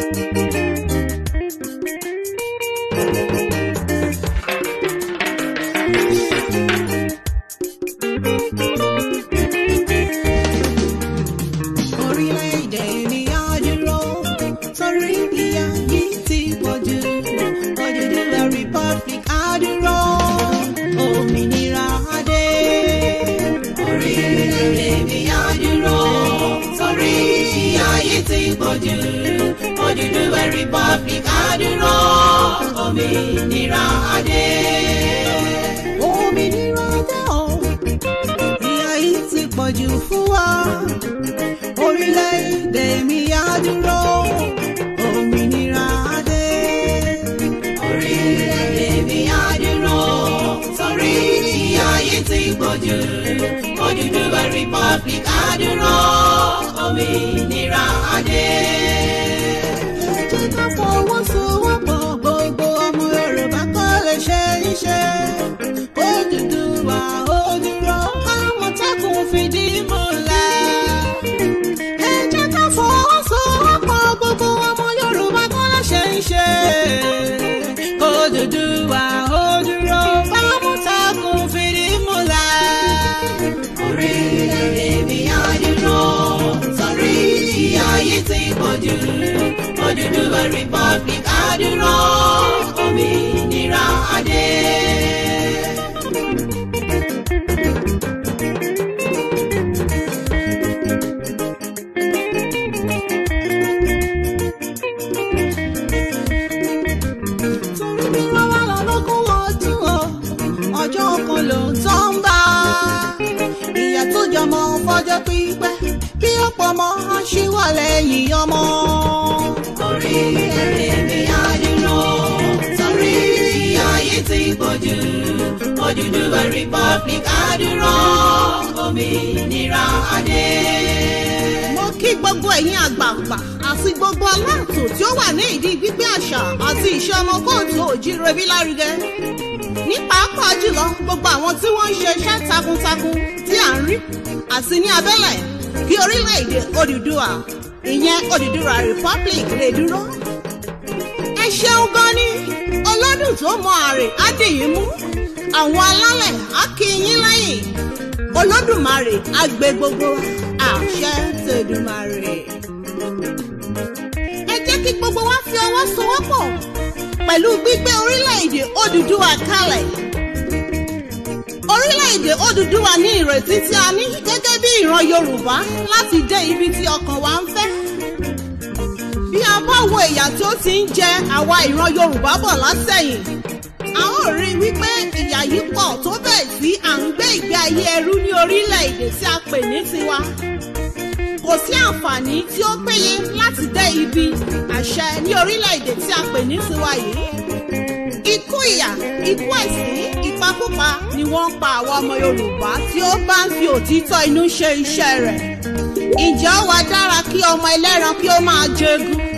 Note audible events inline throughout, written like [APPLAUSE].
thank you republic adúró òmìnira adé. òmìnira adé o ìyà yìí ti pọ̀ jù fún wa orílẹ̀-èdè mi adúró òmìnira adé. orílẹ̀-èdè mi adúró torí ìyà yìí ti pọ̀ jù Odùduwà republic adúró òmìnira adé bá fọwọ́sowọ́pọ̀ gbogbo ọmọ Yorùbá kọ́ lè ṣe iṣẹ́ Odùduwà ó dúró Àmọ̀tẹ́kùn fìdí múlẹ̀. Ẹ jẹ́ ká fọwọ́sowọ́pọ̀ gbogbo ọmọ Yorùbá kọ́ lè ṣe iṣẹ́ Odùduwà ó Àmọ̀tẹ́kùn fìdí múlẹ̀. Orílẹ̀-èdè mi á dúró sórí ìyà yìí ti pọ̀ jù. Odùduwà republic adúró òmìnira adé. ọjọ́ kan ló ń tọ́ ń bá ìyá tó jọmọ fọjọ́ pípẹ́ kí ọ̀pọ̀ ọmọ ṣíwọ́ lẹ́yìn ọmọ èmi àdúró torí ayé ti pọ̀jù Odùduwà republic àdúró òmìnira adé. mo kí gbogbo ẹ̀yin àgbààgbà àti gbogbo aláàtò tí ó wà ní ìdí gbígbé àṣà àti ìṣe ọmọ kóòtù òjíire bí lárugẹ ní pàápàá jùlọ gbogbo àwọn tí wọ́n ń ṣe iṣẹ́ takuntakun tí à ń rí àti ní abẹ́lẹ̀ kí orílẹ̀-èdè Odùduwà ìyẹn Odùduwà Republic lè dúró. ẹ ṣeun gan ni ọlọ́dún tó mọ àrè á dì yín mú àwọn alálẹ̀ á kí yín lẹ́yìn Olódùmarè á gbé gbogbo àṣẹ tèdùmarè. ẹ jẹ́ kí gbogbo wa fi ọwọ́ sowọ́pọ̀ pẹ̀lú gbígbé orílẹ̀-èdè Odùduwà kalẹ̀ orílẹ̀-èdè Odùduwà ní ìrètí tí a ní gẹ́gẹ́ bí ìran Yorùbá láti dé ibi tí ọkàn wa ń àwọn ìyà tí ó ti ń jẹ àwa ìran Yorùbá bọ̀ látẹ̀yìn a ó rí i wípé ìyà yìí pọ̀ tó bẹ́ẹ̀ sí à ń gbé ìgbé ayé ẹrú ní orílẹ̀-èdè tí a pè ní tiwa kò sí àǹfààní tí ó péye láti dé ibi àṣẹ ní orílẹ̀-èdè tí a pè ní tiwa yìí ikú ìyà ikú ẹ̀sìn ìpakúpa ni wọ́n ń pa àwa ọmọ Yorùbá tí ó bá ń fi òtítọ́ inú ṣe iṣẹ́ rẹ̀ ǹjẹ́ ó wá dára kí ọmọ ẹlẹ́ran kí ó máa jẹgun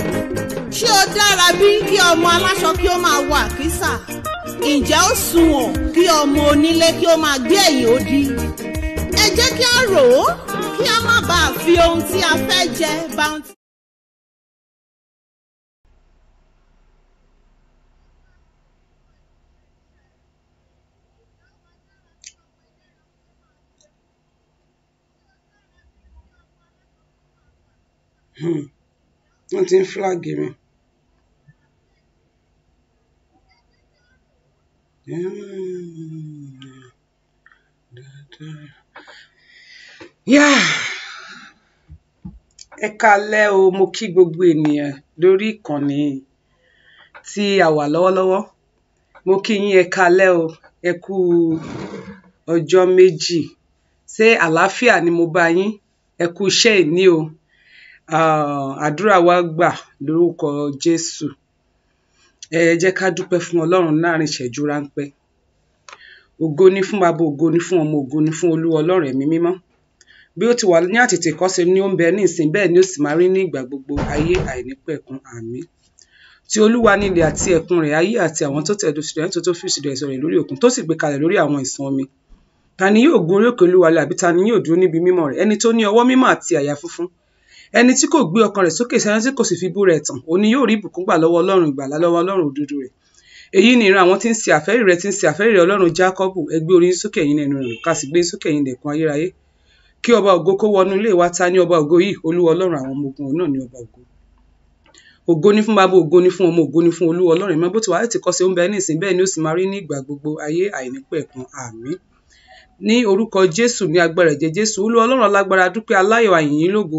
ó dára bí kí ọmọ aláṣọ kí ó máa wọ àkísà ǹjẹ́ ó sunwọ̀n kí ọmọ onílé kí ó máa gbé ẹ̀yìn odi ẹ jẹ́ kí a rò ó kí a má bàa fi ohun tí a fẹ́ jẹ bá hmm. wọ́n ti ń flag mi. yá ẹ kalẹ́ o mo kí gbogbo ènìyàn lórí ìkànnì tí a wà lọ́wọ́lọ́wọ́ mo kí yín ẹ kalẹ́ o ẹ kú ọjọ́ méjì ṣé àlàáfíà ni mo bá yín ẹ kú iṣẹ́ ìní o àdúrà wa gbà lórúkọ Jésù ẹ jẹ́ ká dúpẹ́ fún ọlọ́run láàrin ìṣẹ́jú ráńpẹ́ ògo ni fún baba ògo ni fún ọmọ ògo ni fún olúwa ọlọ́run ẹ̀mí mímọ́ bí ó ti wà ní àtètè kọ́ṣe ni ó ń bẹ ní ìsìn bẹ́ẹ̀ ni ó sì máa rí ní ìgbà gbogbo ayé àìnípẹ̀kun àmín ti olúwa ni ilẹ̀ àti ẹ̀kún rẹ̀ ayé àti àwọn tó tẹ̀dó sílẹ̀ nítorí tó fi ìsìlẹ̀ ìsọ̀rẹ̀ lórí òkun tó sì gbé kalẹ̀ lórí àwọn ìsàn omi ta ni yóò gun orí òkè olúwa lẹ̀ àbí ta ni yóò dúró níbi mímọ́ rẹ̀ ẹni tó ní ọwọ́ mímọ́ àti àyà funfun ẹni tí kò gbé ọkàn rẹ̀ sókè sí ẹni tí kò sì fi bú rẹ̀ tàn òní yóò rí ìbùkún gbà lọ́wọ́ ọlọ́run ìgbàlà lọ́wọ́ ọlọ́run òdodo rẹ̀ èyí ni ìran àwọn tí ń ṣe àfẹ́rí rẹ̀ tí ń ṣe àfẹ́rí rẹ̀ ọlọ́run jákọ́bù ẹ gbé orí sókè ẹ̀yin ẹnu rẹ̀ ká sì gbé sókè ẹ̀yin dẹ̀kun ayérayé kí ọba ògo kó wọnú ilé wa ta ní ọba ògo yìí olúwa ọlọ́run àwọn ọmọ ogun náà ní ọba ògo ògo ni fún bàbá ògo ni fún ọmọ ògo ni fún olúwa ọlọ́run ìmọ̀ bó ti wà láti kọ́ sí oúnjẹ ní bẹ́ẹ̀ ni ó sì máa rí ní ìgbà gbogbo ayé àìnípẹ̀kun àmín ní orúkọ jésù ní agbára ẹ̀jẹ̀ jésù olúwa ọlọ́run lágbára dúpẹ́ aláyọ̀ àyìnyín lógo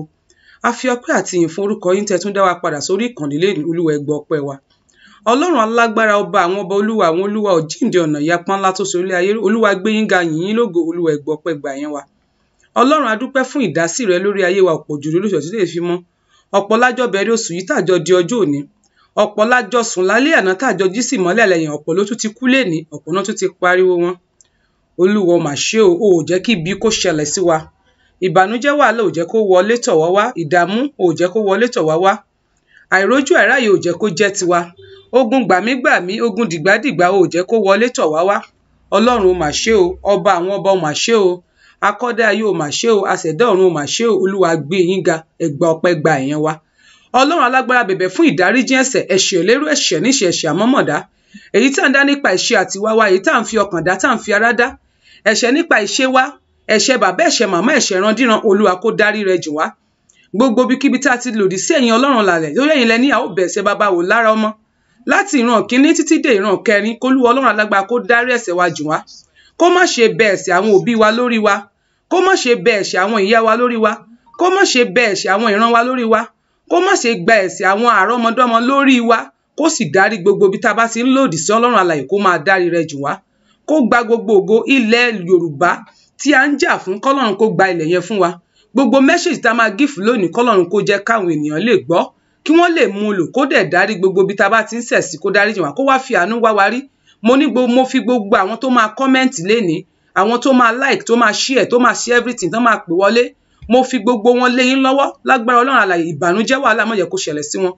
a fi ọpẹ́ àti ìyìn fún orúkọ yín tẹ́ tún dá wa padà sórí ìkànnì lé olúwa ẹ gbọ́ ọpẹ́ wa ọlọ́run alágbára ọba àwọn ọba olúwa àwọn olúwa òjíǹde ọ̀nà ìyapa ńlá tó sorí ayé olúwa gbé yín ga yìn yín lógo olúwa ẹ gbọ́ ọpẹ́ gbà yẹn wa ọlọ́run adúpẹ́ fún ìdásí rẹ lórí ayé wa ọ̀pọ̀ jùlọ lóṣù tí lè fi mọ́ ọ̀pọ̀ lájọ bẹ̀rẹ̀ oṣù yìí tàjọ di ọjọ́ òní ọ̀pọ̀ lájọ sùn lálẹ́ àná tàjọ jí sì mọ́lẹ̀ lẹ́yìn ọ̀pọ̀ ló tún ti kú lẹ́ni ọ̀pọ̀ náà tún ti pariwo wọn olúwa mà o ò jẹ́ kí ibi kó ṣẹlẹ̀ sí wa ìbànújẹ́ wàhálà ò jẹ́ kó wọlé tọ̀ wá wá ìdààmú ò jẹ́ kó wọlé tọ̀ wá wá àìrójú àìráyè ò jẹ́ kó jẹ́ tiwa ogun gbàmígbàmí ogun dìgbàdìgbà ò jẹ́ kó wọlé tọ̀ wá wá ọlọ́run ò mà ṣe o ọba àwọn ọba ò mà ṣe o akọ́dá ayé ò mà ṣe o aṣẹ̀dá ọ̀run ò mà ṣe o olúwa gbé yín ga ẹgbà ọpẹ́ gba ìyẹn wa ọlọ́run alágbára bẹ̀bẹ̀ fún ìdáríjì ẹ̀ṣẹ̀ ẹ̀ṣẹ̀ lérú ẹ̀ṣẹ̀ níṣẹ̀ ẹ̀ṣẹ̀ àmọ́mọ̀dá èyí tá ń dá nípa ìṣe àtiwáwá èyí tá ń fi ọkàn dá tá ń fi ara dá ẹ̀ṣẹ̀ nípa ìṣe wa ẹ̀ṣẹ̀ bàbá ẹ̀ṣẹ̀ màmá ẹ̀ṣẹ̀ ìrandíran olúwa kó dárí rẹ̀ jù wá gbogbo ibikíbi tá a ti lòdì sí ẹ̀yin ọlọ́run làlẹ̀ lórí ẹ̀yin lẹ́ni a ó bẹ̀ ẹ̀ṣẹ̀ bàbá wò lára ọmọ láti ìran kínní títí dé ìran kẹrin kólúwa ọlọ́run alágbára kó dárí ẹ̀ṣẹ̀ wa jù wá kó má ṣe bẹ̀ ẹ̀ṣẹ̀ àwọn òbí wa lórí wa kó má ṣe bẹ̀ ẹ̀ṣẹ̀ àwọn ìyá wa lórí wa kó má ṣe bẹ̀ ẹ̀ṣẹ̀ àwọn ìran wa lórí wa kó má ṣe gba ẹ̀ṣẹ̀ àwọn àrọ́mọdọ́mọ lórí wa kó sì dárí gbogbo ibi tá bá ti ń lòdì sí ọlọ́run alààyè kó máa dárí rẹ̀ jù wá kó gba gbogbo ògo ilẹ̀ yorùbá tí a ń jà fún kọ́lọ́run kó gba ilẹ̀ yẹn fún wa gbogbo message tá a máa gífù lónìí kọ́lọ́run kó jẹ́ káwọn ènìyàn lè gbọ́ kí wọ́n lè mú un lò kó dẹ̀ dárí gbogbo ibi tá a bá ti ń ṣẹ̀ sí kó dárí jìn wá kó wá fi àánú wá wa rí mo ní mo fi gbogbo àwọn tó máa comment lénìí àwọn tó máa like tó máa share tó máa share everything tó máa pè wọlé mo fi gbogbo wọn léyìn lọ́wọ́ lágbára ọlọ́run àlàyé ìbànújẹ́ wàhálà má jẹ́ kó ṣẹlẹ̀ sí wọn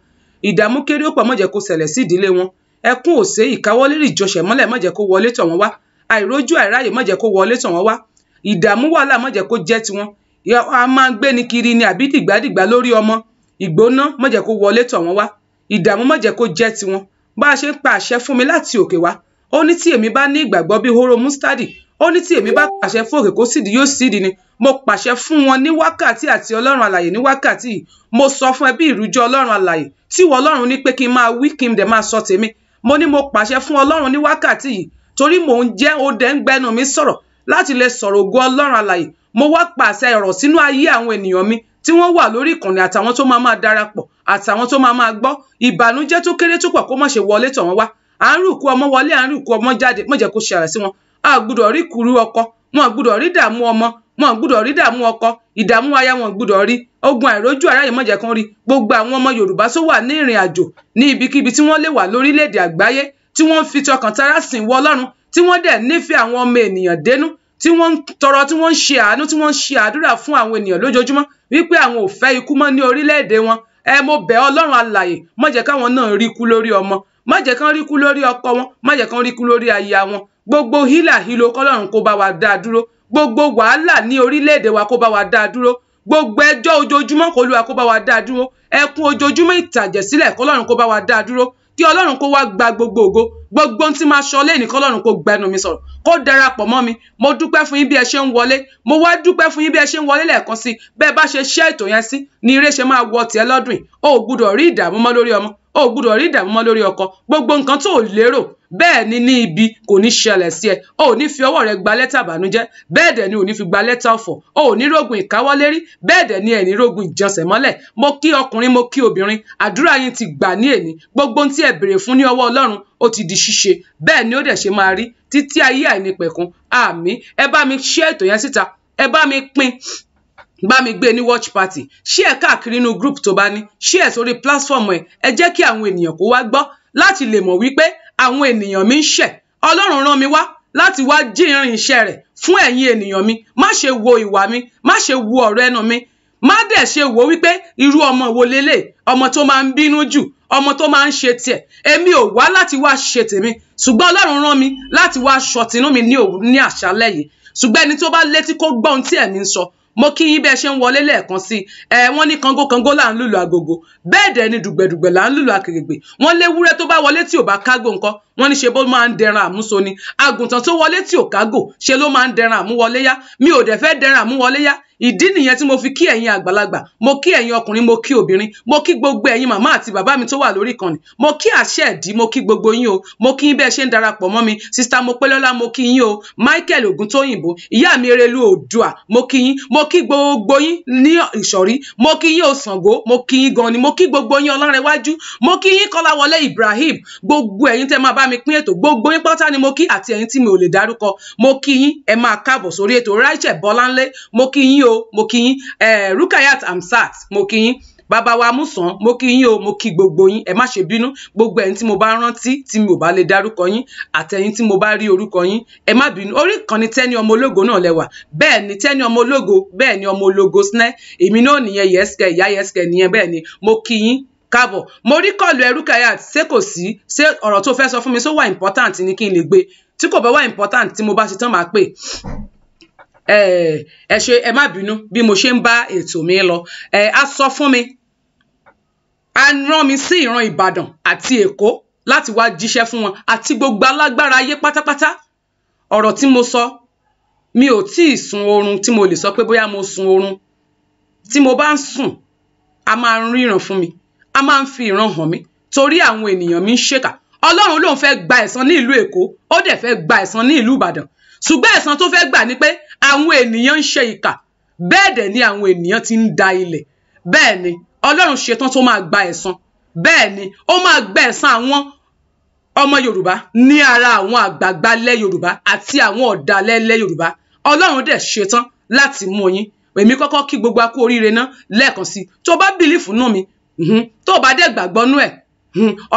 ìdààmú kéré ó pọ̀ má jẹ́ kó ṣẹlẹ̀ sí ìdílé wọn ẹkún òsè ìkáwọ́lérí ìjọsẹ̀ mọ́lẹ̀ má jẹ́ kó wọlé tọ̀ wọ́n wá àìrójú àìráyè má jẹ́ kó wọlé tọ̀ wọ́n wá ìdààmú wàhálà má jẹ́ kó jẹ́ tiwọn a máa gbé ni kiri ni àbí dìgbàdìgbà lórí ọmọ ìgbóná má jẹ́ kó wọlé tọ̀ wọ́n wá ìdààmú má jẹ́ kó jẹ́ tiwọn bá a ṣe ń pa àṣẹ fún mi láti òkè wá ó ní tí èmi bá ní ìgbàgbọ́ bí hóró mustadi ó ní tí èmi bá pàṣẹ fún òkè kó sídi yóò sídi ni mo pàṣẹ fún wọn ní wákàtí àti ọlọ́run àlàyé ní wákàtí yìí mo sọ fún ẹ bí ìrújọ ọlọ́run àlàyé tí ìwọ ọlọ́run ní pé kí n máa wí kí n dẹ̀ máa sọ tèmi mo ní mo pàṣẹ fún ọlọ́run ní wákàtí yìí torí mò ń jẹ́ ó dẹ̀ ń gbẹnu mi sọ̀rọ̀ láti lè sọ̀rọ̀ ògo ọlọ́run alàyè mo wá pàṣẹ ọ̀rọ̀ sínú ayé àwọn ènìyàn mi tí wọ́n wà lórí ìkànnì àtàwọn tó máa máa darapọ̀ àtàwọn tó máa máa gbọ́ ìbànújẹ́ tó kéré tó pọ̀ kó má ṣe wọlé tọ̀ wọ́n wá à ń rùkú ọmọ wọlé à ń rùkú ọmọ jáde má jẹ́ kó ṣe àrà sí wọn a gbúdọ̀ rí kuru ọkọ wọn gbúdọ̀ rí dààmú ọmọ wọn gbúdọ̀ rí dààmú ọkọ ìdààmú aya wọn gbúdọ̀ rí ogun àìrójú aráyè má jẹ́ kan rí gbogbo àwọn ọmọ Yorùbá tó wà ní ìrìn àjò ní ibikíbi tí wọ́n lè wà lórílẹ̀ àgbáyé tí wọ́n fi tọkàntara sìn wọ Ọlọ́run tí wọ́n dẹ̀ nífẹ̀ẹ́ àwọn ọmọ ènìyàn dénú tí wọ́n ń tọrọ tí wọ́n ń ṣe àánú tí wọ́n ń ṣe àdúrà fún àwọn ènìyàn lójoojúmọ́ wípé àwọn ò fẹ́ ikú mọ́ ní orílẹ̀-èdè wọn ẹ mo bẹ̀ ọlọ́run alàyè má jẹ́ káwọn náà rí ikú lórí ọmọ má jẹ́ kán rí ikú lórí ọkọ wọn má jẹ́ kán rí ikú lórí aya wọn gbogbo hílà hílo kọ́lọ́run kó bá wa dá a dúró gbogbo wàhálà ní orílẹ̀-èdè wa kó bá wa dá a dúró gbogbo ẹjọ́ ojoojúmọ́ kó lùwà kó bá wa dá a dúró ẹkún ojoojúmọ́ ìtàjẹ̀sílẹ̀ kọ́lọ́run kó bá wa dá a dúró kí ọlọ́run kó wá gba gbogbo ògo gbogbo ohun tí máa sọ lẹ́yìn kọ́ ọlọ́run kó gba ẹnu mi sọ̀rọ̀ kó darapọ̀ mọ́ mi mo dúpẹ́ fún yín bí ẹ ṣe ń wọlé mo wá dúpẹ́ fún yín bí ẹ ṣe ń wọlé lẹ́ẹ̀kan sí bẹ́ẹ̀ bá ṣe ṣẹ́ ètò yẹn sí ni eré ṣe máa wọ tiẹ̀ lọ́dún yìí o ò gbúdọ̀ rí ìdààmú mọ́ lórí ọmọ o ò gbúdọ̀ rí ìdààmú mọ́ lórí ọkọ gbogbo nǹkan tó lérò bẹ́ẹ̀ ni ní ibi kò ní ṣẹlẹ̀ sí ẹ o ò ní fi ọwọ́ rẹ gba lẹ́tà ìbànújẹ́ bẹ́ẹ̀ dẹ̀ ni ò ní fi gba lẹ́tà ọ̀fọ̀ o ò ní rògùn ìkáwọ́lérí bẹ́ẹ̀ dẹ̀ ni ẹ̀ ní ìjọsẹ̀ mọ́lẹ̀ mo kí ọkùnrin mo kí obìnrin àdúrà yín ti gbà ní èní gbogbo ohun tí ẹ béèrè fún ní ọwọ́ Ọlọ́run ó ti di ṣíṣe bẹ́ẹ̀ ni ó dẹ̀ ṣe máa rí títí ayé àìnípẹ̀kun àmín ẹ bá mi ṣí ètò yẹn síta ẹ bá mi pín bá mi gbé e ní watch party ṣí ẹ káàkiri inú group tó bá ní ṣí ẹ sórí platform ẹ ẹ jẹ́ kí àwọn ènìyàn kó wá gbọ́ láti lè mọ̀ wípé àwọn ènìyàn mi ń ṣẹ̀ ọlọ́run rán mi wá láti wá jírin iṣẹ́ rẹ̀ fún ẹ̀yin ènìyàn mi má ṣe wo ìwà mi má ṣe wo ọ̀rọ̀ ẹnu mi má dẹ̀ ṣe wò wípé irú ọmọ wo lélẹ̀ ọmọ tó máa ń bínú jù ọmọ tó máa ń ṣe tiẹ̀ èmi ò wá láti wá ṣe tèmi ṣùgbọ́n ọlọ́run rán mi láti wá ṣọtinú mi ní òwú ní àṣálẹ́ yìí ṣùgbọ́n ẹni tó bá létí kó gbọ́ ohun tí ẹ̀mí ń sọ mo kí yín bí ẹ ṣe ń wọlé lẹ́ẹ̀kan sí ẹ wọ́n ní kango kango là ń lùlù agogo bẹ́ẹ̀ dẹ̀ ni dùgbẹ̀dùgbẹ̀ là ń lùlù akèrègbè wọ́n léwúrẹ́ tó bá wọlé tí ò bá kágò ńkọ́ wọ́n ní ṣe bó máa ń dẹran àmúso ni àgùntàn tó wọlé tí ò kágò ṣe ló máa ń dẹran àmúwọléyá mi ò dẹ̀ fẹ́ dẹran àmúwọléyá ìdí nìyẹn tí mo fi kí ẹ̀yin àgbàlagbà mo kí ẹ̀yin ọkùnrin mo kí obìnrin mo kí gbogbo ẹ̀yin màmá àti bàbá mi tó wà lórí ìkànnì mo kí àṣẹ ẹ̀dí mo kí gbogbo yín o mo kí yín bẹ́ẹ̀ ṣe ń darapọ̀ mọ́ mi sista mopelọ́lá mo kí yín o michael ògúntóyìnbó ìyá mi erelu oòdùà mo kí yín mo kí gbogbo yín ní ìsọ̀rí mo kí yín o mo kí yín gan ni mo kí gbogbo yín ọlárẹ̀wájú mo kí yín kọ́láwọlé ibrahim gbogbo ẹ̀yin tẹ́ máa bá mi pín ètò gbogbo yín pátá ni mo kí àti ẹ̀yin tí mi ò lè dárúkọ mo kí yín ẹ máa káàbọ̀ sórí ètò rachel bọ́láńlé mo kí yín yín o mo kí yín Rukayat Hamzat mo kí yín bàbá wa Músàn mo kí yín o mo kí gbogbo yín ẹ má ṣe bínú gbogbo ẹ̀yin tí mo bá rántí tí mi ò bá lè dárúkọ yín àtẹ̀yin tí mo bá rí orúkọ yín ẹ má bínú orí ìkànnì Tenny ọmọ ológo náà lẹ́wà bẹ́ẹ̀ ni Tenny ọmọ ológo bẹ́ẹ̀ ni ọmọ ológo snẹ èmi náà nìyẹn yẹsẹ ìyá yẹsẹ nìyẹn bẹ́ẹ̀ ni mo kí yín káàbọ̀ mo rí kọlu ẹ Rukayat ṣé kò sí ṣé ọ̀rọ̀ tó fẹ́ sọ fún mi sọ wà important ni kí n lè gbé tí kò bá wà important tí mo bá ṣe tán máa pè ẹ ṣe ẹ má bínú bí mo ṣe ń bá ètò mi lọ ẹ á sọ fún mi á rán mi sí ìran Ìbàdàn àti Èkó láti wá jíṣẹ́ fún wọn àti gbogbo alágbára ayé pátápátá ọ̀rọ̀ tí mo sọ mi ò tí ì sun oorun tí mo lè sọ pé bóyá mo sun oorun tí mo bá ń sùn a máa ń ríran fún mi a máa ń fi ìran hàn mí torí àwọn ènìyàn mi ń ṣèkà ọlọ́run lòun fẹ́ gba ẹ̀san ní ìlú èkó ó dẹ̀ fẹ́ gba ẹ̀san ní ìlú ìbàdàn ṣùgbọ́n ẹ̀san tó fẹ́ gbà ni pé àwọn ènìyàn ń ṣe ìkà bẹ́ẹ̀ dẹ̀ ni àwọn ènìyàn ti ń da ilẹ̀ bẹ́ẹ̀ ni ọlọ́run ṣetán tó máa gba ẹ̀san bẹ́ẹ̀ ni ó máa gba ẹ̀san àwọn ọmọ yorùbá ní ara àwọn àgbààgbà lẹ̀ yorùbá àti àwọn ọ̀dàlẹ̀ lẹ̀ yorùbá ọlọ́run dẹ̀ ṣetán láti mú yín èmi kọ́kọ́ kí gbogbo akú oríire náà lẹ́ẹ̀kan sí tó bá bìlífù nú mi tó bá dẹ̀ gbàgbọ́ ẹ̀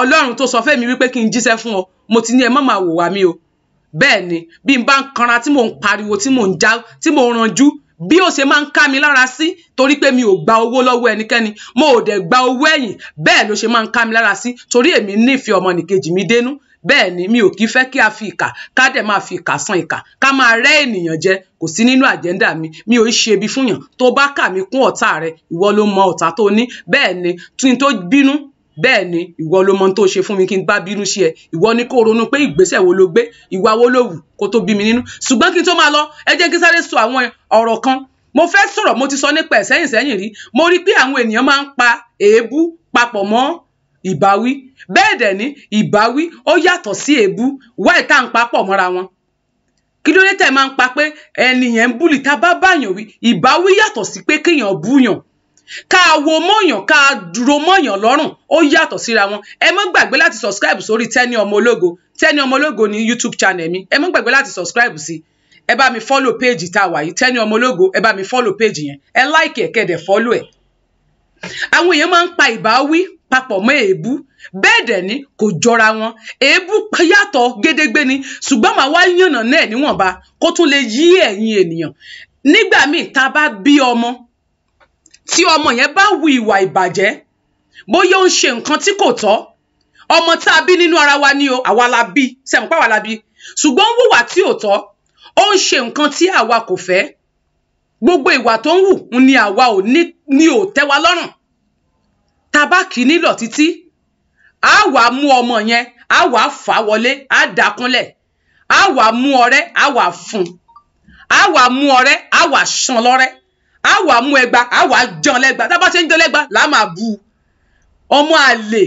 ọlọ́run tó sọ fẹ́mi wípé kí n jíṣẹ́ fún ọ mo ti ní ẹ má máa wò wá mi o bẹ́ẹ̀ ni bí n bá ń kanra tí mò ń pariwo tí mò ń já tí mò ń ranjú bí ó ṣe máa ń ká mi lára sí torí pé mi ò gba owó lọ́wọ́ ẹnikẹ́ni mo ò dẹ̀ gba owó ẹ̀yìn bẹ́ẹ̀ ló ṣe máa ń ká mi lára sí torí èmi nífẹ̀ẹ́ ọmọnìkejì mi dénú bẹ́ẹ̀ ni mi ò kí fẹ́ kí a fi ìkà ká dẹ̀ máa fi ìkà san ìkà ká máa rẹ́ ènìyàn jẹ kò sí nínú àjẹ́ndà mi mi ò ṣe ibi fúnyàn tó bá kà mí kún ọ̀tá rẹ ìwọ ló mọ ọ̀tá tó ní bẹ́ẹ̀ ni tí n tó bínú bẹ́ẹ̀ ni ìwọ ló mọ tó ṣe fún mi kí n bá bínú sí ẹ ìwọ ni kó ronú pé ìgbésẹ̀ wo ló gbé ìwà wo ló wù kó tó bí mi nínú ṣùgbọ́n kí n tó máa lọ ẹ jẹ́ kí sáré sọ àwọn ọ̀rọ̀ kan mo fẹ́ sọ̀rọ̀ mo ti sọ nípa ẹ̀ sẹ́yìn sẹ́yìn rí mo rí pé àwọn ènìyàn máa ń pa èébú papọ̀ mọ́ ìbáwí bẹ́ẹ̀ dẹ̀ ni ìbáwí ó yàtọ̀ sí èébú wáì tá à ń papọ̀ mọ́ra wọn kí ló dé tẹ̀ máa ń pa pé ẹnìyẹn ń búlì tá a bá báyàn wí ìbáwí yàtọ̀ sí pé kéèyàn búyàn ká wo mọ̀yàn ká dúró mọ̀yàn lọ́rùn ó yàtọ̀ síra wọn ẹ má gbàgbé láti subscribe sórí Tenny ọmọ ológo Tenny ọmọ ológo ní YouTube channel mi ẹ má gbàgbé láti subscribe sí ẹ bá mi follow page tá a wà yìí Tenny ọmọ ológo ẹ bá mi follow page yẹn ẹ like ẹ kẹ́dẹ̀ follow ẹ. àwọn èèyàn máa ń pa ìbáwí papọ̀ mọ́ èébú bẹ́ẹ̀ dẹ̀ ni kò jọra wọn èébú yàtọ̀ gédégbé ni ṣùgbọ́n màá wá yànnà náà níwọ̀nba kó tún lè yí ẹ̀yin ènìyàn nígbà míì tá bá bí ọmọ tí ọmọ yẹn bá wu ìwà ìbàjẹ́ bóyá ó ń ṣe nǹkan tí kò tọ́ ọmọ tá a bí nínú ara wa ni o àwa la bí sẹ̀mùpá wa la bí ṣùgbọ́n ó ń wùwà tí ò tọ́ ó ń ṣe nǹkan tí àwa kò fẹ́ gbogbo ìwà tó ń wù ni àwa ò ní ni ò tẹ́ wa lọ́rùn tabaki nílọ títí a wà mú ọmọ yẹn a wà fà wọlé a dà kúnlẹ̀ a wà mú ọ̀rẹ́ a wà fún a wà mú ọ̀rẹ́ a wà sàn lọ́rẹ́ á wà mú ẹgba á wà jẹun lẹ́gba tá a bá ṣe ń jẹun lẹ́gba là á máa bu ọmọ àlè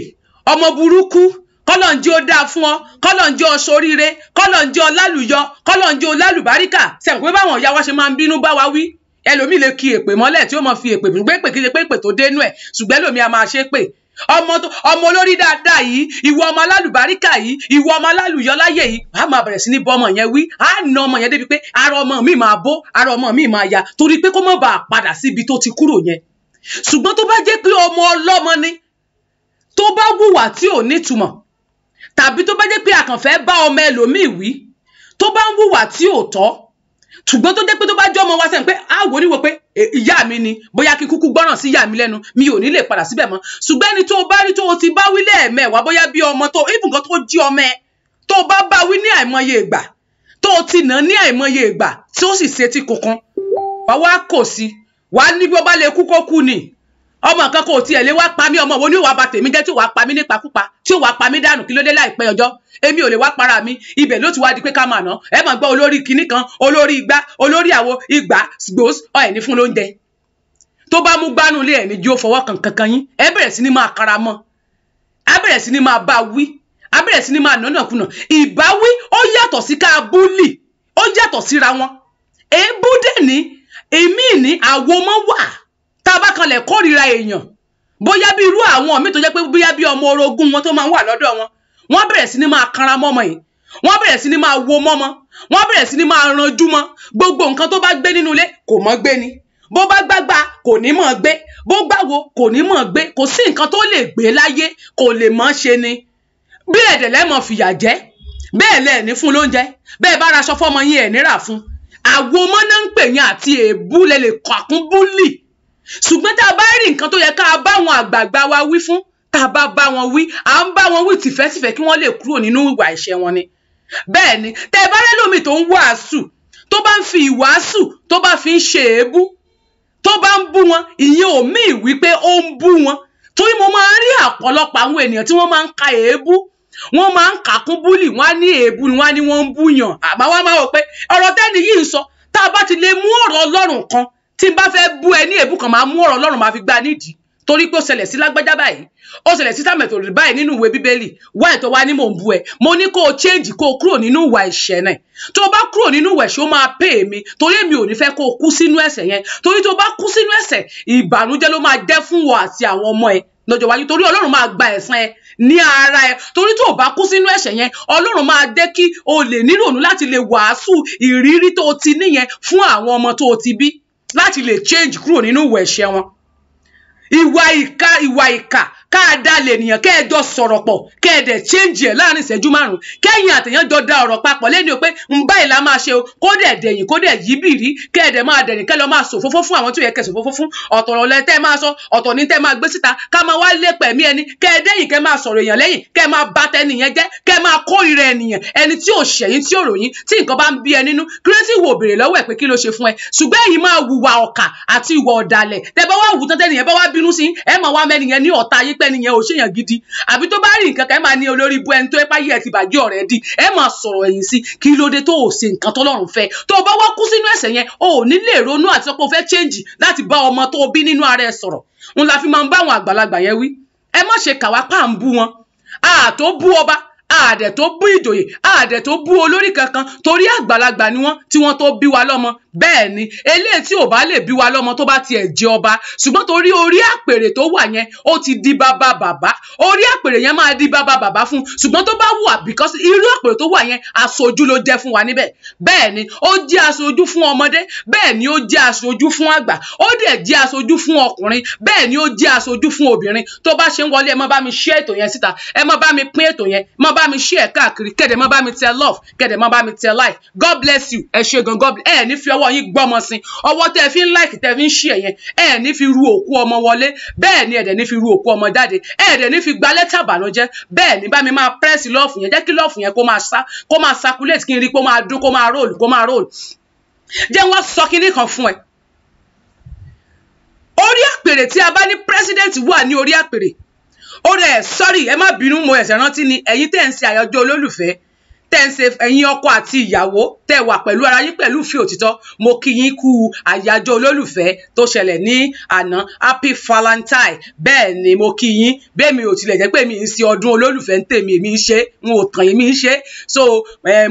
ọmọ burúkú kọlọ́njì ó dáa fún ọ kọlọ́njì ó ṣoríire kọlọ́njì ó lálùyọ kọlọ́njì ó lálùbáríkà sẹ́wọ̀n pé báwọn ìyá wa ṣe máa ń bínú bá wa wí ẹlòmíì lè ki èpè mọ́lẹ̀ tí ó mọ fi èpè mú pé pèkìlẹ̀ pé èpè tó dénú ẹ̀ ṣùgbẹ́ lòmíì a máa ṣe pè ọmọ tó ọmọ olórí dáadáa yìí ìwọ ọmọ alálùbáríkà yìí ìwọ ọmọ alálùyọláyè yìí a máa bẹ̀rẹ̀ sí ní bọ́ ọmọ yẹn wí a nà ọmọ yẹn débi pé ara ọmọ mi máa bó ara ọmọ mi máa ya torí pé kó má bàa padà síbi tó ti kúrò yẹn ṣùgbọ́n tó bá jẹ́ pé ọmọ ọlọ́mọ ni tó bá wùwà tí ò nítumọ̀ tàbí tó bá jẹ́ pé àkànfẹ́ bá ọmọ ẹlòmíì wí tó bá ń wùwà tí ò tọ́ ṣùgbọ́n tó jẹ́ pé tó bá jọ́ ọmọ wa sẹ́yìn pé a wò níwò pé e, ìyá mi ni bóyá kí kúkú gbọ́ràn sí ìyá mi lẹ́nu mi ò ní lè padà síbẹ̀ mọ́ ṣùgbọ́n ẹni tó o bá rí tó o ti bá wí lẹ́ẹ̀mẹ́wàá bóyá bí ọmọ tó ibùn kan tó jí ọmọ ẹ tó o bá bá wí ní àìmọye ìgbà tó o ti nà ní àìmọye ìgbà tí ó sì ṣe ti kankan wàá wá kò sí wàá ní bí wọ́n lè kú kó kú ni ọmọ kan kò tiẹ̀ lè wá pa mí ọmọ wo ni ìwà bà tèmi jẹ́ tí ò wá pa mí nípakúpa tí ò wá pa mí dànù kí ló dé láìpẹ́ ọjọ́ èmi ò lè wá para mi ibẹ̀ ló ti wá di pé ká máa ná ẹ máa gbọ́ olórí kinní kan olórí igbá olórí àwo igbá gbòs ọ̀ẹ́ni fún lóúnjẹ tó bá mú gbánú ilé ẹ̀mí jó fọwọ́ kan kankan yín ẹ bẹ̀rẹ̀ sí ni máa kara mọ́ ẹ bẹ̀rẹ̀ sí ni máa bá wí ẹ bẹ̀rẹ̀ sí ni máa nánàkúnà ìbáwí ó yàtọ̀ sí ká búlì ó yàtọ̀ síra wọn èébú dẹ̀ ní èmi ní àwo mọ́ wà tá a bá kanlẹ̀ kórìíra èèyàn bóyá bí irú àwọn míì tó jẹ́ pé bóyá bí ọmọ orogún wọn tó máa ń wà lọ́dọ̀ wọn wọ́n bẹ̀rẹ̀ sí ni máa kanra mọ́mọ yìí wọ́n bẹ̀rẹ̀ sí ni máa wo mọ́mọ wọ́n bẹ̀rẹ̀ sí ni máa ranjú mọ́ gbogbo nǹkan tó bá gbé nínú ilé kò mọ́ gbé ni bó bá gbágbá kò ní mọ̀ gbé bó gbàwo kò ní mọ̀ gbé kò sí nǹkan tó lè gbé láyé kò lè mọ̀ ṣe ni bí ẹ̀dẹ̀ lẹ́mọ̀ fìyà jẹ́ bẹ́ẹ̀ lẹ́ẹ̀ ní fún lóúnjẹ bẹ́ẹ̀ bá raṣọ fọmọ yín ẹ̀ nírà fún àwo mọ́ná ń pè yín àti èébú lẹ lè kọ àkúnbúlì ṣùgbọ́n tá a bá rí nǹkan tó yẹ ká bá àwọn àgbààgbà wa wí fún tá a bá bá wọn wí à ń bá wọn wí tìfẹ́tìfẹ́ kí wọ́n lè kúrò nínú ìwà ẹ̀ṣẹ̀ wọn ni bẹ́ẹ̀ ni tẹ́ ẹ bá rẹ́lòmíì tó ń wàásù tó bá ń fi ìwàásù tó bá fi ń ṣe èébú tó bá ń bú wọn ìyẹn ò mí wípé ó ń bú wọn torí mo máa ń rí àpọ̀lọpọ̀ àwọn ènìyàn tí wọ́n máa ń ka èébú wọ́n máa ń kà búlì wọ́n á ní èébú ni wọ́n á ní wọ́n ń búyàn àmọ́ máa wọ pé ọ̀rọ̀ tẹ́ni yìí ń sọ tá a bá ti lè mú ọ̀rọ̀ Ọlọ́run kan tí n bá fẹ́ bú ẹ ní èébú kan máa mú ọ̀rọ̀ ọlọ́run máa fi gbá nídìí torí pé ó ṣẹlẹ̀ sí lágbájá báyìí ó ṣẹlẹ̀ sí sàmẹ̀tò rẹ̀ báyìí nínú ìwé bíbélì wá ètò wa ni mò ń bú ẹ mo ní kó o change kó o kúrò nínú ìwà ẹ̀ṣẹ̀ náà tó o bá kúrò nínú ìwà ẹ̀ṣẹ̀ ó máa pè mí torí èmi ò ní fẹ́ kó o kú sínú ẹ̀ṣẹ̀ yẹn torí tó o bá kú sínú ẹ̀ṣẹ̀ ìbànújẹ́ ló máa jẹ́ fún wọn àti àwọn ọmọ ẹ lọ́jọ́ wájú torí ọlọ́run máa gba ẹ̀san ẹ ní ara ẹ torí tó o bá kú sínú ẹ̀ṣẹ̀ yẹn ọlọ́run máa dé kí o lè nílò òun láti lè wàásù ìrírí tó o ti níyẹn fún àwọn ọmọ tó o ti bí láti lè change kúrò nínú ìwà ẹ̀ṣẹ̀ wọn ìwà ìka ìwà ká dá lè nìyàn kẹ́ sọ̀rọ̀ pọ̀ kẹ́ ẹ change ẹ̀ láàrin ìṣẹ́jú márùn kẹ́yìn àtẹ̀yàn jọ da ọ̀rọ̀ papọ̀ lẹ́ni pé ń báyìí la máa ṣe o kó dẹ̀ dẹ̀yìn kó dẹ̀ yí bìrí kẹ́ ẹ dẹ̀ máa dẹ̀yìn kẹ́ lọ máa sòfófó fún àwọn tó yẹ kẹ́ sòfófó fún ọ̀tọ̀ ọ̀lẹ́ tẹ́ máa sọ ọ̀tọ̀ ní tẹ́ máa gbé síta ká máa wá lé pẹ̀mí ẹni kẹ́ ẹ dẹ́yìn kẹ́ máa sọ̀rọ̀ èèyàn lẹ́yìn kẹ́ máa bá tẹ́ni yẹn jẹ́ kẹ́ máa kórìíra ènìyàn ẹni tí ò ṣẹ̀yìn tí ò ròyìn tí nǹkan bá ń pé ẹnìyẹn ò ṣèyàn gidi àbí tó bá rí nǹkan kan ẹ máa ní olórí ibú ẹni tó ẹ báyìí ẹ ti bàjẹ́ ọ̀rẹ́ dì ẹ máa sọ̀rọ̀ ẹ̀yìn sí kí ló dé tó ò ṣe nǹkan tọ́lọ́run fẹ́ tó o bá wá kú sínú ẹ̀ṣẹ̀ yẹn o ò ní lè ronú àti sọ pé o fẹ́ change láti bá ọmọ tó o bí nínú ara ẹ sọ̀rọ̀ n la fi máa ń bá àwọn àgbàlagbà yẹn wí ẹ má ṣe kàwá pà ń bú wọn àtó bú ọba àdẹ̀ tó bú ìjòyè àdẹ̀ tó bú olórí kankan torí àgbàlagbà ni wọ́n tí wọ́n tó bí wa lọ́mọ bẹ́ẹ̀ ni eléyìí tí ò bá lè bí wa lọ́mọ tó bá tiẹ̀ jẹ ọba ṣùgbọ́n torí orí àpèrè tó wà yẹn ó ti di bàbá bàbá orí àpèrè yẹn máa di bàbá bàbá fún ṣùgbọ́n tó bá wù because irú àpèrè tó wà yẹn aṣojú ló jẹ́ fún wa níbẹ̀ bẹ́ẹ̀ ni ó jẹ́ aṣojú fún ọmọdé bẹ́ẹ̀ ni ó jẹ́ aṣojú fún àgbà ó dẹ̀ jẹ́ aṣojú fún ọkùnrin bẹ́ẹ̀ ni ó jẹ́ aṣojú fún obìnrin tó bá ṣe ń wọlé ẹ mi share ètò yẹn síta ẹ mi pín ètò yẹn má mi share káàkiri kẹ̀dẹ̀ má mi tẹ love kẹ̀dẹ̀ má mi tẹ life God bless you ẹ ṣe God bless ẹ ní fi ọwọ́ tọwọ́ yín gbọ́mọ sí ọwọ́ tẹ́ ẹ fi ń láìkì tẹ́ ẹ fi ń ṣí ẹ̀yẹn ẹ ní fi ru òkú ọmọ wọlé bẹ́ẹ̀ ni ẹ̀dẹ̀ ní fi ru òkú ọmọ jáde ẹ̀dẹ̀ ní fi gba lẹ́tà ìbànújẹ́ bẹ́ẹ̀ ni bá mi máa pẹ́ẹ́sì lọ́ọ̀fù yẹn jẹ́ kí lọ́ọ̀fù yẹn kó máa sá kó máa circulate kí n rí kó máa dún kó máa róòlù kó máa róòlù jẹ́ wọ́n sọ kinní kan fún ẹ orí àpèrè tí a bá ní president wà ní orí àpèrè ó rẹ̀ sọ́rí ẹ má bínú mo ẹ̀sẹ̀ rántí ni ẹ̀yin tẹ́ ń ṣe àyájọ́ olólùfẹ́ tẹ́ ń ṣe ẹ̀yin ọkọ àti ìyàwó tẹ́ wà pẹ̀lú ara yín pẹ̀lú ìfẹ́ òtítọ́ mo kí yín kú àyájọ́ olólùfẹ́ tó ṣẹlẹ̀ ní àná happy valentine bẹ́ẹ̀ ni mo kí yín bẹ́ẹ̀mi ò tilẹ̀ jẹ́ pé mi ń ṣe ọdún olólùfẹ́ ń tèmi èmi ń ṣe n ò tàn yín mi ń ṣe so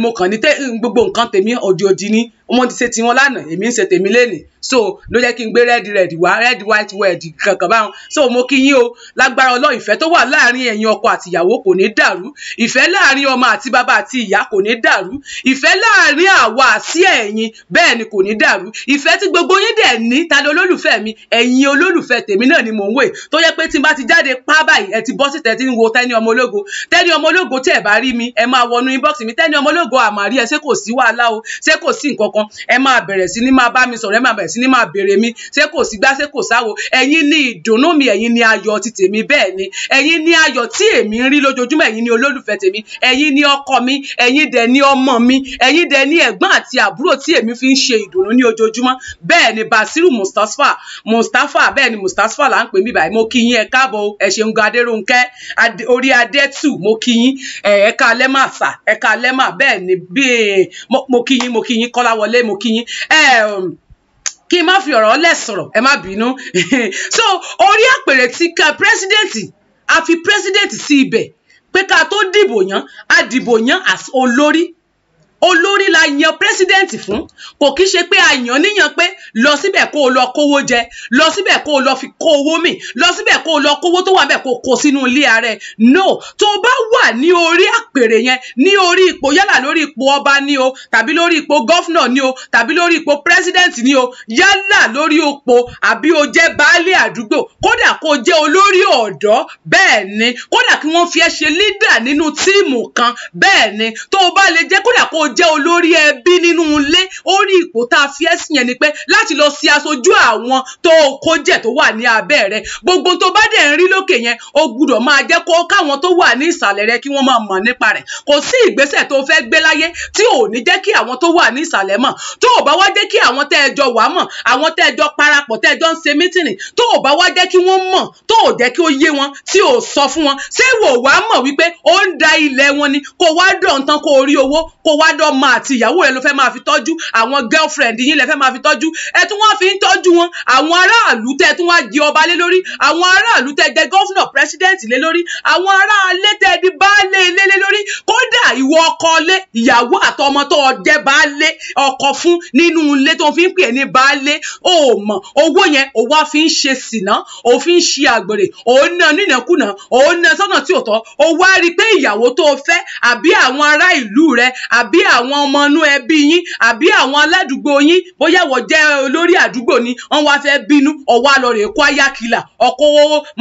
mo kàn ní gbogbo nǹkan tèmi òdìòdì ni wọ́n ti ṣe tiwọn lánàá èmi ń ṣe tèmi lénìí so ló jẹ́ kí n gbé red red wá red white red kankan báwọn so mo kí yín o lágbára ọlọ́ ìfẹ́ tó wà láàrin ẹ̀yin ọkọ àti ìyàwó kò ní dàrú ìfẹ́ láàrin ọmọ àti bàbá àti ìyá kò ní dàrú ìfẹ́ láàrin àwa àti ẹ̀yin bẹ́ẹ̀ ni kò ní dàrú ìfẹ́ tí gbogbo yín dẹ̀ ní ta ni olólùfẹ́ mi ẹ̀yin olólùfẹ́ tèmi náà ni mò ń wè tó yẹ pé tí n bá ti jáde pá báyìí ẹ ti bọ́ sí tẹ́tí ń wo tẹ́ni ọmọ ológo tẹ́ni ọmọ ológo tẹ́ ẹ̀ bá rí mi ẹ máa wọnú inbox mi tẹ́ni ọmọ ológo àmàrí ẹ ṣé kò sí wàhálà o ṣé kò sí nǹkan kan kankan ẹ máa bẹ̀rẹ̀ sí ní máa bá mi sọ̀rọ̀ ẹ máa bẹ̀rẹ̀ sí ní máa béèrè mi ṣé kò sí gbá ṣé kò sáwo ẹ̀yin ni ìdùnnú mi ẹ̀yin ni ayọ̀ ti tèmi bẹ́ẹ̀ ni ẹ̀yin ni ayọ̀ tí èmi ń rí lójoojúmọ́ ẹ̀yin ni olólùfẹ́ tèmi ẹ̀yin ni ọkọ mi ẹ̀yin dẹ̀ ni ọmọ mi ẹ̀yin dẹ̀ ni ẹ̀gbọ́n àti àbúrò tí èmi fi ń ṣe ìdùnnú ní ojoojúmọ́ bẹ́ẹ̀ ni Basiru Mustapha Mustapha bẹ́ẹ̀ ni Mustapha là ń pè mí báyìí mo kí yín ẹ káàbọ̀ ẹ ṣeun ga Adéròǹkẹ́ orí adé tù mo kí yín ẹ ká lẹ́mà sà ẹ lẹ́mà bẹ́ẹ̀ ni bí mo kí yín mo kí yín Kọ́láwọlé wọlé mo kí yín ẹ um, kí n má fi ọ̀rọ̀ lẹ̀ sọ̀rọ̀ ẹ má bínú [LAUGHS] so orí àpèrè ti ka pírẹsidẹ́ǹtì a fi pírẹsidẹ́ǹtì sí ibẹ̀ pé ká tó dìbò yàn a dìbò yàn as olórí olórí la yan pírẹsidẹ́ǹtì fún kò kí ṣe pé a yàn níyàn pé lọ síbẹ̀ kó o lọ kówó jẹ lọ síbẹ̀ kó o lọ fi kó owó mì lọ síbẹ̀ kó o lọ kówó tó wà bẹ́ẹ̀ kó o kó sínú ilé ààrẹ no tó o bá wà ní orí àpèrè yẹn ní orí ipò yálà lórí ipò ọba ni o tàbí lórí ipò gọ́fúnà ni o tàbí lórí ipò pírẹsidẹ́ǹtì ni o yálà lórí ipò àbí o jẹ́ baálé àdúgbò kódà kó o jẹ́ olórí ọ̀dọ́ bẹ́ẹ̀ ni kódà kí wọ́n fi ẹ́ ṣe lídà nínú tíìmù kan bẹ́ẹ̀ ni tó o bá lè jẹ́ kódà kó o jẹ́ olórí ẹbí nínú ilé ó rí ipò tá a fi ẹ́ sí yẹn ni pé láti lọ sí aṣojú àwọn tó kó jẹ́ tó wà ní abẹ́ rẹ gbogbo tó bá dẹ̀ ń rí lókè yẹn o gbúdọ̀ máa jẹ́ kó káwọn tó wà ní ìsàlẹ̀ rẹ kí wọ́n máa mọ̀ nípa rẹ̀ kò sí ìgbésẹ̀ tó fẹ́ gbé láyé tí ò ní jẹ́ kí àwọn tó wà ní ìsàlẹ̀ mọ̀ tó ò bá wá jẹ́ kí àwọn tẹ́ ẹ jọ wà mọ̀ àwọn tẹ́ ẹ jọ parapọ̀ tẹ́ ẹ jọ ń ṣe mítìnì tó ò bá wá jẹ́ kí wọ́n mọ̀ tó ò jẹ́ kí ó yé wọn tí ò sọ fún wọn ṣé wò wá mọ̀ wípé ó ń da ilẹ̀ wọn ni kò wá dọ̀ tán kó rí owó kó wá d lọ́dọ̀ ọmọ àti ìyàwó rẹ ló fẹ́ máa fi tọ́jú àwọn girlfriend yín lẹ fẹ́ máa fi tọ́jú ẹ tún wọ́n fi ń tọ́jú wọn àwọn aráàlú tẹ́ tún wá di ọba lé lórí àwọn aráàlú tẹ́ jẹ gọ́fúnà pírẹsidẹ́ǹtì lé lórí àwọn aráalé tẹ́ di baálé ilé lé lórí kódà ìwọ ọkọ lé ìyàwó àtọmọ tó jẹ baálé ọkọ fún nínú ilé tó fi ń pè ní baálé ó mọ owó yẹn ó wá fi ń ṣe sìná ó fi ń ṣe àgbèrè ó ń ná nínàkúnà ó ń ná sọ́nà tí ò tọ́ ó wá rí i pé ìyàwó tó fẹ́ àbí àwọn ará ìlú rẹ àbí àwọn ọmọ inú ẹbí yín àbí àwọn aládùúgbò yín bóyá wọ́n jẹ́ olórí àdúgbò ni wọ́n wá fẹ́ bínú ọwọ́ àlọ́ rẹ̀ kó ayákìlà ọkọ̀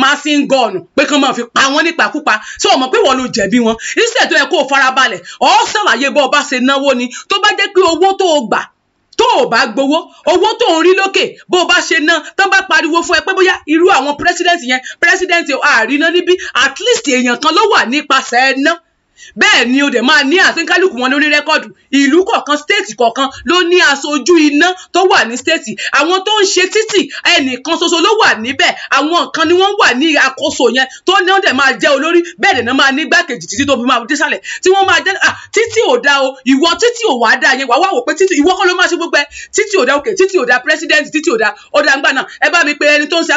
machine gun pé kí wọ́n máa fi pa wọ́n nípakúpa ṣé o mọ̀ pé wọ́n ló jẹ̀bi wọn iṣẹ́ tó yẹ kó o farabalẹ̀ ọ́ ṣàlàyé bó o bá ṣe náwó ni tó bá jẹ́ pé owó tó o gbà tó o bá gbowó owó tó ń rí lókè bó o bá ṣe ná tó bá pariwo fún ẹ pé bóyá irú àwọn pírẹsidẹ́ǹtì yẹn pírẹsidẹ́ǹtì ààrí ná níbí at least èèyàn kan ló wà nípasẹ̀ ẹ ná bẹ́ẹ̀ ni o dẹ̀ máa ní àsínkálùkù wọn lórí rẹ́kọ̀dù ìlú kọ̀ọ̀kan stéètì kọ̀ọ̀kan ló ní aṣojú iná tó wà ní stéètì àwọn tó ń ṣe títì ẹnìkan ṣoṣo ló wà níbẹ̀ àwọn kan ni wọ́n wà ní àkóso yẹn tó ní wọ́n dẹ̀ máa jẹ́ olórí bẹ́ẹ̀ dẹ̀ náà máa ní gbákejì títí tó fi máa dé sálẹ̀ tí wọ́n máa jẹ́ ah títì ò da o ìwọ títì ò wá da yẹn wàá wà wò pé títì ìwọ kọ́ ló máa ṣe gbogbo ẹ president títì ò da ọ̀dà ńgbà náà ẹ bá mi pé ẹni tó ń ṣe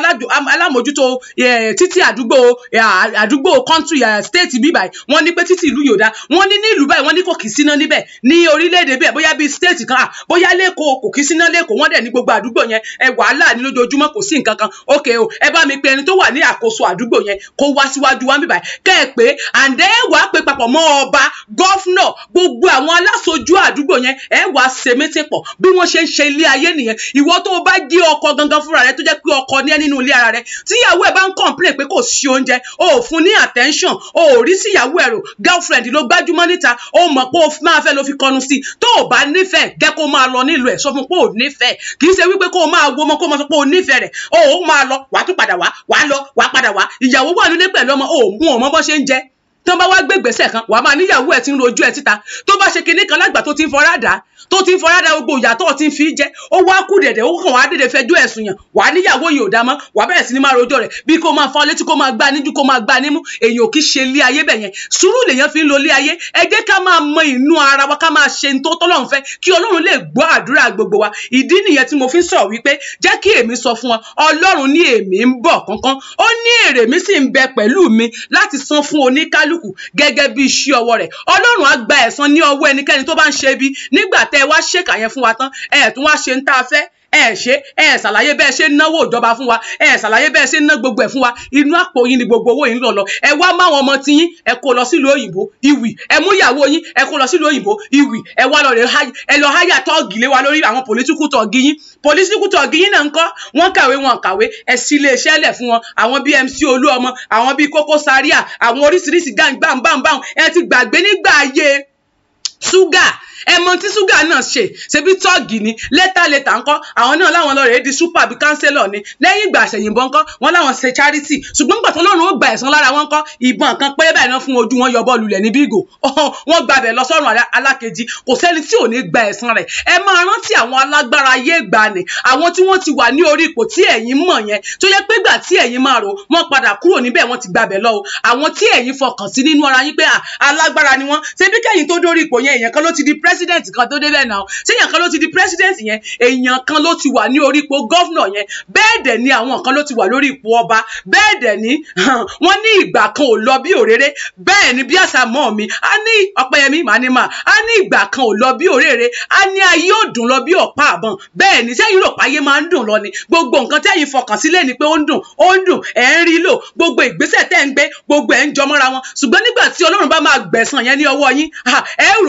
alámòjútó eh, títì àdúgbò eh, àdúgbò country eh, state bíbáyìí wọ́n ní pé títì ìlú yóò dá wọ́n ní ní ìlú báyìí wọ́n ní kò kì í síná níbẹ̀ ní orílẹ̀-èdè bẹ́ẹ̀ bóyá bíi stéètì kan bóyá lẹ́kọ̀ọ́ kò kì í síná lẹ́kọ̀ọ́ wọ́n dẹ̀ ní gbogbo àdúgbò yẹn ẹ wàhálà ní lójoojúmọ́ kò sí nǹkan kan ok o ẹ bá mi pe ẹni tó wà ní àkóso àdúgbò yẹn kó wá síwájú wá bíbáyìí kẹ́ ẹ pé àǹdẹ́ ẹ wàá pe papọ̀ mọ́ ọba gọ́fúnọ̀ gbogbo àwọn aláṣojú àdúgbò yẹn ẹ wàá ṣe mẹ́tì pọ̀ bí wọ́n ṣe ń ṣe ilé ayé nìyẹn ìwọ tó o bá gé ọkọ gangan fúnra rẹ tó jẹ́ pé ọkọ ní ẹ nínú ilé ara rẹ tíyàwó ẹ bá ń complain pé kò sí oúnjẹ o ò fún ní attention o ò rí síyàwó ẹ girlfriend ló gbájúmọ́ níta ó mọ̀ pé o máa fẹ́ ló fi kọnu sí tó o bá nífẹ̀ẹ́ jẹ́ kó máa lọ nílùú ẹ̀ sọ fún pé o nífẹ̀ẹ́ kì í ṣe wípé kó o máa wo ọmọ kó o máa sọ pé o nífẹ̀ẹ́ rẹ̀ o ò máa lọ wàá tún padà wá wàá lọ wàá padà wá ìyàwó wà nílé pẹ̀lú ọmọ o ò mú ọmọ bó ṣe ń jẹ tán bá wá gbé ìgbésẹ̀ kan wàá máa níyàwó ẹ̀ ti ń rojú ẹ̀ síta tó bá ṣe kinní kan lágbà tó ti ń fọra dà tó ti ń fọ yàda gbogbo ìyà tó ti ń fi jẹ ó wá kú dẹ̀dẹ̀ ó kàn wá dẹ̀dẹ̀ fẹjọ́ ẹ̀sùn yàn wà níyàwó yìí ò dá mọ́ wà bẹ̀rẹ̀ sí ni máa rojọ́ rẹ̀ bí kò máa fọ́n létí kò máa gbá níjú kò máa gbá nímú èèyàn ò kí ṣe ilé ayé bẹ̀ yẹn sùúrù lèèyàn fi ń lo ilé ayé ẹ jẹ́ ká máa mọ inú ara wa ká máa ṣe tó tọ́lọ́run fẹ́ kí ọlọ́run lè gbọ́ àdúrà gbogbo wa ìdí nìyẹn tí mo fi ń sọ wípé jẹ́ kí èmi sọ fún ọ ọlọ́run ní èmi ń bọ̀ kankan ó ní èrè mi sì ń bẹ pẹ̀lú mi láti san fún oníkálukú gẹ́gẹ́ bí iṣẹ́ ọwọ́ rẹ̀ ọlọ́run á gba ẹ̀san ní ọwọ́ ẹnikẹ́ni tó bá ń ṣe ibi nígbà tẹ wá ṣèkà yẹn fún wa tán ẹ tún wá ṣe ń tá a fẹ́ ẹ ṣe ẹ ṣàlàyé bẹ́ẹ̀ ṣe ń náwó ìjọba fún wa ẹ ṣàlàyé bẹ́ẹ̀ ṣe ń ná gbogbo ẹ̀ fún wa inú àpò yín ni gbogbo owó yín lọ lọ ẹ wá máwọn ọmọ tí yín ẹ kó lọ sílùú òyìnbó ìwì ẹ mú ìyàwó yín ẹ kó lọ sílùú òyìnbó ìwì ẹ wá lọ rẹ ẹ lọ háyà tọ́ọ̀gì lé wa lórí àwọn pòlítíkù tọ́ọ̀gì yín pòlítíkù tọ́ọ̀gì yín náà ń kọ́ wọ́n kàwé wọn kàwé ẹ sí ilé iṣẹ́ lẹ̀ fún wọn àwọn bíi MC Olúọmọ àwọn bíi Koko Zaria àwọn oríṣiríṣi gbàǹgbàǹgbàǹ ẹ ti gbàgbé nígbà ayé ṣúgà ẹ mọ tí ṣúgà náà ṣe ṣebí tọ́ọ̀gì ni lẹ́tà lẹ́tà ńkọ́ àwọn náà láwọn lọ rẹ̀ di súpà àbí kánsẹ́lọ̀ ni lẹ́yìn ìgbà àṣẹ̀yìnbọn ńkọ́ wọn láwọn ṣe charity ṣùgbọ́n gbàtọ́ lọ́run ó gba ẹ̀san lára wọn ńkọ́ ìbọn kan pé báyìí náà fún ojú wọn yọbọ lulẹ̀ ní bígò [LAUGHS] wọn gbàbẹ̀ lọ sọ́run alákejì kò sẹ́ni tí ò ní gba ẹ̀san rẹ̀ ẹ máa rántí àwọn alágbára ayé ìgbàanì àwọn tí wọ́n ti wà ní orí ipò tí ẹ̀yin mọ̀ yẹn tó yẹ pé gbà tí ẹ̀yin máa rò wọ́n padà kúrò níbẹ̀ wọ́n ti gbàbẹ̀ lọ o àwọn tí ẹ̀yin fọkàn sí nínú ara yín pé alágbára ni wọ́n ṣebí kẹ́yìn tó dórí ipò yẹn ti di president kan tó débẹ̀ náà ṣéyàn kan ló ti di president yẹn èèyàn kan ló ti wà ní orí ipò gọ́vnà yẹn bẹ́ẹ̀ dẹ̀ ni àwọn kan ló ti wà lórí ipò ọba bẹ́ẹ̀ dẹ̀ ni wọ́n ní ìgbà kan ò lọ bí òréré bẹ́ẹ̀ ni bí àṣà mọ́ mi a ní ọ̀pẹ́yẹmí mànímà a ní ìgbà kan ò lọ bí òréré a ní ayé ò dùn lọ bí ọ̀pá àbọ̀n bẹ́ẹ̀ ni sẹ́yìn rò páyé máa ń dùn lọ ni gbogbo nǹkan tẹ́yìn fọkàn sílẹ̀ ni pé ó ń dùn ó ń dùn ẹ̀ ń rí lò gbogbo ìgbésẹ̀ tẹ́ ń gbé gbogbo ẹ̀ ń jọmọ́ra wọn ṣùgbọ́n nígbà tí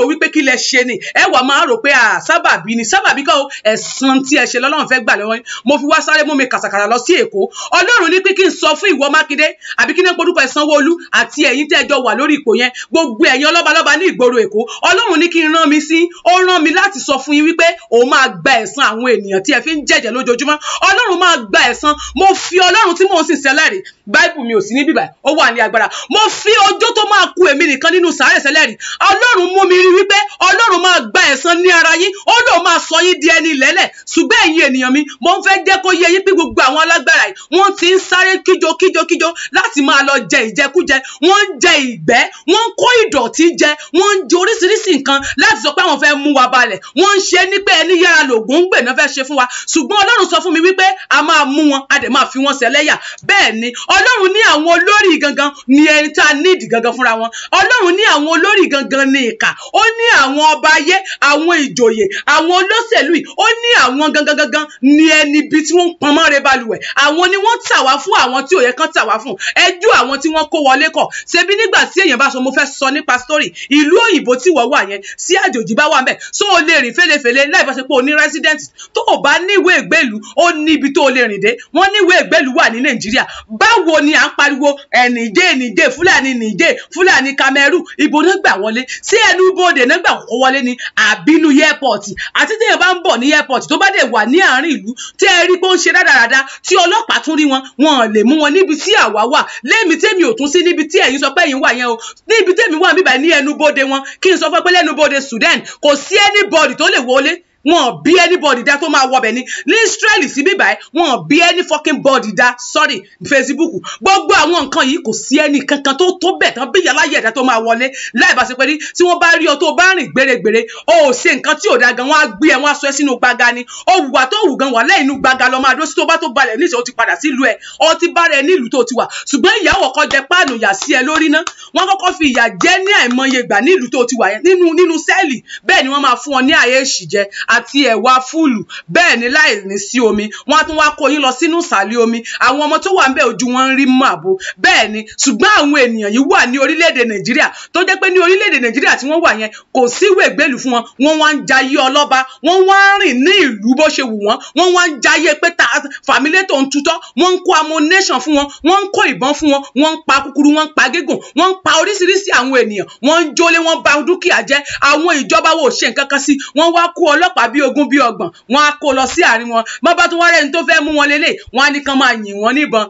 Ọlọ́run ni ẹ wà máa rò pé sábàbí ni sábàbí kọ́ ẹ̀san tí ẹ ṣe lọ́lọ́run fẹ́ gbà lọ́wọ́ mo fi wá sáré mú mi kàṣàkàṣà lọ sí èkó ọlọ́run ní pé kí n sọ fún ìwọ mákindé àbí kí ní porúkọ ẹ̀ sanwó-olú àti ẹ̀yin tẹ́ jọ wà lórí ipò yẹn gbogbo ẹ̀yin ọlọ́balọ́ba ní ìgboro èkó ọlọ́run ní kí n rán mi sí ó rán mi láti sọ fún yín wípé òun máa gba ẹ̀san àwọn ènìyàn tí ẹ fi ń jẹ̀jẹ̀ lójoojúmọ́ ọlọ́run máa gba ẹ̀san mo fi ọlọ́run tí mò ń sìn sẹ́lẹ̀rì báìbù mi ò sí ní bíbà ó wà ní agbára mo fi ọjọ́ tó máa ku èmi nìkan nínú sàárẹ̀ sẹ́lẹ̀rì ọlọ́run mú mi rí wípé ọlọ́run máa gba ẹ̀san ní ara yín ó lóun máa sọ yín di ẹni lẹ́lẹ̀ ṣùgbọ́n ẹ̀yin ènìyàn mi mo ń fẹ́ jẹ́ kó yé yín pé gbogbo àwọn alágbára yìí wọ́n ti ń sáré kíjo kíjo kíjo láti máa lọ jẹ ìjẹkújẹ wọ́n ń jẹ ìgbẹ́ wọ́n ń kó ìdọ̀tí jẹ wọ́n ń jẹ oríṣiríṣi nǹkan láti sọ pé àwọn fẹ́ mú wa balẹ̀ wọ́n ń ṣe ní pé ẹni yára lògùn ń gbè náà fẹ́ ṣe fún wa ṣùgbọ́n ọlọ́run sọ fún mi wípé a máa mú wọn a dẹ̀ máa fi wọn ṣẹlẹ́yà bẹ́ẹ̀ ni ọlọ́run ní àwọn olórí gangan ni ẹni tá a nídìí gangan fúnra wọn ọlọ́run ní àwọn olórí gangan ni ìkà ó ní àwọn ọb ọba ayé àwọn ìjòyè àwọn olóṣèlú yìí ó ní àwọn gangan gangan ní ẹni ibi tí wọ́n ń pọn mọ́re balùwẹ̀ àwọn ni wọ́n tà wá fún àwọn tí ò yẹ kán tà wá fún ẹjú àwọn tí wọ́n kó wọlé kọ̀ ṣebí nígbà tí èèyàn bá sọ mo fẹ́ sọ nípa story ìlú òyìnbó tí wọ́n wà yẹn sí àjòjì bá wà mẹ́ so o lè rìn fèlèfèlè láì bá ṣe pé o ní resident tó o bá níwèé ìgbélú ó ní ibi tó o lè rìn dé wọ́n níwèé ìgbélú wà ní nàìjíríà báwo ni à ń pariwo ẹ̀ nìjẹ́ nìjẹ́ fúlàní nìjẹ́ fúlàní kamẹ́rù ìbò náà gbà wọlé sí ẹnu ibodè náà gbà wọlé wálé ni àbínú airport àti téèyàn bá ń bọ̀ ní airport tó bá dẹ̀ wà ní àárín ìlú tẹ́ ẹ rí pé ó ń ṣe rádaràda tí ọlọ́pàá tún rí wọn wọn lè mú wọn níbi tí àwa wà lémi tèmi ò tún sí níbi tí ẹ̀yin sọ pé ẹ̀yin wà yẹn o níbi tèmi wà mí báyìí ní ẹnubodè wọn kí n sọ fún ẹ pé lẹ́nubodè Sudan kò sí anybody tó lè wọlé wọn bí anybody dá tó máa wọbẹ̀ ni ní Israeli sí bíbá ẹ wọn bí any fucking body dá sorry Facebook gbogbo àwọn nǹkan yìí kò sí ẹni kankan tó tó bẹ̀ tán bí yàláyà ẹ̀dá tó máa wọlé láì bá ṣe pé ní tí wọ́n bá rí ọ tó bá rìn gbèrègbèrè o ò ṣe nǹkan tí ò dá gan wọ́n á gbé ẹ wọ́n á sọ ẹ sínú gbaga ni ó wùwà tó wù gan wà lẹ́yìn inú gbaga lọ́ọ́ máa dúró sí tó bá tó balẹ̀ níṣẹ́ ó ti padà sílùú ẹ ó ti bá rẹ nílùú tó ti wà ṣùgbọ́n ìyàwó kan jẹ páànù yà sí ẹ lórí ná wọ́n kọ́kọ́ fi ìyà jẹ ní àìmọye gbà nílùú tó ti wà nínú nínú sẹ́ẹ̀lì bẹ́ẹ̀ ni wọ́n máa fún ọ ní àyè ìṣìjẹ àti ẹ̀wà fúlù bẹ́ẹ̀ ni láì ní sí omi wọ́n á tún wá kó yín lọ sínú ìsàlẹ̀ omi àwọn ọmọ tó wà ń bẹ̀ ojú wọn ń rí mọ́ àbò bẹ́ẹ̀ ni ṣùgbọ́n àwọn ènìyàn yìí wà ní orílẹ̀-èdè nàìjíríà tó jẹ́ pé ní orílẹ̀-èdè nàìjíríà tí wọ́n wà yẹn kò síwèé gbèlú fún wọn wọ́n wá ń jayé ọlọ́ba wọ́n wá ń rìn ní ìlú bó ṣe wù wọ́n wọ́n wá ń jayé pé ta fàmílétò ń tutọ́ wọ́n ń kó ammunition fún wọn wọ́n ń kó ìbọn fún wọn wọ́n ń pa kúkúrú wọ́n ń pa gígùn wọ́n ń pa oríṣiríṣi àwọn ènìyàn wọ́n ń jólé wọ́n ba dúkìá jẹ́ àwọn ìjọba wo ṣe nǹkan kan sí wọ́n wá kó ọlọ́pàá mẹ́wàá bí ogún bí ọgbọ̀n wọn á kó lọ sí àárín wọn má bá tún wá rẹ́ni tó fẹ́ mú wọn lélẹ̀ wọn á ní kán máa yìn wọn níbọn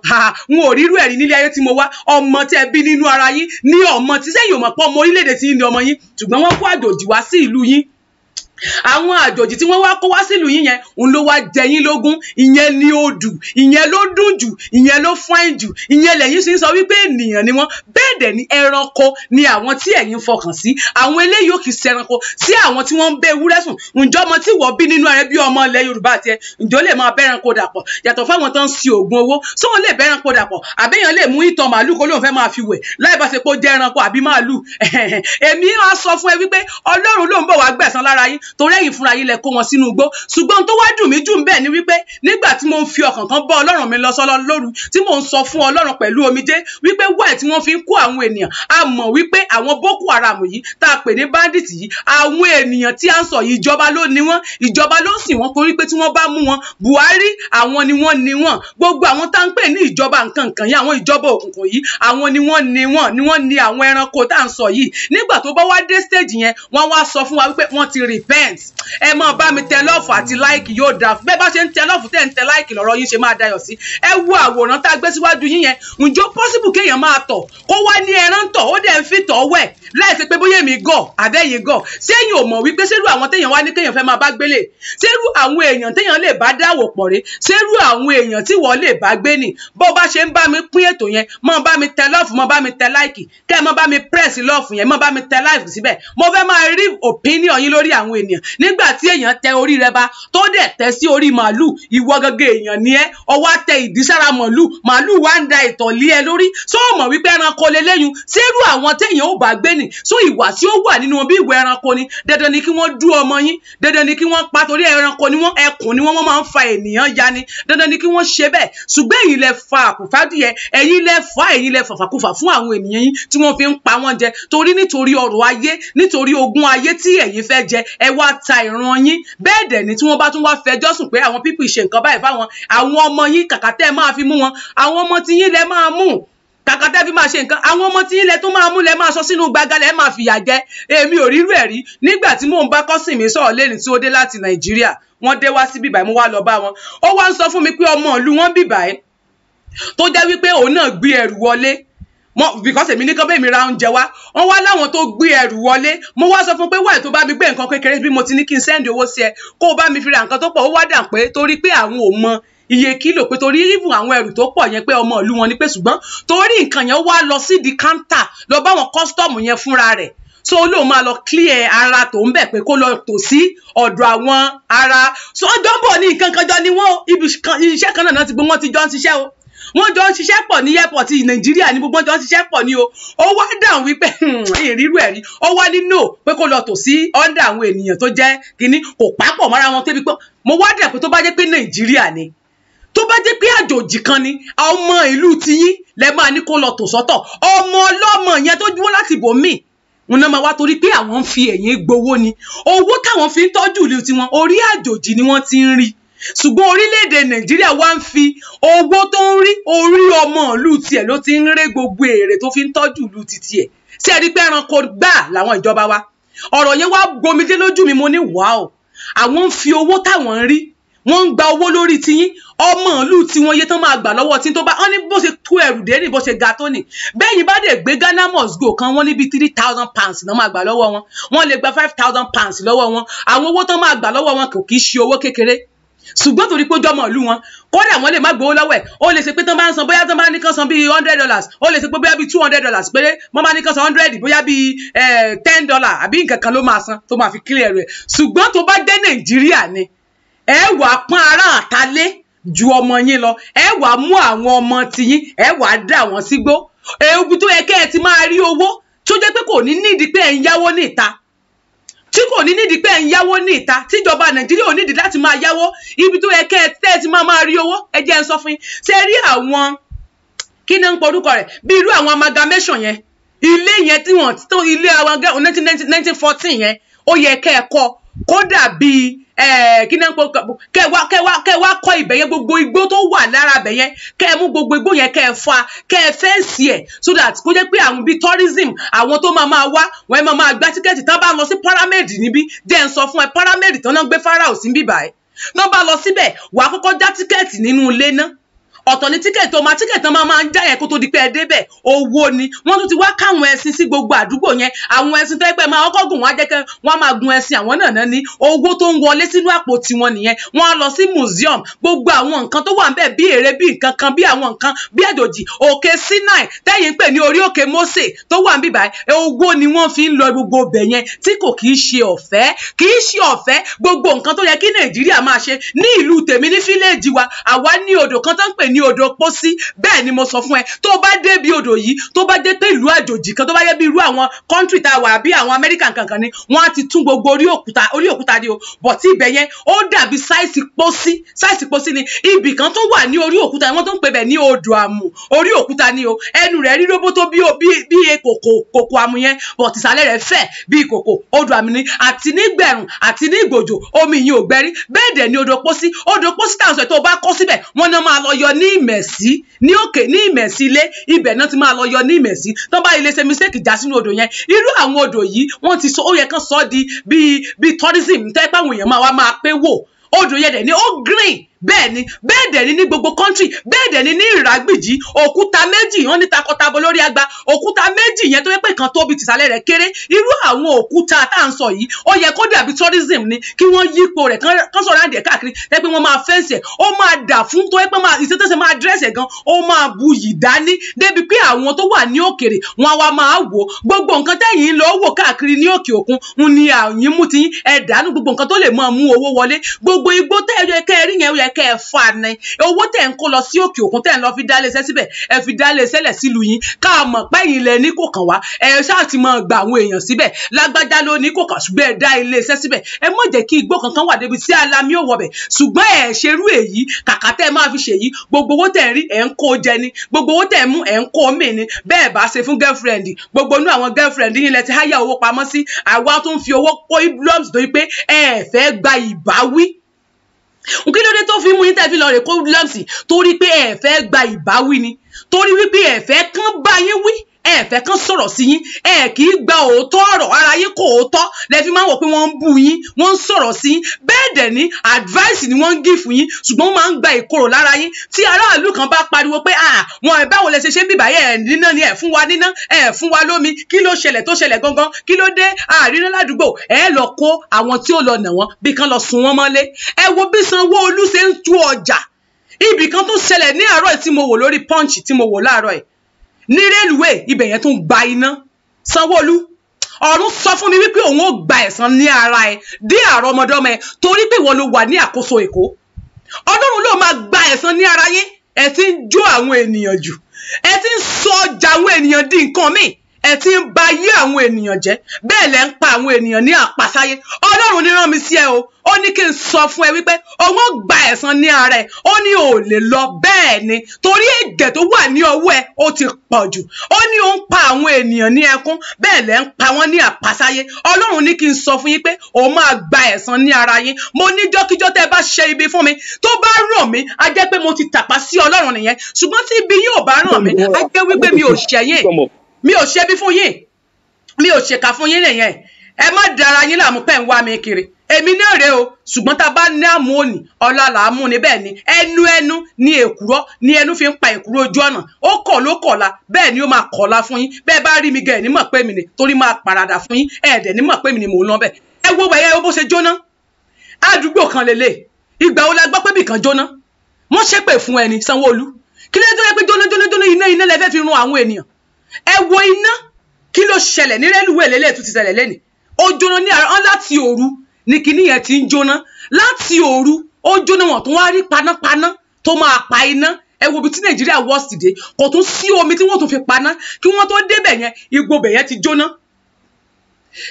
n ò rírú ẹ̀rí nílé ayé tí mo wá ọmọ tẹ́ bí nínú ara yín ní ọmọ tí sẹ́yìn ò mọ̀ pọ́ ọmọ orílẹ̀-èdè tí ń di ọmọ yín ṣùgbọ́n wọ́n kó àjòjì wá sí ìlú yín àwọn àjòjì tí wọ́n wá kó wá sílùú yín yẹn òun ló wá jẹ lógún ìyẹn ni ó dù ìyẹn ló dùn jù ìyẹn ló fáìn jù ìyẹn lẹ́yìn sì ń sọ wípé ènìyàn ni wọ́n bẹ́ẹ̀ dẹ̀ ni ẹranko ni àwọn tí ẹ̀yin fọkàn sí àwọn eléyìí ò kì í ṣẹranko sí àwọn tí wọ́n ń bẹ ewúrẹ́ sùn ǹjọ́ ọmọ tí wọ́n bí nínú ẹran bí ọmọ ilẹ̀ Yorùbá àti ẹ ǹjọ́ lè máa bẹ́ranko dàpọ̀ yàtọ̀ fáwọn tó ń si oògùn owó sóun lè bẹ́ranko dàpọ̀ àbẹ́yàn lè mú ìtàn màálù kó lóun fẹ́ máa fi wẹ̀ láì bá ṣe pé ó jẹ́ ẹranko àbí màálù [LAUGHS] èmi á sọ fún ẹ wípé Ọlọ́run ló bọ̀ wá gbẹ̀san lára yín torí ẹ̀yin fúnra yín lẹ kó wọn sínú igbó ṣùgbọ́n tó wá dùn mí jù bẹ́ẹ̀ ni wípé nígbà tí mo ń fi ọkàn kan bá ọlọ́run mi lọ sọ́lọ́ lóru tí mò ń sọ fún ọlọ́run pẹ̀lú omijé wípé wáì tí wọ́n fi ń kó àwọn ènìyàn a mọ̀ wípé àwọn boko haram yìí tá a pè ní bandit yìí àwọn ènìyàn tí a ń sọ yìí ìjọba ló ní wọn ìjọba ló sìn wọn torí pé tí wọ́n bá mú wọn buhari àwọn ni wọ́n ní wọn gbogbo àwọn tá ń pè ní ìjọba nǹkan nǹkan yìí àwọn ìjọba òkùnkùn yìí àwọn ni wọ́n ní wọn ni wọ́n ní àwọn ẹranko tá à ń sọ yìí nígbà tó bá wá dé stage yẹn wọ́n wá sọ fún wa wípé wọ́n ti repent comment ẹ máa bá mi tẹ lọ́ọ̀fù àti láìkì yóò dáa bẹ́ẹ̀ bá ṣe ń tẹ lọ́ọ̀fù tẹ̀ ń tẹ láìkì lọ́rọ̀ yín ṣe máa dayọ̀ sí ẹ wo àwòrán tá a gbé síwájú yín yẹn ǹjọ́ pọ́sibù kéèyàn máa tọ̀ kó wá ní ẹran tọ̀ ó dẹ̀ ń fi tọ̀ wẹ̀ láìsí pé bóyá èmi gọ̀ àbẹ́yìn gọ̀ sẹ́yìn ò mọ̀ wípé sẹ́rù àwọn téèyàn wá ní kéèyàn fẹ́ máa bá gbélé sẹ́rù àwọn èèyàn téèyàn lè bá dáwò pọ̀ ré sẹ́rù àwọn èèyàn tí wọ́n lè bá gbé nì bó bá ṣe ń bá mi pín ètò yẹn mọ́ bá mi tẹ lọ́ọ̀fù mọ́ bá mi tẹ láìkì kẹ́ mọ́ bá mi press lọ́ọ̀fù yẹn mọ́ bá mi tẹ láìkì síbẹ̀ mo fẹ́ máa rí opinion yín lórí àwọn ènìyàn ènìyàn nígbà tí èèyàn tẹ orí rẹ ba tó dẹ̀ tẹ sí orí màálù ìwọ gẹ́gẹ́ èèyàn ni ẹ ọwọ́ tẹ ìdísára màálù màálù wa ń da ìtọ̀ lé ẹ lórí sọ mọ̀ wípé ẹranko leléyun sẹ́rù àwọn téèyàn ò bá gbé nì sọ ìwà tí ó wà nínú bí ìwà ẹranko ni dandan ni kí wọ́n dú ọmọ yín dandan ni kí wọ́n pa torí ẹranko ni wọ́n ẹkùn ni wọ́n wọ́n máa ń fa ènìyàn ya ni dandan ni kí wọ́n ṣe bẹ́ẹ̀ ṣùgbọ́n èyí lẹ fa àkùfádìẹ ẹ̀yin lẹ fa èyí lẹ fàfàkùfà fún àwọn ènìyàn yín tí wọ́n fi ń pa wọ́n jẹ torí nítorí ọrọ̀ ayé nítorí ogún ayé tí ẹ̀yin fẹ́ jẹ ẹ wá ta ìran yín bẹ́ẹ̀ dẹ̀ ni tí wọ́n bá tún wá fẹjọ́ sùn pé àwọn pípì ṣe nǹkan báyìí fáwọn àwọn ọmọ yín kàkà tẹ́ ẹ máa fi mú wọn àwọn ọmọ tí yín lẹ máa mú kàkà tẹ́ fi máa ṣe nǹkan àwọn ọmọ tí ilẹ̀ tó máa mú lẹ máa sọ sínú gbagalẹ̀ ẹ máa fìyà jẹ èmi ò rírú ẹ̀ rí nígbà tí mò ń bá kọ́sìn mi sọ̀rọ̀ lẹ́ni tí ó dé láti nàìjíríà wọ́n dé wá sí bíbáyìí mo wá lọ bá wọn ó wá ń sọ fún mi pé ọmọ ìlú wọn bíbáyìí tó jẹ́ wípé òun náà gbé ẹrù wọlé mo because èmi ní kán bẹ́ẹ̀ mi ra oúnjẹ wá wọ́n wá láwọn tó gbé ẹrù wọlé mo wá sọ fún pé wáyé tó bá mi gbé nǹkan kékeré bí mo ti ní kí n sẹ́ndì owó sí ẹ kó o bá mi fi ra nǹkan tó pọ̀ ó wá dà pé torí pé àwọn ò mọ iye kílò pé torí even àwọn ẹrù tó pọ̀ yẹn pé ọmọ ìlú wọn ni pé ṣùgbọ́n torí nǹkan yẹn wá lọ sí di káńtà lọ bá wọn kọ́sítọ́ọ̀mù yẹn fúnra rẹ̀ so olóò máa lọ clear ara tó ń bẹ̀ pé kó lọ tò sí ọ̀dọ̀ àwọn ara so ọjọ́ bọ̀ ní nǹkan kanjọ ni wọ́n ibi iṣẹ́ kan náà ti gbé wọ́n ti jọ ń ṣiṣẹ́ o wọ́n jọ ń ṣiṣẹ́ pọ̀ ní airport nàìjíríà ní gbogbo wọ́n jọ ń ṣiṣẹ́ pọ̀ ní o ó wá dáhùn wípé hmm, ìrírú ẹ̀rí ó wá ní no pé kó lọ tò sí ọ́ndà àwọn ènìyàn tó jẹ́ kínní kò pápọ̀ mọ́ra wọn tẹ́bi pé mo wá dẹ̀ pé tó bá jẹ́ pé nàìjíríà ni tó bá jẹ́ pé àjòjì kan ni ọmọ ìlú tiyín lẹ máa ní kó lọ tò sọ́tọ̀ ọmọ ọlọ́mọ yẹn tó dúró láti bò míì wọn náà máa wá torí pé àwọn ń fi ẹ̀yìn gbowó ni owó táwọn fi ń tọ́jú ìlú tiwọn orí àjòjì ni wọ́n ti ń rí ṣùgbọ́n orílẹ̀-èdè nàìjíríà wá ń fi owó tó ń rí orí ọmọ ìlú tiẹ̀ ló ti ń ré gbogbo èrè tó fi ń tọ́jú ìlú titi ẹ̀ sí ẹ̀rí pé ẹranko gbà làwọn ìjọba wa ọ̀rọ̀ yẹn wá gbomidé lójú mi mo ní wàá o àwọn ń fi owó táwọn ń rí wọ́n ń gba owó lórí tiyín ọmọ ìlú tiwọn iye tán máa gbà lọ́wọ́ tí tó bá wọ́n ní bó ṣe tó ẹrù dé ní bó ṣe ga tó nì bẹ́yìn bá dẹ̀ gbé Ghana must go kan wọ́n níbi three thousand pounds náà máa gbà lọ́wọ́ wọn wọ́n lè gba five thousand pounds lọ́wọ́ wọn àwọn owó tán máa gbà lọ́wọ́ wọn kò kì í ṣe owó kékeré ṣùgbọ́n torí pé ó jọmọ ìlú wọn kódà wọn lè má gbowó lọ́wọ́ ẹ̀ ó lè ṣe pé tán bá ń san bóyá tán bá ní kán san bíi hundred dollars ó lè ṣe pé bóyá bíi two hundred dollars péré wọ́n máa ní kán san hundred bóyá bíi ten dollar àbí nǹkan kan ló máa san tó máa fi clear rẹ̀ ṣùgbọ́n tó bá dé nàìjíríà ni ẹ wà pọ́n ará àtàlé ju ọmọ yín lọ ẹ wà mú àwọn ọmọ tiyín ẹ wà dá wọn sígbó ewu tó yẹ kẹ́ ẹ ti máa rí owó tó jẹ́ pé kò ní nídìí pé ẹ̀ ń yáwó ní tí kò ní nídìí pé ẹ̀ ń yáwó ní ìta tíjọba nàìjíríà ò nídìí láti máa yáwó ibi tó yẹ kẹ́ ẹ tẹ́ ẹ ti máa máa rí owó ẹ jẹ́ ẹ sọ fún yín ṣe rí àwọn kí ni ń porúkọ rẹ̀ bí irú àwọn amalgamation yẹn ilé yẹn tí wọ́n tó ilé àwọn nineteen yẹn ó yẹ kẹ́ ẹ kọ́ kó dàbí kí náà ń pọ kẹwà kẹwà kẹwà kọ ibẹ̀ yẹn gbogbo igbó tó wà lára ibẹ̀ yẹn kẹ mú gbogbo igbó yẹn kẹ fa kẹ ẹ so that kó jẹ́ pé àwọn bíi tourism àwọn tó máa máa wá wọ́n máa máa gba tíkẹ́ẹ̀tì tán bá lọ sí pyramid níbí jẹ́ ń sọ fún ẹ pyramid tán náà gbé pharaoh sí bíbá ẹ̀ náà bá lọ síbẹ̀ wàá kọ́kọ́ já tíkẹ́ẹ̀tì nínú ilé náà ọ̀tọ̀ ni tíkẹ̀tì tó máa tíkẹ̀tì tó máa máa ń já yẹn kó tó di pé ẹ débẹ̀ owó ni wọ́n tún ti wá káwọn ẹṣin sí gbogbo àdúgbò yẹn àwọn ẹṣin tó yẹ pé máa ọkọ̀ gùn wọ́n á jẹ́ kẹ́ wọ́n á máa gun ẹṣin àwọn náà ní owó tó ń wọlé sínú àpò tiwọn nìyẹn wọ́n á lọ sí museum gbogbo àwọn nǹkan tó wà ńbẹ̀ bí ère bí nǹkan kan bí àwọn nǹkan bí ẹ̀dòjì òkè Sinai tẹ́yìn pè ní orí òkè Mósè tó wà níbí báyìí owó ni wọ́n fi ń lọ gbogbo ibẹ̀ yẹn tí kò kì í ṣe ọ̀fẹ́ kì í ṣe ọ̀fẹ́ gbogbo nǹkan tó yẹ kí Nàìjíríà máa ṣe ní ìlú tèmi ní fíléèjì wa àwa ní odò kan tó ń pè ní odò pósí bẹ́ẹ̀ ni mo sọ fún ẹ tó bá dé bí odò yìí tó bá dé pé ìlú àjòjì kan tó bá yẹ bí irú àwọn kọ́ńtì tá a wà bí àwọn amẹ́ríkà kankan ni wọ́n á ti tún gbogbo orí òkúta orí òkúta ni o bọ̀ tí ibẹ̀ yẹn ó dàbí sáìsì pósí sáìsì pósí ni ibì kan tó wà ní orí òkúta wọ́n tó ń pè bẹ̀ ní odò àmù orí òkúta ni o ẹnu rẹ̀ rí róbótó bí bí kòkò kòkò àmù yẹn bọ̀ tìsàlẹ̀ rẹ̀ fẹ̀ bí kòkò odò àmù ni àti nígbẹ̀rùn àti ní ìgbòjò omi yìí ò gbẹ́rí bẹ́ẹ̀ dẹ̀ ni odò pósí odò pósí tàǹsọ̀ tó bá kọ́ síbẹ̀ wọ́n náà máa lọ yọ ní ní ìmẹ̀sí ní òkè ní ìmẹ̀sí ilé ibẹ̀ náà ti máa lọ yọ ní ìmẹ̀sí tó bá ilé ṣe mistake já sínú odò yẹn irú àwọn odò yìí wọ́n ti sọ ó yẹ kán sọ ọ́ di bíi bíi tourism tẹ́pẹ́ àwọn èèyàn máa wá máa pé wò odò yẹn dẹ̀ ni ó green bẹ́ẹ̀ ni bẹ́ẹ̀ dẹ̀ ni ní gbogbo country bẹ́ẹ̀ dẹ̀ ni ní ìràgbìjì òkúta méjì wọ́n ní takọtabo lórí agba òkúta méjì yẹn tó yẹ pé kan tóbi tìsàlẹ̀ rẹ̀ kéré irú àwọn òkúta tá à ń sọ yìí ó yẹ kó dàbí tourism ni kí wọ́n yípo rẹ̀ kán sọ̀rọ̀ àǹdẹ̀ káàkiri tẹ́ pé wọ́n máa fẹ́ǹsì ẹ̀ ó máa dà fún tó yẹ pé ìṣètòsí máa dírẹ́sì gan ó máa bu yì dání débi pé àwọn tó wà ní òkèrè wọn á wá máa wò gbogbo nǹkan tẹ́yìn lọ wò káàkiri kẹ́ ẹ fa ni owó tẹ̀ ń kó lọ sí òkè òkun tẹ̀ ń lọ fi dá iléeṣẹ́ síbẹ̀ ẹ fi dá iléeṣẹ́ lẹ̀ sílùú yín ká mọ̀ pẹ́yìn lẹ ní kò kàn wá ẹ ṣáà ti máa gba àwọn èèyàn síbẹ̀ lágbájá ló ní kò kàn ṣùgbọ́n ẹ dá iléeṣẹ́ síbẹ̀ ẹ mọ̀ jẹ́ kí igbó kankan wà débi tí alamí ò wọ̀bẹ̀ ṣùgbọ́n ẹ ṣerú èyí kàkà tẹ́ máa fi ṣèyí gbogbo owó tẹ̀ ń rí ẹ̀ ń kó jẹ ni gbogbo owó tẹ̀ ń mú ẹ̀ ń kó mì ni bẹ́ẹ̀ bá ṣe fún girlfriend gbogbo inú àwọn girlfriend yín lẹ ti háyà owó pamọ́ sí àwa tún fi owó kó problems tó yí pé ẹ fẹ́ gba ìbáwí kí ló dé tó fi mú yín tẹ́ fi lọ rè kó lọ́ọ̀sì torí pé ẹ fẹ́ gba ìbáwí ni torí wípé ẹ fẹ́ kán bá yín wí ẹ fẹ́ kán sọ̀rọ̀ sí yín ẹ kì í gba òótọ́ ọ̀rọ̀ ara yín kò òótọ́ lẹ fi máa ń wò pé wọ́n ń bú yín wọ́n ń sọ̀rọ̀ sí yín bẹ́ẹ̀ dẹ̀ ní advice ni wọ́n ń gífù yín ṣùgbọ́n wọ́n máa ń gba ìkorò lára yín tí aráàlú kan bá pariwo pé à wọn ẹ báwo lẹ ṣe ṣe ń bìbà yẹ ẹ níná ni ẹ fún wa níná ẹ fún wa lómi kí ló ṣẹlẹ̀ tó ṣẹlẹ̀ gangan kí ló dé àríná ládùúgbò ẹ lọ kó àwọn tí ó lọ nà wọ́n bí kan lọ sùn wọ́n mọ́lé ẹ wo bí Sanwó-Olú ṣe ń tú ọjà ibì kan tó ṣẹlẹ̀ ní àárọ̀ tí mo wò lórí punch tí mo wò láàárọ̀ yìí ní rélùwé ibẹ̀ yẹn tún gba iná sanwóolu ọ̀run sọ fún mi wípé òun ò gba ẹ̀san ní ara ẹ dé àárọ̀ ọmọdọ́mọ ẹ torí pé ìwọ ló wà ní àkóso èkó ọlọ́run ló máa gba ẹ̀san ní ara yín ẹ ti ń jó àwọn ènìyàn jù ẹ ti ń sọ ọjà àwọn ènìyàn di nǹkan míì ẹ ti ń ba ayé àwọn ènìyàn jẹ́ bẹ́ẹ̀ lẹ ń pa àwọn ènìyàn ní àpasáyé ọlọ́run ní rán mi sí ẹ o ó ní kí n sọ fún ẹ wípé òun ó gba ẹ̀san ní ara ẹ ó ní ò lè lọ bẹ́ẹ̀ ni torí ẹ̀gẹ̀ tó wà ní ọwọ́ ẹ ó ti pọ̀ jù ó ní ó ń pa àwọn ènìyàn ní ẹkún bẹ́ẹ̀ lẹ ń pa wọ́n ní àpasáyé ọlọ́run ní kí n sọ fún yín pé òun máa gba ẹ̀san ní ara yín mo ní jọ́kíjọ́ tẹ́ ẹ bá ṣe ibi fún mi tó bá ràn mí a jẹ́ pé mo ti tàpá sí ọlọ́run nìyẹn ṣùgbọ́n tí ibi yóò bá ràn mí a jẹ́ wípé mi ò ṣẹ̀yìn mi ò ṣe bí fún yín mi ò ṣèkà fún yín nìyẹn ẹ má dára yín láàmú pẹ́ ń wá mi kiri èmi náà rèé o ṣùgbọ́n tá a bá ní àmú òní ọ̀la là ni bẹ́ẹ̀ ni ẹnu ẹnu ni èkúrọ́ ni ẹnu fi ń pa èkúrọ́ ojú ọ̀nà ó kọ̀ ló kọ̀la bẹ́ẹ̀ ni ó máa kọ̀la fún yín bẹ́ẹ̀ bá rí mi gẹ̀ ní mọ̀ pé mi ni torí máa paradà fún yín ẹ̀ẹ́dẹ̀ ní mọ̀ pé mi ni mò ń lọ bẹ́ẹ̀ ẹ wo wẹ̀yẹ ó bó ṣe jóná àdúgbò kan lélẹ̀ ìgbà wo la gbọ́ pé bìkan jóná wọ́n ṣépè fún ẹni Sanwó-Olú tó yẹ pé jóná jóná jóná iná iná lẹ fẹ́ fi run àwọn ènìyàn ẹ wo iná kí ló ṣẹlẹ̀ ní rélùwé lélẹ̀ tó ti ṣẹlẹ̀ lẹ́nìí ó jóná ní àárọ̀ láti òru ni kinní yẹn ti ń jóná láti òru ó jóná wọn tó wá rí panápaná tó máa pa iná ẹ wo ibi tí nàìjíríà wọ́ sí dé kò tún sí omi tí wọ́n tún fi paná kí wọ́n tó débẹ̀ yẹn igbó bẹ̀ yẹn ti jóná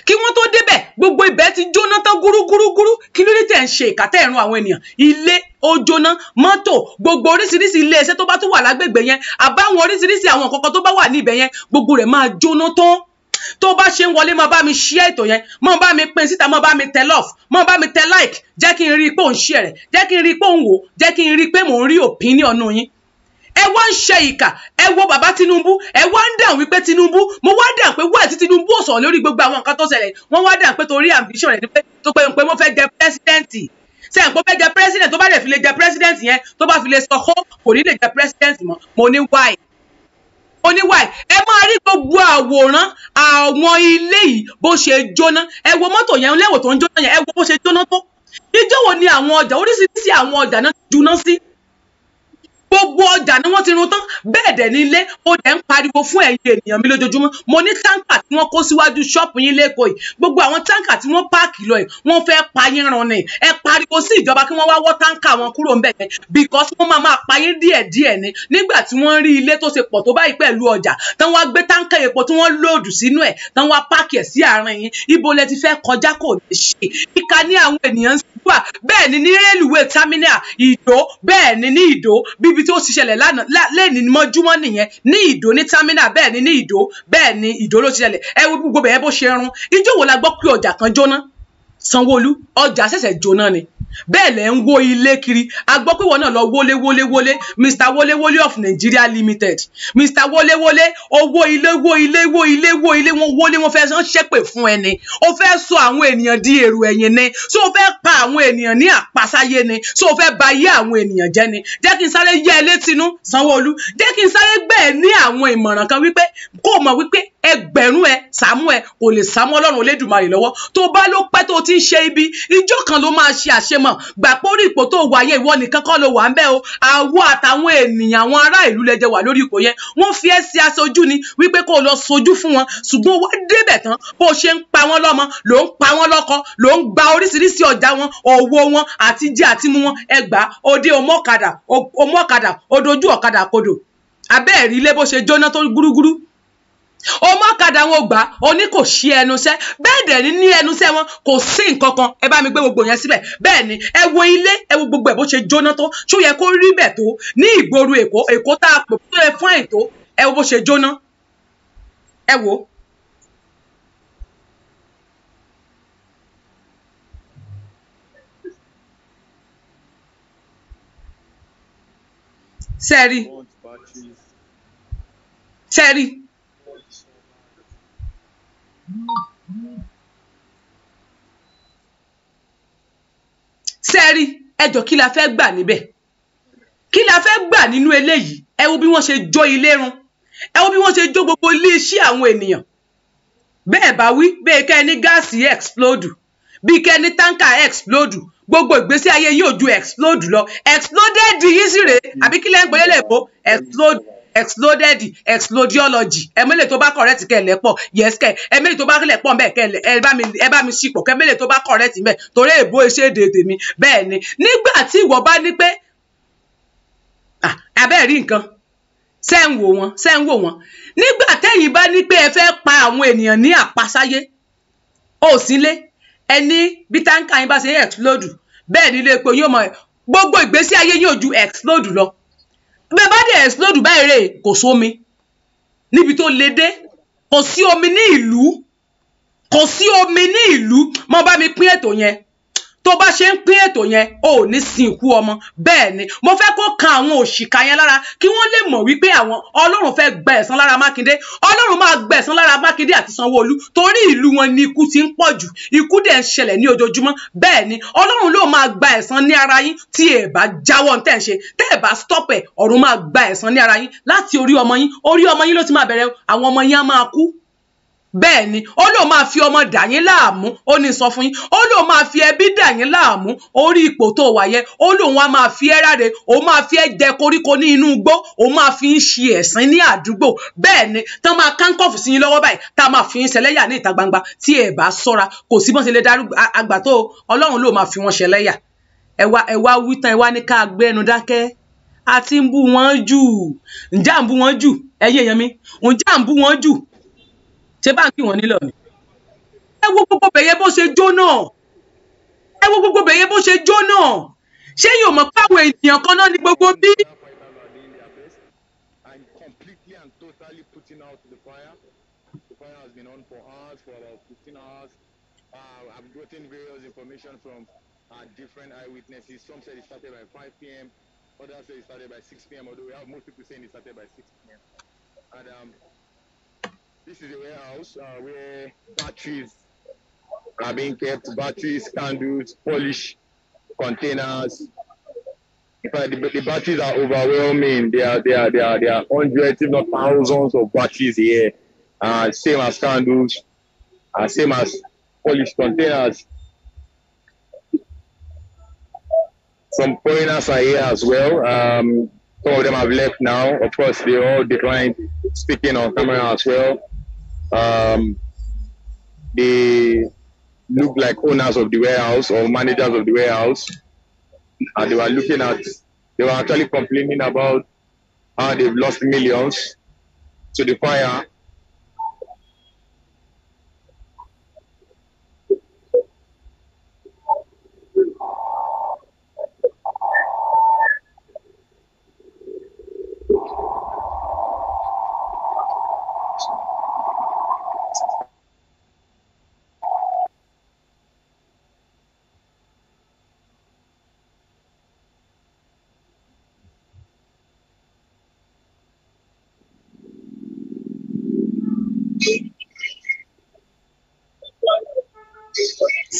kí wọ́n tó débẹ̀ gbogbo ibẹ̀ ti jóná tán gúrúgúrúgúrú kí ló dé tẹ̀ ń ṣe ìkàtẹ́ ẹ̀rùn àwọn ènìyàn ilé ó jóná mọ́tò gbogbo oríṣiríṣi iléeṣẹ́ tó bá tún wà lágbègbè yẹn àbáwọn oríṣiríṣi àwọn kọ̀ọ̀kan tó bá wà níbẹ̀ yẹn gbogbo rẹ̀ máa jóná tán tó bá ṣe ń wọlé máa bá mi share ètò yẹn máa bá mi pín síta máa bá mi tẹ love máa bá mi tẹ like jẹ́ kí n rí i pé òun share rẹ̀ jẹ́ kí n rí i pé òun wò jẹ́ kí n rí i pé mò ń rí opinion yín ẹ wá ń ṣe ìkà ẹ wo bàbá Tinubu ẹ wá ń dàn wípé Tinubu mo wá dàn pé wọ́n àti Tinubu ò sọ̀rọ̀ lórí gbogbo àwọn nǹkan tó ṣẹlẹ̀ wọ́n wá dàn pé torí ambition rẹ̀ ni pé tó pé pé wọ́n fẹ́ jẹ pẹ́sidẹ́ǹtì ṣe ẹ̀ pé fẹ́ jẹ pẹ́sidẹ́ǹtì tó bá lè fi lè jẹ pẹ́sidẹ́ǹtì yẹn tó bá fi lè sọ kó kò ní lè jẹ pẹ́sidẹ́ǹtì mọ́ mo ní wáì oníwàì ẹ máa rí gbogbo àwòrán àwọn ilé yìí bó ṣe jóná ẹ wo mọ́tò yẹn lẹ́wọ̀ tó ń jóná yẹn ẹ wo bó ṣe jóná tó ìjọ́wọ́ ni àwọn ọjà oríṣiríṣi àwọn ọjà náà jóná sí gbogbo ọjà ni wọ́n ti run tán bẹ́ẹ̀ dẹ̀ ní mo dẹ̀ ń pariwo fún ẹ̀yin ènìyàn mi lójoojúmọ́ mo ní táǹkà tí wọ́n kó síwájú ṣọ́ọ̀pù yín lẹ́kọ̀ọ́ yìí gbogbo àwọn táǹkà tí wọ́n páàkì lọ yìí wọ́n fẹ́ pa yín ni ẹ pariwo sí ìjọba kí wọ́n wá wọ́ táǹkà wọn kúrò ńbẹ̀ yẹn because wọ́n máa máa pa yín díẹ̀ ni nígbà tí wọ́n rí ilé tó ṣe pọ̀ tó báyìí pẹ̀lú ọjà tán wá gbé táǹkà epo tí wọ́n lòdù sínú ẹ̀ tán wá páàkì ẹ̀ sí àárín yín ibo lẹ ti fẹ́ kọjá kò ní ṣe ìka ní àwọn ènìyàn ń sùn wà ni ní rélùwé támínà ìdó bẹ́ẹ̀ ni ní ìdó bíbi ibi tí ó ti ṣẹlẹ̀ lẹ́ẹ̀ni mọ́júmọ́ nìyẹn ní ìdó ní támínà bẹ́ẹ̀ ni ní ìdó bẹ́ẹ̀ ni ìdó ló ti ṣẹlẹ̀ ẹ wo gbogbo bẹ́ẹ̀ bó ṣe rún ìjọ wo la gbọ́ pé ọjà kan jóná sanwóolu ọjà ṣẹ̀ṣẹ̀ jóná ni bẹ́ẹ̀ lẹ̀ ń wó ilé kiri a gbọ́ pé wọ́n náà lọ wọlé wọlé wọlé mr wọlé wọlé of nigeria limited mr wọlé wọlé owó ilé wó ilé wó ilé wó ilé wọn wọlé wọn fẹ́ ṣépè fún ẹni ó fẹ́ sọ àwọn ènìyàn di èrò ẹ̀yìn ni so ó fẹ́ pa àwọn ènìyàn ní àpasáyé ni so ó fẹ́ ba ayé àwọn ènìyàn jẹ́ ni jẹ́ kí n sáré yẹ ẹ létinú sanwóolu jẹ́ kí n sáré gbẹ̀ ní àwọn ìmọ̀ràn kan wípé kó mọ̀ wípé ẹgbẹ̀rún ẹ sàmú ẹ kò lè sàmú ọlọ́run olódùmarè lọ́wọ́ tó bá ló pẹ́ tó ti ń ṣe ibi ìjọ kan ló máa ṣe àṣemọ̀ gbà pé orí ipò tó wà yẹn ìwọ nìkan kọ́ ló wà ń bẹ́ o àwọ àtàwọn ènìyàn àwọn ará ìlú lẹ́jẹ̀ wà lórí ipò yẹn wọ́n fi ẹ́ sí aṣojú ni wípé kó lọ sojú fún wọn ṣùgbọ́n wá débẹ̀ tán bó ṣe ń pa wọ́n lọ́mọ ló ń pa wọ́n lọ́kọ ló ń gba oríṣiríṣi ọjà wọn òwò wọn àti jẹ àtimú wọn ẹgbà òde òmọ́kadà òmọ́kadà ọ̀kadà kodò abẹ́ẹ̀rí ilé bó ṣe jóná tó gúrúgúrú ọmọkadà wọn gbà ó ní kò sí ẹnuṣẹ́ bẹ́ẹ̀ dẹ̀ ní ní ẹnuṣẹ́ wọn kò sí nǹkan kan ẹ bá mi gbé gbogbo yẹn síbẹ̀ bẹ́ẹ̀ ni ẹ wo ilé ẹ wo gbogbo ẹ bó ṣe jóná tó ṣó yẹ kó rí bẹ̀ tó ní ìgboro èkó èkó tá a pè tó yẹ fún ètò ẹ wo bó ṣe jóná ẹ wo. sẹ́ẹ̀rì sẹ́ẹ̀rì sẹ́rí ẹjọ́ kí la fẹ́ gbà níbẹ̀ kí la fẹ́ gbà nínú eléyìí ẹ wo bí wọ́n ṣe jó ilé run ẹ wo bí wọ́n ṣe jó gbogbo ilé iṣẹ́ àwọn ènìyàn bẹ́ẹ̀ bá wí bẹ́ẹ̀ kẹ́ ní gáàsì explode bí kẹ́ ní táǹkà explode gbogbo ìgbésí ayé yóò ju explode lọ exploded yìí sì rèé àbí kí lẹ́yìn pẹ̀lẹ́lẹ̀ bó explode exploded explodiology ẹ̀mẹ́lẹ̀ tó bá correct kẹ́ lẹ́pọ̀ yes kẹ́ ẹ̀mẹ́lẹ̀ tó bá lẹ́pọ̀ mbẹ́ kẹ́ ẹ bá mi ẹ bá mi ṣipọ̀ kẹ́mẹ́lẹ̀ tó bá correct mbẹ́ torí èbó iṣẹ́ èdè tèmi bẹ́ẹ̀ ni nígbà tí ìwọ bá ní pé abẹ́ẹ̀ rí nǹkan ṣé ń wò wọ́n ṣé ń wò wọ́n nígbà tẹ́yìn bá ní pé ẹ fẹ́ pa àwọn ènìyàn ní àpasáyé ó sílé ẹni bí táǹkà yín bá ṣe explode bẹ́ẹ̀ nílé epo yóò mọ gbogbo ìgbésí ayé yóò ju explode lọ bẹ́ẹ̀ bá dẹ̀ explode báyìí rè kò sómi níbi tó le dé kò sí omi ní ìlú kò sí omi ní ìlú mo bá mi pín ètò yẹn tó bá ṣe ń pín ètò yẹn o ò ní sin ikú ọmọ bẹ́ẹ̀ ni mo fẹ́ kó kan àwọn òṣìkà yẹn lára kí wọ́n lè mọ̀ wípé àwọn ọlọ́run fẹ́ gba ẹ̀san lára mákindé ọlọ́run máa gba ẹ̀san lára mákindé àti sanwóolu torí ìlú wọn ni ikú ti ń pọ̀ jù ikú dẹ̀ ń ṣẹlẹ̀ ní ojoojúmọ́ bẹ́ẹ̀ ni ọlọ́run ló máa gba ẹ̀san ní ara yín tí ẹ bá jáwọ́ tẹ̀ ń ṣe tẹ́ ẹ bá stop ẹ̀ ọ̀run máa gba ẹ̀san ní ara yín láti orí ọmọ yín orí ọmọ yín ló ti máa bẹ̀rẹ̀ àwọn ọmọ yín á máa kú bẹ́ẹ̀ ni ó lóun máa fi ọmọ dà yín láàmú ó ní sọ fún yín ó lóun máa fi ẹbí dà yín láàmú orí ipò tó wà yẹn ó lóun á máa fi ẹ́ ráre ó máa fi ẹ́ jẹ koríko ní inú igbó ó máa fi ń ṣe ẹ̀sìn ní àdúgbò bẹ́ẹ̀ ni tán máa kánkọ́ọ̀fù sí yín lọ́wọ́ báyìí tá a máa fi yín ṣẹlẹ́yà ní ìta gbangba tí ẹ bá sọ́ra kò sí bọ́n ṣe lè darú àgbà tó ọlọ́run ló máa fi wọ́n ṣẹlẹ́yà ẹ ṣé báńkì wọn nílò ni ẹ wo gbogbo bẹ̀yẹ bó ṣe jó náà ẹ wo gbogbo bẹ̀yẹ bó ṣe jó náà ṣé yóò mọ̀ páwọn ènìyàn kan náà ní gbogbo bí. the fire. The different eyewitnesses. Some said it started by 5 p.m., others said it started by 6 p.m., although we have most people saying it started by 6 p.m. And um, This is a warehouse uh, where batteries are being kept, batteries, candles, polish, containers. In fact, the, the batteries are overwhelming. There are, there are, there are, are hundreds, if not thousands of batteries here. Uh, same as candles, uh, same as polish containers. Some foreigners are here as well. Um, some of them have left now. Of course, they all declined speaking on camera as well um, they look like owners of the warehouse or managers of the warehouse, and they were looking at, they were actually complaining about how they've lost millions to the fire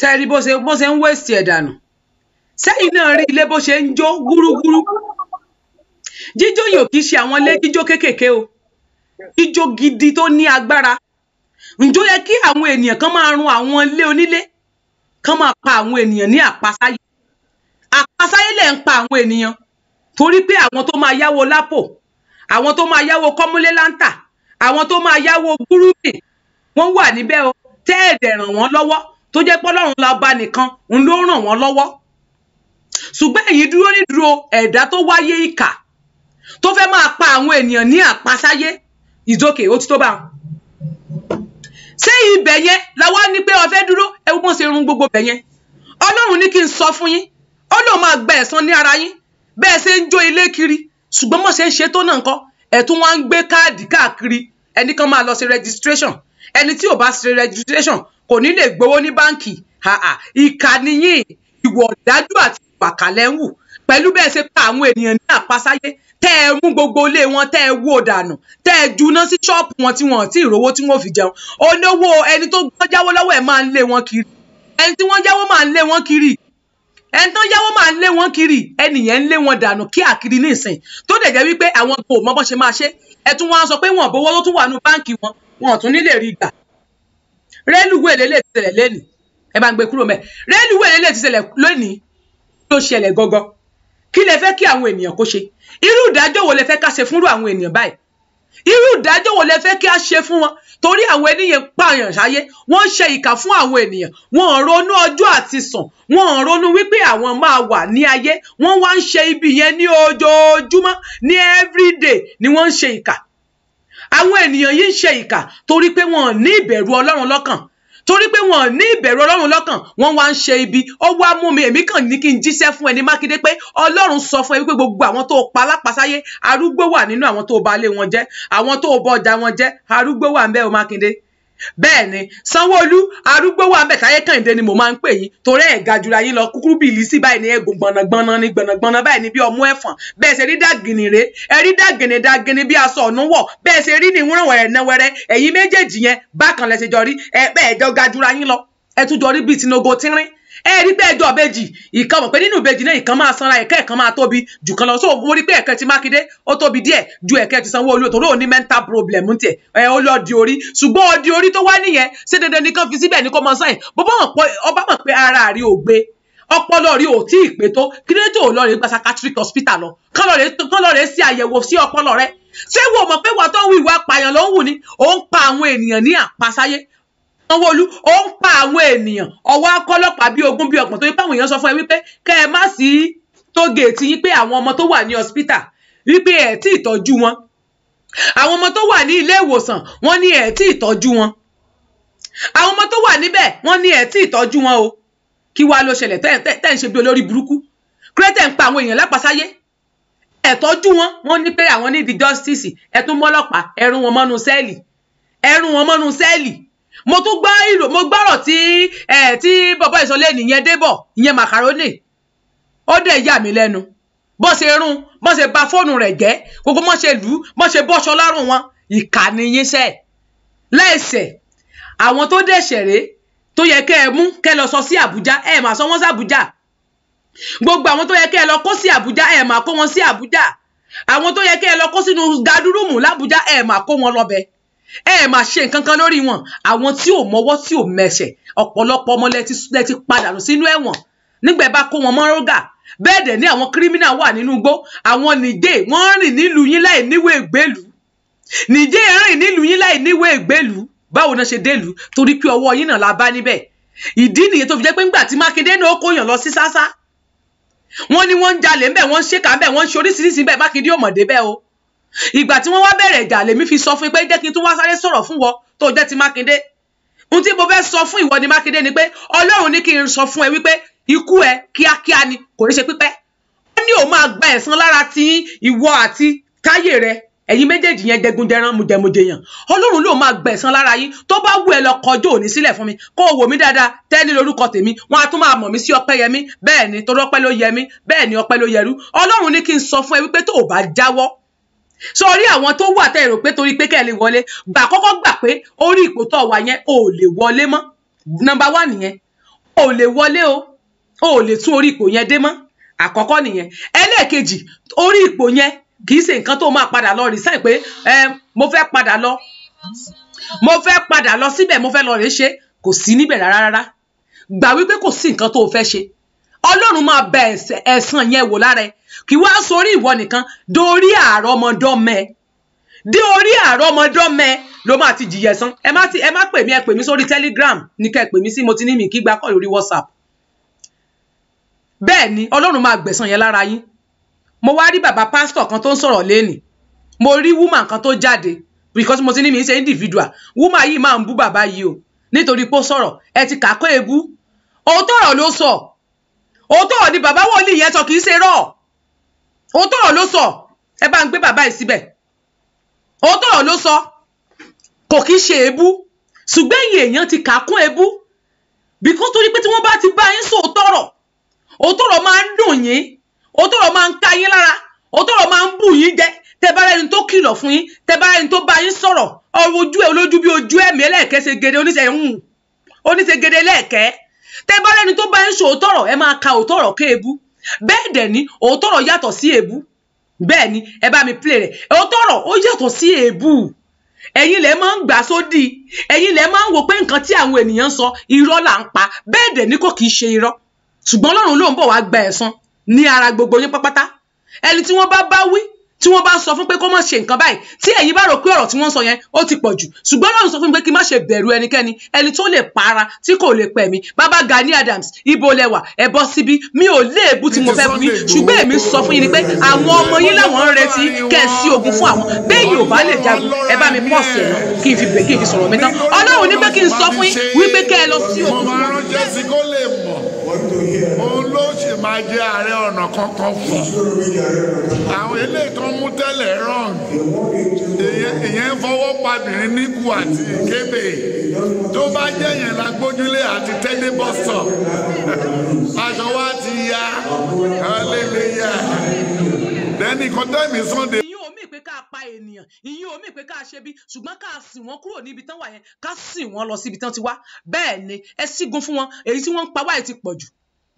sẹ́ẹ̀rí bó ṣe bó ṣe ń wéèsì ẹ̀ dànù sẹ́yìn náà rí ilé bó ṣe ń jó gúrúgúrú jíjó yìí ò kì í ṣe àwọn ilé jíjó kéékèèké o jíjó gidi tó ní agbára ǹjọ́ yẹ kí àwọn ènìyàn kan máa run àwọn ilé onílé kan máa pa àwọn ènìyàn ní àpasáyé àpasáyé lẹ̀ ń pa àwọn ènìyàn torí pé àwọn tó máa yáwó lápò àwọn tó máa yáwó kọ́múlé láńtà àwọn tó máa yáwó gúrúmì wọ́n wà níbẹ̀ o tẹ́ẹ̀dẹ̀ ràn wọ́n lọ́wọ́ tó jẹ́ pé ọlọ́run la bá nìkan ń ló ràn wọ́n lọ́wọ́ ṣùgbọ́n èyí dúró nídúró ẹ̀dá tó wáyé ìkà tó fẹ́ máa pa àwọn ènìyàn ní àpasáyé ìdókè ó ti tó bá wọn. ṣé ibẹ̀ yẹn làwa ní pé ó fẹ́ dúró ẹ wọ́n ṣe run gbogbo bẹ̀ yẹn ọlọ́run ní kí n sọ fún yín ó lóun máa gba ẹ̀san ní ara yín bẹ́ẹ̀ ṣe ń jó ilé kiri ṣùgbọ́n mọ̀ ṣe ń ṣe tó náà nǹkan ẹ̀tún wọn ń gbé káàdì káàkiri ẹnì máa lọ ṣe registration ẹni tí ò bá ṣe registration kò ní lè gbowó ní báǹkì ìkà nìyí ìwọ̀ ọ̀dájú àti ìwàkàlẹ̀ ń wù pẹ̀lú bẹ́ẹ̀ ṣe pa àwọn ènìyàn ní àpasáyé tẹ́ ẹ mú gbogbo ilé wọn tẹ́ ẹ wó dànù tẹ́ ẹ juná sí ṣọ́ọ̀pù wọn tí wọn ò tí ì rówó tí wọn ò fi jẹun olówó ẹni tó gbọ́ jáwó lọ́wọ́ ẹ̀ máa ń lé wọn kiri ẹni tí wọ́n jáwó máa ń lé wọn kiri ẹni tó yáwó máa ń lé wọn kiri ẹnìyẹn ń lé wọn dànù kí àkiri nísìn tó dẹ̀ jẹ́ wípé àwọn kò mọ bó ṣe máa ṣe ẹ tún sọ pé wọn bówó tó tún wà nù báǹkì wọn wọn tún nílè rí gbà rélùwéè lélẹ̀ ti ṣẹlẹ̀ lẹ́nìí ẹ bá ń gbé kúrò mẹ́ rélùwéè lélẹ̀ ti ṣẹlẹ̀ lónìí tó ṣẹlẹ̀ gangan kí lẹ fẹ́ kí àwọn ènìyàn kó ṣe irú ìdájọ́ wo lẹ fẹ́ ká ṣe fúnrú àwọn ènìyàn báyìí irú ìdájọ́ wo lẹ fẹ́ kí a ṣe fún wọn torí àwọn ènìyàn pààyàn sáyé wọ́n ṣe ìkà fún àwọn ènìyàn wọ́n ronú ọjọ́ àti sàn wọ́n ronú wípé àwọn máa wà ní ayé wọ́n wá ń ṣe ibi yẹn ní ojoojúmọ́ ní everyday ni wọ́n ń ṣe ìkà àwọn ènìyàn yìí ń ṣe ìkà torí pé wọn ò ní ìbẹ̀rù ọlọ́run lọ́kàn torí pé wọn ò ní ìbẹ̀rù ọlọ́run lọ́kàn wọ́n wá ń ṣe ibi ó wá mú mi èmi kàn ní kí n jíṣẹ́ fún ẹni mákindé pé ọlọ́run sọ fún ẹ wípé gbogbo àwọn tó pa alápasáyé arúgbó wà nínú àwọn tó bà ilé wọn jẹ́ àwọn tó bọ ọjà wọn jẹ́ arúgbó wà ń bẹ mákindé bẹ́ẹ̀ ni sanwóolu arúgbó wà bẹ́ẹ̀ táyé kàǹdé ni mo máa ń pè yín torí ẹ̀ ga jura yín lọ kúkúrú bí ìlísí báyìí ni egun gbọ̀nàgbọ̀nà ni gbọ̀nàgbọ̀nà báyìí ni bí ọmú ẹ̀fọ̀n bẹ́ẹ̀ ṣe rí dàgìnì rè ẹ rí dàgìnì dàgìnì bí aṣọ ọ̀nù wọ̀ bẹ́ẹ̀ ṣe rí nìwúrọ̀ wẹ̀rẹ̀ náwẹ̀rẹ̀ ẹ̀yin méjèèjì yẹn bákan lẹ ṣe jọ rí ẹ bẹ́ẹ̀ jọ ga jura yín lọ ẹ tún jọ rí bíi tinogo tínrín ẹ rí pé ẹjọ́ ìbejì ìkan mọ̀ pé nínú ìbejì náà ìkan máa sanra ẹ̀kẹ́ ìkan máa tóbi jù kan lọ so mo rí pé ẹ̀kẹ́ ti Mákindé ó tóbi díẹ̀ ju ẹ̀kẹ́ ti Sanwó-Olú torí òun ní mental problem ń tiẹ̀ ẹ ó lọ di orí ṣùgbọ́n ọdí orí tó wá nìyẹn ṣé dandan nìkan fi síbẹ̀ ní kó máa sáyìn bó bá mọ̀ pé ara rí ò gbé ọpọlọ rí ò tí ì pé tó kí ló tó lọ rè gba psychiatric hospital lọ kán lọ rè sí àyẹ̀wò sí ọpọlọ rẹ ṣé wo mọ̀ pé wọ́n tó ń wíwá pààyàn ló ń wù ni òun pa àwọn ènìyàn ní àpasáyé sanwóolu ó ń pa àwọn ènìyàn ọwọ́ akọ́lọ́pàá bíi ogún bíi ọ̀pọ̀ torí báwọn èèyàn sọ fún ẹ wípé kẹ́ ẹ má sí tógèètì yín pé àwọn ọmọ tó wà ní hospital wípé ẹ tí ì tọ́jú wọn àwọn ọmọ tó wà ní ilé ìwòsàn wọ́n ní ẹ tí ì tọ́jú wọn àwọn ọmọ tó wà níbẹ̀ wọ́n ní ẹ tí ì tọ́jú wọn o kí wàá ló ṣẹlẹ̀ tẹ́ ń ṣe bí olórí burúkú kírẹ́tẹ̀ ń pa àwọn èèyàn lápasáyé ẹ tọ́jú wọn wọ́n ní pé àwọn ní the justice ẹ tún mọ́lọ́pàá ẹ wọn mọ́nú sẹ́ẹ̀lì ẹ wọn mọ́nú sẹ́ẹ̀lì mo tún gbọ́ ìrò mo gbọ́rọ̀ tí tí bàbá ìsọlẹ̀ nìyẹn débọ̀ ìyẹn macaroni ó dẹ̀ yà mí lẹ́nu bó ṣe rún bó ṣe ba fóònù rẹ̀ jẹ́ gbogbo bó ṣe lù ú bó ṣe bọ́ṣọ lọ́rùn wọn ìkànnì yín sẹ́ẹ̀ lẹ́ẹ̀sẹ̀ àwọn tó dẹ̀ ṣẹ̀rẹ́ tó yẹ kẹ́ ẹ mú kẹ́ lọ sọ sí àbújá ẹ máa sọ wọ́n sí àbújá gbogbo àwọn tó yẹ kẹ́ ẹ lọ kó sí àbújá ẹ máa kó wọn sí àbújá àwọn tó yẹ kẹ́ ẹ lọ kó sínú gadurumu làbújá ẹ máa kó wọn lọ́bẹ̀ẹ́ ẹ ẹ máa ṣe nǹkan kan lórí wọn àwọn tí ò mọwọ́ tí ò mẹsẹ̀ ọ̀pọ̀lọpọ̀ ọmọ lẹti lẹti padànù sínú ẹ̀wọ̀n nígbà ẹ bá kó wọn mọrógà bẹ́ẹ̀ dẹ̀ ní àwọn kírímínà wà nínú igbó àwọn nìdé wọ́n rìn nílùú yín láì níwèé ìgbélú nìdé rìn nílùú yín láì níwèé ìgbélú báwo náà ṣe délùú torí pé ọwọ́ yín náà la bá níbẹ̀ ìdí nìyẹn tó fi jẹ́ pé ńgbà tí mákindé náà kó yàn lọ sí sásá wọ́n ní wọ́n ń jalè ńbẹ̀ wọ́n ń ṣèkà ńbẹ̀ wọ́n ń ṣe oríṣiríṣi ńbẹ̀ mákindé ò mọ̀ débẹ̀ o ìgbà tí wọ́n wá bẹ̀rẹ̀ ìjà lèmi fi sọ fún pé jẹ́ kí n tún wá sáré sọ̀rọ̀ fún wọn tó jẹ́ ti Mákindé ohun tí mo fẹ́ sọ fún ìwọ ni Mákindé ni pé Ọlọ́run ní kí n sọ fún ẹ wípé ikú ẹ kíákíá ni kò ní ṣe pípẹ́ ó ní òun máa gba ẹ̀san lára ti ìwọ àti táyé rẹ ẹ̀yin méjèèjì yẹn jẹgunjẹran mùjẹmùjẹyàn Ọlọ́run ló máa gba ẹ̀san lára yín tó bá wù ẹ lọ kọjú òní sílẹ̀ fún mi kó o wò mí dáadáa tẹ́ni lórúkọ tèmi wọn á tún máa mọ̀ mí sí Ọpẹ́yẹmí bẹ́ẹ̀ ni torí ọpẹ́ ló yẹ mí bẹ́ẹ̀ ni ọpẹ́ ló yẹrú Ọlọ́run ní kí n sọ fún ẹ wípé tó o bá jáwọ́ sọ orí àwọn tó wà tẹ́ rò pé torí pé kẹ́ lè wọlé gbà kọ́kọ́ gbà pé orí ipò tó wà yẹn ò lè wọlé mọ́ nọ́mbà wà nìyẹn ò lè wọlé o ò lè tún orí ipò yẹn dé mọ́ àkọ́kọ́ nìyẹn ẹlẹ́ẹ̀kejì orí ipò yẹn kì í ṣe nǹkan tó máa padà lọ resign pé mo fẹ́ padà lọ mo fẹ́ padà lọ síbẹ̀ mo fẹ́ lọ rè ṣe kò sí níbẹ̀ rárá rárá gbà wípé kò sí nǹkan tó o fẹ́ ṣe ọlọ́run máa bẹ ẹ̀san yẹn wò lára ẹ kì wá sórí ìwọ nìkan dorí àrọmọdọ́mẹ dé orí àrọmọdọ́mẹ ló máa ti jìyà ẹ̀san ẹ má ti ẹ má pè mí ẹ pè mí sórí telegram ní kẹ́ ẹ pè mí sí mo ti ní mi kí gba kọ́ọ̀lù orí whatsapp bẹ́ẹ̀ ni ọlọ́run máa gbẹ̀san yẹn lára yín mo wá rí bàbá pásítọ̀ kan tó ń sọ̀rọ̀ lénìí mo rí woman kan tó jáde because mo ti ní mi ṣe individual woman yìí máa ń bú bàbá yìí o nítorí pé ó sọ̀rọ̀ ẹ ti kà ebú òótọ́ ọ̀rọ̀ ló sọ òótọ́ ni bàbá wòlíì yẹn sọ kì í ṣe rọ̀ òótọ́ ló sọ ẹ bá ń gbé bàbá yìí síbẹ̀ òótọ́ ló sọ kò kì í ṣe èébú ṣùgbọ́n ẹ̀yìn èèyàn ti kà kún èébú bìkún torí pé tí wọ́n bá ti bá yín sọ òótọ́rọ̀ òótọ́rọ̀ máa ń dùn yín òótọ́rọ̀ máa ń ká yín lára òótọ́rọ̀ máa ń bù yín jẹ tẹ bá rẹni tó kìlọ̀ fún yín tẹ bá rẹni tó bá yín sọ̀rọ̀ ọ̀rọ̀ ojú ẹ̀ olójú bí ojú ẹ̀mí ẹlẹ́ẹ̀kẹ́ ṣe gèdè oníṣẹ́ ń hù oníṣẹ́ gèdè ẹlẹ́ẹ̀kẹ́ tẹ bá rẹni tó bá ń ṣe òótọ́ ọ̀rọ̀ ẹ máa ka òótọ́ ọ̀rọ̀ ké bẹ́ẹ̀ dẹ̀ ni òótọ́ ọ̀rọ̀ yàtọ̀ sí ebú bẹ́ẹ̀ ni ẹ bá mi play rẹ̀ òótọ́ ọ̀rọ̀ ó yàtọ̀ sí ebú ẹ̀yin lẹ máa ń gbà sódì ẹ̀yin lẹ máa ń wo pé nǹkan tí àwọn ènìyàn ń sọ irọ́ là ń pa bẹ́ẹ̀ dẹ̀ ni kò kì í ṣe irọ́ ṣùgbọ́n Ọlọ́run ló bọ̀ wá gba ẹ̀san ní ara gbogbo yín pátápátá ẹni tí wọ́n bá bá wí tí wọ́n bá sọ fún pé kó má ṣe nǹkan báyìí tí ẹ̀yin bá rò pé ọ̀rọ̀ tí wọ́n sọ yẹn ó ti pọ̀ jù ṣùgbọ́n Ọlọ́run sọ fún mi pé kí n má ṣe bẹ̀rù ẹnikẹ́ni ẹni tó lè para tí kò lè pẹ̀mí bàbá Gani Adams ibo lẹwà ẹ bọ́ síbí mi ò léèbú tí mo fẹ́ fún yín ṣùgbọ́n èmi sọ fún yín ni pé àwọn ọmọ yín láwọn ń retí kẹ́ ẹ sí ogun fún àwọn bẹ́ẹ̀ yóò bá lè jagun ẹ bá mi pọ̀ sí ẹ̀ kí n fi bẹ̀ kí n fi sọ̀rọ̀ mi tán Ọlọ́run ní pé kí n sọ fún yín wípé kẹ́ ẹ lọ sí ogun fún wọn òun ló sì máa jẹ ààrẹ ọ̀nà kankan fún àwọn eléyìí tó ń mú tẹ́lẹ̀ rán ìyẹn ń fọwọ́ pabìrin níkù àti kébè tó bá jẹ́ yẹn la gbójúlé àti tẹ́lẹ̀ bọ́sọ̀ aṣọ wa ti ya ọlẹ́lẹ́ ya lẹ́nu ìkọ́tẹ́mì sunday pé ká pa ènìyàn ìyín omi pé ká ṣe bí ṣùgbọ́n ká sìn wọ́n kúrò níbi tán wà yẹn ká sìn wọ́n lọ síbi tán ti wá bẹ́ẹ̀ ni ẹ sígun fún wọn èyí tí wọ́n ń pa wáyé ti pọ̀ jù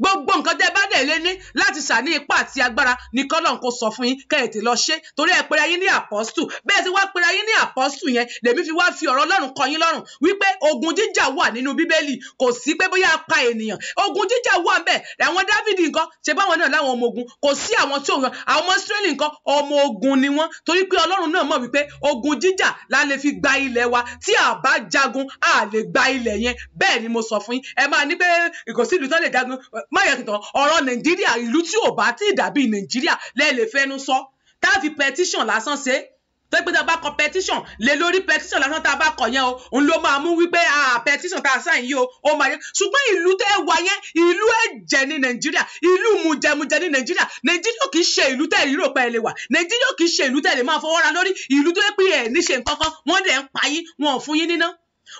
gbogbo nǹkan tẹ́ bá dẹ̀ lé ní láti ṣàní ipá àti agbára ní kọ́lọ́n kó sọ fún yín kẹ́ẹ̀tì lọ ṣe torí ẹ pera yín ní àpọ́stù bẹ́ẹ̀ ti wá pera yín ní àpọ́stù yẹn lèmi fi wá fi ọ̀rọ̀ Ọlọ́run kọ yín lọ́rùn wípé ogun jíjà wà nínú Bíbélì kò sí pé bóyá a pa ènìyàn ogun jíjà wà ńbẹ̀ àwọn Dáfídì nǹkan ṣe báwọn náà láwọn ọmọ ogun kò sí àwọn tí òun àwọn ọmọ Ísírẹ́lì nǹkan ọmọ ogun ni wọ́n torí pé Ọlọ́run náà mọ̀ wípé ogun jíjà la lè fi gba ilẹ̀ wa tí a bá jagun a lè gba ilẹ̀ yẹn bẹ́ẹ̀ ni mo sọ fún yín ẹ máa ní pé ìkòsídùú tán lè jagun máyẹ̀kìtàn ọ̀rọ̀ nàìjíríà ìlú tí ò bá tí ì dàbí nàìjíríà lẹ́ẹ̀ lè fẹ́nu sọ tá a fi petition lásán ṣe tó pé tá a bá kọ petition lé lórí petition lásán tá a bá kọ yẹn o òun ló máa mú wípé a petition tá a sáyìn yìí o ó máa yẹ ṣùgbọ́n ìlú tẹ́ ẹ wà yẹn ìlú ẹ̀jẹ̀ ní nàìjíríà ìlú mùjẹmùjẹ ní nàìjíríà nàìjíríà kì í ṣe ìlú tẹ́ ìrírò pa ẹ lè wà nàìjíríà kì í ṣe ìlú tẹ́ ẹ lè máa fọwọ́ra lórí ìlú tó yẹ pé ẹ̀ níṣe nǹkan kan wọ́n dẹ̀ ń pa yín wọn ò fún yín níná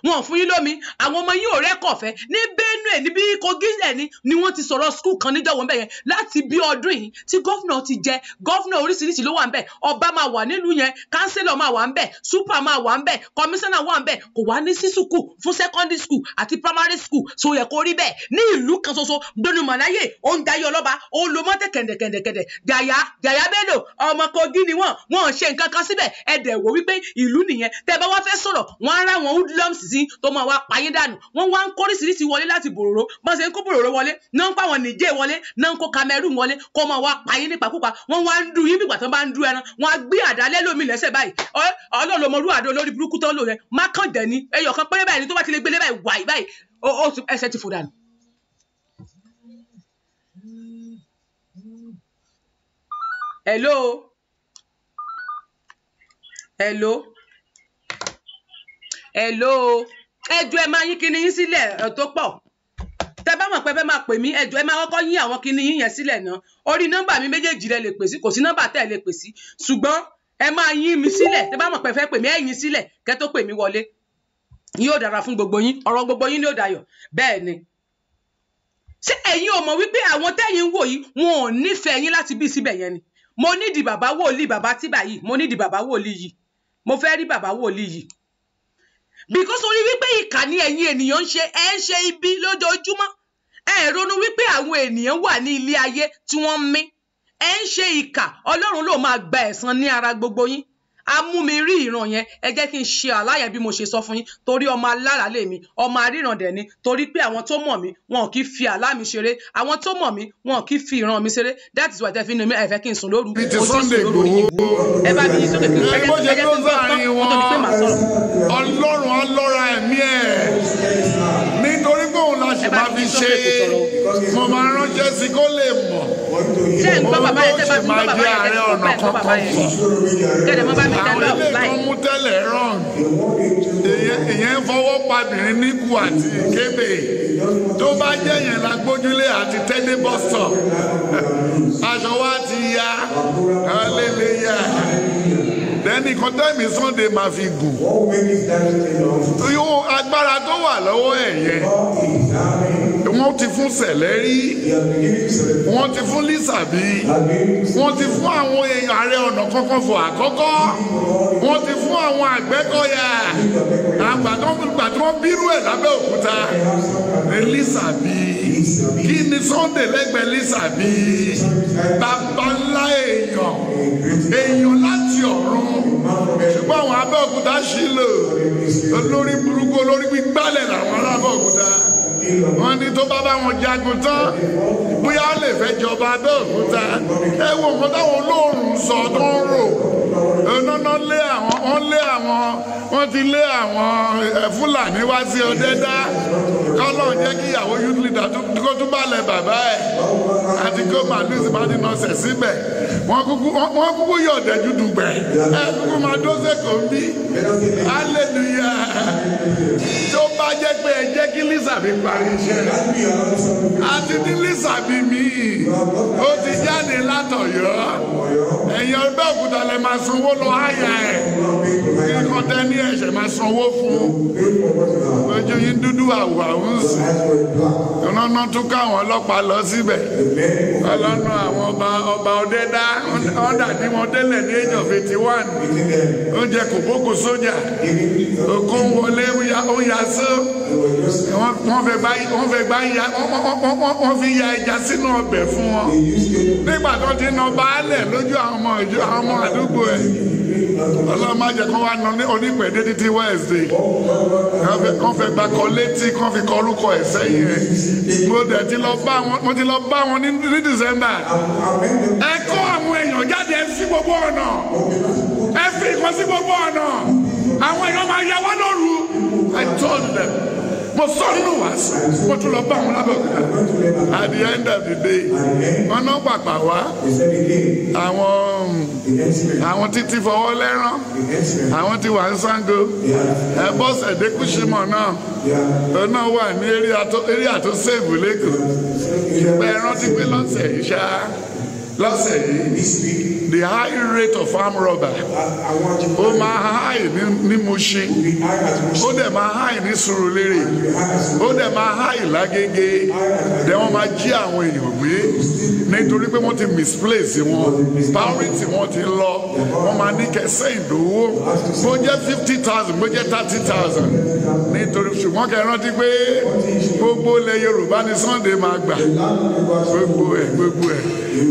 wọn ò fún yín lómi àwọn ọmọ yín ò rẹ́kọ̀fẹ́ ní Benue níbi Kogi ẹ̀ ní ni wọ́n ti sọ̀rọ̀ skul kan níjọ́ wọn bẹ̀ yẹn láti bí ọdún yìí tí gọ́fúnà ti jẹ gọ́fúnà oríṣiríṣi ló wà ń bẹ̀ ọba máa wà nílùú yẹn kánsílọ̀ máa wà ń súpà máa wà ń kọmíṣánná wà ń kò wá ní sí sùkù fún secondary school àti primary school so yẹ kó rí bẹ́ẹ̀ ní ìlú kan ṣoṣo donu màláyè ó ń dayé ọlọ́ba ó lo mọ́tẹ́ kẹ̀ndẹ̀kẹ̀ndẹ̀kẹ̀ndẹ̀ gàyà gàyà Bello ọmọ Kogi ni wọ́n wọn ò ṣe nǹkan kan síbẹ̀ ẹ̀dẹ̀ wò wípé ìlú nìyẹn tẹ́ bá wá fẹ́ sọ̀rọ̀ wọ́n á rá wọn hoodlums sí tó máa wá payé dànù wọ́n wá ń kóríṣiríṣi wọlé láti bòròró bá ṣe ń kó bòròró wọlé náà ń pa àwọn nìjẹ́ wọlé náà ń kó Cameroon wọlé kó máa wá payé nípakúpa wọ́n wá ń du yín bí ìgbà bá ń du ẹran wọ́n á gbé àdálẹ́ lómi lẹ́sẹ̀ báyìí ọlọ́ọ̀lọ́mọrú lórí burúkú tó ń lò rẹ̀ má kàn dẹ̀ ni ẹyọ̀ kan péré báyìí ni tó bá ti lè gbélé báyìí wàyí hello hello hello ẹjọ ẹ máa yín kinní yín sílẹ̀ tó pọ̀ tẹ bá mọ̀ pé fẹ́ máa pè mí ẹjọ ẹ máa kọ́kọ́ yín àwọn kinní yín yẹn sílẹ̀ náà orí nọ́mbà mi méjèèjì rẹ lè pè sí kò sí nọ́mbà tẹ́ ẹ lè pè sí ṣùgbọ́n ẹ máa yín mi sílẹ̀ tẹ bá mọ̀ pé fẹ́ pè mí ẹ yín sílẹ̀ kẹ́ tó pè mí wọlé yóò dára fún gbogbo yín ọ̀rọ̀ gbogbo yín ni yóò dayọ̀ bẹ́ẹ̀ ni ṣé ẹ̀yin ò mọ̀ wípé àwọn tẹ́yin ń wò yìí wọn ò nífẹ̀ẹ́ yín láti bí síbẹ̀ yẹn ni mo nídìí bàbá wòlíì bàbá tíbà yìí mo nídìí bàbá wòlíì yìí mo fẹ́ rí bàbá wòlíì yìí because orí wípé ìkà ni ẹ̀yin ènìyàn ń ṣe ẹ̀ ń ṣe ibi lójoojúmọ́ ẹ̀ ronú wípé àwọn ènìyàn wà ní ilé ayé tí wọ́n ń mí ẹ̀ ń ṣe ìkà ọlọ́run ló máa gba ẹ̀san ní ara gbogbo yín a mú mi rí ìran yẹn ẹ jẹ́ kí n ṣe àlàyé bí mo ṣe sọ fún yín torí ọmọ alára lè mi ọmọ aríran dẹ̀ ni torí pé àwọn tó mọ̀ mí wọn ò kí fi àlá mi ṣeré àwọn tó mọ̀ mí wọn ò kí fi ìran mi ṣeré that is why tẹ́ fi ní mi ẹ fẹ́ kí n sùn lóru mo ti sùn lóru yìí ẹ bá mi yí sókè kí n fẹ́ kí n fẹ́ kí n fẹ́ kí tẹ bá fi ṣe mo máa ránṣẹ́ sí kó lè mọ̀ ṣé ń gbọ́ bàbá yẹn tẹ bá gbọ́ bàbá yẹn tẹ bá gbọ́ bàbá yẹn kẹ̀lẹ́ mo bá mi dá lọ báyìí. àwọn ilé kan tẹ́lẹ̀ rán ìyẹn fọwọ́ pabìnrin níkù àti kébè tó bá jẹ́ yẹn la gbójúlé àti tẹ́lẹ̀ bọ́sọ̀ aṣọ wa ti ya alẹ́ lè yá then nǹkan tẹ́mi sunday máa fi gùn. yóò agbára tó wà lọ́wọ́ ẹ̀ yẹn wọ́n ti fún sẹ̀lẹ́rí wọ́n ti fún lísàbí wọ́n ti fún àwọn èèyàn ààrẹ ọ̀nà kankan fò àkọ́kọ́ wọ́n ti fún àwọn àgbẹ̀kọ̀yà àgbàdàn bírú ẹ̀ lábẹ́ òkúta ní lísàbí kí ni Sunday lẹ́gbẹ̀ẹ́ lísàbí bàbá ńlá èèyàn èèyàn láti ọ̀run ṣùgbọ́n àwọn abẹ́òkúta ṣì lò olórí burúkú olórí gbígbálẹ̀ làwọn ará abẹ́òkúta wọ́n ní tó bá bá wọn jagun tán bóyá ó lè fẹ́ jọba abẹ́òkúta ẹ wo nǹkan táwọn olóòrùn sọ tó ń rò ọ̀nà lé àwọn wọ́n lé àwọn wọ́n ti lé àwọn fúlàní wá sí ọdẹ́dá kọ́lọ́ jẹ́ kí ìyàwó youth leader kó tún balẹ̀ bàbá ẹ̀ àti kó màlúù sí bá dín náà sẹ̀ síbẹ̀ wọ́n kúkú yọ̀ọ̀dẹ́jú dùgbẹ̀ ẹ kúkú mo máa dóse kò ń bí tó bá jẹ́ pé ẹ jẹ́ kí lisa mi parí iṣẹ́ àti ní lisa mi mi ó ti jáde látọ̀yọ́ ẹ̀yìn ọgbẹ́ òkúta lè máa sanwó lọ àyà ẹ̀ kí kọ́tẹ́ ní ẹ̀ṣẹ̀ máa sanwó fún ojú yín dúdú àwọ̀ àwùsì ọlọ́nà tún káwọn ọlọ́pàá lọ síbẹ̀ ọlọ́nà àwọn ọba ọdẹ́dá ọ̀dà tí wọ́n tẹ́lẹ̀ ní age of eighty one killing them. oúnjẹ kò bókò sójà òkun wọlé ó ya só wọ́n fẹ́ gbá wọ́n fẹ́ gbá ya wọ́n fi ya ẹja sínú ọbẹ̀ fún wọn nígbà tó ti nà baálẹ̀ lójú àwọn ọmọ ìjọ àwọn ọmọ àdúgbò ẹ̀ ọlọ́run má jẹ́ kó wá nà onípẹ̀dé títí wẹ́ẹ̀sì kó fẹ́ gba kọ létí kó fi kọ orúkọ ẹ̀ sẹ́yìn rẹ̀ mo dẹ̀ ti lọ bá wọn mo ti lọ bá wọn ní dísẹ́mbà ẹ kó àwọn èèyàn jáde sí gbogbo ọ̀nà ẹ fi nǹkan sí gbogbo ọ̀nà àwọn èèyàn máa yà wá lóru I told them mo sọ nínú wàásù mo tún lọ bá àwọn lábẹ́òkúta at the end of the day wọn náà pàpà wá àwọn àwọn títí fọwọ́ lẹ́rán àwọn tí wà ń Ṣàngó ẹ bọ́sẹ̀ dékùsímọ̀ náà òun náà wà ní eré àtó sèbù lẹ́kọ̀ọ́ ìgbà ẹran ti pé lọ́sẹ̀ yìí lọ́sẹ̀ yìí the high rate of arm robbery ó máa high ní mushi. ó dẹ̀ máa high ní Surulere ó dẹ̀ máa high lágége dẹ̀ wọ́n máa jí àwọn èèyàn gbé nítorí pé wọ́n ti misplace wọn priority wọn ti lọ wọ́n máa ní kẹsẹ́ ìdòwò bó jẹ́ fifty thousand bó jẹ́ thirty thousand nítorí ṣùgbọ́n kẹ́ rántí pé gbogbo ilẹ̀ Yorùbá ni Sunday máa gbà gbogbo ẹ̀ gbogbo ẹ̀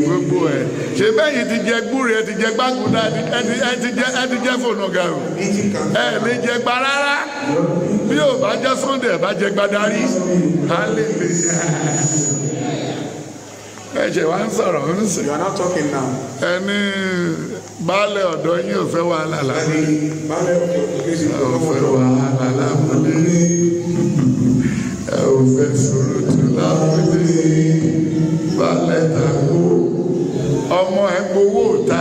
gbogbo. gbogbo ẹ̀ ṣe bẹ́yìn ti jẹ gbúre ẹ ti jẹ gbàgùdà ẹ ti jẹ fònàgà o ẹ lè jẹ gba rárá bí o bá jẹ sunday ẹ bá jẹ gbadari hallelujah ẹ ṣe ń ń sè. ẹni ò ò gbowó òta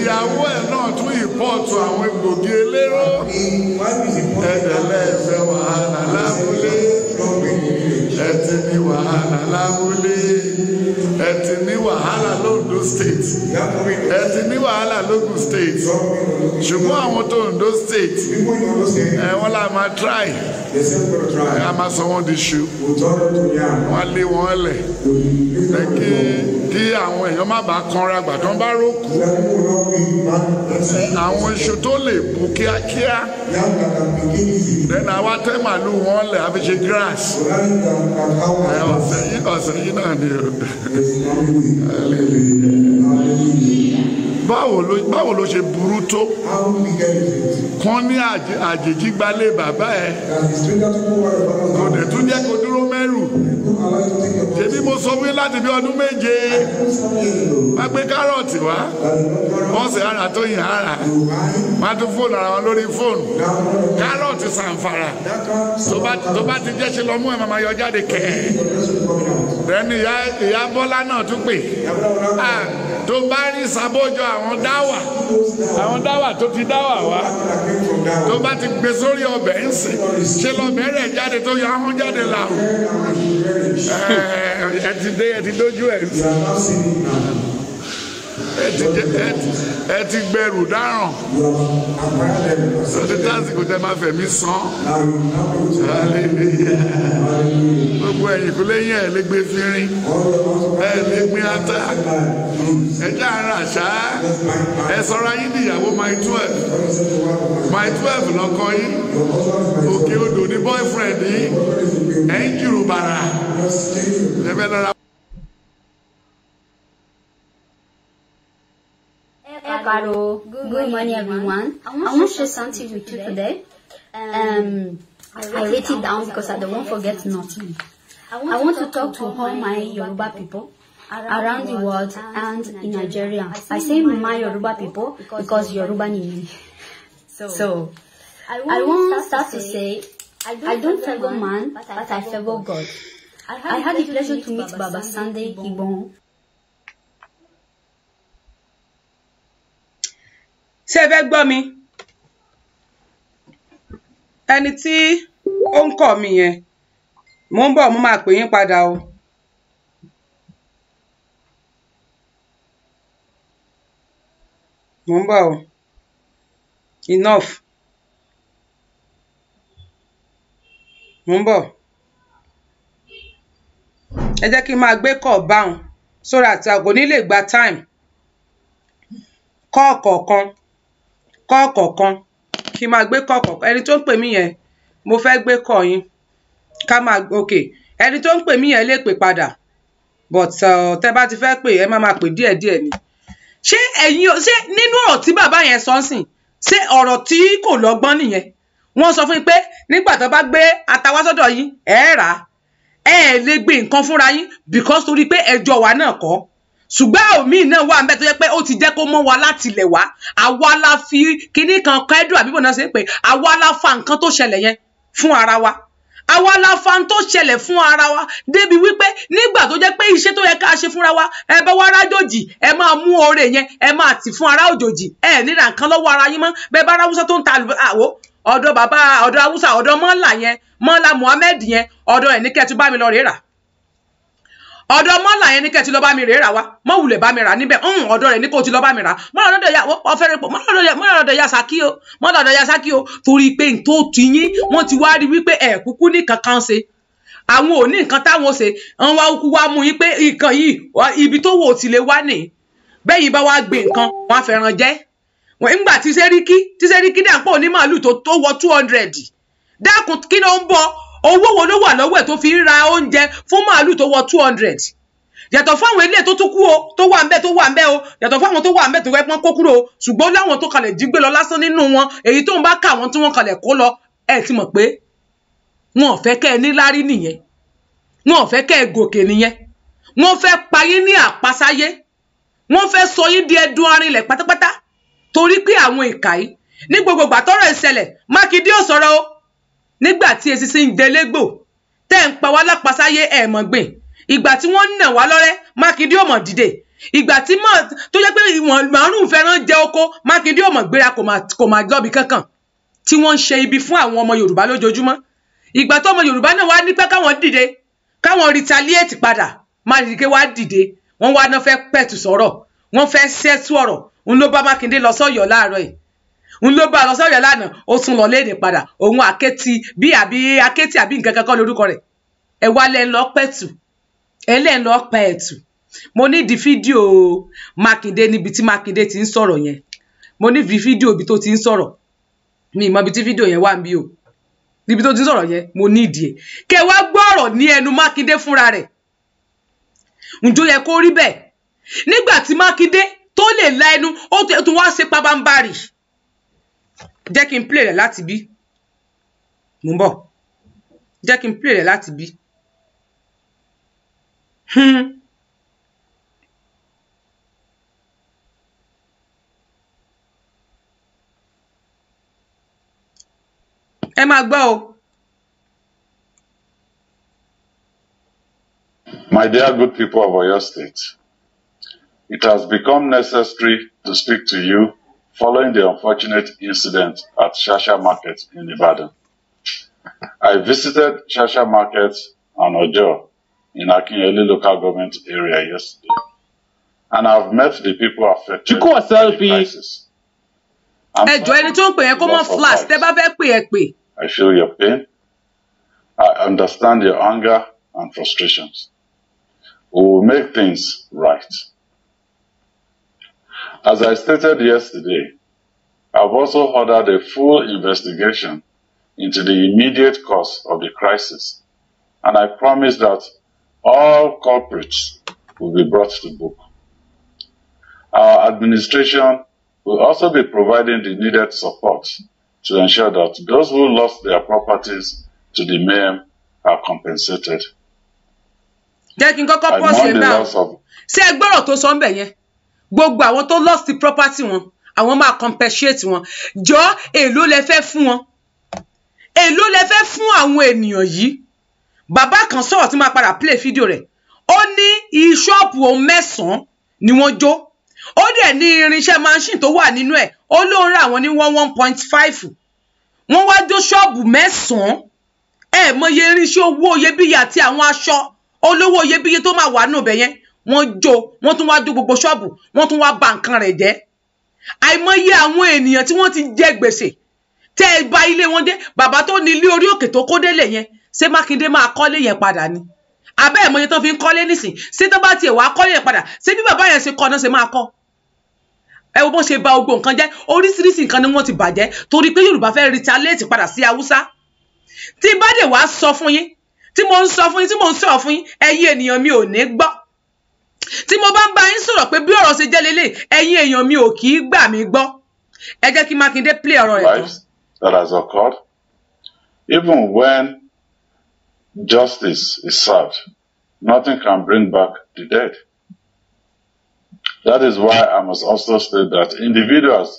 ìyàwó ẹ̀ náà tún ìpọ́ọ̀tù àwọn egbògi eléró ẹ̀dẹ̀lẹ́ẹ̀fẹ́ wàhálà lábúlé ẹ̀tì ní wàhálà lábúlé ẹ ti ní wàhálà l'Ondo state ẹ ti ní wàhálà l'Ogun state ṣùgbọ́n àwọn tó Ondo state ẹ wọ́n là máa try a máa sọ wọ́n di ṣu wọ́n lé wọ́n lẹ̀ ẹ kí kí àwọn èèyàn má bàa kanra àgbà tó ń bá rókù àwọn iṣu tó lè bu kíákíá then àwa tẹ́ màlúù wọ́n lẹ̀ àfi ṣe grass ọ̀sẹ̀ yìí náà ni o báwo ló ṣe burú tó kán ní àjèjì gbalẹ̀ bàbá ẹ̀ kò dẹ̀ tún jẹ́ kó dúró mẹ́rù èmi mo sọ fún yín láti bí ọdún méje má gbé kárọ̀tì wá wọ́n sì ara tó yìn ara má tún fóònù ara wọn lórí fóònù kárọ̀tì sàǹfàrà tó bá ti jẹ́ ṣe lọ mú ẹ̀ màmá yọ jáde kẹ́ ẹ̀ rẹ́ni ìyá bọ́lá náà tún pè. Ah, tó bá rí sabójọ àwọn dáwà àwọn dáwà tó ti dáwà wá tó bá ti gbé sórí ọbẹ̀ ń sìn ṣe lọ́bẹ̀ rẹ̀ jáde tó yọ ahọ́n jáde làwọn ẹ ti dé ẹ ti dójú ẹ̀ ń sìn ẹ ti gbẹrù dáràn sọdí tásìkò tẹ máa fẹ̀mí sàn gbogbo ẹ̀yìn kò lẹ́yìn ẹ̀ lé gbé fínrín ẹ̀ lé gbé ata ẹ já ara àṣà ẹ sọra yín níyàwó my twelve my twelve lọkọ yín òkè odò ní boyfriend yín ẹ̀ ń jùrù bàrà Good, Good morning, everyone. I want, to share something with you today. Um, um I write it down because I don't want to forget nothing. I want, to talk to all my Yoruba people around the world and in Nigeria. I say my Yoruba people because Yoruba Nini. So, I want to start to say, I don't favor man, but I favor God. I had the pleasure to meet Baba Sunday Ibon tí ẹ fẹ́ gbọ́ mi ẹni tí ó ń kọ̀ mí yẹn mò ń bọ̀ mo máa pè yín padà o. mò ń bọ̀ o enough mò ń bọ̀ ẹ jẹ́ kí n máa gbé kọ̀ báwọn sórí àti àgò nílé gba time kọ́ ọ̀kọ̀ọ̀kan kọ́ọ̀kọ̀ọ̀kan kí n máa gbé kọ́ọ̀kọ̀ọ̀kan ẹni tó ń pè mí yẹn mo fẹ́ gbé kọ́ yín ká máa ok ẹni tó ń pè mí yẹn lè pè padà but uh, tẹ bá ti fẹ́ pè ẹ má máa pè díẹ̀díẹ̀ ni ṣé ẹ̀yin ṣé nínú ọ̀rọ̀ tí bàbá yẹn sọ ń sìn ṣé ọ̀rọ̀ tí kò lọ́gbọ́n nìyẹn wọ́n sọ fún yín pé nígbà tó bá gbé ata wá sọ́dọ̀ yín ẹ rà á lè gbé nǹkan fúnra yín because torí pé ẹjọ́ wa náà kọ́ ṣùgbọ́n omi náà wà nbẹ tó yẹ pé ó ti jẹ́ kó mọ́ wa láti ilẹ̀ wá àwa la fi kinní kan kẹ́dùn àbíbò náà ṣe pé àwa la fa nǹkan tó ṣẹlẹ̀ yẹn fún ara wa àwa la fa tó ṣẹlẹ̀ fún ara wa débi wípé nígbà tó jẹ́ pé iṣẹ́ tó yẹ ká ṣe fúnra wa ẹ bá wá rájòjì ẹ máa mú oore yẹn ẹ máa tì fún ara òjòjì ẹ níra nǹkan lọ́wọ́ ara yín mọ́ bẹ́ẹ̀ bá ráwúsá tó ń ta àwo ọ̀dọ̀ bàbá ọ̀dọ̀ haúsá ọ̀dọ̀ mọ́là yẹn mọ́là Muhammed yẹn ọ̀dọ̀ ẹ̀ ní kẹ́tù bá mi lọ rèé rà ọ̀dọ̀ mọ́là yẹn ní kẹ́ ti lọ bá mi rèé rà wá mọ́ wulẹ̀ bá mi rà níbẹ̀ ń ọ̀dọ̀ rẹ̀ ní kó ti lọ bá mi rà mọ́là ọ̀dọ̀ ya ọ̀fẹ́rẹ́ pọ̀ mọ́là ọ̀dọ̀ ya saki o mọ́là ọ̀dọ̀ ya saki o torí pé n tó ti yín wọ́n ti wá rí wípé ẹ̀ kúkú ní kankan ṣe àwọn ò ní nǹkan táwọn ṣe ń wá kú wá mú yín pé nǹkan yìí ibi tó wò ti lè wá nì bẹ́ẹ̀ yìí bá wá gbé nǹkan wọn á fẹ́ràn jẹ́ ńgbà tí sẹ́ríkì tí sẹ́ríkì dà pọ̀ tó wọ two hundred dákun kí ló ń bọ̀ owó wo ló wà lọ́wọ́ ẹ̀ tó fi ń ra oúnjẹ fún màálù tó wọ two hundred yàtọ̀ fáwọn ilé tó tún kú o tó wà ńbẹ̀ tó wà ńbẹ̀ o yàtọ̀ fáwọn tó wà ńbẹ̀ tó fẹ́ pọ́n kó kúrò o ṣùgbọ́n láwọn tó kalẹ̀ jí gbé lọ lásán nínú wọn èyí tó ń bá kà wọ́n tí wọ́n kalẹ̀ kó lọ ẹ̀ ti mọ̀ pé wọn ò fẹ́ kẹ́ ẹ níláárí nìyẹn wọn ò fẹ́ kẹ́ ẹ gòkè nìyẹn wọn fẹ́ pa yín ní àpasáyé wọn fẹ́ sọ yín di ẹdun arinlẹ̀ pátápátá torí pé àwọn ìkà yìí ní gbogbo gbàtọ́rọ̀ ìṣẹ̀lẹ̀ Mákindé ò sọ̀rọ̀ o nígbà tí esi sin delégbò tẹ́ ń pa wá lápasáyé ẹ̀mọ̀ gbìn ìgbà tí wọ́n ń nà wá lọ́rẹ́ mákindé ò mọ̀ dìde ìgbà tí mọ̀ tó jẹ́ pé ìwọ̀n márùn fẹ́ràn jẹ oko mákindé ò mọ̀ gbéra kò má lọ́bi kankan tí wọ́n ń ṣe ibi fún àwọn ọmọ yorùbá lójoojúmọ́ ìgbà tó ọmọ yorùbá náà wá ní pé káwọn dìde káwọn retaliate padà mákindé wá dìde wọ́n wá náà fẹ́ pẹ̀tù sọ̀rọ̀ wọ́n fẹ́ sẹ́tù ọ̀rọ̀ òun ló bá mákindé lọ sọ́yọ́ láàárọ̀ yìí ń ló bá lọ sọ́yọ̀ lánàá ó tún lọ léde padà òun àkẹ́tì bí àbí àkẹ́tì àbí nǹkan kankan lórúkọ rẹ̀ ẹ wá lẹ́ ń lọ pẹ̀tù ẹ lẹ́ ń lọ pẹ̀ ẹ̀tù mo ní di fídíò Mákindé níbi tí Mákindé ti ń sọ̀rọ̀ yẹn mo ní di fídíò ibi tó ti ń sọ̀rọ̀ mi ìmọ̀ ibi tí fídíò yẹn wà ń bí o níbi tó ti ń sọ̀rọ̀ yẹn mo ní ìdí ẹ̀ kẹ wá gbọ́rọ̀ ní ẹnu Mákindé fúnra rẹ̀ ǹjọ́ yẹ kó rí bẹ́ẹ̀ nígbà tí Mákindé tó lè la ẹnu ó tún wá ṣe pabambarì jẹ́ kí n play rẹ̀ láti bí mo ń bọ̀ jẹ́ kí n play rẹ̀ láti bí. Hmm. ẹ máa gbọ́ o. My dear good people of Oyo State, it has become necessary to speak to you following the unfortunate incident at Shasha Market in Ibadan. I visited Shasha Market on Ojo in Akinyele local government area yesterday, and I've met the people affected by the crisis. ẹjọ I feel your pain. I understand your anger and frustrations. We will make things right. As I stated yesterday, I've also ordered a full investigation into the immediate cause of the crisis, and I promise that all culprits will be brought to book. Our administration will also be providing the needed support to ensure that those who lost their properties to the mayhem are compensated. jẹ́ kí n kọ́kọ́ pọ̀ sí ẹ̀ go ṣé tó sọ gbogbo àwọn tó lost property wọn àwọn máa compensate wọn jọ èló lẹ fẹ́ fún wọn èló lẹ fẹ́ fún àwọn ènìyàn yìí bàbá kan sọ̀rọ̀ tí máa padà play fídíò rẹ̀ ó ní ìṣọ́ọ̀pù ohun mẹ́sàn-án ni wọ́n jó ó dẹ̀ ní irinṣẹ́ machine tó wà nínú ẹ̀ ó lóun ra àwọn ní one one point five wọ́n wá jó ṣọ́ọ̀bù mẹ́sàn-án ẹ̀ mọye irinṣẹ́ owó iyebíye àti àwọn aṣọ olówó iyebíye tó máa wà nù bẹ̀yẹn wọ́n jó wọ́n tún wá jó gbogbo ṣọ́ọ̀bù wọ́n tún wá bà nǹkan rẹ̀ jẹ́ àìmọye àwọn ènìyàn tí wọ́n ti jẹ gbèsè tẹ́ ẹ bá ilé wọn dé bàbá tó ní ilé orí òkè tó kó délẹ̀ yẹn ṣé mákindé máa kọ́lé yẹn padà ni abẹ́ ìmọye tó fi ń kọ́lé nísìn ṣé tó bá tiẹ̀ wá kọ́lé yẹn padà ṣé bí bàbá yẹn ṣe kọ́ náà ṣe máa kọ́ ẹ wo bó ṣe bà gbogbo nǹkan jẹ́ oríṣiríṣi nǹkan ni wọ́n ti bàjẹ́ torí pé yorùbá fẹ́ retaliate padà sí haúsá tí bá dé wàá sọ fún yín tí mo ń sọ fún yín tí mo ń sọ fún yín ẹ̀yin ènìyàn mi ò ní gbọ́ tí mo bá ń bá yín sọ̀rọ̀ pé bí ọ̀rọ̀ ṣe jẹ́ lélẹ̀ ẹ̀yin èèyàn mi ò kì í gbà mí gbọ́ ẹ jẹ́ kí Mákindé play ọ̀rọ̀ rẹ̀ that has occurred even when justice is served nothing can bring back the dead that is why I must also state that individuals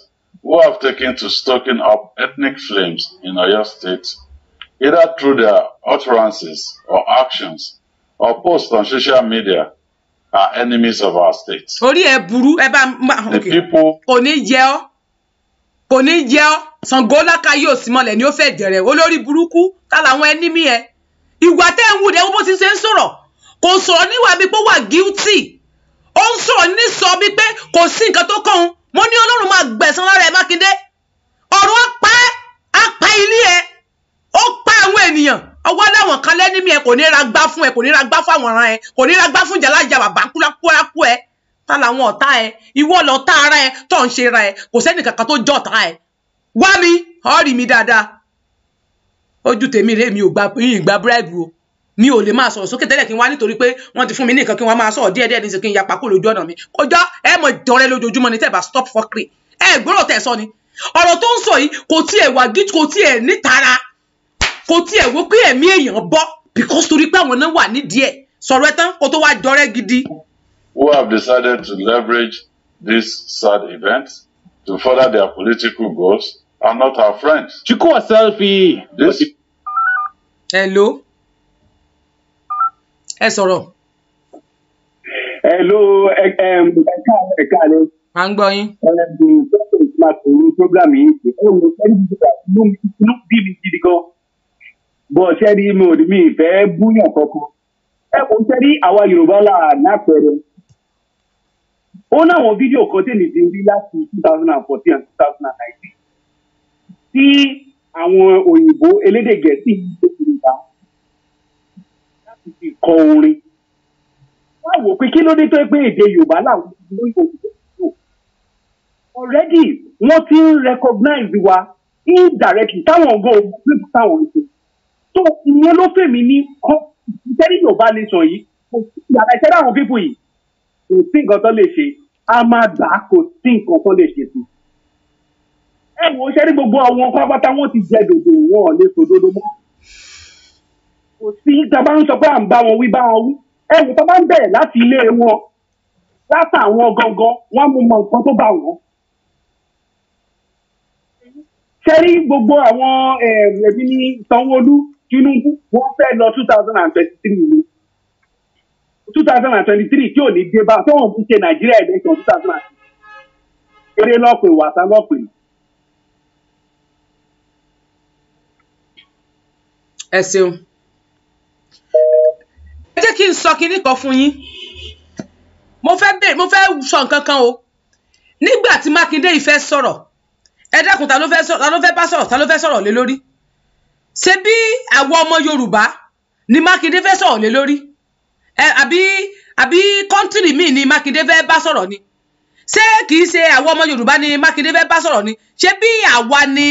who have taken to stoking up ethnic flames in Oyo State either through their utterances or actions or posts on social media are enemies of our state. orí ẹ burú ẹ bá ń. the people. kò ní jẹ ọ́ kò ní jẹ ọ́ Ṣàngó lákàyè òsínmọlẹ ni ó fẹ́ jẹrẹ olórí burúkú tá làwọn ẹnímí ẹ ìwà tẹ ń wù dẹ bó ti ṣe ń sọ̀rọ̀ kò sọ̀rọ̀ níwà bíi pé ó wà guilty ó ń sọ̀rọ̀ ní sọ bíi pé kò sí nǹkan tó kàn án mo ní Ọlọ́run máa gbẹ̀san lára ẹ Mákindé ọ̀run á pa ilé ẹ ó pa àwọn ènìyàn ọwọ́ láwọn kan lẹ́ni mi ẹ kò ní ra gbá fún ẹ kò ní ra gbá fún àwọn ọ̀ràn ẹ kò ní ra gbá fún jàlájà bàbá kúlákúlákú ẹ ta làwọn ọ̀tá ẹ ìwọ lọ tá ara ẹ tó ń ṣe ra ẹ kò sẹ́ni kankan tó jọ ọ̀tá ẹ wá mi ọ̀ rí mi dáadáa ojú tèmi rèé mi ò gba ìgbà búrẹ́dì o mi ò lè máa sọ̀rọ̀ sókè tẹ́lẹ̀ kí n wá nítorí pé wọ́n ti fún mi ní nǹkan kí wọ́n máa sọ̀rọ̀ díẹ̀ ni tẹ́ kò tiẹ̀ wo pé ẹ̀mí èèyàn bọ́ because torí pé àwọn náà wà nídìí ẹ̀ sọ̀rọ̀ ẹ tán kó tó wá jọrẹ́ gidi. who have decided to leverage this sad event to further their political goals are not our friends. chukwu selfie. this. hello. ẹ sọ̀rọ̀. hello ẹ ẹ ẹ káàlẹ́ ẹ káàlẹ́. à ń gbọ́ yín. ẹ ẹ máa tòun program yìí ṣe é mo fẹ́ bí mi gidi gan but ẹni mi ìfẹ́ búyàn kankan ẹ kò tẹ́rí àwa Yorùbá là ó náwọn fídíò kan tèmi ti rí láti two thousand and fourteen and two thousand and nineteen tí àwọn òyìnbó elédè Gẹ̀ẹ́sì yìí ti rí bá láti fi kọ orin wọ́n pé kí ló dé tó pé èdè Yorùbá làwọn olóyìnbó ti lò already wọ́n ti ń recognize wa indirectly táwọn gan-an gbé táwọn olùsèlú tó ìyẹn ló fèmí ní kọ́ tẹ́lẹ̀ yóò bá lè sọ yìí kò sí ìyàrá ìtẹ́lẹ̀ àwọn pípù yìí kò sí nǹkan tó lè ṣe a máa gbà á kò sí nǹkan tó lè ṣe sí. ẹ wo ṣe ní gbogbo àwọn pátápátá wọn ti jẹ dòdò wọn ò lè sọ dòdò mọ́. kò sí tábà ń sọ pé à ń bá wọn wí bá wọn wí ẹ wò tábà ń bẹ̀rẹ̀ láti ilé wọn látàwọn gangan wọn mú mọ nǹkan tó bá wọn ṣe rí gbogbo àwọn ẹbí Sanwó-Olú Tinubu wọ́n fẹ́ lọ two thousand and twenty three ni two thousand and twenty three tí ò ní dé bá tó wọn fi ṣe Nàìjíríà election two thousand and twenty eré lọ́pẹ̀ wàsá lọ́pẹ̀. ẹ ṣeun ẹ jẹ́ kí n sọ kinní kan fún yín mo fẹ́ mo fẹ́ sọ nǹkan kan o nígbà tí Mákindé yìí fẹ́ sọ̀rọ̀ ẹ dákun ta ló fẹ́ bá sọ̀rọ̀ ta ló fẹ́ sọ̀rọ̀ lé lórí ṣé bí àwọn ọmọ yorùbá ni mákindé fẹ́ sọ̀rọ̀ lé lórí ẹ àbí àbí míì ni mákindé fẹ́ bá sọ̀rọ̀ ni ṣé kìí ṣe àwọn ọmọ yorùbá ni mákindé fẹ́ bá sọ̀rọ̀ ni ṣé bí àwa ni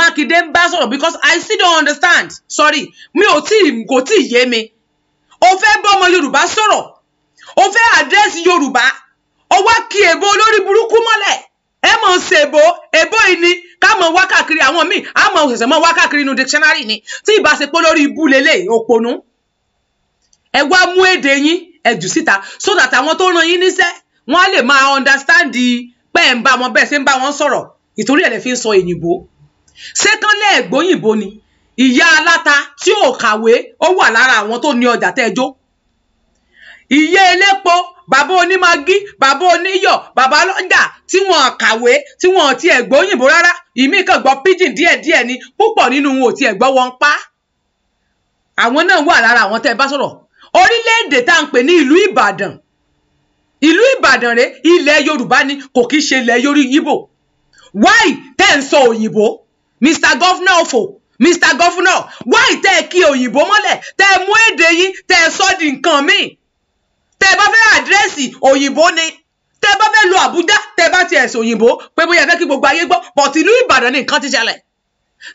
mákindé bá sọ̀rọ̀ because i still don't understand sorry mi ò tí kò tí yé mi o fẹ́ bá ọmọ yorùbá sọ̀rọ̀ o fẹ́ àdírẹ́sì yorùbá o wá kí èbó olórí burúkú mọ́lẹ̀ ẹ mọ̀ ṣèbó èbó yìí ni ká mọ wákàkiri àwọn míì á mọ òṣèṣẹ mọ wákàkiri inú dictionary ni tí ìbá ṣe pé lórí ibú lélẹ̀ òpònú ẹ wá mú èdè yín ẹ jù síta so that àwọn tó ràn yín níṣẹ́ wọ́n á lè máa understand pé ẹ ń bá wọn bẹ́ẹ̀ ṣe ń bá wọn sọ̀rọ̀ ìtorí ẹ lè fi ń sọ èyìnbó ṣé kán lẹ ẹgbóyìnbó ni ìyá aláta tí ò kàwé ó wà lára àwọn tó ní ọjà tẹjọ ìyá elépo bàbá onímagí bàbá oníyọ̀ bàbá lọ́jà tí wọ́n kàwé tí wọ́n ti ẹ̀ gbóyìnbó rárá ìmí kan gbọ́ pidgin díẹ̀díẹ̀ ni púpọ̀ nínú wọn ò ti ẹ̀ gbọ́ wọn pa àwọn náà wà lára àwọn tẹ́ ẹ bá sọ̀rọ̀ orílẹ̀-èdè tá à ń pè ní ìlú Ìbàdàn ìlú Ìbàdàn rẹ ilẹ̀ Yorùbá ni kò kí ṣe ilẹ̀ yorí yíbò why tẹ́ ń sọ òyìnbó Mr Governor ofo Mr Governor why tẹ́ ẹ kí òyìnbó mọ́lẹ̀ tẹ́ ẹ mú èdè yín tẹ́ ẹ sọ́ di nǹkan míì tẹ́ ẹ bá fẹ́ àdírẹ́sì òyìnbó ni tẹ́ bá fẹ́ lo àbújá tẹ́ ẹ bá ti ẹ̀sìn òyìnbó pé bóyá fẹ́ kí gbogbo ayé gbọ́ but ìlú ìbàdàn ni nǹkan ti ṣẹlẹ̀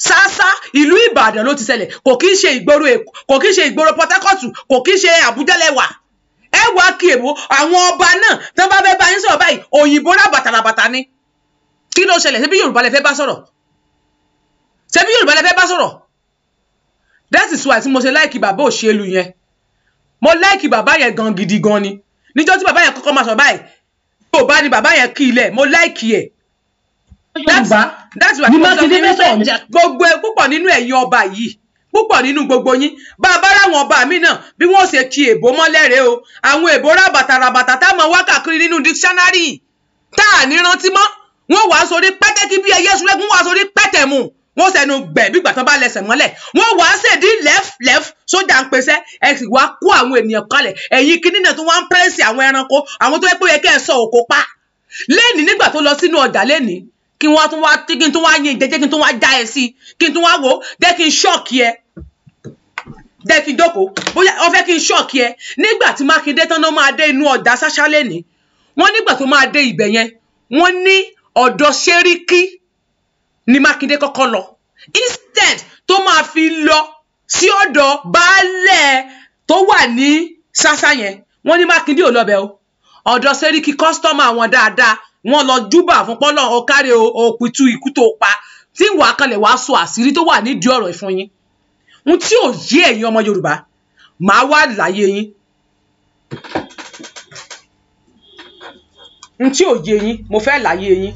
ṣáṣá ìlú ìbàdàn ló ti ṣẹlẹ̀ kò kí ń ṣe ìgboro èkó kò kí ń ṣe ìgboro port harcourt kò kí ń ṣe àbújá lẹ́wà ẹ wá kí èbó àwọn ọba náà tán bá fẹ́ bá yín sọ̀rọ̀ báyìí òyìnbó rábàtàràbàtà ni kí ló ṣẹlẹ̀ ṣebí yorùbá lẹ fẹ́ bá sọ̀rọ̀ ṣebí yorùbá lẹ fẹ́ bá sọ̀rọ̀ that is why tí mo ṣe láìkí bàbá òṣèlú yẹn mo like bàbá yẹn gan gidi gan ni níjọ́ tí bàbá yẹn kọ́kọ́ máa sọ báyìí yóò bá ní bàbá yẹn kí ilẹ̀ mo like yẹ. that's why mo sọ pé gbogbo púpọ̀ nínú ẹ̀yin ọba yìí púpọ̀ nínú gbogbo yín bàbá ráwọn ọba mi náà bí wọ́n ṣe kí èbó mọ́lẹ́rẹ́ o àwọn èbó ràbàtà ràbàtà tá a máa wá kàkiri nínú dictionary tá a ní rántí mọ́ wọ́n wàá sórí pẹ́tẹ́ kí bí ẹyẹ sùlẹ́gùn wàá sórí pẹ́tẹ́ mu wọ́n sẹ́nu gbẹ̀ bí gbàtàn bá lẹ́sẹ̀ mọ́lẹ̀ wọ́n wà á ṣèdí lẹ́flẹ́f sójà ń pèsè ẹ sì wá kó àwọn ènìyàn kalẹ̀ ẹ̀yin kìíní náà tó wá ń pẹ́rẹ́sì àwọn ẹranko àwọn tó yẹ pé ó yẹ kẹ́ ẹ sọ òkò pa lẹ́nìí nígbà tó lọ sínú ọjà lẹ́nìí kí wọ́n tún wá kí n tún wá yin jẹ́jẹ́ kí n tún wá já ẹ sí kí n tún wá wò ó jẹ́ kí n ṣọ́ọ̀kì ẹ jẹ́ kí n jókòó bóyá wọ́n fẹ́ kí n ṣọ́ọ̀kì ẹ nígbà tí Mákindé tán náà máa dé inú ọjà ṣáṣá lẹ́nìí wọ́n nígbà tó máa dé ibẹ̀ yẹn wọ́n ní ọ̀dọ̀ ṣeríkí ni mákindé kọ́kọ́ lọ instant tó máa fi lọ sí ọ̀dọ̀ baálẹ̀ tó wà ní ṣáṣá yẹn wọ́n ní mákindé ò lọ́bẹ̀ o ọ̀dọ̀ sẹ́ríkì kọ́sítọ́mà wọn dáadáa wọ́n lọ júbà fún pọ́nlọ́ ọ̀kárẹ̀ òpìtú ikú tó pa tí ìwà kanlẹ̀ wàá sọ àṣírí tó wà nídìí ọ̀rọ̀ ìfún yín ohun tí ò yé ẹ̀yin ọmọ yorùbá màá wá láyé yín ohun tí ò yé yín mo fẹ́ láyé yín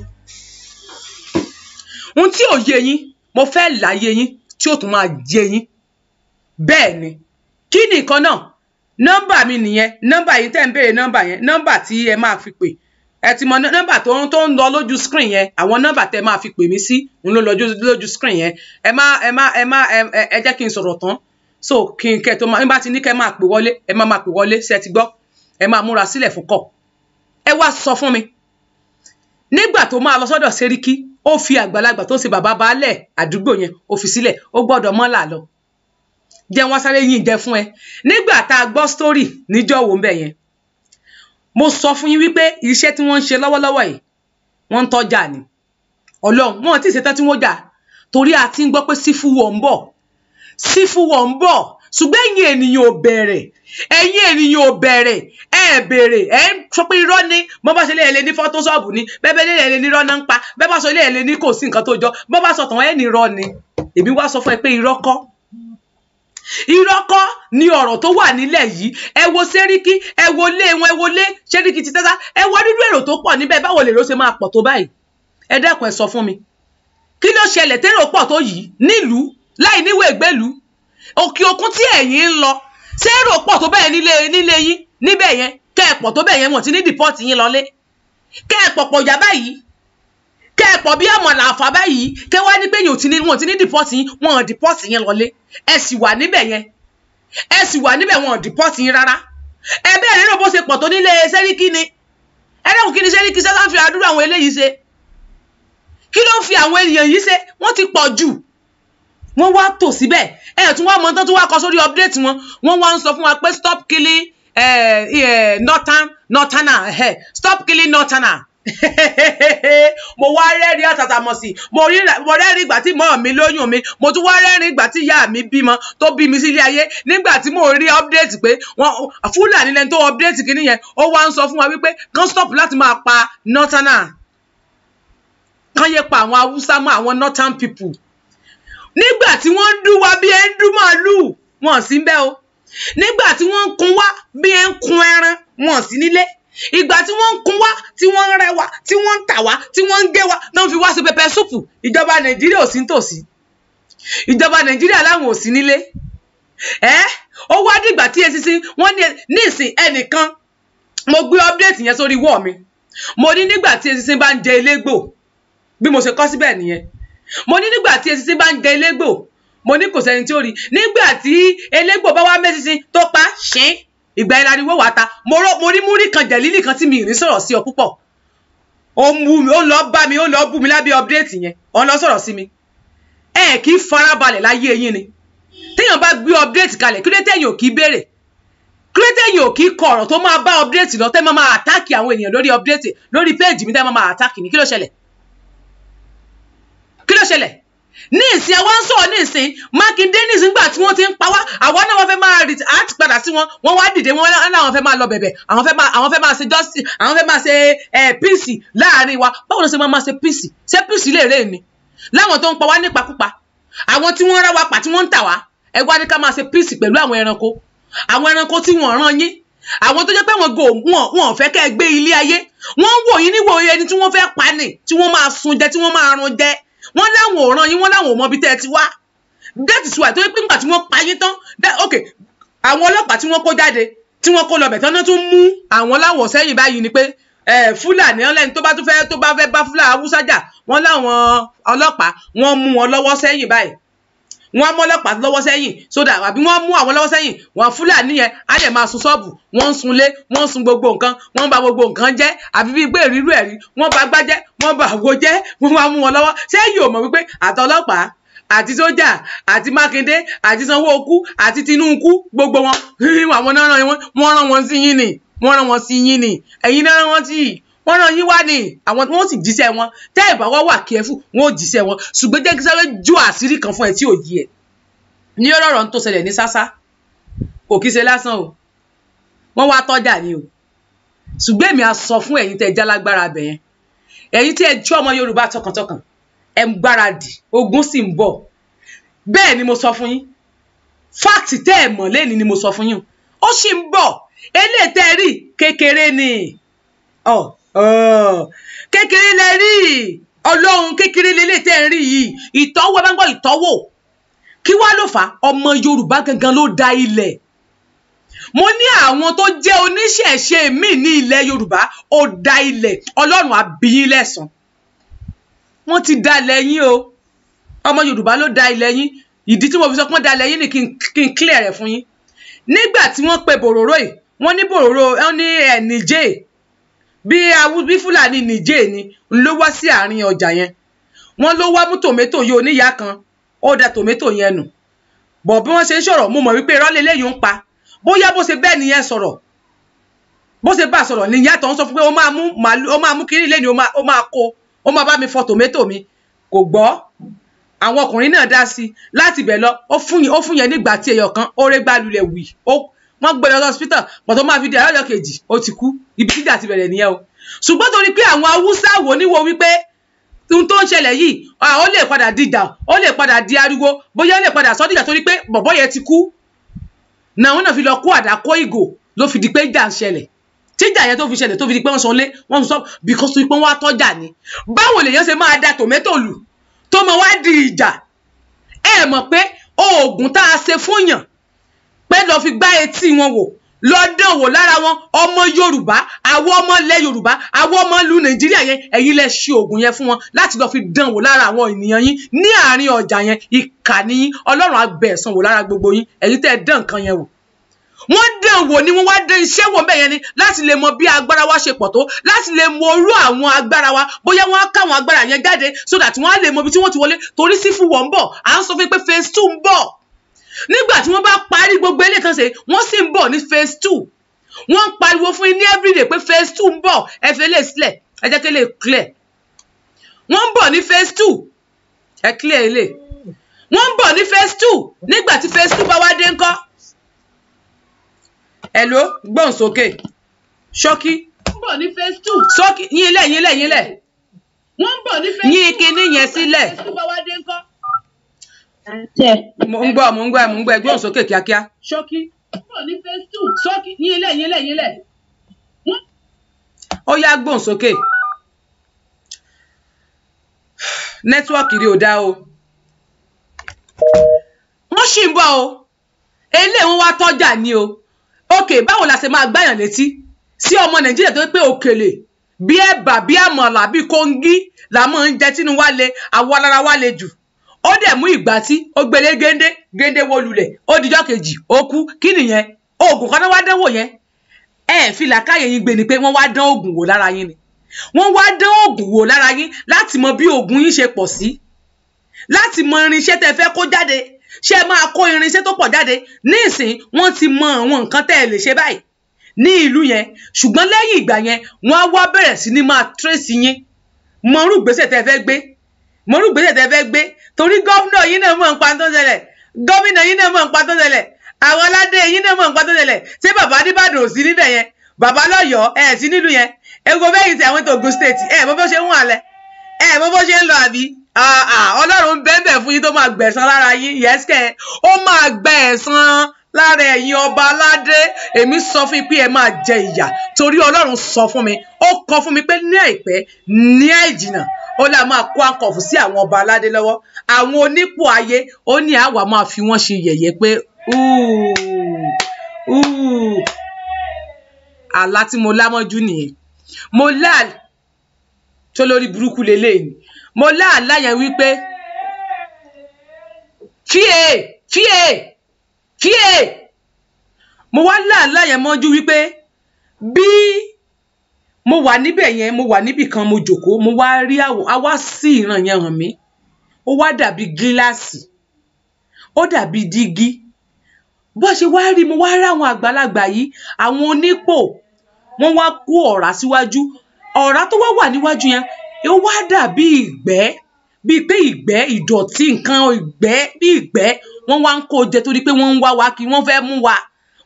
ohun tí ò yé yín mo fẹ́ láyé yín tí ó tún máa yé yín bẹ́ẹ̀ ni kí ni nǹkan náà nọ́mbà mi nìyẹn nọ́mbà yìí tẹ́ ń béèrè nọ́mbà yẹn nọ́mbà tí ẹ máa fi pè ẹ ti mọ nọ́mbà tó ń tó ń lọ lójú screen yẹn àwọn nọ́mbà tẹ́ máa fi pè mí sí ń lọ lójú screen yẹn ẹ má ẹ má ẹ má ẹ jẹ́ kí n sọ̀rọ̀ tán so kí n kẹ tó máa nígbà tí ní kẹ máa pè wọlé ẹ máa máa pè wọlé ṣe ti gbọ́ ẹ máa múra sílẹ̀ fún kọ̀ ẹ wá sọ fún mi nígbà tó máa lọ sọ́dọ̀ Seriki ó fi àgbàlagbà tó ṣe bàbá baálẹ̀ àdúgbò yẹn ó fi sílẹ̀ ó gbọ́dọ̀ mọ́là lọ jẹ́ wọ́n sáré yín jẹ fún ẹ nígbà tá a gbọ́ sítórì níjọ́ wo ń bẹ̀ yẹn mo sọ fún yín wípé iṣẹ́ tí wọ́n ń ṣe lọ́wọ́lọ́wọ́ yìí wọ́n ń tọ́jà ni ọlọ́run wọn ti ṣetán tí wọ́n jà torí a ti ń gbọ́ pé sífù wọ̀ ń bọ̀ sífù wọ̀ ń bọ̀ ṣùgbọ́n ènìyàn ò bẹ̀rẹ̀ ẹ̀yin ènìyàn ò bẹ̀rẹ̀ ẹ bèrè ẹ ń sọ pé irọ́ ni mo bá ṣe lé ẹlẹ́ni fọ́tò ṣọ́ọ̀bù ni bẹ́ẹ̀ bẹ́ẹ̀ lé ẹlẹ́ni irọ́ náà ń pa bẹ́ẹ̀ bá sọ lé ẹlẹ́ni kò sí nǹkan tó jọ bọ́ bá sọ tàn ẹ́ ní irọ́ ni èmi wá sọ fún ẹ pé irọ́ kọ́ irọ́ kọ́ ni ọ̀rọ̀ tó wà nílẹ̀ yìí ẹ wo sẹ́ríkì ẹ wo lé wọn ẹ wo lé sẹ́ríkì ti tẹ́tà ẹ wo nínú èrò tó pọ̀ níbẹ̀ báwo lèrò ṣe máa pọ̀ tó báyìí ẹ dẹ́kun ẹ sọ fún mi kí ló ṣẹlẹ̀ tẹ́rọ pọ̀ tó yìí nílùú láì níwèé gbélùú òkè òkun tí ẹ̀yin ń lọ ṣé èrò pọ̀ tó bẹ́ẹ̀ nílé nílé yín níbẹ̀ yẹn kẹ́ ẹ̀ pọ̀ tó bẹ́ẹ̀ yẹn wọ́n ti ní dìpọ́ọ̀tì yín lọlé kẹ́ ẹ̀ pọ̀ pọ̀ yá báyìí kẹ́ ẹ̀ pọ̀ bí àmọ̀ làǹfà báyìí kẹ́ wá ní pé yín ti ní wọ́n ti ní dìpọ́ọ̀tì yín wọ́n dìpọ́ọ̀tì yín lọlé ẹ sì wà níbẹ̀ yẹn ẹ sì wà níbẹ̀ wọ́n dìpọ́ọ̀tì yín rárá ẹ bẹ́ẹ̀ nínú bó ṣe pọ̀ tó nílé sẹ́ríkì ni ẹ dẹ́kun kí ni sẹ́ríkì sẹ́sán wọ́n wá tò síbẹ̀ ẹ tún wá mọ tán tún wá kọ sórí update wọn wọ́n wá ń sọ fún wa pé stop killing northern northerner stop killing northerner [LAUGHS] mo wá rẹ́rìn àtàtàmọ̀ sí mo rẹ́rìn ìgbà tí mọ́ mi lóyún mi mo tún wá rẹ́rìn ìgbà tí ìyá mi bímọ tó bí mi sílé ayé nígbà tí mo rí ọ́pdẹ́tì pé fúlàní lẹni tó ọ́pdẹ́tì kìíní yẹn ó wá ń sọ fún wa wípé kan stop láti máa pa northerner kan yé pa àwọn haúsá mọ́ àwọn northern people nígbà tí wọ́n ń dún wa bí ẹ ń dún màálùú wọn sí bẹ́ẹ̀ o nígbà tí wọ́n ń kun wá bí ẹ ń kun ẹran wọn sí nílé ìgbà tí wọ́n ń kun wá tí wọ́n ń rẹ wá tí wọ́n ń tà wá tí wọ́n ń gé wá tó ń fi wá sí pẹpẹ súpù ìjọba nàìjíríà ò sí nítòsí ìjọba nàìjíríà láwọn ò sí nílé ẹ ó wá dìgbà tí esisi wọ́n ní nísìn ẹnìkan mo gbé update yẹn sórí wọ́ọ̀ mi mo ní nígbà tí esisi bá ń jẹ elégbò bí mo ṣe kọ́ síbẹ̀ nìyẹn mo ní nígbà tí eṣinṣin bá ń jẹ elégbò mo ní kò sẹ́ni tí ó rí nígbà tí elégbò bá wá mẹ́ṣinṣin tó pa ṣín ìgbà ìlànà ìwé wàá ta mo rí múrí kan jẹ̀lílì kan tí mi ì ní sọ̀rọ̀ sí ọ púpọ̀ ó mú mi ó lọ bá mi ó lọ bú mi lábẹ́ ọ̀pdẹ́ẹ̀tì yẹn ó lọ sọ̀rọ̀ sí mi ẹ kì í farabalẹ̀ láyé eyín ni téèyàn bá gbé ọ̀pdẹ́ẹ̀tì kalẹ̀ kí ló téèyàn ò kì í béèrè kí ló téèyàn ò kì í kọ ọ̀rọ̀ tó máa bá ọ̀pdẹ́ẹ̀tì lọ tẹ́ máa máa àtáàkì àwọn ènìyàn lórí ọ̀pdẹ́ẹ̀tì lórí péèjì mi tẹ́ máa máa àtáàkì ní kí ló ṣẹlẹ̀ ṣẹlẹ̀ ní ìsìn ẹwà ń sọ̀rọ̀ ní ìsìn mákindé ní ìsìn gbà tí wọ́n ti ń pa wá àwa náà wọ́n fẹ́ máa rìt àti padà sí wọn wọ́n wá dìde wọ́n náà wọ́n fẹ́ máa lọ bẹ̀bẹ̀ àwọn fẹ́ máa àwọn fẹ́ máa ṣe justice àwọn fẹ́ máa ṣe peace láàrin wa báwo ló ṣe máa ṣe peace ṣé peace lè rè ni láwọn tó ń pa wá nípakúpa àwọn tí wọ́n rá wa pa tí wọ́n ń tà wá ẹ wá ní ká máa ṣe peace pẹ̀lú àwọn ẹranko àwọn ẹranko tí wọ́n rán yín àwọn tó jẹ́ pé wọn gò wọn wọn fẹ́ kẹ́ gbé ilé ayé wọ́n ń wò yín níwò ẹni tí wọ́n fẹ́ pa ni tí wọ́n máa sun jẹ tí wọ́n máa run jẹ wọ́n láwọn ò yín wọ́n láwọn ò mọ ibi tẹ́ ẹ ti wá that is why tó yẹ pé nígbà tí wọ́n pa yín tán ok àwọn ọlọ́pàá tí wọ́n kó jáde tí wọ́n kó lọ́bẹ̀ tán náà tún mú àwọn láwọn sẹ́yìn báyìí ni pé fúlàní ọlẹ́ni tó bá tún fẹ́ tó bá fẹ́ bá fúlà haúsá jà láwọn ọlọ́pàá wọ́n mú wọn lọ́wọ́ sẹ́yìn báyìí wọ́n á mú ọlọ́pàá lọ́wọ́ sẹ́yìn sódà àbí wọ́n mú àwọn lọ́wọ́ sẹ́yìn wọ́n fúlàní yẹn á dẹ̀ máa sun ṣọ́ọ̀bù wọ́n ń sunlé wọ́n ń sun gbogbo nǹkan wọ́n ń ba gbogbo nǹkan jẹ́ àbí bí gbé ìrírú ẹ̀rí wọ́n ba gbá jẹ́ wọ́n ba àwo jẹ́ wọ́n wá mú wọn lọ́wọ́ sẹ́yìn ò mọ̀ wípé àtọlọ́pàá àti sójà àti mákindé àti sanwóoku àti tinúkú gbogbo wọn [LAUGHS] àwọn náà rán wọn sí yín ni wọ́n rán wọn sí yín ni ẹ̀yin náà rán wọn sí yìí wọ́n rán yín wá ní àwọn wọ́n sì jíṣẹ́ wọn tẹ́ ẹ̀ bá wá wà careful wọ́n ò jíṣẹ́ wọn ṣùgbọ́n jẹ́ kí sáré ju àṣírí kan fún ẹ tí ò yí ẹ ní ọ̀rọ̀ tó ṣẹlẹ̀ ní sásá kò kí ṣe lásán o wọ́n wá tọ́jà ni o ṣùgbọ́n èmi á sọ fún ẹ̀yin tẹ́ ẹ jálágbára bẹ̀ yẹn ẹ̀yin tí ẹ jẹ́ ọmọ Yorùbá tọkàntọkàn ẹ ń gbáradì ogun sì ń bọ̀ bẹ́ẹ̀ ni mo sọ fún yín fáàtì tẹ́ ẹ mọ̀ lẹ́ni ni mo sọ fún yín ó sì ń bọ̀ eléyìí tẹ́ ẹ rí kékeré ni. Oh. Oh, kékeré lẹ rí ọlọ́run kékeré lélẹ̀ tẹ́ ń rí yìí ìtọ́wò bá ń gbọ́ ìtọ́wò kí wá ló fà á ọmọ yorùbá gangan ló da ilẹ̀ mo ní àwọn tó jẹ́ oníṣẹ̀ṣe mi ní ilẹ̀ yorùbá ó da ilẹ̀ ọlọ́run á bi yín lẹ́san wọ́n ti da ilẹ̀ o ọmọ yorùbá ló da ilẹ̀ yín ìdí tí mo fi sọ pé da ilẹ̀ ni kí n clear rẹ̀ fún yín nígbà tí wọ́n pe bòròró yìí wọ́n ní bòròró wọ́n ní eh, bí bí fúlàní nìjẹ́ ni ló wá sí àárín ọjà yẹn wọ́n ló wá mú tòmẹ́tò yìí oníyà kan ó da tòmẹ́tò yẹn nù bọ̀ bí wọ́n ṣe ń sọ̀rọ̀ mo mọ̀ wípé rọ́lẹ̀ eléyìí ń pa bóyá bó ṣe bẹ́ẹ̀ nìyẹn sọ̀rọ̀ bó ṣe bá sọ̀rọ̀ nìyẹn àtọ̀ ń sọ fún pé ó máa mú màálù ó máa kiri lẹ́yìn ó máa kó ó máa bá mi fọ tòmẹ́tò mi kò gbọ́ àwọn ọkùnrin náà dá sí i láti bẹ̀ lọ ó fún yẹn nígbà tí èèyàn kan ó rẹ́gbàlulẹ̀ wì wọ́n gbé lọ hospital pọ̀tọ́ máa fi di àárọ̀ kejì ó ti kú ibi tíjà ti bẹ̀rẹ̀ nìyẹn o ṣùgbọ́n torí pé àwọn haúsá wò níwò wípé ohun tó ń ṣẹlẹ̀ yìí ó lè padà dìjà ó lè padà di ariwo bóyá ó lè padà sọ́dìjà torí pé bọ̀bọ́ yẹn ti kú náà wọn náà fi lọ kó àdá kó ìgò ló fi di pé ìjà ń ṣẹlẹ̀ tíjà yẹn tó fi ṣẹlẹ̀ tó fi di pé wọ́n sọ lé wọ́n sọ because pé wọ́n wá tọ́jà ni báwo lèèyàn ṣe máa da tòmẹ́tò lù tó máa wá di ìjà ẹ mọ̀ pé oògùn tá a ṣe fún yàn pé lọ fi gbá etí wọn wò lọ́dọ̀ wò lára wọn ọmọ yorùbá àwọn ọmọ ilẹ̀ yorùbá àwọn ọmọ ìlú nàìjíríà yẹn ẹ̀yin lẹ ṣe oògùn yẹn fún wọn láti lọ́ọ́ fi dán wò lára àwọn ènìyàn yín ní àárín ọjà yẹn ìkà ni yín ọlọ́run á bẹ̀ ẹ̀san wò lára gbogbo yín ẹ̀yin tẹ́ ẹ dán nǹkan yẹn wò wọ́n dán wò ni wọ́n wá dán iṣẹ́ wò bẹ́ẹ̀ yẹn ni láti lè mọ bí agbára wa ṣe pọ̀ tó láti lè mọ orú àwọn agbára wa bóyá wọ́n á káwọn agbára yẹn jáde so that wọ́n á lè mọ ibi tí wọ́n ti wọlé torí sífù wọ́n ń bọ̀ à ń sọ fún pé phase two ń bọ̀ nígbà tí wọ́n bá parí gbogbo ilé kan ṣe wọ́n sì ń bọ̀ ní phase two wọ́n ń pariwo fún yín ní everyday pé phase two ń bọ̀ ẹ fi lè sílẹ̀ ẹ jẹ́ kí lè clear wọ́n ń bọ̀ ní phase two ẹ clear ilé wọ́n ń bọ̀ ní phase two nígbà tí phase two bá wá dé ńkọ́ ẹ ló gbọ́n sókè ṣọ́kí. wọ́n ń bọ̀ ní phase two. ṣọ́kí yín lẹ̀ yín lẹ̀ yín lẹ̀. wọ́n ń yín kinní yẹn sílẹ̀ mo ń gbọ́ mo ń gbọ́ mo ń gbọ́ ẹgbẹ́ òsókè kíákíá. ṣókí kúrò ní phase two ṣókí yínlẹ̀ yínlẹ̀ yínlẹ̀. ó yá gbóhùn sókè nẹ́tíwọ́ọ̀kì rí ò dá o wọ́n ṣì ń bọ̀ o eléyìí wọ́n wá tọ́jà ni o òkè báwo la ṣe máa gbáyàn létí sí ọmọ nàìjíríà tó pé òkèlè bí ẹ̀bà bí àmàlà bí kóńgí làá máa ń jẹ tínú wa le alára wa jù ó dẹ̀ mú ìgbà tí ó gbélé géńdé géńdé wó lulẹ̀ ó dijọ́ kejì ó kú kí nìyẹn oògùn kan náà wá dánwò yẹn ẹ ẹ fi làákàyè yín gbé ni pé wọ́n wá dán oògùn wò lára yín ni wọ́n wá dán oògùn wò lára yín láti mọ bí oògùn yín ṣe pọ̀ sí láti mọ irinṣẹ́ tẹ́ fẹ́ kó jáde ṣe máa kó irinṣẹ́ tó pọ̀ jáde nísìn wọ́n ti mọ àwọn nǹkan tẹ́ ẹ lè ṣe báyìí ní ìlú yẹn ṣùgbọ́n lẹ́yìn ìgbà yẹn wọ́n á wá bẹ̀rẹ̀ sí ni máa tírèsì yín mọrú ìgbésẹ̀ tẹ́ fẹ́ gbé mọrùgbésẹ tẹ fẹ́ gbé torí gómìnà yìí náà mọ̀ nípa tó ṣẹlẹ̀ gómìnà yìí náà mọ̀ nípa tó ṣẹlẹ̀ àwọn aládé yìí náà mọ̀ nípa tó ṣẹlẹ̀ ṣé bàbá adébàdàn sí níbẹ̀ yẹn bàbá lọ́yọ̀ọ́ ẹ̀ sí nílùú yẹn ego bẹ́yìí tí àwọn ètò Ògùn state ẹ̀ mọ bó ṣe ń wà lẹ ẹ̀ mọ bó ṣe ń lọ àbí ọlọ́run bẹ́ẹ̀ fún yín tó máa gbẹ̀san lára yín yẹ́sìkẹ́ ó máa gbẹ̀san lára ẹ̀yin ọba aládé èmi sọ fún yín pé ẹ máa jẹ ìyà torí ọlọ́run sọ fún mi ó kọ fún mi pé ní àìpẹ́ ní àìjìnà ó là máa kó àǹkọ̀fù sí àwọn ọba aládé lọ́wọ́ àwọn onípò ayé ó ní àwa máa fi wọ́n ṣe yẹ̀yẹ́ pé àlá tí mo lámọ́jú nìyẹn mo láàlá tó lórí burúkú lélẹ́yìn mo láàlá yẹn wípé kíyè kíyè kíyè mo wá láàlá yẹn mọ́jú wípé bí mo wà níbẹ̀ yẹn mo wà níbì kan mo jòkóó mo wá rí àwọ̀ a wá sí ìran yẹn hàn mí ó wá dàbí gíláàsì ó dàbí dígí bó ṣe wá rí mo wá rí àwọn àgbàlagbà yìí àwọn onípò wọ́n wá kó ọ̀rá síwájú ọ̀rá tó wá wà níwájú yẹn ó wá dàbí ìgbẹ́ bíi pé ìgbẹ́ ìdọ̀tí nǹkan ìgbẹ́ bíi ìgbẹ́ wọ́n wá ń kó jẹ torí pé wọ́n ń wá wa kí wọ́n fẹ́ mú wa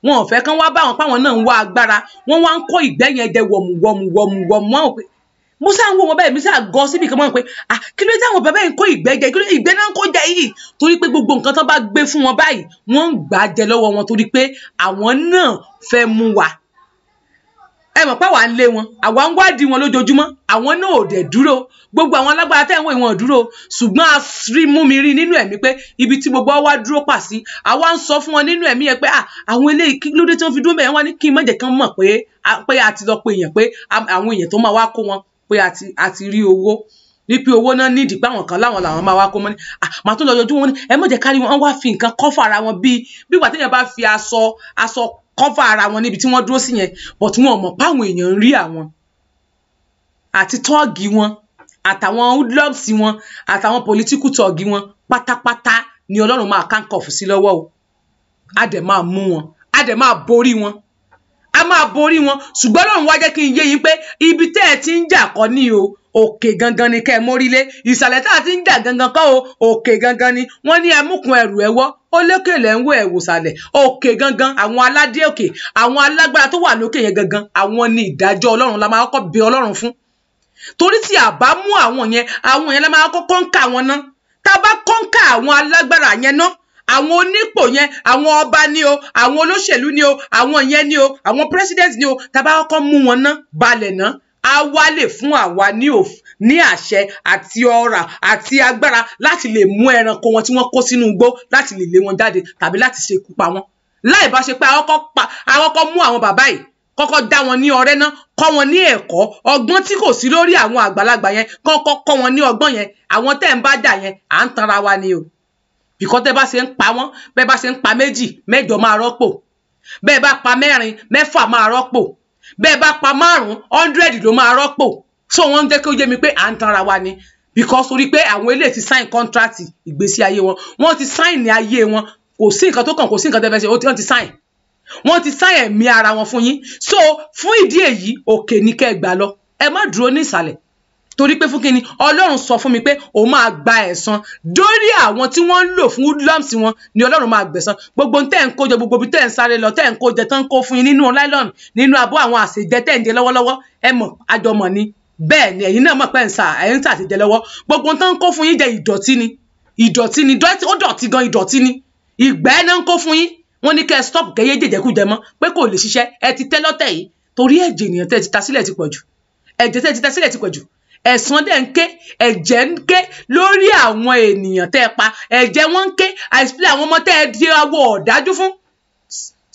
wọn ò fẹ́ kán wá báwọn páwọn náà ń wá agbára wọ́n wá ń kó ìgbẹ́ yẹn jẹ wọ̀mù wọ̀mù wọ̀mù wọ̀mù wọn ò pé musa ń wo wọn báyìí musa gọ síbi kan mọ́ pé ah kí ló dé àwọn bàbá yìí ń kó ìgbẹ́ jẹ kí ló ìgbẹ́ náà ń kó jẹ yìí torí pé gbogbo nǹkan tó bá gbé fún wọn báyìí wọ́n ń gbà á jẹ lọ́wọ́ wọn torí pé àwọn náà fẹ́ mú wa ẹ mọ̀ pé àwa ń lé wọn àwa ń wádìí wọn lójoojúmọ́ àwọn náà ò dẹ̀ dúró gbogbo àwọn alágbára tẹ̀ ń wò ìwọ̀n dúró ṣùgbọ́n a rí mú mi rí nínú ẹ̀mí pé ibi tí gbogbo wa dúró pà sí àwa ń sọ fún wọn nínú ẹ̀mí yẹn pé àwọn eléyìí kí ló dé tí wọ́n fi dúró bẹ́ẹ̀ wọ́n ní kí n má jẹ́ kán mọ̀ pé pé a ti lọ pe èèyàn pé àwọn èèyàn tó máa wá kó wọn pé a ti rí owó ní pé owó náà nídìí pé àwọn kan láwọn làwọn máa wá kó mọ́ ni tó lọ yọjú wọn ni ẹ má kárí wọn wá fi nǹkan kọ́ fara wọn bíi bí wàtí èèyàn bá fi aṣọ aṣọ cover ara wọn níbi tí wọ́n dúró sí yẹn but wọn ò mọ̀ páwọn èèyàn ń rí àwọn àti tọ́ọ̀gì wọn àtàwọn hoodlums wọn àtàwọn political tọ́ọ̀gì wọn pátápátá ni ọlọ́run máa kánkọ̀fù sí lọ́wọ́ o a dẹ̀ máa mú wọn a dẹ̀ máa borí wọn a máa borí wọn ṣùgbọ́n ọlọ́run wá jẹ́ kí n yé yín pé ibi tẹ́ ẹ ti ń jà kọ́ ni o òkè gangan ni kẹ́ ẹ mórílé ìsàlẹ̀ tá a ti ń jà gangan kọ́ o òkè gangan ni wọ́n ní ẹmúkun ẹrù ẹwọ́ ó lékè lẹ́ ń wò ẹ̀wòsàlẹ̀ òkè gangan àwọn aládé òkè àwọn alágbára tó wà lókè yẹn gangan àwọn ni ìdájọ́ ọlọ́run la máa kọ́kọ́ bẹ ọlọ́run fún torí tí a bá mú àwọn yẹn àwọn yẹn la máa kọ́kọ́ ń kà wọn ná tá a bá kọ́ńkà àwọn alágbára yẹn ná àwọn onípò yẹn àwọn ọba ni o àwọn olóṣèlú ni o àwọn yẹn ni o àwọn president ni o tá a bá kọ́kọ́ mú wọn ná balẹ̀ ná á wálè fún àwa ní òfin ní àṣẹ àti ọ̀rà àti agbára láti lè mú ẹranko wọn tí wọ́n kó sínú igbó láti lè lé wọn jáde tàbí láti ṣe ikú pa wọ́n láì bá ṣe pé àwọn kọ́ mú àwọn bàbá yìí kọ́kọ́ dá wọn ní ọrẹ́ ná kọ́ wọn ní ẹ̀kọ́ ọgbọ́n tí kò sí lórí àwọn àgbàlagbà yẹn kọ́kọ́ kọ́ wọn ní ọgbọ́n yẹn àwọn tẹ́ ń bá jà yẹn à ń tanra wa ni o bìkọ́ tẹ́ bá ṣe ń pa wọ́n bẹ́ẹ̀ bá ṣe ń pa méjì mẹ́jọ máa rọ́pò bẹ́ẹ̀ bá pa mẹ́rin mẹ́fà máa rọ́pò bẹ́ẹ̀ bá pa márùn hundred ló máa rọ́pò so wọ́n ń jẹ́ kó yé mi pé à ń tanra wa ni because orí pé àwọn eléyìí ti sign contract ìgbésí ayé wọn wọ́n ti sign ní ayé wọn kò sí nǹkan tó kàn kò sí nǹkan tẹ́fẹ́ ṣe wọ́n ti sign wọ́n ti sign ẹ̀mí ara wọn fún yín so fún ìdí èyí òkè ní kẹ́ ẹ gbà lọ ẹ má dúró ní ìsàlẹ̀ torí pé fún kíni ọlọ́run sọ fún mi pé òun máa gba ẹ̀san dórí àwọn tí wọ́n ń lò fún woodlums wọn ni ọlọ́run máa gbẹ̀san gbogbo tẹ́ ń kójọ gbogbo tẹ́ ń sáré lọ tẹ́ ń kójọ tán kó fún yín nínú nylon nínú abọ́ àwọn àṣejẹ tẹ́ ń jẹ lọ́wọ́lọ́wọ́ ẹ mọ̀ àjọmọ̀ ni bẹ́ẹ̀ ni ẹ̀yin náà mọ̀ pé ń sà ẹ̀ ń sàṣejẹ lọ́wọ́ gbogbo tán kó fún yín jẹ ìdọ̀tí ni ìdọ̀tí ni ó dọ̀tí gan ìdọ̀tí ni ìgbẹ́ náà ń kó fún yín wọ́n ní kẹ́ ẹ stop kẹ́ yé jẹjẹkújẹ mọ́ pé kò lè ṣiṣẹ́ ẹ ti tẹ́ lọ́tẹ̀ yìí torí ẹ̀jẹ̀ ènìyàn tẹ́ ti ta sílẹ̀ ti pọ̀ ẹ̀jẹ̀ tẹ́ ti ta sílẹ̀ ti pọ̀ ẹ̀san dẹ̀ ń ké ẹ̀jẹ̀ ń ké lórí àwọn ènìyàn tẹ́ ẹ pa ẹ̀jẹ̀ wọn ń ké àìsílẹ àwọn ọmọ tẹ́ ẹ di awọ ọ̀dájú fún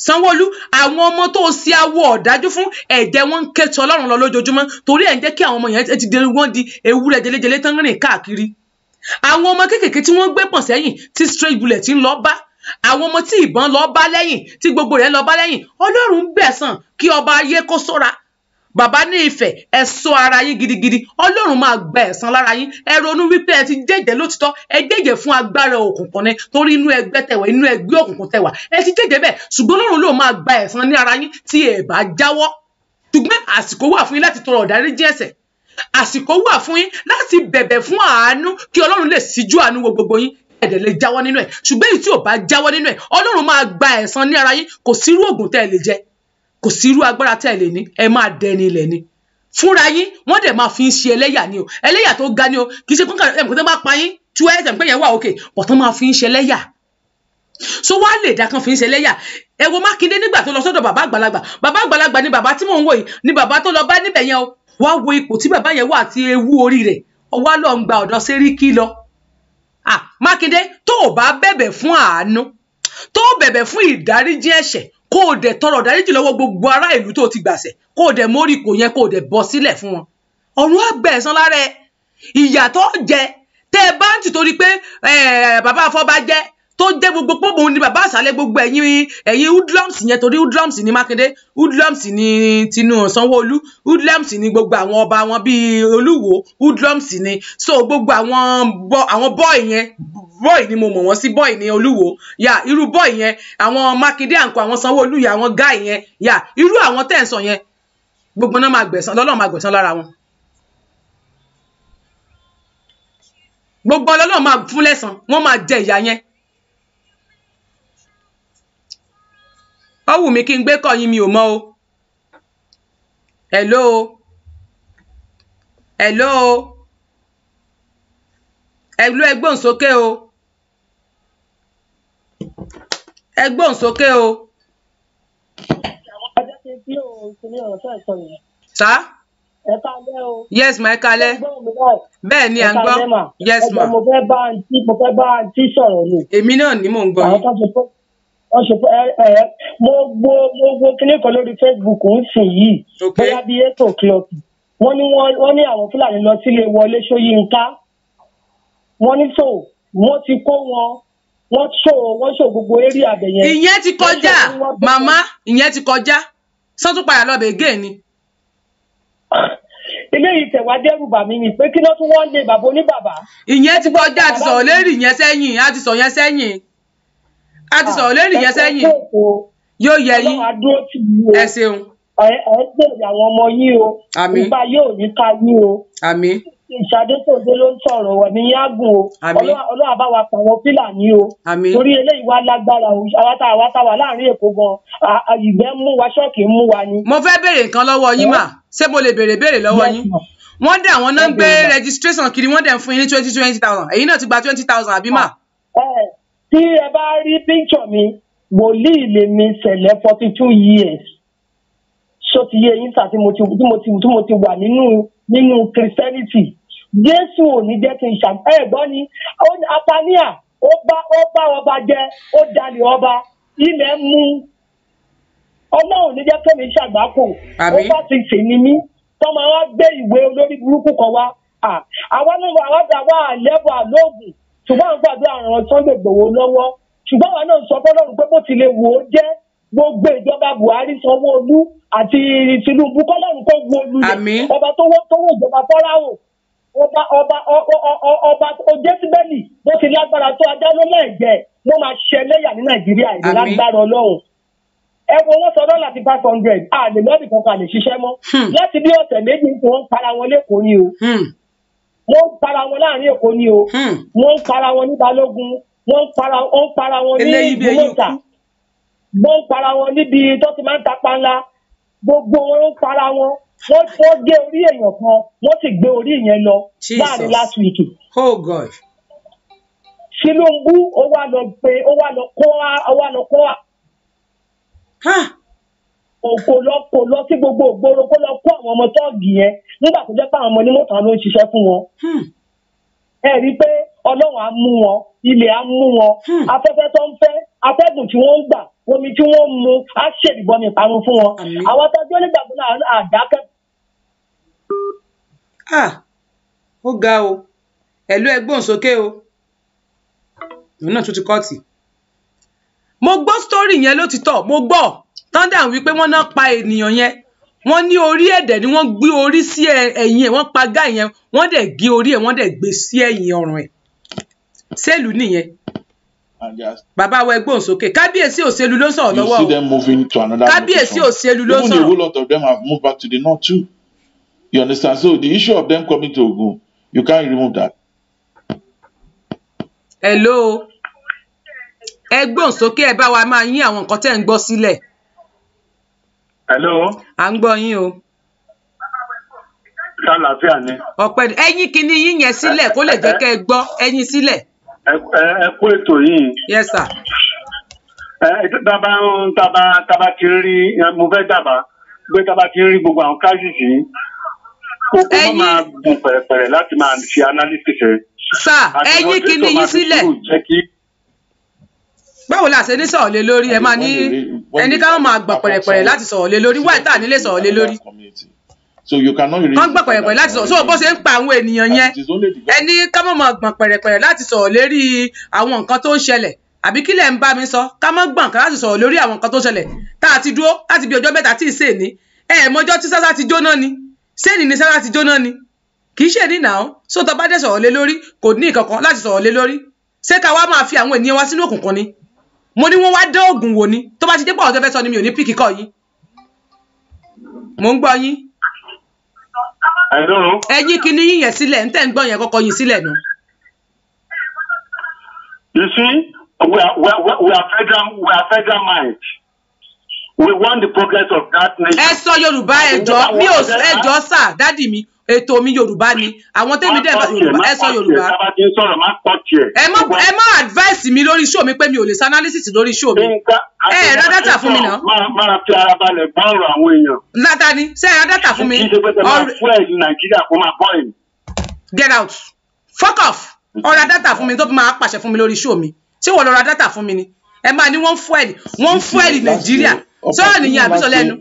sanwóolu àwọn ọmọ tó ṣe awọ ọ̀dájú fún ẹ̀jẹ̀ wọn ń ké tí Ọlọ́run lọ lójoojúmọ́ torí ẹ̀ ń jẹ́ kí àwọn ọmọ yẹn ti di wọn di ewúrẹ́ jẹlẹjẹlẹ tán rìn káàkiri àwọn ọmọ kéékèèké tí wọ́n gbé pọ̀ sẹ́yìn tí straight bullet ń lọ bá àwọn ọmọ tí ìbọn lọ bá lẹ́yìn tí gbogbo rẹ̀ lọ bá lẹ́yìn Ọlọ́run bẹ̀sán kí ọba ayé kó ṣọ́ra bàbá ní ìfẹ́ ẹ ṣọ́ ara yín gidigidi ọlọ́run máa gba ẹ̀san lára yín ẹ ronú wípé ẹ ti jẹ́jẹ́ lótìtọ́ ẹ jẹ́jẹ́ fún agbára òkùnkùn ni torí inú ẹgbẹ́ tẹ̀wẹ̀ inú ẹgbẹ́ òkùnkùn tẹ̀wà ẹ ti jẹ́jẹ́ bẹ́ẹ̀ ṣùgbọ́n ọlọ́run ló máa gba ẹ̀san ní ara yín tí ẹ bá jáwọ́ ṣùgbọ́n àsìkò wà fún yín láti tọrọ ìdáríjì ẹ̀ṣẹ̀ àsìkò wà fún yín láti bẹ̀bẹ̀ fún àánú kí ọlọ́run lè síjú àánú wo gbogbo yín ẹ̀dẹ̀ lè jáwọ́ nínú ẹ̀ ṣùgbọ́n èyí tí ò bá jáwọ́ nínú ẹ̀ ọlọ́run máa gba ẹ̀san ní ara yín kò sírú òògùn tẹ́ ẹ lè jẹ kò sí irú agbára tẹ́ ẹ lè ní ẹ máa dẹni ilẹ̀ ni fúnra yín wọ́n dẹ̀ máa fi ń ṣe ẹlẹ́yà ni o ẹlẹ́yà tó ga ni o kì í ṣe kúńkà ẹ̀mí kò tẹ́ bá pa yín tú ẹ̀ tẹ̀mí pé yẹn wà òkè bọ̀tán máa fi ń ṣe ẹlẹ́yà so wá lè dá kan fi ń ṣe ẹlẹ́yà ẹ wo Mákindé nígbà tó lọ sọ́dọ̀ bàbá àgbàlagbà bàbá àgbàlagbà ni bàbá tí mò ń wò yìí ni bàbá tó lọ bá níbẹ̀ yẹn o wá wo ipò tí bàbá yẹn wà àti ewu orí rẹ̀ wá lọ ń gba ọ̀dọ̀ Sẹ́ríkì lọ Mákindé tó o bá bẹ̀bẹ̀ fún àánú tó o bẹ̀bẹ̀ fún ìdáríjì ẹ̀ṣẹ̀ kó o dẹ̀ tọrọ dáríjì lọ́wọ́ gbogbo ará ìlú tó ti gbàṣẹ̀ kó o dẹ̀ mórí kò yẹn kó o dẹ̀ bọ́ sílẹ̀ fún wọn ọ̀run àgbà ẹ̀san lára ẹ̀ ìyà tó jẹ tẹ́ ẹ bá ń tìtorí pé bàbá afọbajẹ tó jẹ́ gbogbo pọ́bù ni bàbá àṣálẹ́ gbogbo ẹ̀yin ẹ̀yin hoodlums yẹn torí hoodlums ní Mákindé hoodlums ní Tinu Sanwó-Olú hoodlums ní gbogbo àwọn ọba wọn bíi Olúwo hoodlums ní so gbogbo àwọn àwọn bọ́ọ̀ yẹn bọ́ọ̀ ni mo mọ̀ wọ́n sí bọ́ọ̀ ni Olúwo yà irú bọ́ọ̀ yẹn àwọn Mákindé àǹkọ àwọn Sanwó-Olú yẹn àwọn gáì yẹn yà irú àwọn tẹ̀sán yẹn gbogbo náà máa gbẹ̀san lọ́lọ́run máa gbẹ̀san lára wọn gbogbo ọlọ́lọ́run máa fún lẹ́san wọ́n máa jẹ ìyà yẹn ó wù mí kí n gbé kọ yín mi ò mọ o hello o hello o ẹlò ẹgbọn sókè o ẹgbọn sókè o. sa. ẹ kalẹ́ o. yes ma ẹ kalẹ́. bẹ́ẹ̀ ni à ń gbọ́. yes ma. mo fẹ́ bá àǹtí sọ̀rọ̀ ni. èmi náà ni mò ń gbọ́ àwọn kan ti pẹ́ wọ́n ṣe ẹ ẹ mo gbó mo gbó kíní kan lórí Facebook ń sìn yìí bóyá bíi eight o'clock wọ́n ní wọ́n ní àwọn Fúlàní lọ sílé Wọlé Ṣóyínká wọ́n ní so wọ́n ti kó wọn wọ́n ṣò wọ́n ṣò gbogbo eré àbẹ̀ yẹn. ìyẹn ti kọjá màmá ìyẹn ti kọjá sọ́tún padà lọ́bẹ̀ ni. [LAUGHS] ilé ìtẹ̀wá dẹ́rù ni pé kí ló tún wọ́n lé bàbá oníbàbà. ìyẹn ti kọjá àti sọ̀rọ̀ lérí ìyẹn sẹ́yìn àti sọ̀rọ̀ yẹn sẹ́yìn a ti sọ̀rọ̀ lẹ́nu yẹn sẹ́yìn yóò yẹ yín ẹ ṣeun. ẹ ẹ gbèrè àwọn ọmọ yín o nípa yóò ní ká yín o ìṣàdékòdé ló ń sọ̀rọ̀ wọ̀ ní yágùn o ọlọ́wà bá wa pa àwọn fílàní o torí eléyìí wá lágbára o àwátá àwátá wà láàrin èkó gan ìgbẹ́ mú wa ṣọ́ọ̀kì mú wa ni. mo fẹ́ béèrè nǹkan lọ́wọ́ yín mà ṣé mo lè béèrè béèrè lọ́wọ́ yín wọ́n dẹ̀ àwọn náà ń gbé registration kiri wọ́n dẹ̀ ń fún yín ní twenty twenty thousand èyí náà ti gba twenty thousand àbí mà tí ẹ bá rí píkṣọ mi wòlíì lèmi ṣẹlẹ̀ forty two years ṣó ti yé yín sá tí mo ti tí mo ti tí mo ti wà nínú nínú christianity jésù ò ní jẹ́ kí n ṣàm ẹ gbọ́ ni apania ó bá ó bá ọba jẹ ó dalẹ̀ ọba ilẹ̀ mú ọlọ́run ní jẹ́ kẹ́mi ṣàgbákò ó bá ti sè ní mí tọ́mọ wa gbé ìwé olórí burúkú kan wá àwa náà àwa dà wá àlẹ́bù àlóògùn ṣùgbọ́n àwọn gbàgbé àrùn Sunday Igboho lọ́wọ́ ṣùgbọ́n àwa náà sọ fọlọ́run pé bó ti lè wò ó jẹ́ gbogbo ìjọba Buhari sanwó àti Tinubu kọ́lọ́run kó wo lulẹ̀ ọba tó wọ́n tó wọ́n ìjọba fọ́ráwò ọba ọba ọba ojésìbẹ́lì bó ti lágbára tó adánúmọ̀ ẹ̀jẹ̀ wọ́n máa ṣẹlẹ́yà ní Nàìjíríà ìdí lágbára Ọlọ́run ẹ wọn sọ dọ́là ti five hundred a lè lọ́ọ̀dì kankan lè ṣiṣẹ́ mọ́ hmm. láti bí ọ̀sẹ̀ méjì ń pè para wọn lẹ́kọ̀ọ́ ni o. Hmm wọ́n ń para wọn láàrin èkó ni o hmm. wọ́n ń para wọn ní balógun wọ́n ń para wọ́n ń para wọn ní ìgbòmọ̀tà wọ́n ń para wọn níbi tó máa ń tapa ńlá gbogbo wọn ń para wọn wọ́n fọ́ gé orí èèyàn kan wọ́n sì gbé orí yẹn lọ láàrin last week. Oh God. Tinubu ó wá lọ pé ó wá lọ kó ó wá lọ kó kò lọ kò lọ sí gbogbo ògbóró kó lọ kó àwọn ọmọ tọ́ọ̀gì yẹn nígbà tó jẹ́ pé àwọn ọmọ ní mọ́tò àwọn ló ń ṣiṣẹ́ fún wọn. Hmm. ẹ rí i pé ọlọ́run á mú wọn ilẹ̀ á mú wọn hmm. afẹ́fẹ́ tó ń fẹ́ atẹ́gùn tí wọ́n ń gbà omi tí wọ́n ń mu á ṣèdìbọn mi parun fún wọn àwọn tó onígbàgbọ́ náà àdákẹ́. ó ga o ẹ̀lú ẹgbọ́n sókè o òun náà tún ti kọ́ọ̀tì mo gbọ́ sítórì yẹn ló mo gbọ́ tọ́ndà wípé wọ́n náà pa ènìyàn yẹn wọ́n ní orí ẹ̀dẹ̀ ni wọ́n gbé orí sí ẹ̀yìn ẹ̀ wọ́n pa gá yẹn wọ́n dẹ̀ gé orí ẹ̀ wọ́n dẹ̀ gbé sí ẹ̀yìn ọ̀rùn ẹ̀ sẹ́lù nìyẹn bàbá wa ẹgbẹ́ òsókè kábíyèsí òṣèlú ló sọ̀rọ̀ lọ́wọ́ o kábíyèsí òṣèlú ló sọ̀rọ̀. even a whole lot of them have moved back to the north too you understand so the issue of them coming to Ogun you can't remove that. hello ẹgbẹ́ òsókè ẹ bá wa máa yín àwọn nǹkan tẹ́ ń gbọ́ sílẹ̀ hello. à ń gbọ́ yín o. sálàáfíà ni. ọ̀pẹ ẹyin kìíní yín yẹn sílẹ̀ kó lè jẹ́ kẹ́ ẹ gbọ́ ẹyin sílẹ̀. ẹ kú ètò yìí. yes sir. ẹ tábà ń tábà tábà ti rí mo fẹ́ dábàá pé tábà ti rí gbogbo àwọn kájùjì kókó wọn máa gùn pẹ̀rẹ̀pẹ̀rẹ̀ láti máa ṣe analysis rẹ̀. sà ẹyin kìíní yín sílẹ̀. àti wọ́n ti tó máa fi kúrò jẹ́ kí báwo la ṣe ní sọ̀rọ̀ lé lórí ẹ máa ní ẹni káwọn máa gbà pẹ̀rẹ̀pẹ̀rẹ̀ láti sọ̀rọ̀ lé lórí wáyé tá à ní lè sọ̀rọ̀ lé lórí so you cannot really. wọ́n gbọ́ pẹ̀rẹ̀pẹ̀rẹ̀ láti sọ̀rọ̀ so bó ṣe ń pa àwọn ènìyàn yẹn ẹni ká má máa gbọ̀n pẹ̀rẹ̀pẹ̀rẹ̀ láti sọ̀rọ̀ lérí àwọn nǹkan tó ń ṣẹlẹ̀ àbí kí lẹ̀ ń bá mi sọ ká má gbọ̀n ká láti sọ̀rọ̀ lórí àwọn nǹkan tó ń ṣẹlẹ̀ tá a ti dúró láti bí ọjọ́ mẹ́ta tí ì sè ní ẹ ẹ̀ mọ́jọ́ tí sásá ti jóná ni sẹ́ni ni sásá ti jóná ni kì í ṣe ní nàá so ṣé ká wá máa fi àwọn ènìyàn wá sínú òkùnkùn ni mo ní wọ́n wá dán ògùn wò ni tó bá ti dé pọ̀ tó fẹ́ sọ ni mi ò ní píkì kọ́ yín mò ń gbọ́ yín. ẹ yí kinní yíyẹn sílẹ̀ ń ń gbọ́ yẹn kọ́kọ́ yín sílẹ̀ nù. You see, we are, we are, we are federal, we are federal mind. We want the progress of that nation. Ẹ sọ Yorùbá ẹ̀jọ́ mi ò ẹ̀jọ́ sà dádì mi ètò mi yorùbá ni àwọn tẹ́mi dẹ̀ bá yorùbá ẹ sọ yorùbá. ẹ má advice mi lórí show mi pé mi ò lè sanalysis lórí show mi. ẹ ẹ ra data fún mi náà. máa fi ara balẹ̀ gbọ́ àwọn èèyàn. látà ni ṣe ẹ ra data fún mi. get out fuck off ọ̀ra data fún mi tó fi máa pàṣẹ fún mi lórí show mi ṣé wọ́n lọ ra fún mi ni ẹ máa ní wọ́n fún ẹ̀ nàìjíríà sọ́ọ̀ nìyẹn àbísọ̀ lẹ́nu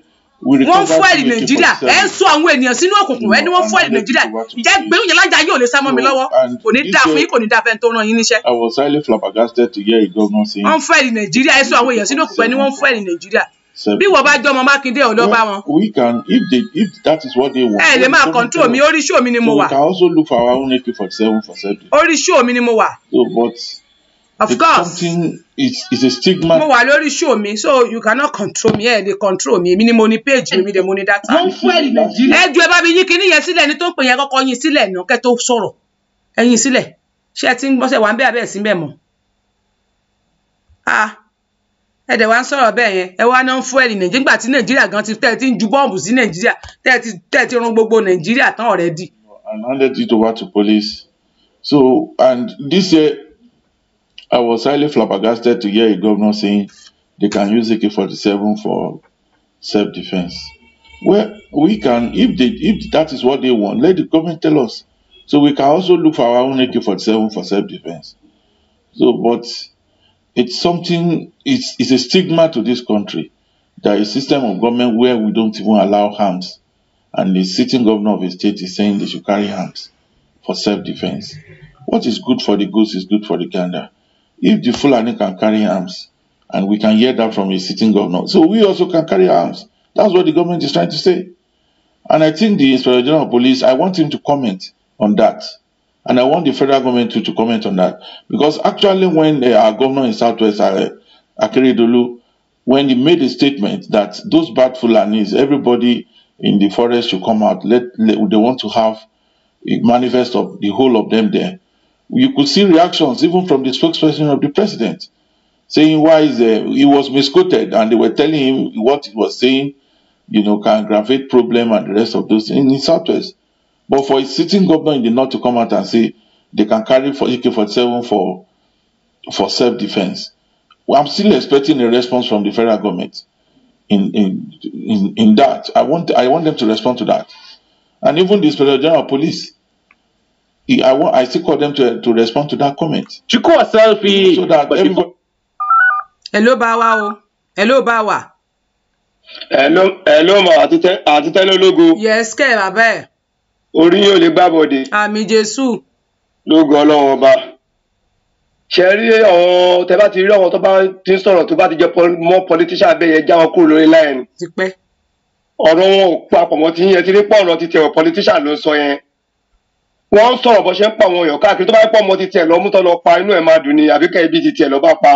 wọ́n fúẹ̀lì nàìjíríà ẹ̀ ń sọ àwọn ènìyàn sínú òkùnkùn ẹ̀ ni wọ́n fúẹ̀lì nàìjíríà ìjẹ́ gbẹ̀rún yẹn lájà yóò lè sá mọ́ mi lọ́wọ́ kò ní dáa fún yín kò ní dáa fẹ́ni tó ràn yín níṣẹ́. I was highly flabbergasted to hear a governor saying. wọ́n fúẹ̀lì nàìjíríà ẹ̀ sọ àwọn èèyàn sínú òkùnkùn ẹ̀ ni wọ́n fúẹ̀lì nàìjíríà bí wọ́n bá jọmọ mákindé ọ̀dọ́ bá wọn. we can if they if that is what they want. ẹ lè máa control mi orí show mi ni mo wà. so we can also look for our own AK forty seven for seven. orí show mi ni mo wà. so but of it's course something it's, it's a stigma. mo wà lórí show mi so you cannot control me ẹ lè control me èmi ni mo ní page mi mi dẹ̀ mo ní data. wọ́n fún ẹ̀rì nàìjíríà. ẹ ju ẹ bá mi yín kinní yẹn sílẹ̀ ní tó ń pè yẹn kọ́kọ́ yín sílẹ̀ náà kẹ́ tó sọ̀rọ̀ ẹ̀yin sílẹ̀ ṣé ẹ ti ń gbọ́sẹ̀ wà ń bẹ́ abẹ́ sí bẹ́ẹ̀ mọ́. a ah, ẹ dẹ̀ wá ń sọ̀rọ̀ bẹ́ẹ̀ yẹn ẹ wá náà ń fún ẹ̀rì nàìjíríà nígbà tí nàìjíríà gan ti tẹ́ ẹ ti ń ju bọ́ọ̀mù sí nàìjíríà tẹ́ ẹ handed it over to police so and this year I was highly flabbergasted to hear a governor saying they can use AK-47 for self-defense. Well, we can, if they, if that is what they want, let the government tell us. So we can also look for our own AK-47 for self-defense. So, but it's something, it's, it's a stigma to this country. that a system of government where we don't even allow hands, And the sitting governor of a state is saying they should carry hands for self-defense. What is good for the goose is good for the gander. If the Fulani can carry arms, and we can hear that from a sitting governor, so we also can carry arms. That's what the government is trying to say. And I think the Inspector General of Police, I want him to comment on that. And I want the federal government to, to comment on that. Because actually when uh, our governor in Southwest, uh, Akeredolu, when he made a statement that those bad Fulanis, everybody in the forest should come out, let, let, they want to have a manifest of the whole of them there you could see reactions even from the spokesperson of the president saying why is uh, he was misquoted and they were telling him what he was saying you know can aggravate problem and the rest of those in the southwest but for a sitting governor in the north to come out and say they can carry for ak-47 for for self-defense well, i'm still expecting a response from the federal government in in in, in that i want i want them to respond to that and even the inspector general of police I want I still call them to to respond to that comment. Chukwu herself is. So that everybody. Hello Bawa Hello Bawa. Hello hello ma àti tẹ́lẹ̀ ológo. Yes kẹ́ bàbá ẹ̀. Orí yóò lè gbá bọ̀dé. Àmì Jésù. Lógo Ọlọ́run ọba. Ṣé rí àwọn tẹ ti rí àwọn tó bá ti ń sọ̀rọ̀ tó ti jẹ́ mọ́ politician abẹ́yẹ já wọn kúrò lórí láyẹn. Ti pẹ́. Ọ̀rọ̀ wọn ò papọ̀ mọ́ ti yẹn ti rí pọ̀ ọ̀rọ̀ ti tẹ̀wọ̀ politician ló ń sọ wọ́n ń sọ̀rọ̀ bó ṣe ń pa àwọn èèyàn káàkiri tó bá pọ̀ mọ́ ti tiẹ̀ lọ mú tán lọ pa inú ẹ̀ máa dùn ni àbí kẹ́ ibi ti tiẹ̀ lọ bá pa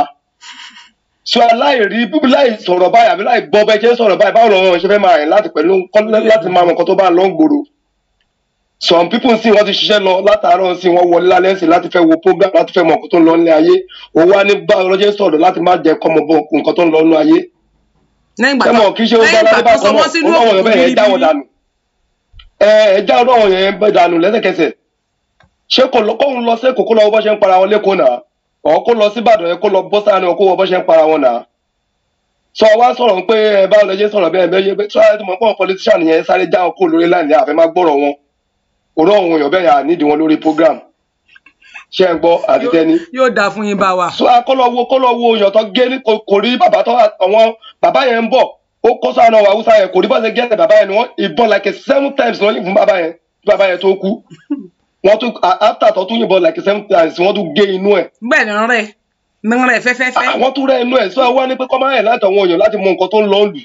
so aláìrí bíbí láì sọ̀rọ̀ báyìí àbí láì gbọ́ bẹ́ẹ̀ ṣe ń sọ̀rọ̀ báyìí báwo lọ́wọ́ ṣe fẹ́ máa rìn láti pẹ̀lú láti máa mọ̀ nǹkan tó bá lọ́ ń gbòòrò some people ń sìn wọ́n ti ṣiṣẹ́ lọ látàárọ̀ ń sìn wọ́n wọlé lálẹ́ ń sìn láti fẹ́ wo program láti fẹ́ mọ̀ nǹkan tó ń lọ nílé ayé òun wá ní báwo lọ́jọ́ sọ̀rọ̀ láti má jẹ́ kọ́mọ bọ nǹkan tó ń lọ nínú ayé lẹ́yìn gbàtọ́ sọmọ sínú òkùnkùn bíi bíi ṣé kóun lọ sí èkó kó lọ wọ bó ṣe ń para wọn lẹ́kọ̀ọ́ náà ọ̀ kó lọ sí Ìbàdàn yẹn kó lọ bọ́ sáà ni kó wọ bó ṣe ń para wọn náà sọ wá sọ̀rọ̀ pé ẹ bá lọ́jẹ́ sọ̀rọ̀ bẹ́ẹ̀ bẹ́ẹ̀ pé tí wọ́n mọ̀ pọ̀ politician yẹn sáré já ọkọ̀ lórí láàyè àfẹ́ má gbọ́rọ̀ wọn òró àwọn èèyàn bẹ́ẹ̀ yà nídìí wọn lórí program ṣé ẹ gbọ́ àti tẹ́ni. yóò dáa fún yín bá wa. sọ akọ́lọ́wọ́ kọ́lọ́wọ́ èèyàn tó gé ní kò rí bàbá tó àwọn bàbá yẹn ń bọ̀ ó kó sáànà wà húsá yẹn kò rí bọ́sẹ̀ gẹ́sẹ̀ bàbá yẹn ni wọ́n ìbọn like seven times lọ́yìn fún bàbá yẹn bàbá yẹn tó kú wọ́n tún after tó tún yìnbọn like seven times uh, wọ́n tún gé inú ẹ̀. bẹ́ẹ̀ ni rẹ̀ ni rẹ̀ fẹ́fẹ́fẹ́. àwọn ah, tún rẹ̀ inú ẹ̀ sọ wá ní pé kọ́ máa yẹ̀ láti àwọn èèyàn láti mọ nǹkan tó ń lọ lù.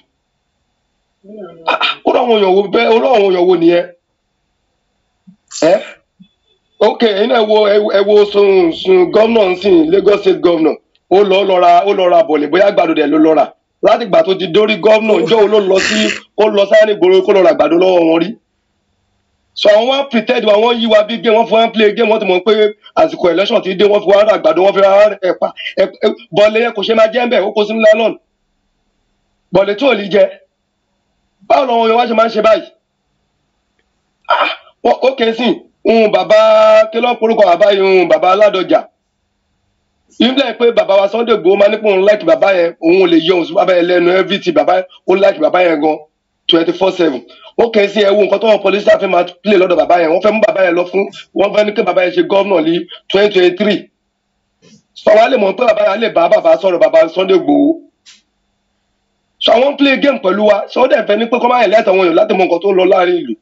Ah, ah, kúrò àwọn èèyàn wo bẹ́ẹ̀ olú àwọn èèyàn wo nìyẹn. ẹ ok ẹ̀yin náà wo ẹ wo sun sun gómìnà nsìn Lagos state gómìnà ó lọ ó lọ ra ó lọ ra bọ̀lẹ̀ bóyá àgbàdo dẹ̀ ló lọ rà látìgbà tó ti dórí gómìnà ìjọ́ wo ló lọ sí ó lọ sáyẹ́nì gbòòrò kó lọ ra lọ́wọ́ wọn rí so àwọn wá pretend wa wọ́n yí wa bí game wọ́n fi wá ń play game wọ́n ti mọ̀ pé àsìkò election ti dé wọ́n fi wá rà àgbàdo wọ́n fi wá rà ẹ̀pà bọ́ọ̀lù yẹn kò ṣe máa jẹ́ ń bẹ̀ ó kó sínú lálọ́ọ̀nù bọ́ọ̀lù tí ò lè jẹ báwo lọ́wọ́ yẹn wá ṣe máa ń ṣe báyìí ó ah, kè sí ń bàbá kílọ̀ orúkọ bàbá yìí ń bàbá aládọjà nígbà pé bàbá wa Sunday Igboho máa nípò ń láìkì bàbá yẹn òun ò lè yọ òun sí bàbá yẹn lẹ́nu everything bàbá ó láìkì bàbá yẹn gan twenty four seven ó kẹ́ sí ẹ̀wù nǹkan tó wọn police staff máa play lọ́dọ̀ bàbá yẹn wọ́n fẹ́ mú bàbá yẹn lọ fún wọ́n fẹ́ ní kí bàbá yẹn ṣe gọ́vnà ní twenty twenty three sọ̀wọ́n lè mọ̀ pé bàbá yẹn lè bá bàbá sọ̀rọ̀ bàbá Sunday Igboho sọ àwọn play game pẹ̀lú wa sọ dẹ̀ fẹ́ ní pé kọ́ máa yẹn lẹ́tọ̀ wọn yàn láti mọ nǹkan tó ń lọ láàrin ìlú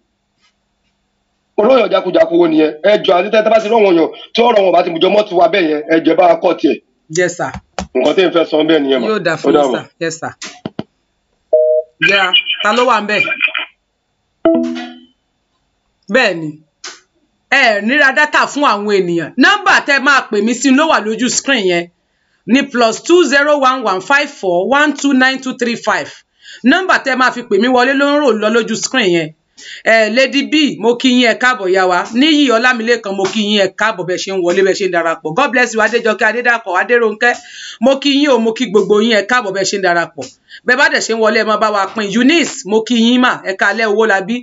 olóyàn jakujaku wo nìyẹn ẹ jọ àti tẹ́tẹ́ bá ti rán wọn yàn tí ọ̀rọ̀ wọn bá ti bùjọ́ mọ́ ti wá bẹ́ẹ̀ yẹn ẹ jẹ́ bá a kọ́ tiẹ̀. yes sir. nǹkan tí n fẹ́ sọ bẹ́ẹ̀ nìyẹn mọ̀. yóò dà fún mi sir yes sir. ta ló wà ń bẹ̀ bẹ́ẹ̀ ni ẹ eh, níra dátà fún àwọn ènìyàn nọ́mbà tẹ máa pè mí sí ló wà lójú screen yẹn Ni plus two zero one one five four one two nine two three five nọ́mbà tẹ máa fi pè mí wọlé ló ń rò lọ lójú screen yẹn lady b mo kí yín ẹ káàbọ̀ yá wa níyì ọlámilékan mo kí yín ẹ káàbọ̀ bẹ ṣe ń wọlé bẹ ṣe ń darapọ̀ god bless you adéjọkẹ́ adédàkọ̀ adéronkẹ́ mo kí yín o mo kí gbogbo yín ẹ káàbọ̀ bẹ ṣe ń darapọ̀ bẹ bá dẹ̀ ṣe ń wọlé ẹ máa bá wa pín eunice mo kí yín mà ẹ kalẹ́ owó la bí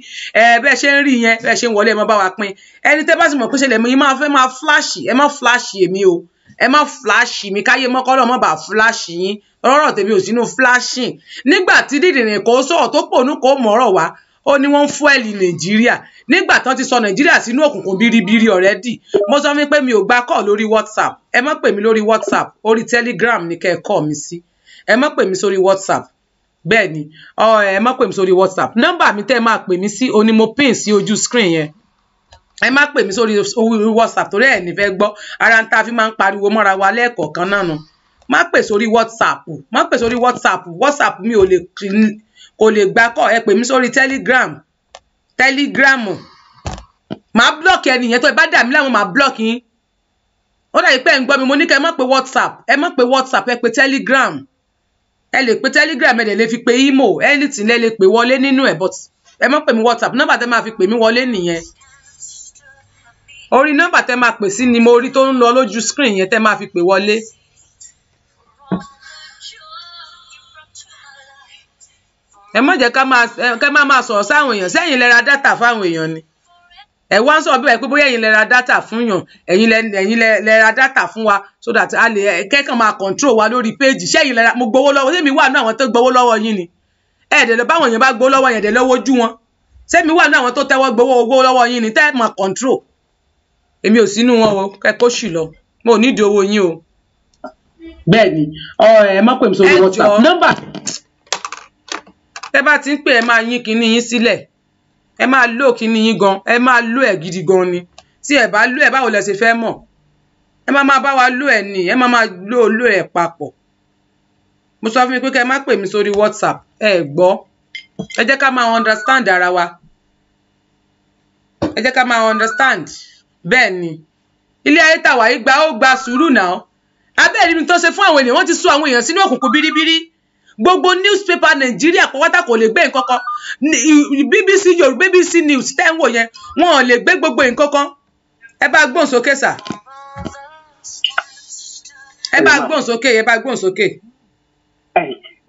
ẹ bẹ ṣe ń rí yẹn bẹ ṣe ń wọlé ẹ máa bá wa pín ẹni tẹ́ bá sì mọ̀ pé ṣe lè mú máa fẹ́ máa fúláṣì ẹ má fúláṣì èmi o ẹ má fúláṣì mi káyé mọ́kọ́lọ́ mọ́ bá fúláṣì yín ọ̀rọ̀ tèmi ò sínú fúláṣì nígbà tí dídìrín kò sọ̀rọ̀ tó pònú kò mọ̀ọ́rọ̀ wá ó ní wọ́n ń fúẹ̀lì nàìjíríà nígbà tán ti sọ nàìjíríà sínú òkùnkùn biribiri ọ̀rẹ́dì mo sọ fún pé mi ò gba call lórí whatsapp ẹ má pè mí lórí whatsapp orí telegram ni kẹ́ ẹ call mi sí ẹ má pè mí sórí whatsapp bẹ́ẹ̀ ni ẹ má pè mí sórí whatsapp nọ́mbà mi tẹ́ ẹ máa pè mí sí òní mo pin sí ojú screen yẹn ẹ má pè mí sórí whatsapp torí ẹ̀ ní fẹ́ gbọ́ ara ń ta fi máa ń pariwo mọ́ra wa lẹ́ẹ̀kọ̀ọ̀kan náà nu má pè sórí whatsapp má pè sórí whatsapp whatsapp mi ò lè kò lè gbà kọ ẹ pè mí sórí telegram telegram màá block ẹnìyẹn tó ẹ bá dà mí láwọn màá blọọkì yín ó dàbí pé ẹ ń gbọ́ mi mo ní kẹ́ ẹ má pe whatsapp ẹ má pe whatsapp ẹ pe telegram ẹ lè pe telegram ẹ dẹ̀ lè fi pe imo anything lẹ lè pè wọlé nínú ẹ but ẹ má pè mí whatsapp nọ́mbà tẹ máa fi pè mí wọlé nìyẹn orí nọ́mbà tẹ máa pè sí ni mo rí tó ń lọ lójú screen yẹn tẹ máa fi pè wọlé. ẹ má jẹ́ ká má máa sọ̀rọ̀ sáwọn èèyàn sẹ́yìn lẹ́ra dátà fáwọn èèyàn ni ẹ wá ń sọ̀rọ̀ bí wàá pé bóyá ẹ̀yin lẹ́ra dátà fún yàn ẹ̀yin lẹ́ra dátà fún wa so that a lè kẹ́kàn máa control wa lórí péèjì sẹ́yìn lẹ́ra mo gbowó lọ́wọ́ sẹ́mi wà nínú àwọn tó gbowó lọ́wọ́ yín ni ẹ̀ẹ́dẹ̀ lọ báwọn èèyàn bá gbowó lọ́wọ́ yẹn dẹ̀ lọ́wọ́ ojú wọn sẹ́mi wà nínú àwọn tó tẹ́wọ́ gbowó owó lọ́wọ́ yín ni tẹ́ ẹ̀ máa control èmi ò sínú wọn o kẹ́kọ̀ọ́ sì lọ mo ò nídìí owó yín o. bẹ́ẹ̀ni ẹ má pè mí sórí WhatsApp nọ́mbà tẹ́ bá ti ń pè ẹ máa yín kinní yín sílẹ̀ ẹ máa lò kinní yín gan ẹ máa lò ẹ gidi gan ni tí ẹ bá lò ẹ báwo lẹ ṣe fẹ́ mọ̀ ẹ máa máa bá wa lò ẹ nì ẹ máa máa lò lò ẹ papọ̀ mo sọ fún mi pé kẹ́ ẹ má pè mí sórí WhatsApp ẹ gbọ́ ẹ jẹ́ ká máa understand ara wa ẹ jẹ́ ká máa understand bẹ́ẹ̀ ni ilé ayé tàwa yìí gba ó gba sùúrù náà abẹ́ẹ̀ ni mi tó ṣe fún àwọn ènìyàn wọ́n ti sún àwọn èèyàn sínú òkùnkùn bíríbírí gbogbo newspaper nàìjíríà pọ̀wọ́tà kò lè gbé nǹkan kan bbc yorùbá bbc news tẹ́ ń wò yẹn wọn ò lè gbé gbogbo nǹkan kan ẹ bá gbóhùn sókè sà ẹ bá gbóhùn sókè ẹ bá gbóhùn sókè.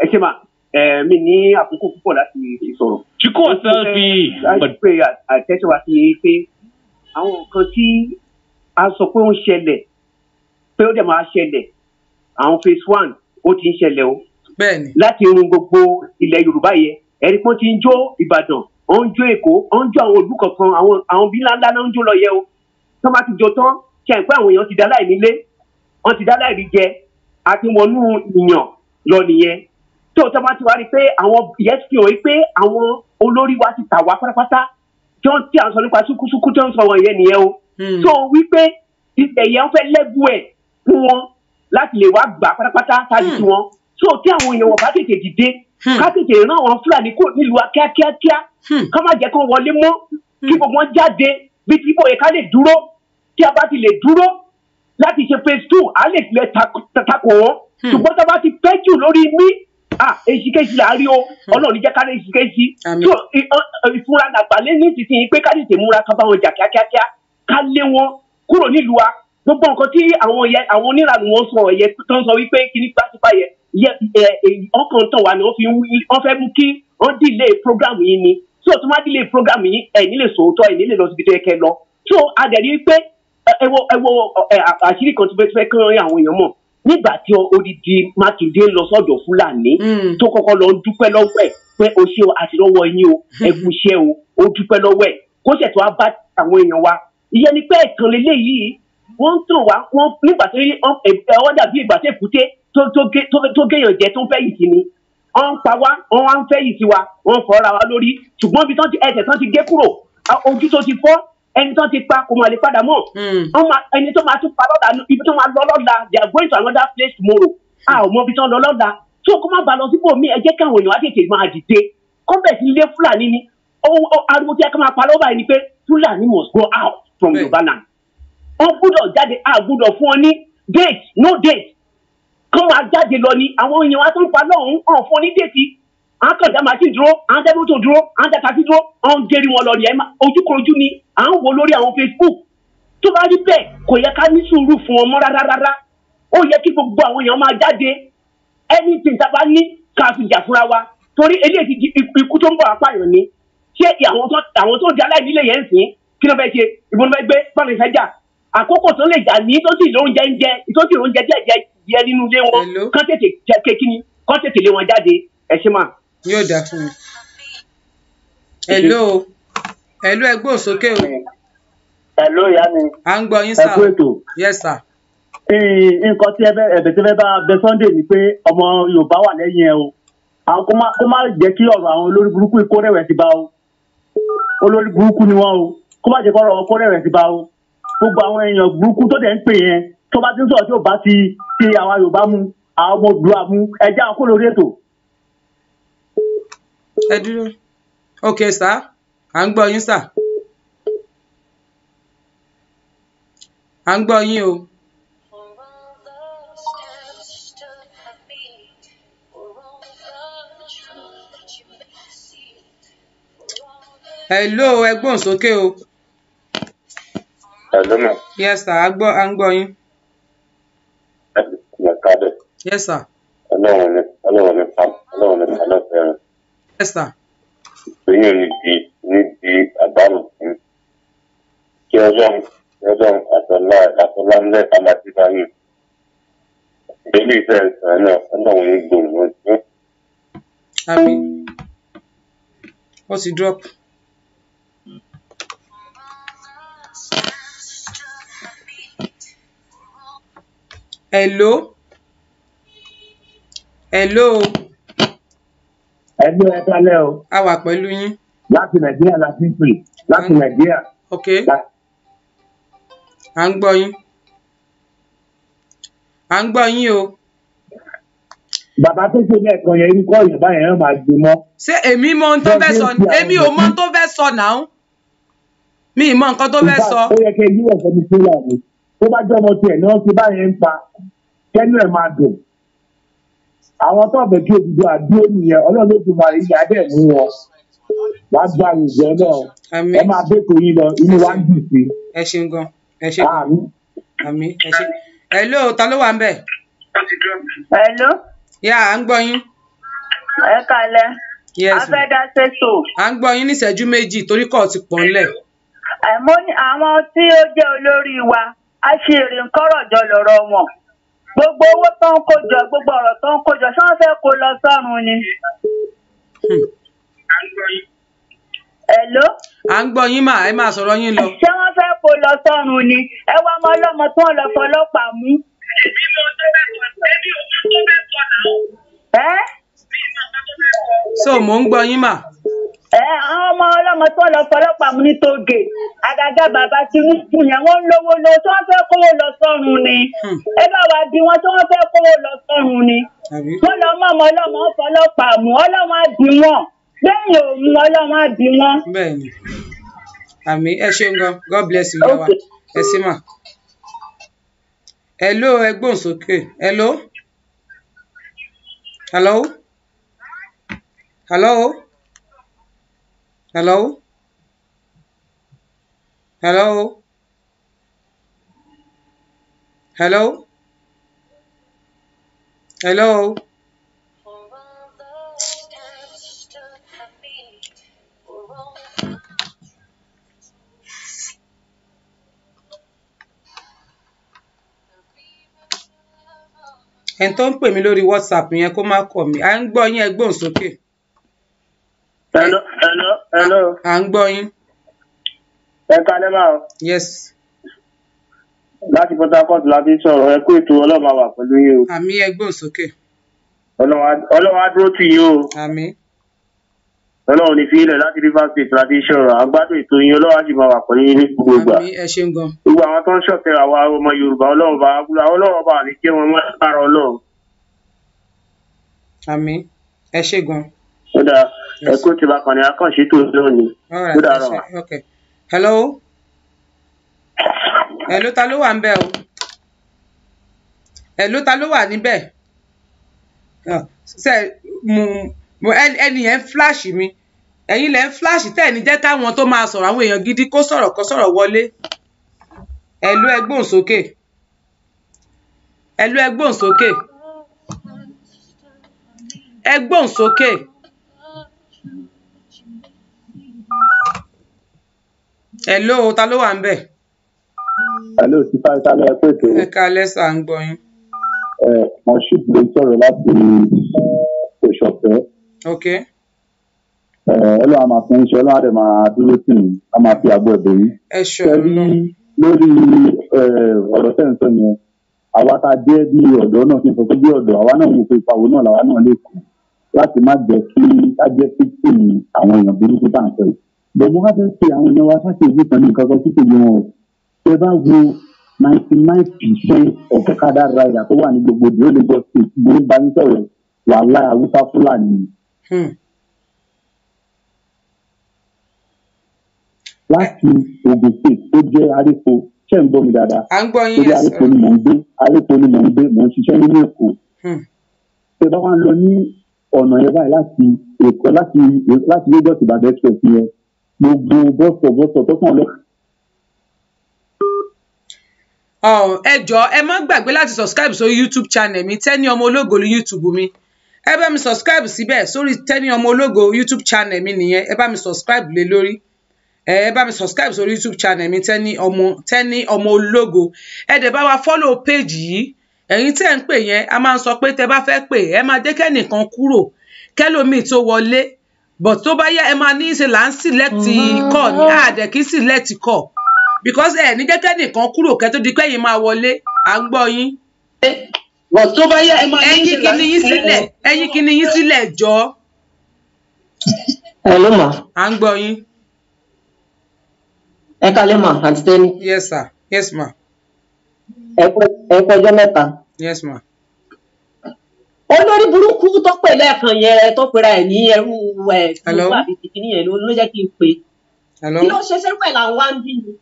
ẹ ṣe máa mi ní àkókò púpọ̀ láti sọ̀rọ̀. chukwu ọ̀sán fi. láti pé àtẹ́sọ̀wá sí i pé àwọn nǹkan tí a sọ pé ó ń ṣẹlẹ̀ pé ó dẹ̀ máa ṣẹlẹ̀ àwọn phase one ó ti ń ṣẹlẹ̀ o láti irun gbogbo ilẹ̀ yorùbá yẹn ẹ̀rí pé ó ti ń jó ìbàdàn ó ń jó èkó ó ń jó àwọn òlú kọ̀ọ̀kan àwọn àwọn bí ńláńlá náà ń jó lọ yẹ o tó bá ti jó tán ṣe àìpé àwọn èèyàn ti dá láì nílé wọ́n ti dá láì rí jẹ àti wọnú ìyàn lọ nìyẹn tó tó bá ti wá rí pé àwọn ìyẹn ti hàn pé àwọn olórí wa ti tà wá pátápátá tí wọ́n ti à ń sọ nípa súkúsúkú tó ń sọ wọ̀nyẹn nìyẹn o tó hmm. wípé ilẹ̀ yẹn fẹ́ lẹ́gùn ẹ̀ fún wọn láti lè wá gbà pátápátá tá a lè so tí àwọn èèyàn wọn bá tètè dìde hmm. ká tètè rán àwọn fúlàní kò nílùú wa kíákíákíá hmm. ká má jẹ́ kó wọlé mọ́ kí hmm. gbogbo wọn jáde bí tí bóyá ká lè dúró tí a bá ti lè dúró láti ṣe phase two a lè tilẹ̀ takò wọn ṣùgbọ́n tá a bá ti pẹ́ jù lórí mí èsìkèsì là á rí o ọlọ́run ní jẹ́ ká rí èsìkèsì tó ìfúnra làgbàlẹ́ ní títí pé ká tètè múra ká bá wọn jà kíákíákíá ká lé wọn kúrò nílùú wa gbogbo nǹkan tí àwọn onírànú wọn sọ yẹ tó ń sọ wípé kíní gbàtúbà yẹ Eh, eh, ọkàn tán wà ni wọ́n fi wọ́n fẹ́ mú kí wọ́n delay program yìí ni tí òtún wá delay program yìí ẹ̀ nílè sòótọ́ ẹ̀ nílè lọ síbi tó yẹ kẹ́ lọ so adẹ̀rí pé ẹ wo ẹ wo àṣírí kan tó fẹ́ fẹ́ kán àwọn èèyàn mọ̀ nígbà tí odidi Mákindé lọ sọ́dọ̀ Fúlàní mm. tó kọ́kọ́ lọ dúpẹ́ lọ́wọ́ ẹ̀ pé o ṣe o àti lọ́wọ́ yín o ẹ̀kú iṣẹ́ o ó dúpẹ́ lọ́wọ́ ẹ̀ kó ṣẹ̀ tó a bá àwọn èèyàn wa ìyẹn ni pé ẹ̀kan lélẹ́yìí wọ́n ń tàn wá wọ́n nígbà tí wọ́n dàbí ìgbà tí èkúté tó kéèyàn jẹ tó ń fẹ́ yìí sí ni wọ́n ń pa wá wọ́n wá ń fẹ́ yìí sí wa wọ́n fọ́ra wa lórí ṣùgbọ́n ibi tán ti ẹsẹ̀ tán ti gé kúrò ojú tó ti fọ́ ẹni tó ti pa kò mà lè padà mọ́ hmm. ẹni tó máa tún pa lọ́la ibi tó máa lọ lọ́la they are going to another place tomorrow a ò mọ ibi tó ń lọ lọ́la tí o kò má ba lọ síbò mí ẹ jẹ́ káwọn èèyàn á tètè máa dìde kọ́ńbẹ̀sì ilé fúlàní ni ariwo tí a kàn máa pa lọ́wọ́ báyìí ni pé fúlàní must go out from yorùbá land wọ́n gbúdọ̀ jáde a gbúdọ̀ fún ọ ní date no date kán máa jáde lọ ni àwọn èèyàn wa tó ń pa lọ́hùn hàn fún ní déètì à ń kàn dá màsí dúró à ń dá mọ́tò dúró à ń dá taxi dúró à ń geri wọn lọ ni ojúkorojú ni à ń wo lórí àwọn Facebook tó bá rí bẹ́ẹ̀ kò yẹ ká ní sùúrù fún wọn mọ́ rárá rárá ó yẹ kí gbogbo àwọn èèyàn máa jáde anything tá a bá ní ká fi jà fúnra wa torí eléyìí ti di ikú tó ń bọ̀ apáyọ̀ ni ṣé àwọn tó di aláìnílé yẹn ń sìn kí ló fẹ́ ṣe ìbọn fẹ́ gbé pàrọ̀ ìfẹ́ jà àkókò tó lè jà ní tó sì lóúnjẹ ń jẹ tó sì lóúnjẹ díẹ̀ díẹ̀ jẹ nínú ilé wọn kán tètè jẹ kíni kán tètè lé wọn jáde ẹ ṣe mà. yóò dà fún mi. hello hello ẹ gbóhùn o. hello ìyá mi. à ń gbọ́ yín sá. ẹ ètò. yes sir. nǹkan tí ẹ̀bẹ̀ tí ẹ fẹ́ bá bẹ Sunday ni pé ọmọ Yorùbá wà lẹ́yìn ẹ o àwọn kó má jẹ́ kí ọ̀rọ̀ àwọn olórí burúkú ikó rẹ̀wẹ̀sì bá o olórí burúkú ni wọ́n o kó má jẹ́ kí ọ̀rọ̀ wọn kó rẹ̀wẹ̀sì bá o gbogbo àwọn èèyàn burúkú tó dẹ̀ ń pè yẹn tó bá ti ń sọ̀rọ̀ tí ò bá ti ti àwa Yorùbá mu àwọn ọmọ Oòduà mu ẹjẹ́ àwọn kó lórí ètò. ẹ dúró ok sá à ń gbọ́ yín sá à ń gbọ́ yín o. hello ẹ gbóhùn sókè o. hello ma. yes sir a gbọ́ a ń gbọ́ yín yes sir. Hello, hello, hello, hello. pa ọlọ́run ní pa lọ́sẹ̀ rẹ̀. yes sir. ìpínyìn ní di ní the àbámọ̀tí kí ọlọ́run kí ọlọ́run àtọ́lá àtọ́lá ńlẹ̀ alábíbá yìí. ìdílé ìfẹ́ ìsàn náà ọlọ́run ní gbòòrò ní. àmì ó ti drop. Hello hello. ẹgbẹ́ ẹ kálẹ̀ o. a wà pẹ̀lú yín. láti nàìjíríà láti ń pè láti nàìjíríà. ok à ń gbọ́ yín à ń gbọ́ yín o. bàbá tó ṣe lẹ́ẹ̀kan yẹn irú kọ́ ìyàbá yẹn máa gbé mọ́. ṣé èmi mọ ohun tó fẹ́ sọ èmi ò mọ ohun tó fẹ́ sọ náà mi ì mọ nǹkan tó fẹ́ sọ. ó yẹ kí ẹ yíwọ̀ sọ́mi tó wà tó bá jẹ́ ọmọ tiẹ̀ ni ti bá ń pa kẹ́nu ẹ̀ máa dùn àwọn tó àbẹ̀ kí òdodo àdúró nìyẹn ọlọ́run ló fi wà ní adẹ́ mú wọn wá gba ìjẹ náà ẹ máa bẹ́ẹ̀kọ́ yín lọ inú wa ń dùn sí. ẹ ṣeun gan ẹ ṣe gan ẹ ṣe. hello ta ló wà ń bẹ̀. hello. yà á ń gbọ́ yín. ẹ kalẹ̀. yes ma. a fẹ́ dá sẹ́tò. à ń gbọ́ yín ní ìṣẹ́jú méjì torí kọ́ ti pọ̀ ńlẹ̀. àwọn tí ó jẹ́ olórí wa a ṣe èrè ńkọ́rọ̀ jọ lọ́rọ̀ wọn gbogbo owó tó ń kó jọ gbogbo ọ̀rọ̀ tó ń kó jọ ṣé wọ́n fẹ́ kó lọ sọ́run ni. Hello. À ń gbọ́ yín mà, ẹ máa sọ̀rọ̀ yín lọ. Ṣé wọ́n fẹ́ kó lọ sọ́run ni? Ẹ wá ọmọ ọlọ́mọ tí wọ́n lọ fọlọ́pàá mú. Ẹ́. So mò ń gbọ́ yín mà ẹ àwọn ọmọ ọlọ́mọ tó lọ fọlọ́pàá mú ní tóge àgàgà bàbá Tinubu yẹn wọ́n ń lówó lọ tí wọ́n fẹ́ kówó lọ sọ́run ni hmm. ẹ bá wa bí wọn tí wọ́n fẹ́ kówó lọ sọ́run ni wọ́n lọ mọ ọmọ ọlọ́mọ fọlọ́pàá mú ọlọ́mọ àbí wọn lẹ́yìn òun ọlọ́mọ àbí wọn. bẹ́ẹ̀ni àmì ẹ ṣeun gan god bless you yawa ẹ sì mà ẹ ló ẹ gbóhùn sókè ẹ ló hello hello. hello? Hello? Hello? Hello? Hello? ẹni tó ń pè mí lórí WhatsApp yẹn kó má kọ̀ mí à ń gbọ́ yín ẹ sókè. Okay hello. à ń gbọ́ yín. ẹ kalẹ́ máa. yes. láti Port Harcourt la fi sọ̀rọ̀ ẹ kú ètò ọlọ́run àwà pẹ̀lú yín o. àmì ẹgbọ́n sókè. ọlọ́run á dúró tì yín o. àmì. ọlọ́run ní fi ilẹ̀ láti Rivers State la fi sọ̀rọ̀ àgbádùn ètò yín ọlọ́run á sì máa wà pẹ̀lú yín ní gbogbo ìgbà. àmì ẹ ṣeun gan. gbogbo àwọn tó ń ṣọ̀tẹ̀ àwa ọmọ Yorùbá ọlọ́run bá ọlọ́run bá àlè jẹ́ wọn mọ́ àmì ẹ ṣe gan. ó dáa ẹ kó tí kan ní akànṣe tó lónìí tó dára wa. hello hello ta ló wà níbẹ̀ o hello ta ló wà níbẹ̀ ah, ṣe mo ẹni yẹn flash mi ẹ̀yin lẹ ń flash tẹ́ ẹ̀ ní jẹ́ káwọn tó máa sọ̀rọ̀ àwọn èèyàn gidi kó sọ̀rọ̀ kó sọ̀rọ̀ wọlé hello ẹ sókè hello ẹ sókè ẹ sókè. hello ta ló wà ń bẹ̀. hello ti fa ìtàlẹ̀ ẹ pé kèrè. ẹ kalẹ́ sà ń gbọ́ yín. ẹ moshood ló sọ̀rọ̀ láti òṣọ̀fẹ́. ok. ẹ ọlọ́run a máa fún iṣẹ́ ọlọ́run àdè máa dúró sí mi a máa fi àgbo ẹ̀bẹ̀ yìí. ẹ ṣọ̀rọ̀ náà. lórí ọ̀rọ̀ tẹ̀ ń sọ yẹn àwa tá a jẹ́ bí ọ̀dọ́ náà kí n sọ pé bí ọ̀dọ́ àwa náà mú pé ìpawó náà làwa náà lè kú láti má jẹ́ kí á jẹ́ fífún àwọn èèyàn burúkú tá à ń sọ yìí bọ̀bọ̀ wá fẹ́ pe àwọn èèyàn wa sáṣẹ ìlú kan ní nǹkan kan tó tẹ̀lé wọn o tẹ bá wo ninety nine percent ọ̀kadà rider tó wà ní gbogbo ìdílé Lagos state gbòó bá yín sọ̀rọ̀ wàhálà haúsá fúlàní. láti Ogun state tó jẹ́ arípo ṣé ń gbọ́ mi dáadáa torí arípo ni mò ń gbé arípo ni mò ń gbé mò ń ṣiṣẹ́ nínú Èkó tẹ bá wà lọ ní ọ̀nà yẹn báyìí láti Èkó láti Lagos Ìbàdàn express yẹn gbogbo bọ́sọ̀bọ́sọ̀ tó kàn lọ. ẹ jọ̀ọ́ ẹ má gbàgbé láti subscribe sórí YouTube channel mi Tenny ọmọ ológo ní YouTube mi ẹ bá mi subscribe síbẹ̀ sórí Tenny ọmọ ológo YouTube channel mi nìyẹn ẹ bá mi subscribe lé lórí ẹ bá mi subscribe sórí YouTube channel mi Tenny ọmọ Tenny ọmọ ológo ẹ dẹ̀ bá wa follow page yìí ẹ̀yin tẹ́ ń pè yẹn a máa ń sọ pé tẹ́ bá fẹ́ pè ẹ máa dé kẹ́nìkan kúrò kẹ́lòmíì tó wọlé but tó bá yá ẹ máa ní í ṣe là ń select call ní àdẹ kí select call because ẹ eh, ní jẹ́kẹ́ nìkan kúrò kẹ́ tó di pé yín máa wọlé à ń gbọ́ yín. but tó bá yá ẹ máa ní í ṣe là ń sílẹ̀ ẹyin kí ni yín sílẹ̀ jọ. ẹ ló mà. à ń gbọ́ yín. ẹ kálẹ́ mà àti tẹ́ni. yes sir yes ma. ẹ kọjọ́ mẹ́ta. yes ma olórí burúkú tó pè lẹ́ẹ̀kan yẹn tó pera ẹ̀ ní ẹrú ẹ̀ fún àbí kìkìnì yẹn ló jẹ́ kí n pè kí ló ṣe ṣẹ́rú ẹ̀ là ń wá ń bí mi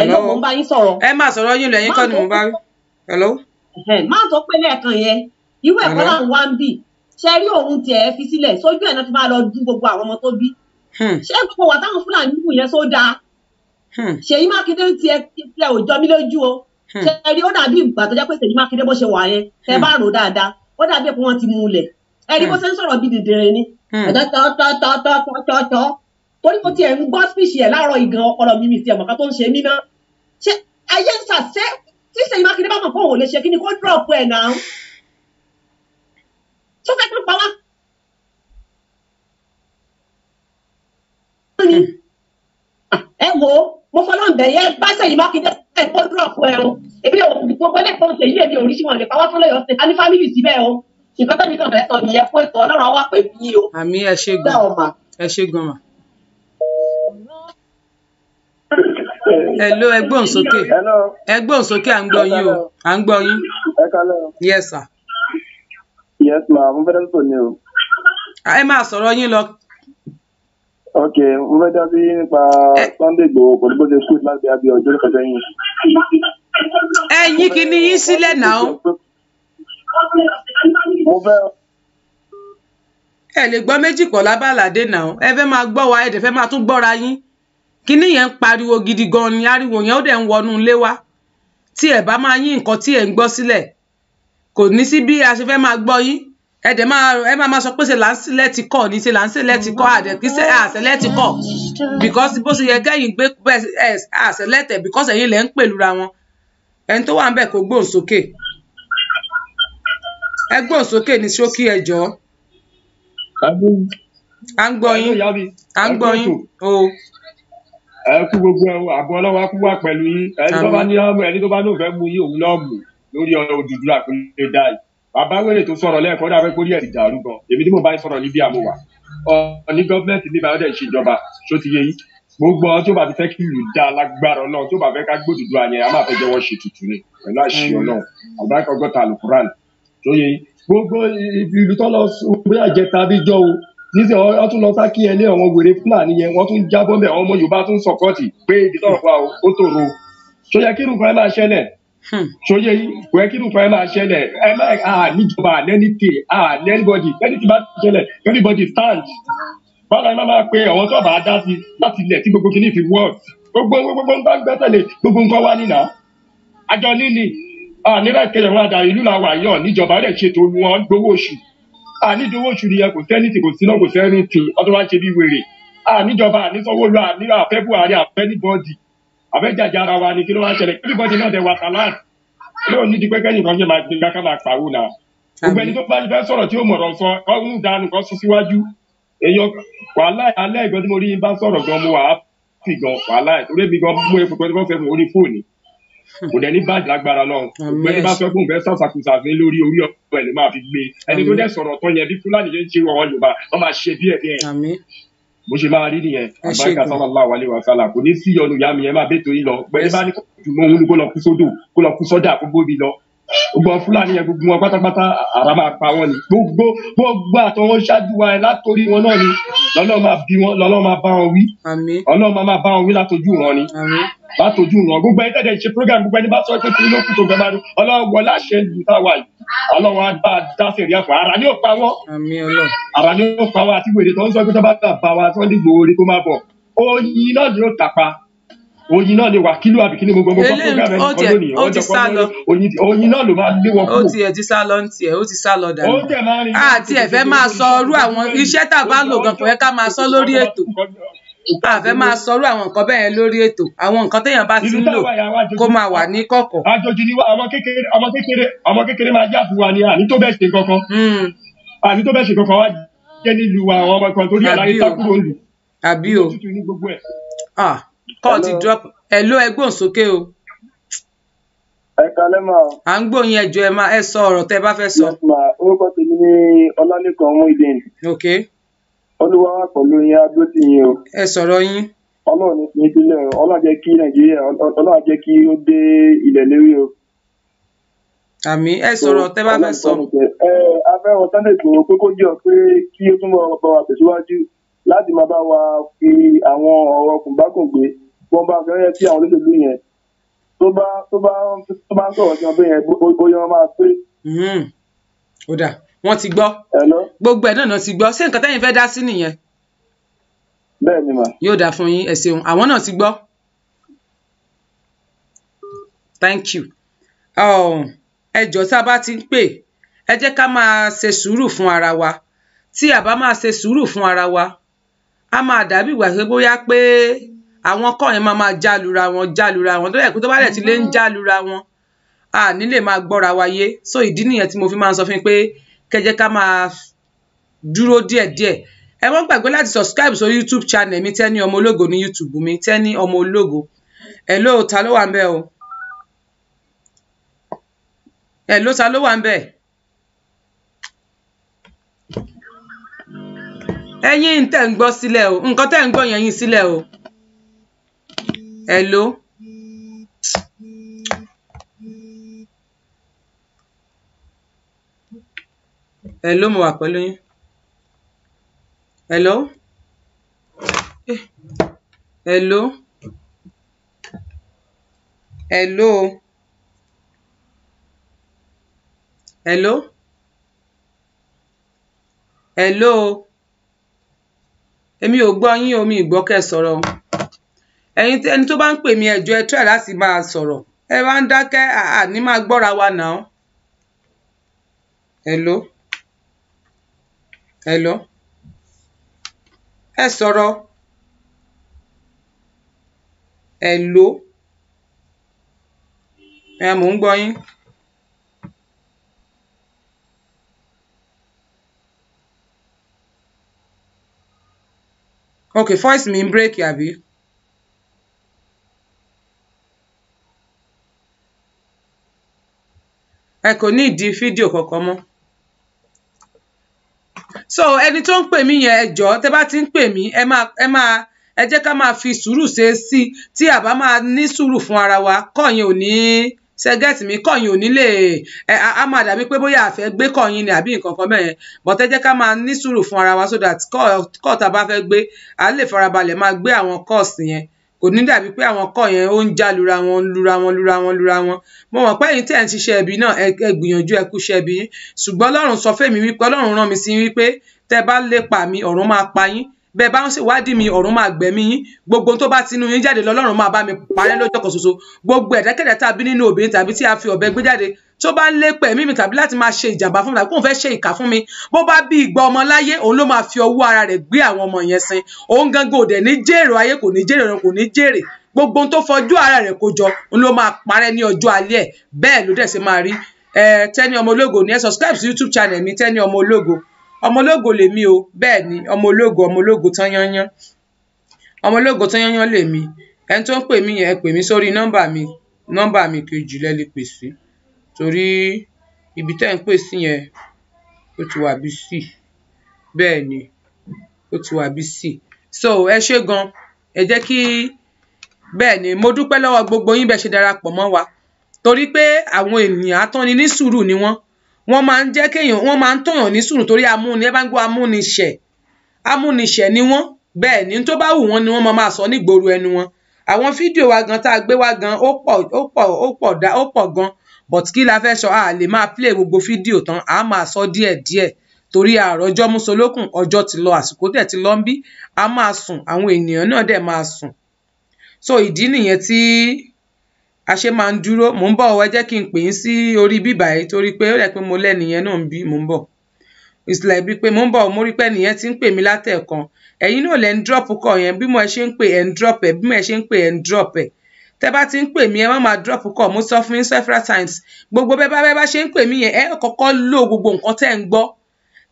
ẹ̀ ló mò ń bá yín sọ̀rọ̀. ẹ má sọ̀rọ̀ yín lọ ẹ̀yin kọ́ ni mò ń bá rí. má tó pè lẹ́ẹ̀kan yẹn irú ẹ̀kọ́ là ń wá ń bí ṣe rí òun tiẹ̀ fi sílẹ̀ sójú ẹ̀ náà fi máa lọ dú gbogbo àwọn ọmọ tó bí hmm. ṣé gbogbo wà táwọn fúlàní kù yẹn só dáa hmm. ṣèyí mákindé tiẹ̀ tiẹ̀ ò jọ mí lójú o hmm. ṣe rí ó dàbí ìgbà tó jẹ́ pé ṣèyí mákindé bó ṣe wà yẹn tẹ bá rò dáadáa ó dàbí pé wọ́n ti múlẹ̀ ẹni bó hmm. ṣe ń sọ̀rọ̀ bíi dìdìrín ni tọ́tọ́tọ́tọ́tọ́tọ́ hmm. torí mo tiẹ̀ ń gbọ́ speech yẹn láàárọ̀ ìgan ọpọlọ mi mi tiẹ̀ mọ̀ká tó ń ṣe mí náà ṣe ayé ń ṣàṣẹ tí Ṣèyí Mákindé bá mọ̀ pé òun ò lè ṣe kí ni kó drop ẹ̀ náà tó fẹ́ kí ló pa wá. Hmm. ẹ wo mo fọlọ́ ń bẹ̀ yẹ bá Ṣèyí Mákindé ẹ̀kọ́ drop ẹ o ebi o gbogbo lẹ́kọ̀ọ́ ṣe yí èmi oríṣi wọn lè pa wá fún lọ́yọ̀ ṣe ká ní fámìlì síbẹ̀ o ṣùgbọ́n tẹ́mi kan fẹ́ sọ nìyẹn fún ètò ọlọ́run wà pẹ̀lú yìí o. àmì ẹ ṣe gan ẹ ṣe gan ma. hello ẹ gbóhùn sókè ẹ sókè à ń gbọ́ yín o à ń gbọ́ yín. ẹ kalẹ o. yes sir. yes ma mo fẹ́ dẹ́sọ̀ ni o. ẹ máa sọ̀rọ̀ yín lọ ok mo fẹ́ dá sí nípa Sunday Igboho pẹ̀lú bó ṣe sùn láti abẹ́ ọjọ́ kẹsẹ̀ yìí. ẹ yí kíní yín sílẹ̀ náà. mo fẹ́. ẹ lè gbọ́ méjì pọ̀ lábàládé náà ẹ fẹ́ máa gbọ́ wa ẹ dẹ̀ fẹ́ máa tún gbọ́ra yín kíní yẹn ń pariwo gidi gan ni ariwo yẹn ó dẹ̀ ń wọnú ilé wa tí ẹ bá máa yín nǹkan tí ẹ ń gbọ́ sílẹ̀ kò ní sí bí a ṣe fẹ́ máa gbọ́ yín ẹ dẹ̀ máa ẹ máa máa sọ pé ṣe láńsílẹ̀ ti kọ̀ ní ṣe láńsílẹ̀ ti kọ̀ àdẹ̀kí ṣe àṣẹlẹ̀ ti kọ̀ because bó ṣe yẹ kẹ́yìn gbé ẹ àṣẹlẹ̀ tẹ̀ because ẹ̀yin lẹ̀ ń pèlúra wọn ẹni tó wà ń bẹ̀ kó gbóhùn sókè ẹ gbóhùn sókè ní ṣókí ẹ jọ. à ń gbọ́ yín à ń gbọ́ yín o. Oh. ẹ kú gbogbo ẹ àbọ̀ ọlọ́wọ́ kú wà pẹ̀lú yín ẹni tó bá ní ọmọ ẹni tó bá ní òfẹ́ mú yín òun náà mú lórí ọ̀rọ̀ bàbá wèrè tó sọ̀rọ̀ lẹ́ẹ̀kan dàbẹ́ kórìí ẹ̀ ti dàrú gan èmi tí mo bá ń sọ̀rọ̀ níbí àmọ́ wà ọ̀ọ́ni gọ́ọ̀mẹ̀ntì níbà ọ̀dẹ̀ ìṣèjọba ṣó ti yẹ yín gbogbo ọtí ó bá ti fẹ́ kí ìlú dá lágbára Ọlọ́run tí ó bá fẹ́ ká gbódùdú àyẹn a máa fẹ́ jẹ́wọ́ ṣe tutù ni pẹ̀lú àṣì mm. Ọlọ́run àbáríkọ ọgọ́ta alukuran tó yẹ gbogbo ìlú tó lọ bí àjẹta bí jọ o níṣẹ́ wọ́n tún lọ sákì ẹ ní àwọn wèrè Fúlàní yẹn wọ́n tún jábọ́ bẹ́ẹ̀ àwọn ọmọ Yorùbá tún sọ̀kọ́tì pé ibi tọ́rọ̀ pa ó tòrò tó yẹ kí irú kan máa ṣẹlẹ̀ ye sóyè kò yẹ kí ló fọ ẹ máa ṣẹlẹ̀ ẹ máa à níjọba à lẹ́nìtì à lẹ́nìbọ̀dì lẹ́nìtì bá ṣẹlẹ̀ lẹ́nìbọ̀dì stand báwo ni wọ́n máa pe àwọn tó bá dá sí láti ilẹ̀ tí gbogbo kìíní fi wọ́ọ̀t gbogbo gbogbo nǹkan gbẹ́sẹ̀lé gbogbo nǹkan wá nínà àjọ níní à nílẹ̀ ìkẹyẹ̀ wọn àdàrí ìlú làwọn àyọ̀ níjọba rẹ̀ ṣètò wọn gbowó oṣù à nídowó oṣù nìyẹn kò sẹ́nìtì kò sí náà kò sẹ́nìtì ọdún wa ń ṣe bí wèrè à níjọba à ní sanwó-olú à nílò àfẹ́ buhari àfẹ́ níbọ̀dì àfẹ́jàjà ara wa ni kí ló wá ṣẹlẹ̀ everybody náà dẹ̀ wà sàlán lóò ní dípẹ́ kẹ́yìn kan ṣe máa gbé ká pàwó náà gbogbo ẹni tó bá fẹ́ sọ̀rọ̀ tí ó mọ̀rọ̀ sọ ọ̀hún dànù kan sí síwájú èèyàn wàhálà alẹ́ ìgbọ́n tí mo rí bá sọ̀rọ̀ gan mo wà á fi gan wàhálà orí mi gan mú epo pẹ̀lú fẹ́ fún orí fóònù kò dẹ̀ ní bàjẹ́ lágbára náà hmm. gbogbo ẹni bá fẹ́ fún fẹ́ sàṣàkùsàfẹ́ bó ṣe máa rí nìyẹn àbáríkà sallallahu alaihi wa kò ní sí ọ̀nù ìyá mi ẹ máa bẹ́ẹ̀ torí lọ pé ẹ bá ní kó lọ kú sódò kó lọ kú sọ́dà kó gbóbi lọ gbogbo fúlàní yẹn gbogbo wọn pátápátá ara máa pa wọn ni gbogbo gbogbo àtọwọn ṣáájú wa yẹn látòrí wọn náà ni lọ́lọ́run máa bí wọn lọ́lọ́run máa bá wọn wí Ọlọ́run máa bá wọn wí látòjú wọn ni látòjú wọn gbogbo ẹni tẹ̀lé ṣe program gbogbo ẹni bá sọ pé kí ló kù tó fẹ́ máa wọlé àṣẹ ìlú tá a yìí Ọlọ́run bá a dá sí ìrìn àpò ara ni ó pa wọn ara ni ó pa wọn àti wèrè tó ń sọ pé tó bá gbà bá wa tó ń dìgbò orí tó máa bọ̀ oyin náà lè wà kílò àbí kílò gbogbo gbogbo program ẹni kan lónìí ọjọ́ kan lónìí oyin náà ló máa lé wọn kú. ó tiẹ̀ ti sá lọ tiẹ̀ ó ti sá lọ dànù. ó tẹ̀ máa rìn. àti ẹ̀fẹ́ máa sọ ọrú àwọn iṣẹ́ tá a bá lò gan kò yẹ ká máa sọ lórí ètò a fẹ́ máa sọ̀rọ̀ àwọn nǹkan bẹ́ẹ̀ lórí ètò àwọn nǹkan téèyàn bá ti ń lò kó máa wà ní kọ̀kọ̀. àjòjì ni wá ọmọ kékeré ọmọ wa ni àní tó bẹ́ẹ̀ ṣe kankan hmm. àní kọ́ ti drop ẹ̀ ló sókè o. ẹ kalẹ́ mà à ń gbóyin ẹjọ́ ẹ máa ẹ sọ ọ̀rọ̀ tẹ́ bá fẹ́ sọ. yes ma orúkọ tèmi ni ọlálẹ́kan muhyiddin. ok. olúwa wà pẹ̀lú yín adúló o. ẹ sọ̀rọ̀ yín. ọlọ́run ní ìpínlẹ̀ ọlọ́run jẹ́ kí nàìjíríà ọlọ́run jẹ́ kí ó dé ilẹ̀ lérí o àmì ẹ sọ̀rọ̀ tẹ́ bá fẹ́ sọ. ẹ afẹ́ràn sunday láti máa bá wa fi àwọn ọ̀rọ̀ kùnbákùngbé wọ́n bá ọkùnrin yẹn tí àwọn olóṣèlú yẹn tó bá tó bá tó bá ń sọ̀rọ̀ sí ọbẹ̀ yẹn bóyá wọ́n máa pé. Hmm. ó dà wọ́n ti gbọ́ gbogbo ẹ̀ náà náà ti gbọ́ ṣé nǹkan tẹ́yìn fẹ́ dá sí nìyẹn. bẹ́ẹ̀ ni mà. yóò dà fún yín ẹ ṣeun àwọn náà ti gbọ́. thank you um, ẹ jọ tá a bá ti ń pè ẹ jẹ́ ká máa ṣe sùúrù fún ara wa tí a bá máa ṣe sùúrù fún ara wa a máa dàbí ìgbà pé bóyá pé àwọn kọ́ yẹn máa máa jálura wọn jálura wọn tó yẹ kó tó bá dẹ̀ ti lé ń jálura wọn a nílè máa gbọ́ra wa so ìdí nìyẹn tí mo fi máa ń sọ fún yín pé kẹjẹ́ ká máa dúró díẹ̀díẹ̀ ẹ wọ́n gbàgbé láti subscribe sórí YouTube channel mi Tenny ọmọ ológo ní YouTube mi Tenny ọmọ ológo ẹ ló ta ló wà ń bẹ o ẹ ló ta ló wà ń bẹ. ẹ̀yin tẹ́ ń gbọ́ sílẹ̀ o nǹkan tẹ́ ń gbọ́ yẹn yín sílẹ̀ o hello hello mo wà pẹ̀lú yín hello hello hello hello hello èmi ò gbọ́ yín o mi sọ̀rọ̀ ẹni tó bá ń pè mí ẹ̀jọ́ ẹ try láti máa sọ̀rọ̀ ẹ bá ń dákẹ́ àní máa gbọ́ra wa nà án. hello hello ẹ sọ̀rọ̀ hello ẹ mò ń gbọ́ yín. okay voice mi ń break àbí. ẹ kò ní ìdí fídíò kankan mọ́ so ẹni tó ń pè mí yẹn ẹ jọ̀ọ́ tẹ́ bá ti ń pè mí ẹ máa ẹ máa ẹ jẹ́ ká máa fi sùúrù ṣe sí i tí àbá máa ní sùúrù fún ara wa kọ̀yìn ò ní ṣẹ́gẹ́tì mi kọ̀yìn ò ní lè ẹ á máa dàbí pé bóyá àfẹ́ gbé kọ̀yìn ni àbí nǹkan kan bẹ́ẹ̀ but ẹ jẹ́ ká máa ní sùúrù fún ara wa so that kọ́ọ̀tà bá fẹ́ gbé à lè farabalẹ̀ máa gbé àwọn course yẹn kò ní dàbí pé àwọn kọ́ yẹn ó ń já lura wọn lura wọn lura wọn lura wọn mo mọ̀ pé ẹ̀yin tẹ́ ẹ̀ ń ṣiṣẹ́ ẹbí náà ẹ gbìyànjú ẹ kú iṣẹ́ ẹbí yín ṣùgbọ́n ọlọ́run sọ fẹ́mi wípé ọlọ́run rán mi sí wípé tẹ́ bá lépa mi ọ̀run máa pa yín bẹ́ẹ̀ bá ń ṣèwádìí mi ọ̀run máa gbẹ̀mí yín gbogbo tó bá tinú yín jáde lọ́lọ́run máa bá mi parẹ́ lọ́jọ́ kan ṣoṣo gbogbo ẹ̀dẹ́kẹ̀dẹ́ tàbí nínú obìnrin tàbí tí a fi ọ̀bẹ gbé jáde tó bá ń lépa ẹ̀mí mi tàbí láti máa ṣe ìjàmbá fún mi tàbí kóun fẹ́ ṣe ìkà fún mi bó bá bí ìgbà ọmọ láyé òun ló máa fi ọwọ́ ara rẹ̀ gbé àwọn ọmọ yẹn sin òun gangan ò dẹ̀ ní jèrè ayé kò ní gbogbo tó fọjú ara rẹ̀ kó jọ òun ló máa parẹ́ ní ọjọ́ alẹ́ bẹ́ẹ̀ ló dẹ̀ ṣe máa rí Tenny ọmọ ológo ní ẹ subscribe to YouTube channel mi Tenny ọmọ ológo ọmọ ológo lèmi o bẹ́ẹ̀ ni ọmọ ológo ọmọ ológo tán yányán ọmọ ológo tán yányán lèmi ẹni tó ń pè mí yẹn pè mí sórí nọ́mbà mi nọ́mbà mi kejì lẹ lè pè sí torí ibi tẹ́ ń pè sí yẹn ó ti wà bí sí bẹ́ẹ̀ ni ó ti wà bí sí so ẹ ṣé gan ẹ jẹ́ kí bẹ́ẹ̀ ni mo dúpẹ́ lọ́wọ́ gbogbo yín bẹ́ẹ̀ ṣe darapọ̀ mọ́ wa torí pé àwọn ènìyàn atọ́ni ní sùúrù ni wọ́n wọ́n máa ń jẹ́ kéèyàn wọ́n máa ń tọ̀yàn ní sùúrù torí amúni ẹ bá ń gbọ́ amúniṣẹ̀ amúniṣẹ̀ ni wọ́n bẹ́ẹ̀ ni tó bá wù wọ́n ni wọ́n máa máa sọ nígboro ẹnu wọn àwọn fídíò wa gan tá a gbé wa gan ó pọ̀ ó pọ̀ ó pọ̀ dá ó pọ̀ gan but kí la fẹ́ sọ a lè máa play gbogbo fídíò tán a máa sọ díẹ̀ díẹ̀ torí àròjọ́ musolókùn ọjọ́ ti lọ àsìkò dẹ̀ ti lọ ń bí a máa sùn àwọn ènìyàn náà dẹ̀ máa sùn so ìdí nìyẹn tí àṣé máa ń dúró mò ń bọ̀ ọ ẹ jẹ́ kí n pè yín sí orí bíbà yìí torí pé ó rẹ̀ pé mo lẹ́nìyẹn náà ń bí mò ń bọ̀ it's like bíi pé mò ń bọ̀ mo rí pé nìyẹn ti ń pè mí látẹ̀ẹ̀kan ẹ̀yin náà lẹ́ ń drop kọ yẹn bí mo ṣe ń pè ẹ̀ ń drop ẹ̀ bí mo ṣe ń pè ẹ̀ ń drop ẹ̀ tẹ́ bá ti ń pè mí ẹ má máa drop kọ mo sọ fún yín several times gbogbo bẹ́ẹ̀ bá bẹ́ẹ̀ bá ṣe ń pè mí yẹn ẹ kọ́kọ́ lo gbogbo nǹkan tẹ́ ń gbọ́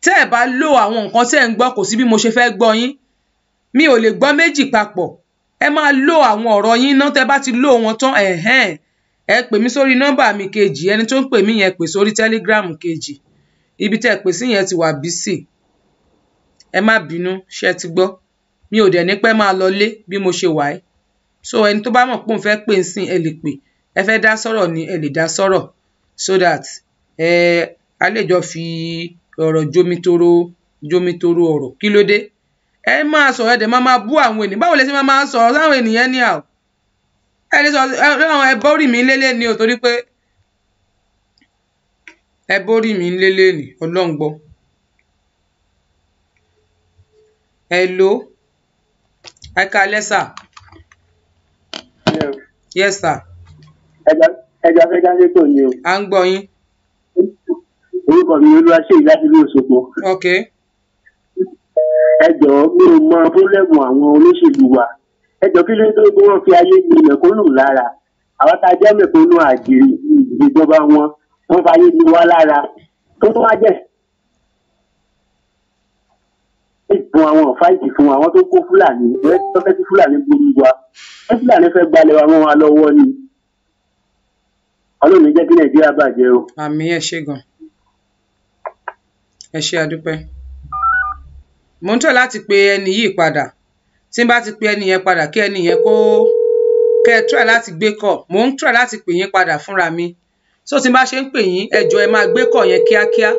tẹ́ ẹ bá lo àwọn nǹkan tẹ́ ń gbọ́ kò sí bí mo ṣe fẹ́ gbọ́ yín mi ò lè gbọ́ méjì papọ̀ ẹ máa lo àwọn ọ̀rọ̀ yín náà tẹ́ bá ti lo wọn tán ẹ̀hẹ́n ẹ pè mí sórí nọ́mbà mi kejì ẹni tó ń pè mí yẹn pè sórí telegram kejì ibi tẹ́ ẹ pè sí yẹn ti wà bísì ẹ má bínú ṣe ti gbọ́ mi ò dẹ̀ ní pẹ́ máa lọlé bí mo ṣe wà ẹ́ so ẹni tó bá mọ̀ pé òun fẹ́ pè ń sìn ẹ lè pè ẹ fẹ́ dá sọ̀rọ̀ ni ẹ lè dá sọ̀rọ̀ so that ẹ a lè jọ fi ọ̀rọ̀ jomitoro jomitoro ọ̀rọ̀ kí ló dé ẹ máa sọ̀rọ̀ ẹ dẹ̀ máa máa bú àwọn ènìyàn báwo lẹ ṣe máa máa sọ̀rọ̀ sáwọn ènìyàn ní àw ẹ lè sọ láwọn ẹ bórì mí lélẹ̀ ni o torí pé ẹ bórì mí lélẹ̀ ni ọlọ́run gbọ́ hello ẹ kalẹ́ sà. yes sà. ẹja fẹ́ dáńdé tó ni o. à ń gbọ́ yín. orúkọ mi olúwa ṣèyí láti ilé Òṣogbo. okay ẹ jọ̀ọ́ mi ò mọ fúnlẹ́mù àwọn olóṣèlú wa ẹ jọ̀ọ́ kí ló dé bí wọ́n fi ayé mi mẹ̀kúnnù lára àwọn tá a jẹ́ mẹ̀kúnnù àjèrè ìjọba wọn wọ́n fi ayé mi wá lára tó tó wá jẹ́ fún àwọn fáìtì fún àwọn tó kó fúlàní ẹ tó fẹ́ tí fúlàní gbórí wa ẹ fúlàní fẹ́ gbalẹ̀ wa mọ́ wa lọ́wọ́ ni ọlọ́run jẹ́ kí nàìjíríà bàjẹ́ o. àmì ẹ ṣé gan ẹ ṣé adúpẹ́ mò ń tọ̀ láti pe ẹni yìí padà tí n bá ti pe ẹni yẹn padà kí ẹni yẹn kó kẹ́ ẹ try láti gbé kọ̀ mò ń try láti pè yín padà fúnra mi so tí n bá ṣe ń pè yín ẹ jọ̀ọ́ ẹ máa gbé kọ̀ yẹn kíákíá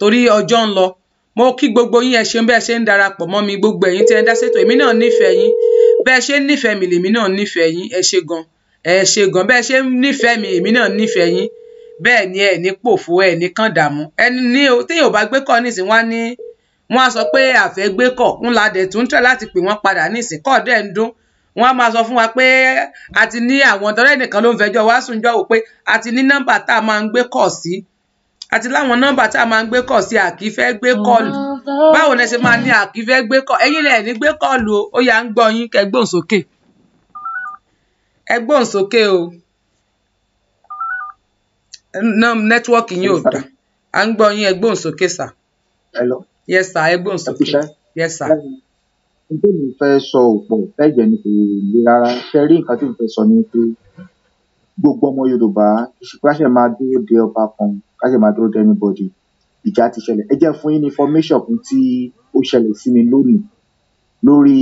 torí ọjọ́ ń lọ mo kí gbogbo yín ẹ ṣeun bẹ́ẹ̀ ṣe ń darapọ̀ mọ́ mi gbogbo ẹ̀yin tí ẹ ń dá sétò èmi náà nífẹ̀ẹ́ yín bẹ́ẹ̀ ṣe ń nífẹ̀ẹ́ mi lèmi náà nífẹ̀ẹ́ yín ẹ ṣe gan ẹ ṣe gan bẹ́ẹ̀ ṣe ń nífẹ̀ẹ́ mi èmi náà nífẹ̀ẹ́ yín bẹ́ẹ̀ ni ẹ ní pòfo ẹ ní kàn dààmú ẹni ní o téèyàn ò bá gbé kọ́ nísìnyí wá ní wọ́n á sọ pé àfẹ́gbékọ̀ ń la dẹ̀ tún tẹ̀ láti pè wọ́n padà nísìn kọ́ dẹ̀ ń dún wọ́n á máa sọ fún wa pé a ti ní àwọn tọ́lẹ́ nìkan ló ń fẹjọ́ wá sùn jọ́ wò pé a ti ní nọ́mbà tá a máa ń gbé kọ̀ sí àti láwọn nọ́mbà tá a máa ń gbé kọ̀ sí àkífẹ́ gbé kọ́ọ̀lù báwo lẹ ṣe máa ní àkífẹ́ gbé kọ̀ ẹ̀yin lẹ̀ ní gbé kọ́ọ̀lù ó yá ń gbọ́ yín kẹ́ gbóhùn sókè ẹ gbóhùn sókè o nẹ́tíwọ́ọ̀kì yín ò dá à ń gbọ́ yín ẹ gbóhùn sókè sà. Hello yes sir ẹ gbóhùn sókè yes sir. nítorí mi fẹ́ sọ òpó ẹ̀jẹ̀ ni kò le rárá ṣe rí nǹkan tí mo fẹ́ sọ ni pé gbogbo ọmọ yorùbá káṣẹ máa dúró de ọba kan káṣẹ máa dúró de anybody ìjà ti ṣẹlẹ̀ ẹ jẹ́ fún yín ní information fún tí ó ṣẹlẹ̀ sí mi lónìí lórí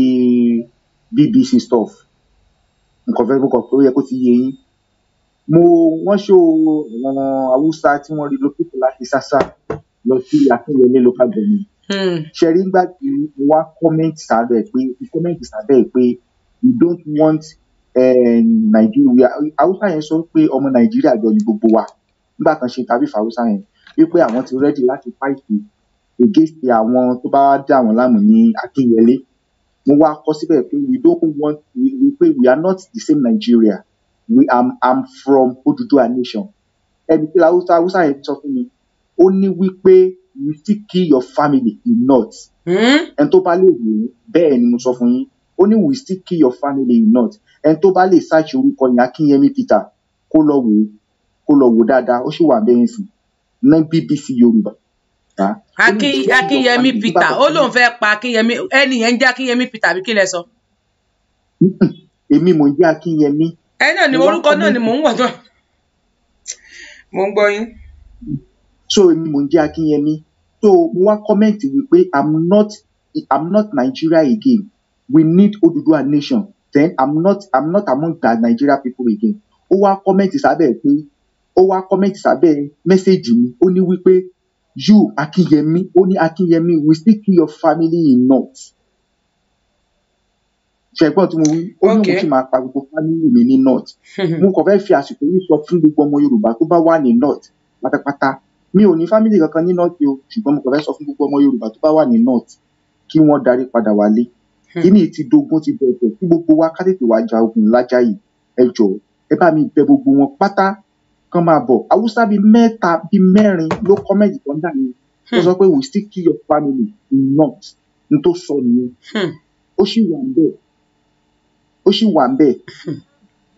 BBC stuff nǹkan fẹ́ kọ́ tó yẹ kó ti yé yín mo wọ́n ṣó àwọn haúsá tí wọ́n rí lókìtì láti sásá lọ sí akínyẹlé local government. Hmm. ṣẹ̀rí gbà tí wá comment sábẹ́ pé comment sábẹ́ pé we don't want eh, Nàìjíríà Haúsá yẹn sọ pé ọmọ Nàìjíríà jọ ní gbogbo wa nígbà kan ṣe tàbí fàwùsá yẹn wípé àwọn ti rẹ́dì láti fáìtì against àwọn tó bá dá àwọn láàmú ní akínyẹlé mo wá kọ síbẹ̀ pé we don't want we pé we are not the same Nigeria we am am from Oduduwa nation ẹni tí Haúsá yẹn sọ fún mi ó ní wípé you still kill your family in not. Hmm? ẹni tó bá lè wò ó bẹ́ẹ̀ ni mo sọ fún yín ó ní we still kill your family in not ẹni tó bá lè ṣáàṣì orúkọ yẹn akínyẹmí peter kó lọ wò ó kó lọ wò dáadáa ó sì wà bẹ́ẹ̀ sìn ní bbc yorùbá. akínyẹmí peter ó lóun fẹ́ pa akínyẹmí ẹni yẹn ń jẹ́ akínyẹmí peter àbí kí lẹ sọ. èmi mò ń jẹ́ akínyẹmí. ẹ náà ni orúkọ náà ni mò ń wọ̀ náà mò ń gbọ́ yín so èmi mò ń jẹ́ Akínyẹmí so mo wá kọ́mẹ̀ntì wípé i'm not i'm not Nigeria again we need Oduduwa nation then i'm not i'm not among the Nigeria people again ó wá kọ́mẹ̀ntì sábẹ́ pé ó wá kọ́mẹ̀ntì sábẹ́ mẹ́sẹ̀gì mi ó ní wípé you Akinyemi. ó ní Akínyẹmí we still kill your family in north ṣẹgbọn tí mo wí ó ní mo ti máa pa gbogbo fámìlì mi ní north [LAUGHS] mo kàn fẹ́ fi àsìkò yìí sọ fún gbogbo ọmọ Yorùbá tó bá wà ní north pátápátá mi ò ní fámìlì kankan ní north o ṣùgbọ́n mo kàn fẹ́ sọ fún gbogbo ọmọ yorùbá tó bá wà ní north kí wọ́n darí padà wálé hmm. kíní ti dogun ti bẹ̀rẹ̀ kí gbogbo wa ká tètè wá ja ogun lájà yìí ẹ jọ̀ọ́ ẹ bá mi bẹ̀ gbogbo wọn pátá kán máa bọ̀ haúsá bíi mẹ́ta bíi mẹ́rin ló kọ́mẹ̀tì tó ń dà yẹn ó hmm. sọ pé we still kill your family in north n tó sọ nìyẹn hmm. ó sì wà ń bẹ̀ ó sì wà ń bẹ̀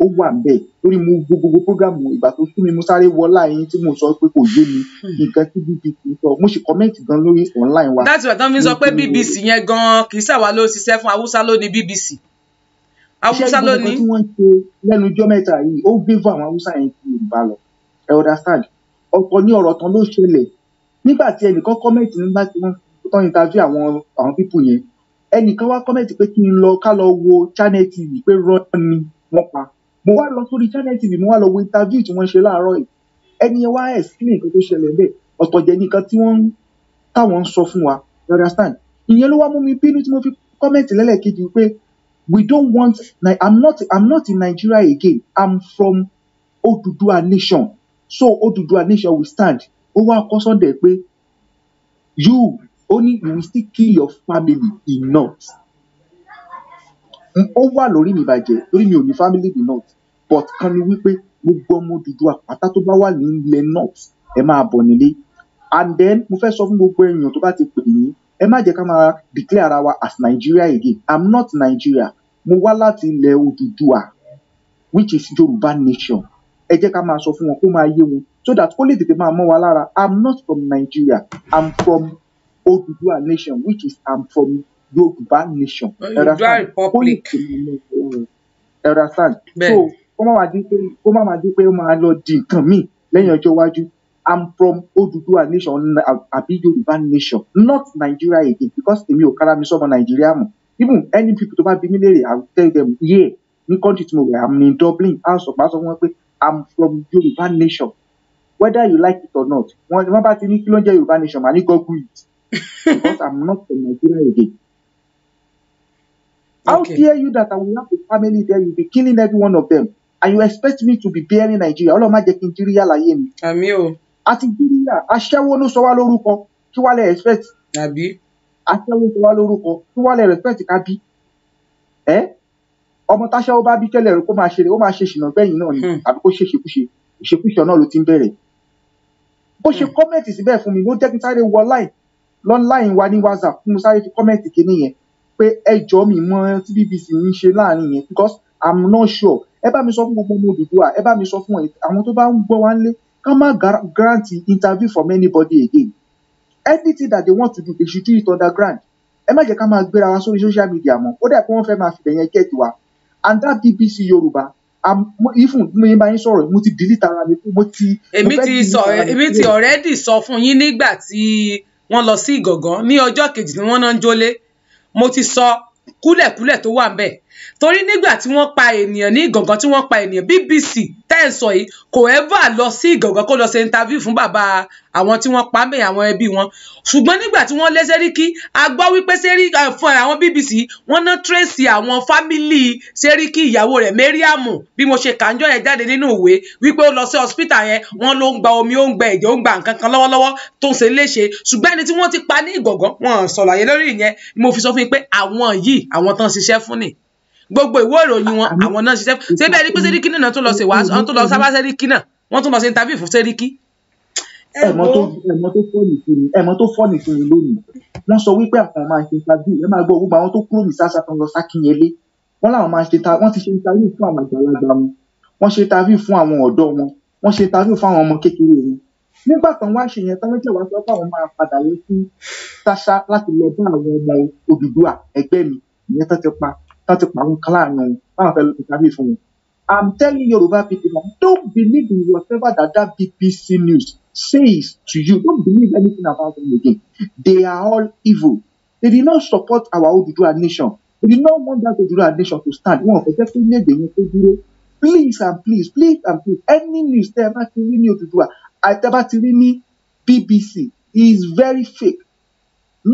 ó wà ńbẹ̀ lórí mo gbogbo programu ìgbà tó sú mi mo sáré wọlá yín tí mo sọ pé kò yé mi hmm. nǹkan tí bbc sọ mo sì kọ́mẹ́ǹtì gan lórí online wa. láti ìbátan mi sọ pé bbc yẹn gan kì í ṣàwa ló ṣiṣẹ́ fún haúsá ló ní bbc haúsá ló ní. iṣẹ́ ìgbìmọ̀ tí wọ́n ṣe lẹ́nu ọjọ́ mẹ́ta yìí ó gbé fún àwọn haúsá yẹn ti yorùbá lọ ẹ understand ọ̀pọ̀ ní ọ̀rọ̀ tán ló ṣẹlẹ̀ nígbà tí ẹnìkan kọ́mẹ́ǹtì nígbà tí wọ́n tán interview àwọn àwọn pípù yẹn ẹnìkan wá kọ́mẹ́ǹtì pé kí n lọ ká lọ wo channel tv pé rán ni wọ́n pa mo wá lọ sórí channel tv mo wá lọ wo interview tí wọ́n ṣe láàárọ̀ yìí ẹni yẹn wá explain nǹkan tó ṣẹlẹ̀ bẹ́ẹ̀ ọ̀tọ̀ jẹ́ nìkan tí wọ́n táwọn ń sọ fún wa you understand ìyẹn ló wá mú mi bínú tí mo fi kọ́mẹ̀ntì lẹ́lẹ́kejì pé we don't want i'm not i'm not in nigeria again i'm from oduduwa nation so oduduwa nation we stand ó wá kọ́ sọ́dẹ̀ pé you only you will still kill your family in north ó wà lórí mi ìbàjẹ́ lórí mi ò ní family in north but kan ni wípé gbogbo ọmọ Odùduwà pátá tó bá wà ní ilẹ̀ north ẹ máa bọ̀ nílé and then mo fẹ́ sọ fún gbogbo èèyàn tó bá ti pè yín ẹ má jẹ́ ká máa declare ara wa as Nigeria again I'm not Nigeria mo wá láti ilẹ̀ Odùduwà which is Yorùbá nation ẹ jẹ́ ká máa sọ fún wọn kó máa yé wọn so that ó lè tètè máa mọ́ wa lára I'm not from Nigeria I'm from Odùduwà nation which is I'm from yorùbá nation yorùbá republic ẹrasan so kó má máa di pé kó má máa di pé ó máa lọ di nǹkan míì lẹ́yìn ọjọ́ iwájú i'm from oduduwa nation àbí yorùbá nation not nigeria again because èmi ò kára mi sọmọ nàìjíríà mọ́ even any people tó bá bí mi léèrè i will tell them yeah ní country tí mo wẹ̀ i'm in dublin house of house wọn pé i'm from yorùbá nation whether you like it or not wọn bá ti ní kí ló ń jẹ́ yorùbá nation màá ní google it [LAUGHS] because i'm not from nigeria again. How okay. dare you that I will have a family there, you'll be killing every one of them. And you expect me to be bearing Nigeria. Ọlọ́run má jẹ́ kí n jírí yà láyé mi. Àmì o. Ashewo no yà, aṣẹ́wó ló sọ wá lórúkọ, kí wá lè respect. Àbí. Aṣẹ́wó sọ wá lórúkọ, kí wá lè respect ká bí. Ẹ́ ọmọ táṣẹ́wó bá bí tẹ́lẹ̀ rẹ̀ kó máa ṣe ó máa ṣe ṣìnà bẹ́yìn náà ni hmm. àbí kó ṣe ṣekúṣe ìṣekúṣe náà ló ti ń bẹ̀rẹ̀. Bó ṣe kọ́mẹ̀ntì hmm. síbẹ̀ fún mi, ló jẹ́ kí sare sáré wọ láì lọ́nláìn wa ní WhatsApp fún mi fi kọ́mẹ̀ntì kinní yẹn pé ẹ jọ mi mọ tí bbc ń ṣe láàrin yẹn because i'm not sure ẹ bá mi sọ fún gbogbo ọmọ Odùduwà ẹ bá mi sọ fún àwọn tó bá ń gbọ́ wá nílé kán má grant interview from anybody again anything that they want to do they should do it underground ẹ má jẹ́ ká máa gbéra wa sórí social media mọ́ ó dẹ̀ pé wọ́n fẹ́ máa fìbẹ̀ yẹn get wa and that bbc yorùbá ifun mo yín bá yín sọ̀rọ̀ mo ti delete ara mi mo ti. èmi ti sọ èmi ti already sọ fún yín nígbà tí wọ́n lọ sí Ìgàngán ní ọjọ́ kejì tí wọ́n náà ń jólé mo ti sọ kúlẹ̀kúlẹ̀ tó wà ń bẹ̀ torí nígbà tí wọ́n pa ènìyàn ní ìgàngán tí wọ́n pa ènìyàn BBC tẹ́ǹsọ̀ yìí kò ẹ́bà lọ sí ìgàngán kó lọ ṣe interview fún bàbá àwọn tí wọ́n pa mẹ́yìn àwọn ẹbí wọn ṣùgbọ́n nígbà tí wọ́n lé Sẹ́ríkì a gbọ́ wípé Sẹ́ríkì fún àwọn BBC wọ́n ná Tracy àwọn fámìlì Sẹ́ríkì ìyàwó rẹ̀ Mẹ́ríàmù bí mo ṣe kàńjọ́ yẹn jáde nínú ìwé wípé ó lọ sí hospital yẹn wọ́n ló ń gba omi ó ń gba ẹ̀jẹ̀ ó ń gba nǹkan kan lọ́wọ́lọ́wọ́ tó ń ṣe léṣe ṣùgbọ́n ẹni tí wọ́n ti pa ní ìgàngán wọn sọ̀rọ̀ àyè lórí ìyẹn mo fi sọ fún yín pé àwọn yìí àwọn tán ṣiṣẹ́ fún ni gbogbo ìwé ìròyìn wọn àwọn náà ṣiṣẹ́ ṣé bẹ́ẹ̀ ni pé sẹ́ríkì náà tó lọ ṣe wàásù àwọn tó lọ sábà sẹ́ríkì náà wọ́n tún lọ ṣe interview fún sẹ́ríkì. ẹ̀mọ́ tó fọ́ọ̀nì fún mi ẹ̀mọ́ tó fọ́ọ̀nì fún mi lónìí wọ́n sọ wípé àwọn máa ṣe interview ẹ máa gbọ́ gbogbo àwọn tó kúrò ní sàṣà tó ń lọ sákìnyẹlé wọ́n láwọn máa ṣe ta wọ́n ti ṣe interview fún àwọn àgbàlagbà wọn wọ́n ṣe interview fún àwọn ọ̀dọ́ wọn wọ́n ṣe interview fún àwọn ọmọ kékeré wọn nígbà tán wá ṣe yẹn tán lọ́jọ́ wá sọ pé àwọn máa padà lọ sí sàṣà láti lọ bá àwọn ọmọ Odùduwà ẹgbẹ́ mi ìyẹn tán ti pa láti pa àwọn kan láàrin òun láwọn fẹ́ ìtàbí fún wọn. I'm telling Yoruba people that don't believe in whatever that that BBC news says to you. Don't believe anything about them again. They are all evil. They did not support our Oduduwa nation. They did not want that Oduduwa nation to stand. Wọn fẹ́ jẹ́ kí èdè yẹn tó dúró. Please and please, please and please, any news tẹ́ ẹ bá ti rí ní Oduduwa, àtẹ́ bá ti rí ní BBC is very fake,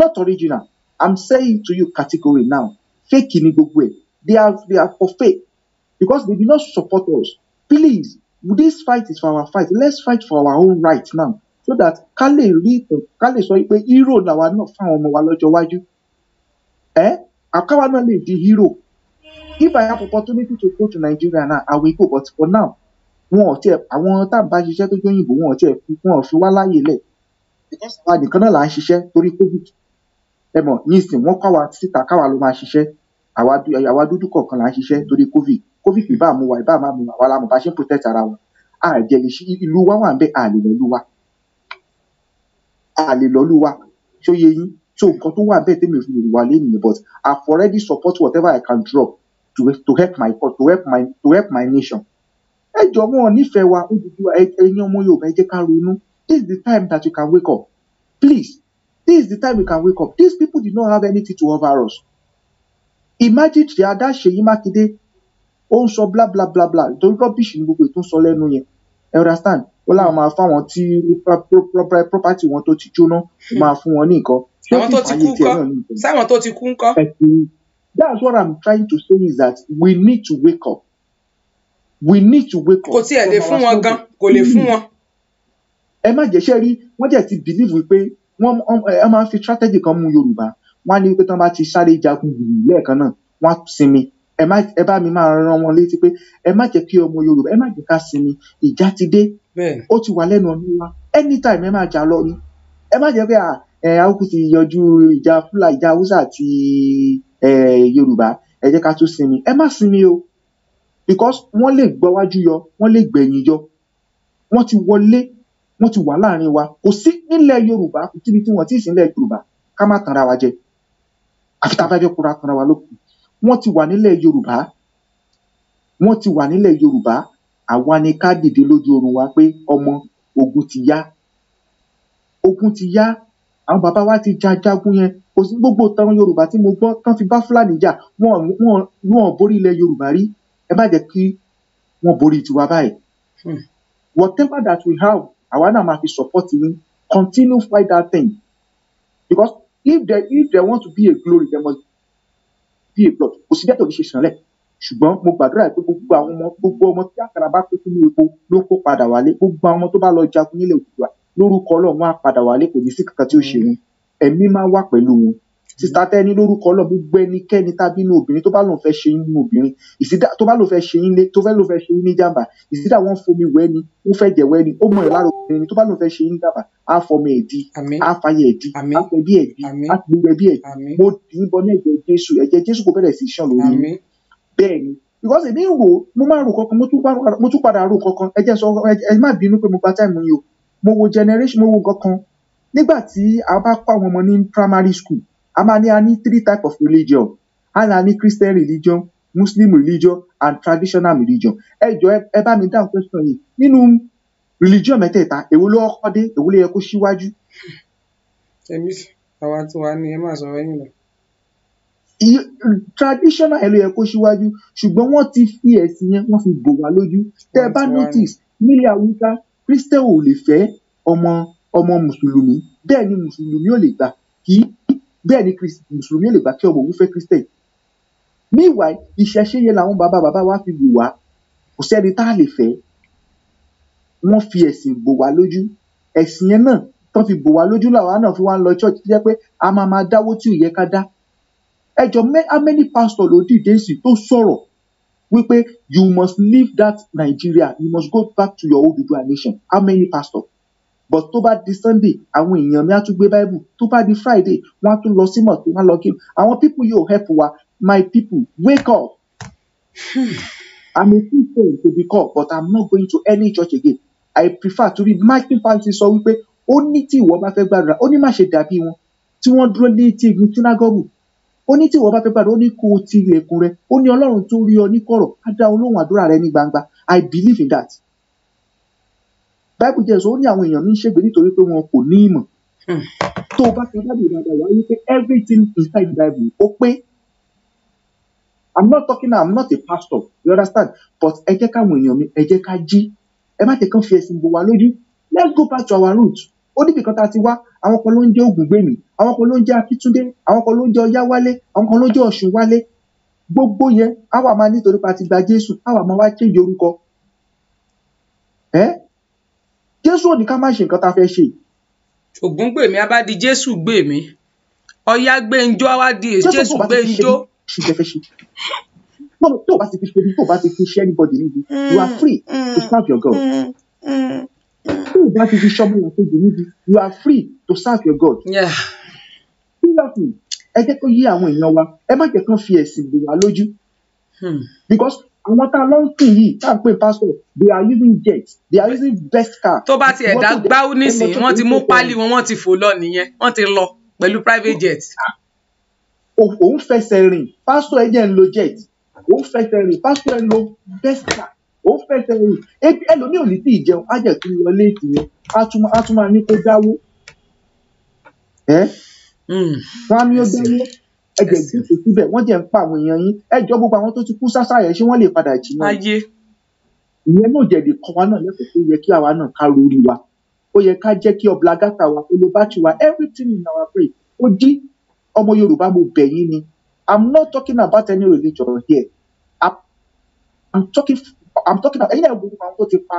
not original. I'm saying to you categorically now fake ni gbogbo ẹ̀ they are they are for fake because they do not support us please this fight is for our fight let's fight for our own right now so that ká lè rí ká lè sọ pé hero làwa náà fáwọn ọmọ wa lọ́jọ́ iwájú ẹ eh? àkáwa náà lè di hero if I have opportunity to go to Nigeria now I will go but for now wọn ò tiẹ̀ àwọn tá à ń bá ṣiṣẹ́ tó jẹ́ òyìnbó wọn ò tiẹ̀ fi wọn ò fi wá láàyè lẹ̀ ìjọba nìkan náà là ń ṣiṣẹ́ torí covid ẹ mọ̀ ní ìsìn wọn kọ́ wa síta káwa ló máa ṣiṣẹ́ àwa àwa dúdú kọ̀ọ̀kan là ń ṣiṣẹ́ torí covid covid ìbá mú wa ìbá má mú wa àwa la mọ̀ bá ṣe protect ara wọn a jẹ lè ṣe ìlú wa wà ń bẹ a lè lọ lú wa a lè lọ lú wa ṣó yẹ yín so nǹkan tó wà bẹ́ẹ̀ tẹ́mi òfin ìwà lẹ́yìn ni but I've already support whatever I can drop to, to help my to help my to help my nation ẹ jọ wọn nífẹ̀ẹ́ wa Odùduwà ẹ̀yin ọmọ Yorùbá ẹ jẹ́ ká ronú this is the time that you can wake up please this is the time you can wake up these people did not have anything to offer us imagine Dada Ṣèyí Mákindé ó ń sọ bla bla bla bla torí rubbish ni gbogbo ètò ń sọ lẹ́nu yẹn ẹ understand ó láwọn máa fáwọn tí property wọn tó ti jóná máa fún wọn ní nǹkan. àwọn tó ti kú ńkọ́ sáwọn tó ti kú ńkọ́. that's what i'm trying to say is that we need to wake up we need to wake up. kò tiẹ̀ lè fún wọn gan kò lè fún wọn. ẹ má jẹ́ ṣe rí wọ́n jẹ́ ti believe wípé wọ́n máa ń fi strategy kan mú Yorùbá wọ́n á ní pé tí wọ́n bá ti sáré jagun gbùgbù lẹ́ẹ̀kan náà wọ́n á sinmi ẹ má ẹ bá mi máa rán wọn létí pé ẹ má jẹ́ kí ọmọ Yorùbá ẹ má jẹ́ ká sinmi ìjà ti dé ó ti wà lẹ́nu ọdún wa anytime ẹ máa jà lọ ni ẹ má jẹ́ pé ẹ àwòkù ti yọjú ìjà Fúlàní ìjà Haúsá àti ẹ Yorùbá ẹ jẹ́ ká tún sinmi ẹ má sinmi o because wọ́n lè gbọ́wájú yọ wọ́n lè gbẹ̀yìn yọ wọ́n ti wọlé wọ́n ti wà láàrin wa kò sí nílẹ̀ Yorùbá kò síbi tí wọ́n ti sí nílẹ̀ Yorùbá ká má tanra wa jẹ àfi tá a wa lókun wọ́n ti wà nílẹ̀ Yorùbá wọ́n ti wà nílẹ̀ Yorùbá àwa ni ká dìde lójú oorun wa pé ọmọ ogun ti yá ogun ti yá àwọn bàbá wa ti jajagun yẹn kò sí gbogbo ìtàn Yorùbá tí mo gbọ́ tán fi bá Fúlàní jà wọ́n wọ́n wọ́n borí ilẹ̀ Yorùbá rí ẹ má jẹ́ kí wọ́n borí tiwa báyìí hmm. whatever that we have àwa náà máa fi support yín continue fight that thing because if they if they want to be a glory they must be a blood kò sí bí àtọ̀bí ṣe sànlẹ̀ ṣùgbọ́n mo gbàdúrà pé gbogbo àwọn ọmọ gbogbo ọmọ tí àkàrà bá pé sínú epo ló kó padà wálé gbogbo àwọn ọmọ tó bá lọ jagun nílẹ̀ Oòduà lórúkọ Ọlọ́run á padà wálé kò ní sí kankan tí ó ṣe wọn ẹ̀mí máa wà pẹ̀lú wọn sísá tẹ́ni lórúkọ lọ gbogbo ẹnikẹ́ni tábínú obìnrin tó bá lòun fẹ́ ṣe yín nínú obìnrin ìsídà tó bá lòun fẹ́ ṣe yín lé tó fẹ́ lòun fẹ́ ṣe yín ní jàǹbá ìsídà wọ́n fomi wẹ́ ni wọ́n fẹ́ jẹ̀ wẹ́ ni ó mọ̀ ẹ̀ lára obìnrin tó bá lòun fẹ́ ṣe yín jàǹbá á fọmọ ẹ̀ di á fàyè ẹ̀ di á fẹ́ bí ẹ̀ di á fi gbogbo ẹ̀ bí ẹ̀ di mo dì í bọ́ ní ẹ̀jẹ̀ Jésù ẹ̀jẹ̀ Jésù kò bẹ̀rẹ̀ sí í ṣàn lórí mi bẹ́ẹ̀ ni because èmi ń rò mo máa rò kankan mo tún padà rò kankan ẹ jẹ́ sọ ẹ má bínú pé mo gba táìmù yìí o mo wo generation mo wo kankan nígbà tí a bá kọ́ àwọn ọmọ ní primary school a ani three type of religion a ní Christian religion Muslim religion and traditional religion ẹ jọ ẹ bá mi dáhùn question yìí nínú religion mẹ́tẹ̀ẹ̀ta èwo ló kọ́kọ́ dé èwo ló yẹ kó síwájú. èmi àwa tí wàá ní ẹ máa sọ ẹ̀yìn lọ. traditional ẹ ló yẹ kó síwájú ṣùgbọ́n wọ́n ti fi ẹ̀sìn yẹn wọ́n fi bò wá lójú tẹ́ bá notice nílẹ̀ Haúsá Christian ò lè fẹ́ ọmọ ọmọ mùsùlùmí bẹ́ẹ̀ ni mùsùlùmí ò lè gbà kí bẹ́ẹ̀ ni mùsùlùmí lè gbà kí ọmọ òun fẹ́ christian meanwhile ìṣẹ̀ṣe yẹn làwọn bàbá bàbá wa fi wù wá kò sẹ́ni tá a lè fẹ́ wọ́n fi ẹ̀sìn bò wá lójú ẹ̀sìn yẹn náà tán fi bò wá lójú làwa náà fi wá ń lọ church jẹ́ pé a máa máa dáwó tí ò yẹ ká dá ẹjọ́ many pastor ló dìde sí tó sọ̀rọ̀ wípé you must leave that Nigeria you must go back to your Oduduwa nation how many pastors? but tó bá di Sunday àwọn èèyàn mi á tún gbé Bible tó bá di Friday wọ́n á tún lọ sí mọ̀tò wọ́n á lọ kí àwọn people yóò help wa my people wake up hmm. I'm a free soul to be called but I'm not going to any church again I prefer to be Martin Fancy sọ wípé ó ní tí ìwọ bá fẹ́ gbàdúrà ó ní má ṣe dàbí wọn tí wọ́n dúró ní ti ìlú tínágọ́gù ó ní tí ìwọ bá fẹ́ gbàdúrà ó ní kó o ti ilẹ̀kùn rẹ ó ní Ọlọ́run tó rí ọ ní kọ̀rọ̀ á dá olóhùn àdúrà rẹ ní gbangba I believe in that. báìbù jẹ́ sọ ó ní àwọn èèyàn mi ń ṣègbè nítorí pé wọn kò ní ìmọ̀ hmm. tó o bá ka báìbù dáadáa wáyé pé everything inside the bible ó pé i'm not talking now i'm not a pastor you understand but ẹ jẹ́ káwọn èèyàn mi ẹ jẹ́ ká jí fi ẹ̀sìn bò wá lójú let's go back to our roots ó níbi kan tá a ti wá àwọn kan ló ń jẹ́ Ògúngbèmí àwọn kan ló ń jẹ́ Akíntúndé àwọn kan ló ń jẹ́ Ọ̀yáwálé àwọn kan ló ń jẹ́ Ọ̀ṣùnwálé gbogbo yẹn àwa máa nítorí ti gba Jésù àwa máa wá chéjì orúkọ jésù ò ní ká má ṣe nǹkan tá a fẹ́ ṣe. ògún gbè mí abá di jésù gbè mí ọ̀yá gbẹ́njọ́ wá di jésù gbẹ́njọ́. no tó o bá ti fi ṣe tó o bá ti fi ṣe anybody níbi you are free to mm, serve your God. Mm, mm, tó o bá ti fi ṣọ́mọ́ ìlàkejì níbi you are free to serve your God. seriously ẹ jẹ́ kó yí àwọn èèyàn wa ẹ má jẹ́ kán fi ẹ̀sìn gbè wá lójú. Hmm. because àwọn tá a lọ ń sìn yìí tá a pè pásítọ̀ they are using jets they are using best car. tó bá ti dá gbáwó nísìnyí wọ́n ti mú pálí wọn wọ́n ti fò lọ nìyẹn wọ́n ti lọ pẹ̀lú private jet. òun fẹsẹ̀ rìn pásítọ̀ ẹ̀jẹ̀ ń lo jet òun fẹsẹ̀ rìn pásítọ̀ ẹ̀ ń lo best car òun fẹsẹ̀ rìn ẹlòmíì ò ní tí ì jẹun á jẹ̀ tún lọ léèkì yẹn á tún máa ní kó dáwó. wọ́n hmm. á ní ó dáwó ẹjọ ìgbésẹ síbẹ̀ wọ́n jẹ́ ń pa àwọn èèyàn yín ẹjọ gbogbo àwọn tó ti kú sásá yẹn ṣé wọ́n lè padà jí náà. ayé. ìyẹn náà jẹ̀dí kọ́ wa náà lẹ́kọ̀ọ́ tó yẹ kí àwa náà ká lórí wa ó yẹ ká jẹ́ kí ọ̀blàgàtà wa olóbàtì wa everything in our brain ó dí ọmọ Yorùbá mo bẹ̀ yín ni I'm not talking about any religion here I'm, talking I'm talking about ẹ̀yin náà gbogbo àwọn tó ti pa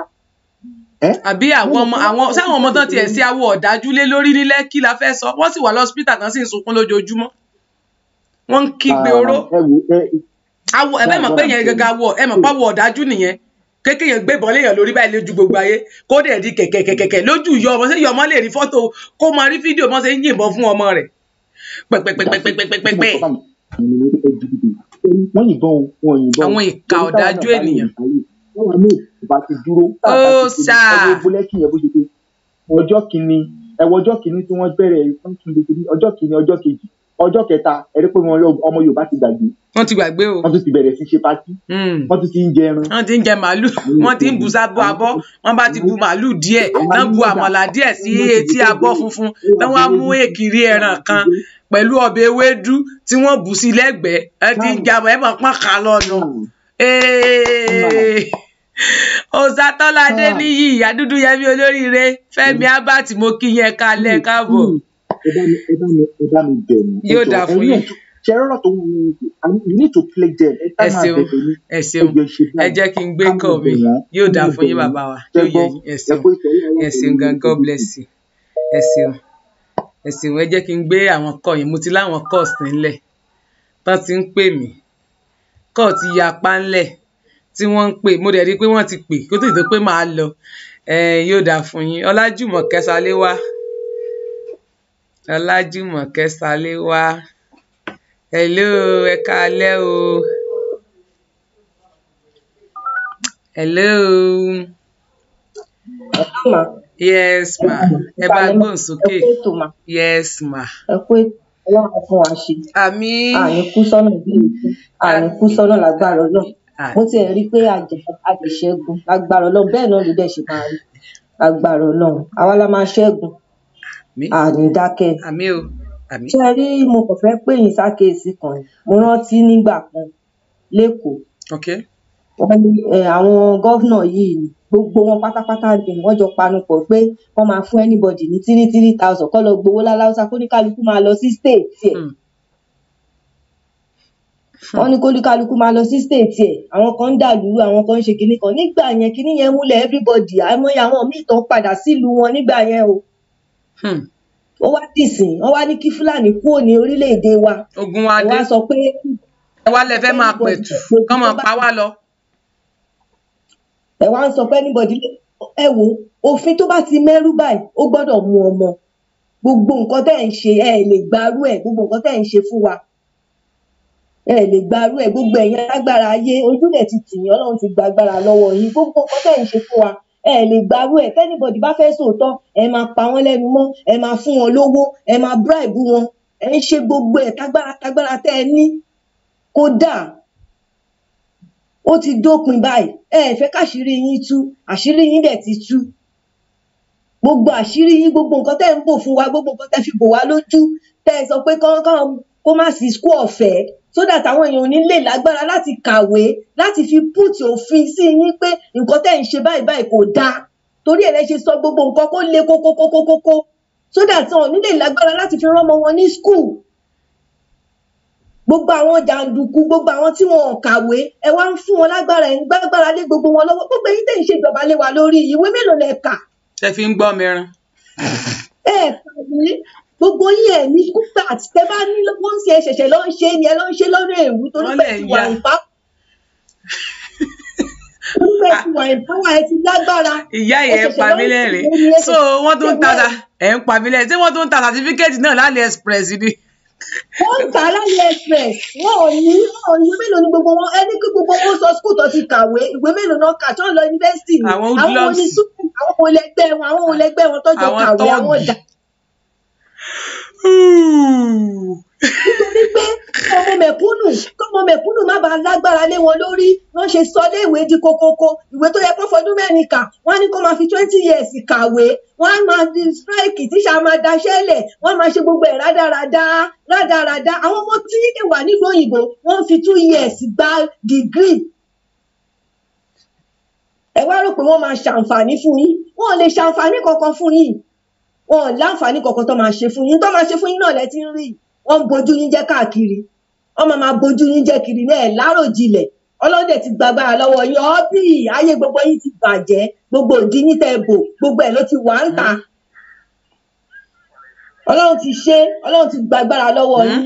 àbí àwọn ọmọ àwọn sáwọn ọmọ tán tiẹ̀ sí awọ ọ̀dájú lé lórí ní Lẹ́kì la fẹ́ sọ wọ́n sì wà lọ́sípítà tán sì ń sunkún lójoojúmọ́ wọ́n ń kígbe oró awọ ah, ẹ bẹ́ẹ̀ mọ̀ pé yẹn gẹ́gẹ́ awọ ẹ mọ̀ pé awọ ọ̀dájú nìyẹn kékèyàn gbébọn léèyàn lórí báyìí lójú gbogbo ayé kó dẹ̀ di kẹ̀kẹ̀kẹ̀kẹ̀ lójú yọ ọmọ sẹ́yìn ọmọ lè rí fọ́tò kó máa rí fídíò mọ́ sẹ́yìn yìnbọn fún ọmọ rẹ̀ pẹ̀pẹ̀pẹ̀pẹ̀pẹ̀pẹ̀pẹ̀. wọ́n yìnbọn wọn yìnbọn. àwọn ìka ọ̀dájú ènìyàn. ó sà. ọjọ́ kìíní ẹ̀wọ̀ ọjọ́ kìíní tí wọ́n bẹ̀rẹ̀ ọjọ́ kìíní ọjọ́ kejì ọjọ́ kẹta ẹ rí pé wọn ọmọ yorùbá ti gbàgbé. wọ́n ti gbàgbé o. wọ́n tún ti bẹ̀rẹ̀ sí ṣe patí. Hmm. wọ́n tún ti ń jẹran. wọ́n ti ń jẹ màálù wọ́n ti ń bu sábọ abọ́ wọ́n bá ti bu màálù díẹ̀ náà bu àmàlà díẹ̀ sí etí abọ́ funfun náà wọ́n á mú èkìrí ẹran kan pẹ̀lú ọbẹ̀ ewédú tí wọ́n bù sí lẹ́gbẹ̀ẹ́ ẹ ti ń jàmọ ẹ mọ pọn kà lọnà òsàtọ́ládé níyì àdúdú yẹmi olóríire fẹ́mi abati mo kí yẹn kalẹ̀ káàbọ̀. Hmm ẹ bá mi ẹ yóò dáa fún yín ṣe rọrọ you need to play them. ẹ ṣeun ẹ ṣeun ẹ jẹ́ kí n gbé kọ́ mi yóò dáa fún yín bàbá wa yóò yẹ yín ẹ ṣeun ẹ ṣeun gan God bless you ẹ ṣeun ẹ ṣeun ẹ jẹ́ kí n gbé àwọn kọ́ yẹn mo ti láwọn course nílẹ̀ tán ti ń pè mí kọ́ ti ya apá ńlẹ̀ tí wọ́n ń pè mo dẹ̀ rí i pé wọ́n ti pè kó tó ti tó pé màá lọ yóò dáa fún yín Ọlájùmọ̀ Kẹsàléwá. Ọlájùmọ̀kẹ́ Saléwá hello ẹ káalẹ́ o hello. yes ma ẹ bá gbóhùn sókè yes ma. ẹ kú ètò ọlọ́run fún wa ṣe. àmín. àní kú sọ́nà bíi àní kú sọ́nà lágbára ọlọ́run. mo ti rí i pé àjẹṣẹ́gun lágbára ọlọ́run bẹ́ẹ̀ náà ló dẹ̀ ṣe máa rí lágbára ọlọ́run àwa la máa ṣẹ́gun ànídákẹ́ ṣé ẹ rí mo kàn fẹ́ pè yín sákíyèsí kan ni mo rántí nígbà kan lÉkòó wọ́n ní àwọn gọ́fìnà yìí ni gbogbo wọn pátápátá ni wọ́n jọ panupọ̀ pé wọ́n máa fún anybody ní tírí tírí thousand kọ́ lọ gbowó láláùsá kó ní kálukú máa lọ sí state ẹ̀ hmm. Hmm. wọ́n ní kólúkálukú máa lọ sí state ẹ̀ àwọn kan ń dàlúrú àwọn kan ń ṣe kinní kan nígbà yẹn kinní yẹn múlẹ̀ everybody àmọ́ àwọn míì tán padà sílùú wọn nígbà yẹn o Hmm. wọ́n wá dìsìn wọ́n wá ní kí fúlàní kúrò ní orílẹ̀-èdè wa ogun wa dé wọ́n wá sọ pé. ẹ wá lẹ fẹ́ máa pẹ̀tù kán máa pa wá lọ. ẹ wá ń sọ pé anybody ẹ wo òfin tó bá ti mẹ́rú báyìí ó gbọ́dọ̀ mú ọmọ gbogbo nǹkan tẹ́ ẹ̀ ń ṣe ẹ lè gbarú ẹ̀ gbogbo nǹkan tẹ́ ẹ̀ ń ṣe fún wa ẹ lè gbarú ẹ̀ gbogbo ẹ̀yin alágbára ayé ojúlẹ̀ ti tì yín ọlọ́run ti gba agbára lọ́wọ́ yín gbogbo nǹkan tẹ́ ń ṣe fún wa ẹ lè gbarú ẹ tẹnibọdì bá fẹ́ sòótọ́ ẹ máa pa wọ́n lẹ́nu mọ́ ẹ máa fún wọn lówó ẹ máa bribe wọn ẹ ń ṣe gbogbo ẹ tágbára tágbára tẹ ẹ ní kódà ó ti dópin báyìí ẹ ẹ fẹ́ káṣírí yín tú àṣírí yín dẹ̀ ti tú gbogbo àṣírí yín gbogbo nǹkan tẹ́ ń bò fún wa gbogbo nǹkan tẹ́ fi bò wá lójú tẹ́ ẹ sọ pé kọ́ má sí skú ọ̀fẹ́ so that àwọn èèyàn ò ní lè lágbára láti kàwé láti fi put òfin sí yín pé nǹkan tẹ́ ń ṣe báyìí báyìí kò dáa torí ẹ̀ lẹ́ ṣe sọ gbogbo nǹkan kó le kókókókókó so that wọn ò ní lè lágbára láti fi rán ọmọ wọn ní school gbogbo àwọn jàǹdùkú gbogbo àwọn tí wọn ò kàwé ẹ wá ń fún wọn lágbára ẹ ń gbágbára lé gbogbo wọn lọ́wọ́ gbogbo èyí tẹ ń ṣe ìjọba lé wa lórí ìwé mélòó lẹ kà. ẹ fi ń gbọ́ mìíràn. ẹ kàwé gbogbo yìí ẹ ní kúfà àti tẹ bá ní wọn ń ṣe ṣẹṣẹ lọ ń ṣe ni ẹ lọ ń ṣe lọnà èwú torí pé ti wà ìfá torí pé ti wà ìfáwà ẹ ti lágbára. ìyá yẹn pa mí lẹ́rìn so wọ́n tún ń ta ẹ̀ ń pa mí lẹ́rìn ṣé wọ́n tún ń ta sàtífíkẹ́ẹ̀tì náà lálẹ́ express ni. wọ́n ń ta lálẹ́ express wọn ò ní wọn ò ní mélòó ni gbogbo wọn ẹni kí gbogbo wọn sọ skul tó ti kàwé ìwé mélòó náà kà tó ń lọ yunifásitì ni àwọn oní sùkúl àwọn olẹgbẹ́ wọn àwọn olẹgbẹ́ wọn nítorí pé ọmọ mẹ̀kúnnù kọ́mọ mẹ̀kúnnù má bàa lágbára lé wọn lórí wọ́n ṣe sọ lé ìwé di kokoko ìwé tó yẹ kó fọdún mẹ́rin kà wọ́n ní kó máa fi twenty years kàwé wọ́n máa di strike tíṣà máa daṣẹ́ lẹ̀ wọ́n máa ṣe gbogbo ẹ̀ rádaràda rádaràda àwọn ọmọ tí wà nílùú òyìnbó wọ́n fi two years gba degree ẹ wá rò pé wọ́n máa ṣàǹfààní fún yín wọ́n lè ṣàǹfààní kankan fún yín wọn ò láǹfààní kankan tó máa ṣe fún yín tó máa ṣe fún yín náà lẹ ti ń rí wọn ń bojú yín jẹ káàkiri wọn máa máa bojú yín jẹ kiri náà láròjinlẹ̀ ọlọ́dẹ ti gbàgbára lọ́wọ́ yín ọ́bì ayé gbogbo yín ti bàjẹ́ gbogbo òdì yín tẹ́ bò gbogbo ẹ̀ ló ti wà ń ta ọlọ́run ti ṣe ọlọ́run ti gbàgbára lọ́wọ́ yín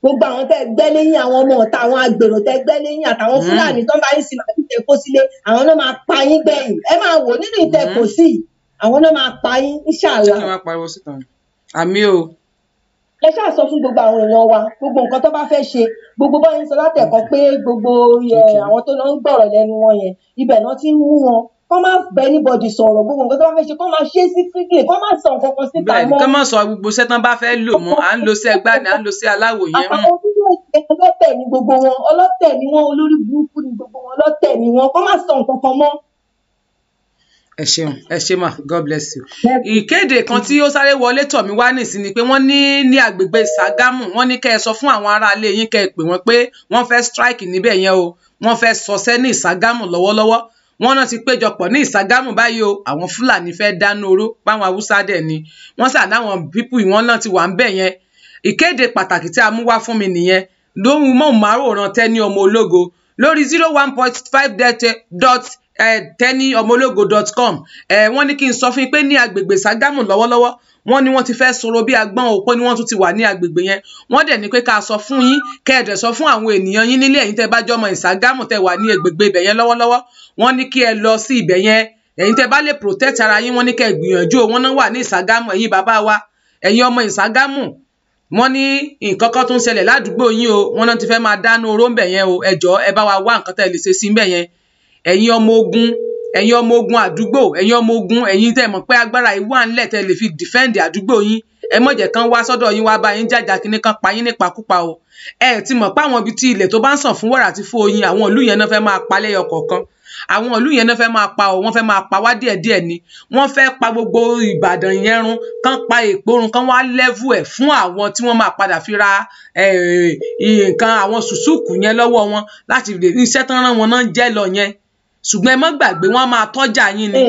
gbogbo àwọn tẹ́ gbẹ́ lẹ́yìn àwọn ọmọ ọ̀tá àwọn agbèrò tẹ́ gbẹ́ lẹ́yìn àtàwọn fúlàní tó ń bá yín sí màá tẹ kó sílé àwọn náà máa pa yín gbẹ̀yìn ẹ máa wò nínú ìtẹkọ sí i àwọn náà máa pa yín ìṣàlá. ṣé kí wọ́n pariwo síta àmì o. ẹ ṣáà sọ fún gbogbo àwọn èèyàn wa gbogbo nǹkan tó bá fẹ́ ṣe gbogbo bá yín sọ látẹ̀kọ́ pé gbogbo àwọn tó lọ ń gbọ̀rọ̀ lẹ́nu wọn yẹn ibẹ̀ náà ti ń mú wọn kọ́ máa bẹ anybody sọ̀rọ̀ gbogbo nǹkan tó bá fẹ́ ṣe kọ́ máa ṣe sí fídíè kọ́ máa sọ nǹkan kan síta mọ́. bẹ́ẹ̀ kọ́ máa sọ gbogbo iṣẹ́ tán bá fẹ́ lò mọ́ à ń lo sí ẹgbàá ni à ń lo sí aláwò yẹn mọ́. àwọn ọlọ́tẹ̀ ni gbogbo wọn ọlọ́tẹ̀ ni wọn olórí burúkú ni gbogbo wọn ọlọ́tẹ̀ ni wọn kọ́ máa sọ nǹkan kan mọ́ ẹ ṣeun ẹ ṣe mà god bless you. ìkéde kan tí ó sáré wọlé tọ̀ mí wá nísìn ni pé wọ́n ní ní agbègbè Ṣàgámù wọ́n ní kẹ́ ẹ sọ fún àwọn aráalé yín kẹ́ ẹ pè wọ́n pé wọ́n fẹ́ strike níbẹ̀ yẹn o wọ́n fẹ́ sọsẹ́ ní Ṣàgámù lọ́wọ́lọ́wọ́ wọ́n náà ti péjọpọ̀ ní Ìsàgámù báyìí o àwọn Fúlàní fẹ́ẹ́ dáná oró báwọn Haúsá dẹ̀ ni wọ́n sà náwọn pípù ìwọn náà ti wà ń bẹ yẹn ìkéde pàtàkì tí a mú wá fún mi nìyẹn lóhun mọ márùnún tẹ ní ọmọ ológo lórí zero one point five dot tẹ́ni ọmọológo dot com wọ́n ní kí n sọ fún yín pé ní agbègbè Ṣàgámù lọ́wọ́lọ́wọ́ wọ́n ní wọ́n ti fẹ́ sọ̀rọ̀ bí agbọ́n o pé ni wọ́n tún ti wà ní agbègbè yẹn wọ́n dẹ̀ ní pé ká sọ fún yín kẹ́ẹ̀dẹ̀ sọ fún àwọn ènìyàn yín nílé ẹ̀yin tẹ́ bá jọmọ ìságámù tẹ́ wà ní agbègbè ibẹ̀ yẹn lọ́wọ́lọ́wọ́ wọ́n ní kí ẹ lọ sí ibẹ̀ yẹn ẹ̀yin tẹ́ bá lè protect ara yín wọ́n ní kẹ́ gbìyànjú o wọ́n náà wà ní ìságámù ẹ̀yin bàbá wa ẹ̀yin ọmọ ìságámù wọ́n ní nǹkan kan tó ń ṣẹlẹ̀ ládùúgbò yín o wọ́n náà ti fẹ́ máa dáná oró ń bẹ̀ yẹn o ẹ̀jọ̀ ẹ bá wa wá nǹkan tẹ́ lè ṣe sí ń bẹ̀ yẹn ẹ̀yin ọmọ ogun ẹ̀yin ọmọ ogun àdúgbò ẹ̀yin ọmọ ogun ẹ̀yin tẹ́ mọ̀ pé agbára yìí wà ńlẹ̀ tẹ́ lè fi dìfẹ́ǹdì àdúgbò yín ẹ má jẹ́ kán wá sọ́dọ̀ yín wá bá yín jàjà kíní kan pa yín nípakúpa o ẹ ti mọ̀ pé àwọn ibi tí ilẹ̀ tó bá ń sàn fún wàrà àti fóoyin àwọn ìlú yẹn náà fẹ́ máa pa lẹ́yọ kọ̀ọ̀kan àwọn ìlú yẹn náà fẹ́ máa pa ọ wọ́n fẹ́ máa pa wá díẹ̀díẹ̀ ni wọ́n fẹ́ pa gbogbo Ìbàdàn yẹn run kán pa Èkó run kán wá lẹ́vù ẹ̀ fún àwọn tí wọ́n máa padà fi ra nǹkan àwọn sùsùkù yẹn lọ́wọ́ wọn láti iṣẹ́ tán rán wọn náà jẹ́ lọ yẹn ṣùgbọ́n ẹ má gbàgbé wọ́n máa tọ́jà yín ni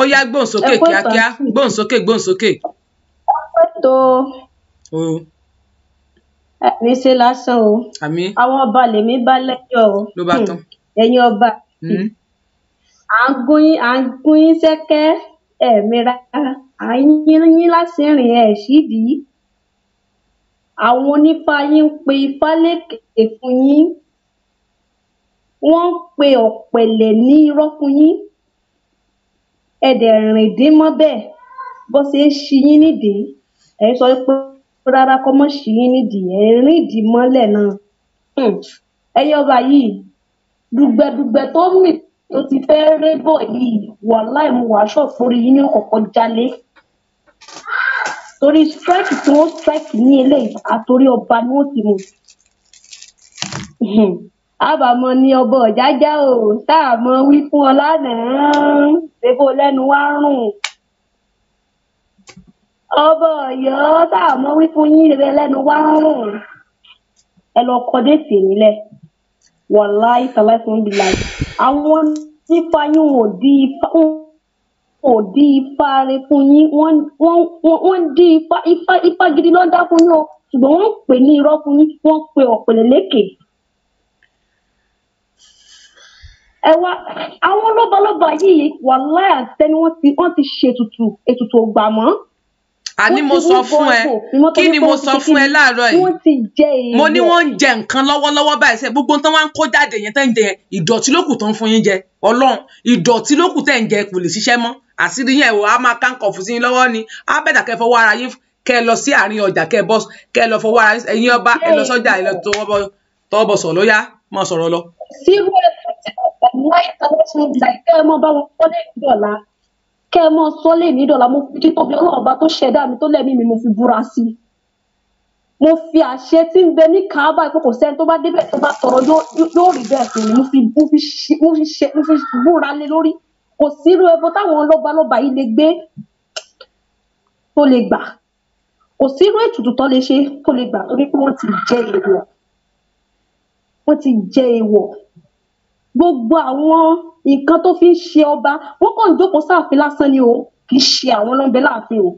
ó yá gbóhùnsókè kíákíá gbóhùnsókè gbóhùnsókè. ọpẹ́ tó ẹ̀mí ṣe lásán o àwọn ọba lèmi bá lẹ́jọ́ o hmm, ẹ̀yin ọba hmm. à ń gún yín à ń gún yín sẹ́kẹ́ ẹ̀mìíra à ń yín yín láti rìn ẹ̀ sídìí àwọn onífá yín ń pe ifá lékè fún yín wọ́n ń pe ọ̀pẹ̀lẹ̀ ní irọ́ fún yín ẹ dẹ̀ rìn dín mọ́ bẹ́ẹ̀ bó ṣe ń ṣí yín nídìí ẹ sọ pé rárá kọ́ mọ́ ṣí yín nídìí ẹ rìn ìdí mọ́lẹ̀ náà ẹyẹ hmm. ọba yìí dùgbẹ̀dùgbẹ̀ tó mì tó ti fẹ́ rébọ̀ yìí wàláì mo wàá ṣọ̀fọ́rí yín ní kọ̀kọ́ jalè torí strike tí wọ́n strike ní eléyìí àtòrí ọba ni wọ́n ti mú. Hmm àbàmọ ni ọba ọjájá o tá a mọ wí fún ọ lánàá ṣèbó lẹnu wá rùn ọba ọyọ tá a mọ wí fún yín rẹ lẹnu wá rùn ẹ lọ kọ déètì nílẹ wàláì tàlàfún bìlà àwọn nípa yín ò di ifá ò di ifá rẹ fún yín wọn wọn di ifá ifá ifá gidi ló ń dá fún yín o ṣùgbọ́n wọn pè ní irọ́ fún yín wọn ń pe ọ̀pẹ̀lẹ̀ lékè. ẹ wá àwọn lọ́balọ́ba yìí wàláì àtẹ ni wọ́n ti wọ́n ti ṣètùtù ètùtù ògbà mọ́. àní mo sọ fún ẹ kí ni mo sọ fún ẹ láàárọ̀ yìí mo ní wọ́n ń jẹ nǹkan lọ́wọ́lọ́wọ́ báyìí sẹ gbogbo tán wá ń kó jáde yẹn tẹ́ ń jẹ yẹn ìdọ̀tí ló kù tán fún yín jẹ Ọlọ́run ìdọ̀tí ló kù tẹ́ ń jẹ kò lè ṣiṣẹ́ mọ́ àṣírí yẹn ìwọ á máa káńkọ̀ fún sí yín lọ́wọ́ ni á bẹ̀dà kẹ́ fọwọ́ ara yín kẹ́ lọ sí àárín ọjà kẹ́ bọ́ kẹ́ lọ fọwọ́ ara yín ẹ̀yin ọba ẹ lọ sọ́jà ẹ lọ tọwọ́ bọ̀ sọ̀ lọ́yà máa sọ̀rọ̀ lọ. sírú ẹ̀ ẹ̀mú international design kẹ́ ẹ mọ́ bá wọn sọ lẹ́yìn dọ̀la kẹ́ ẹ mọ́ sọ lẹ́yìn dọ̀la mo fi kí tóbi ọlọ́run bá tó ṣẹ̀dá mi tó lẹ́mí mi mo fi búra sí i mo fi àṣẹ tí ń bẹ ní kaaba pé kò sẹ́ni tó bá débẹ̀ tó bá tọrọ yóò rí bẹ́ẹ̀ fún mi mo fi mo fi búra lé lórí kò sírú ẹbọ táwọn lọ́balọ́ba yìí lè gbé tó lè gbà kò sírú ètùtù tó lè ṣe tó lè gbà torí pé wọ́n ti jẹ́ èèwọ̀ wọ́n ti jẹ́ èèwọ̀ gbogbo àwọn nǹkan tó fi ń ṣe ọba wọn kàn ń jókòó sáàfin lásán ni o kì í ṣe àwọn ló ń bẹ láàfin o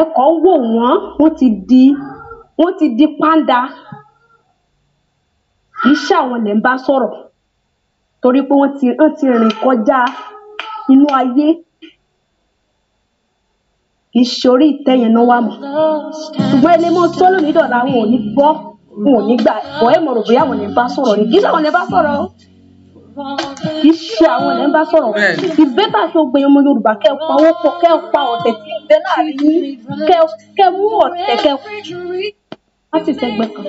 ẹ kàn ń wò wọn wọn ti di wọn ti di pàǹdà kì í ṣe àwọn lẹ ń bá sọ̀rọ̀ torí pé wọn ti wọn ti rìn kọjá inú ayé kì í ṣe orí ìtẹ́ náà wà mọ́ ṣùgbọ́n ẹlẹ́mọ̀ sọ́lọ́mídọ̀ làwọn ò ní gbọ́ wọn ò ní gbà ọ̀ ẹ̀ mọ̀rọ̀ bóyá àwọn lẹ́ẹ̀ bá sọ̀rọ̀ ni kì í sọ̀rọ̀ lẹ́ẹ̀ bá sọ̀rọ̀ o kì í ṣe àwọn lẹ́ẹ̀ bá sọ̀rọ̀ ìbẹ́tà ṣe ògbẹ́yìn ọmọ Yorùbá kẹ́ ẹ pa owó pọ̀ kẹ́ ẹ pa ọ̀tẹ̀ tí ìbẹ́ láàrin yín kẹ́ ẹ mú ọ̀tẹ̀ kẹ́ ẹ láti sẹ́gbẹ́ kan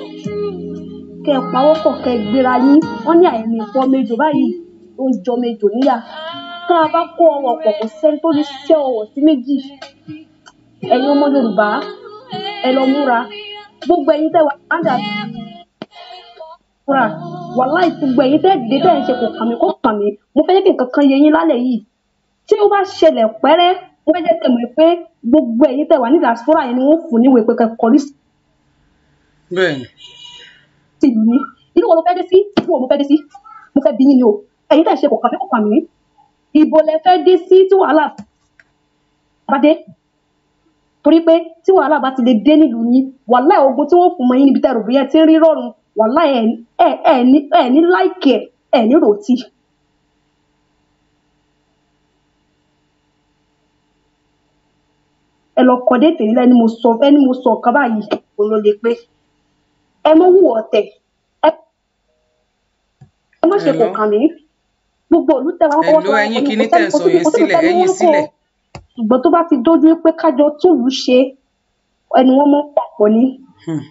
kẹ́ ẹ pawọ́ pọ̀ kẹ́ ẹ gbéra yín wọ́n ní àìní ìfọ́ mẹ́jọ báyìí ó ń jọ mẹ́jọ níyà tá a bá kó ọwọ́ pọ̀ kò sẹ́ni tó ní sẹ́ ọwọ́ sí méjì ẹ̀yin ọmọ Yorùbá ẹ lọ múra gbogbo ẹ̀yin tẹ́ wà láńdà fúnra wàláì gbogbo ẹ̀yin tẹ́ dìde tẹ́ ń ṣe kò kàn mí kò kàn mí mo fẹ́ jẹ́ kí nǹkan kan yé yín lálẹ́ yìí tí ó bá ṣẹlẹ̀ pẹ́rẹ́ mo fẹ́ jẹ́ tẹ̀mọ̀ pé gbogbo ẹ̀yin tẹ́ wà ní diaspora yẹn ni wọ́n fún níwèé pé kẹ́kọ̀ọ́ rí sí. bẹ́ẹ̀ni. ti lù mí inú wo mo fẹ́ dé sí mo fẹ́ bí yín ni o ẹ̀yin tẹ́ ń ṣe kò kàn mí kò kàn mí ìbò lẹ fẹ́ dé sí tí wàhálà bá dé torí pé tí wàhálà bá ti lè dé nílùú yín wàhálà ogun tí wọ́n fún mọ yín níbi tẹrù bí ẹ ti ń rí rọrùn wàhálà ẹ ẹ ẹ ní ẹ ní láìkẹ ẹ ní ròtì. ẹ lọ kọ déètì nílẹ ni mo sọ ẹ ni mo sọ ọ̀kan báyìí kò ló lè pé ẹ mọ wù ọ̀tẹ̀ ẹ má ṣe kò kàn mí gbogbo olùtẹwà wọn kọwọ sọ wọn kò ní kò sẹ́ni kò síbi kò síbi tẹni wọn kọ ṣùgbọ́n tó bá ti dójú pé kájọ túlù ṣe ẹni wọ́n mọ́ papọ̀ ni. Hmm.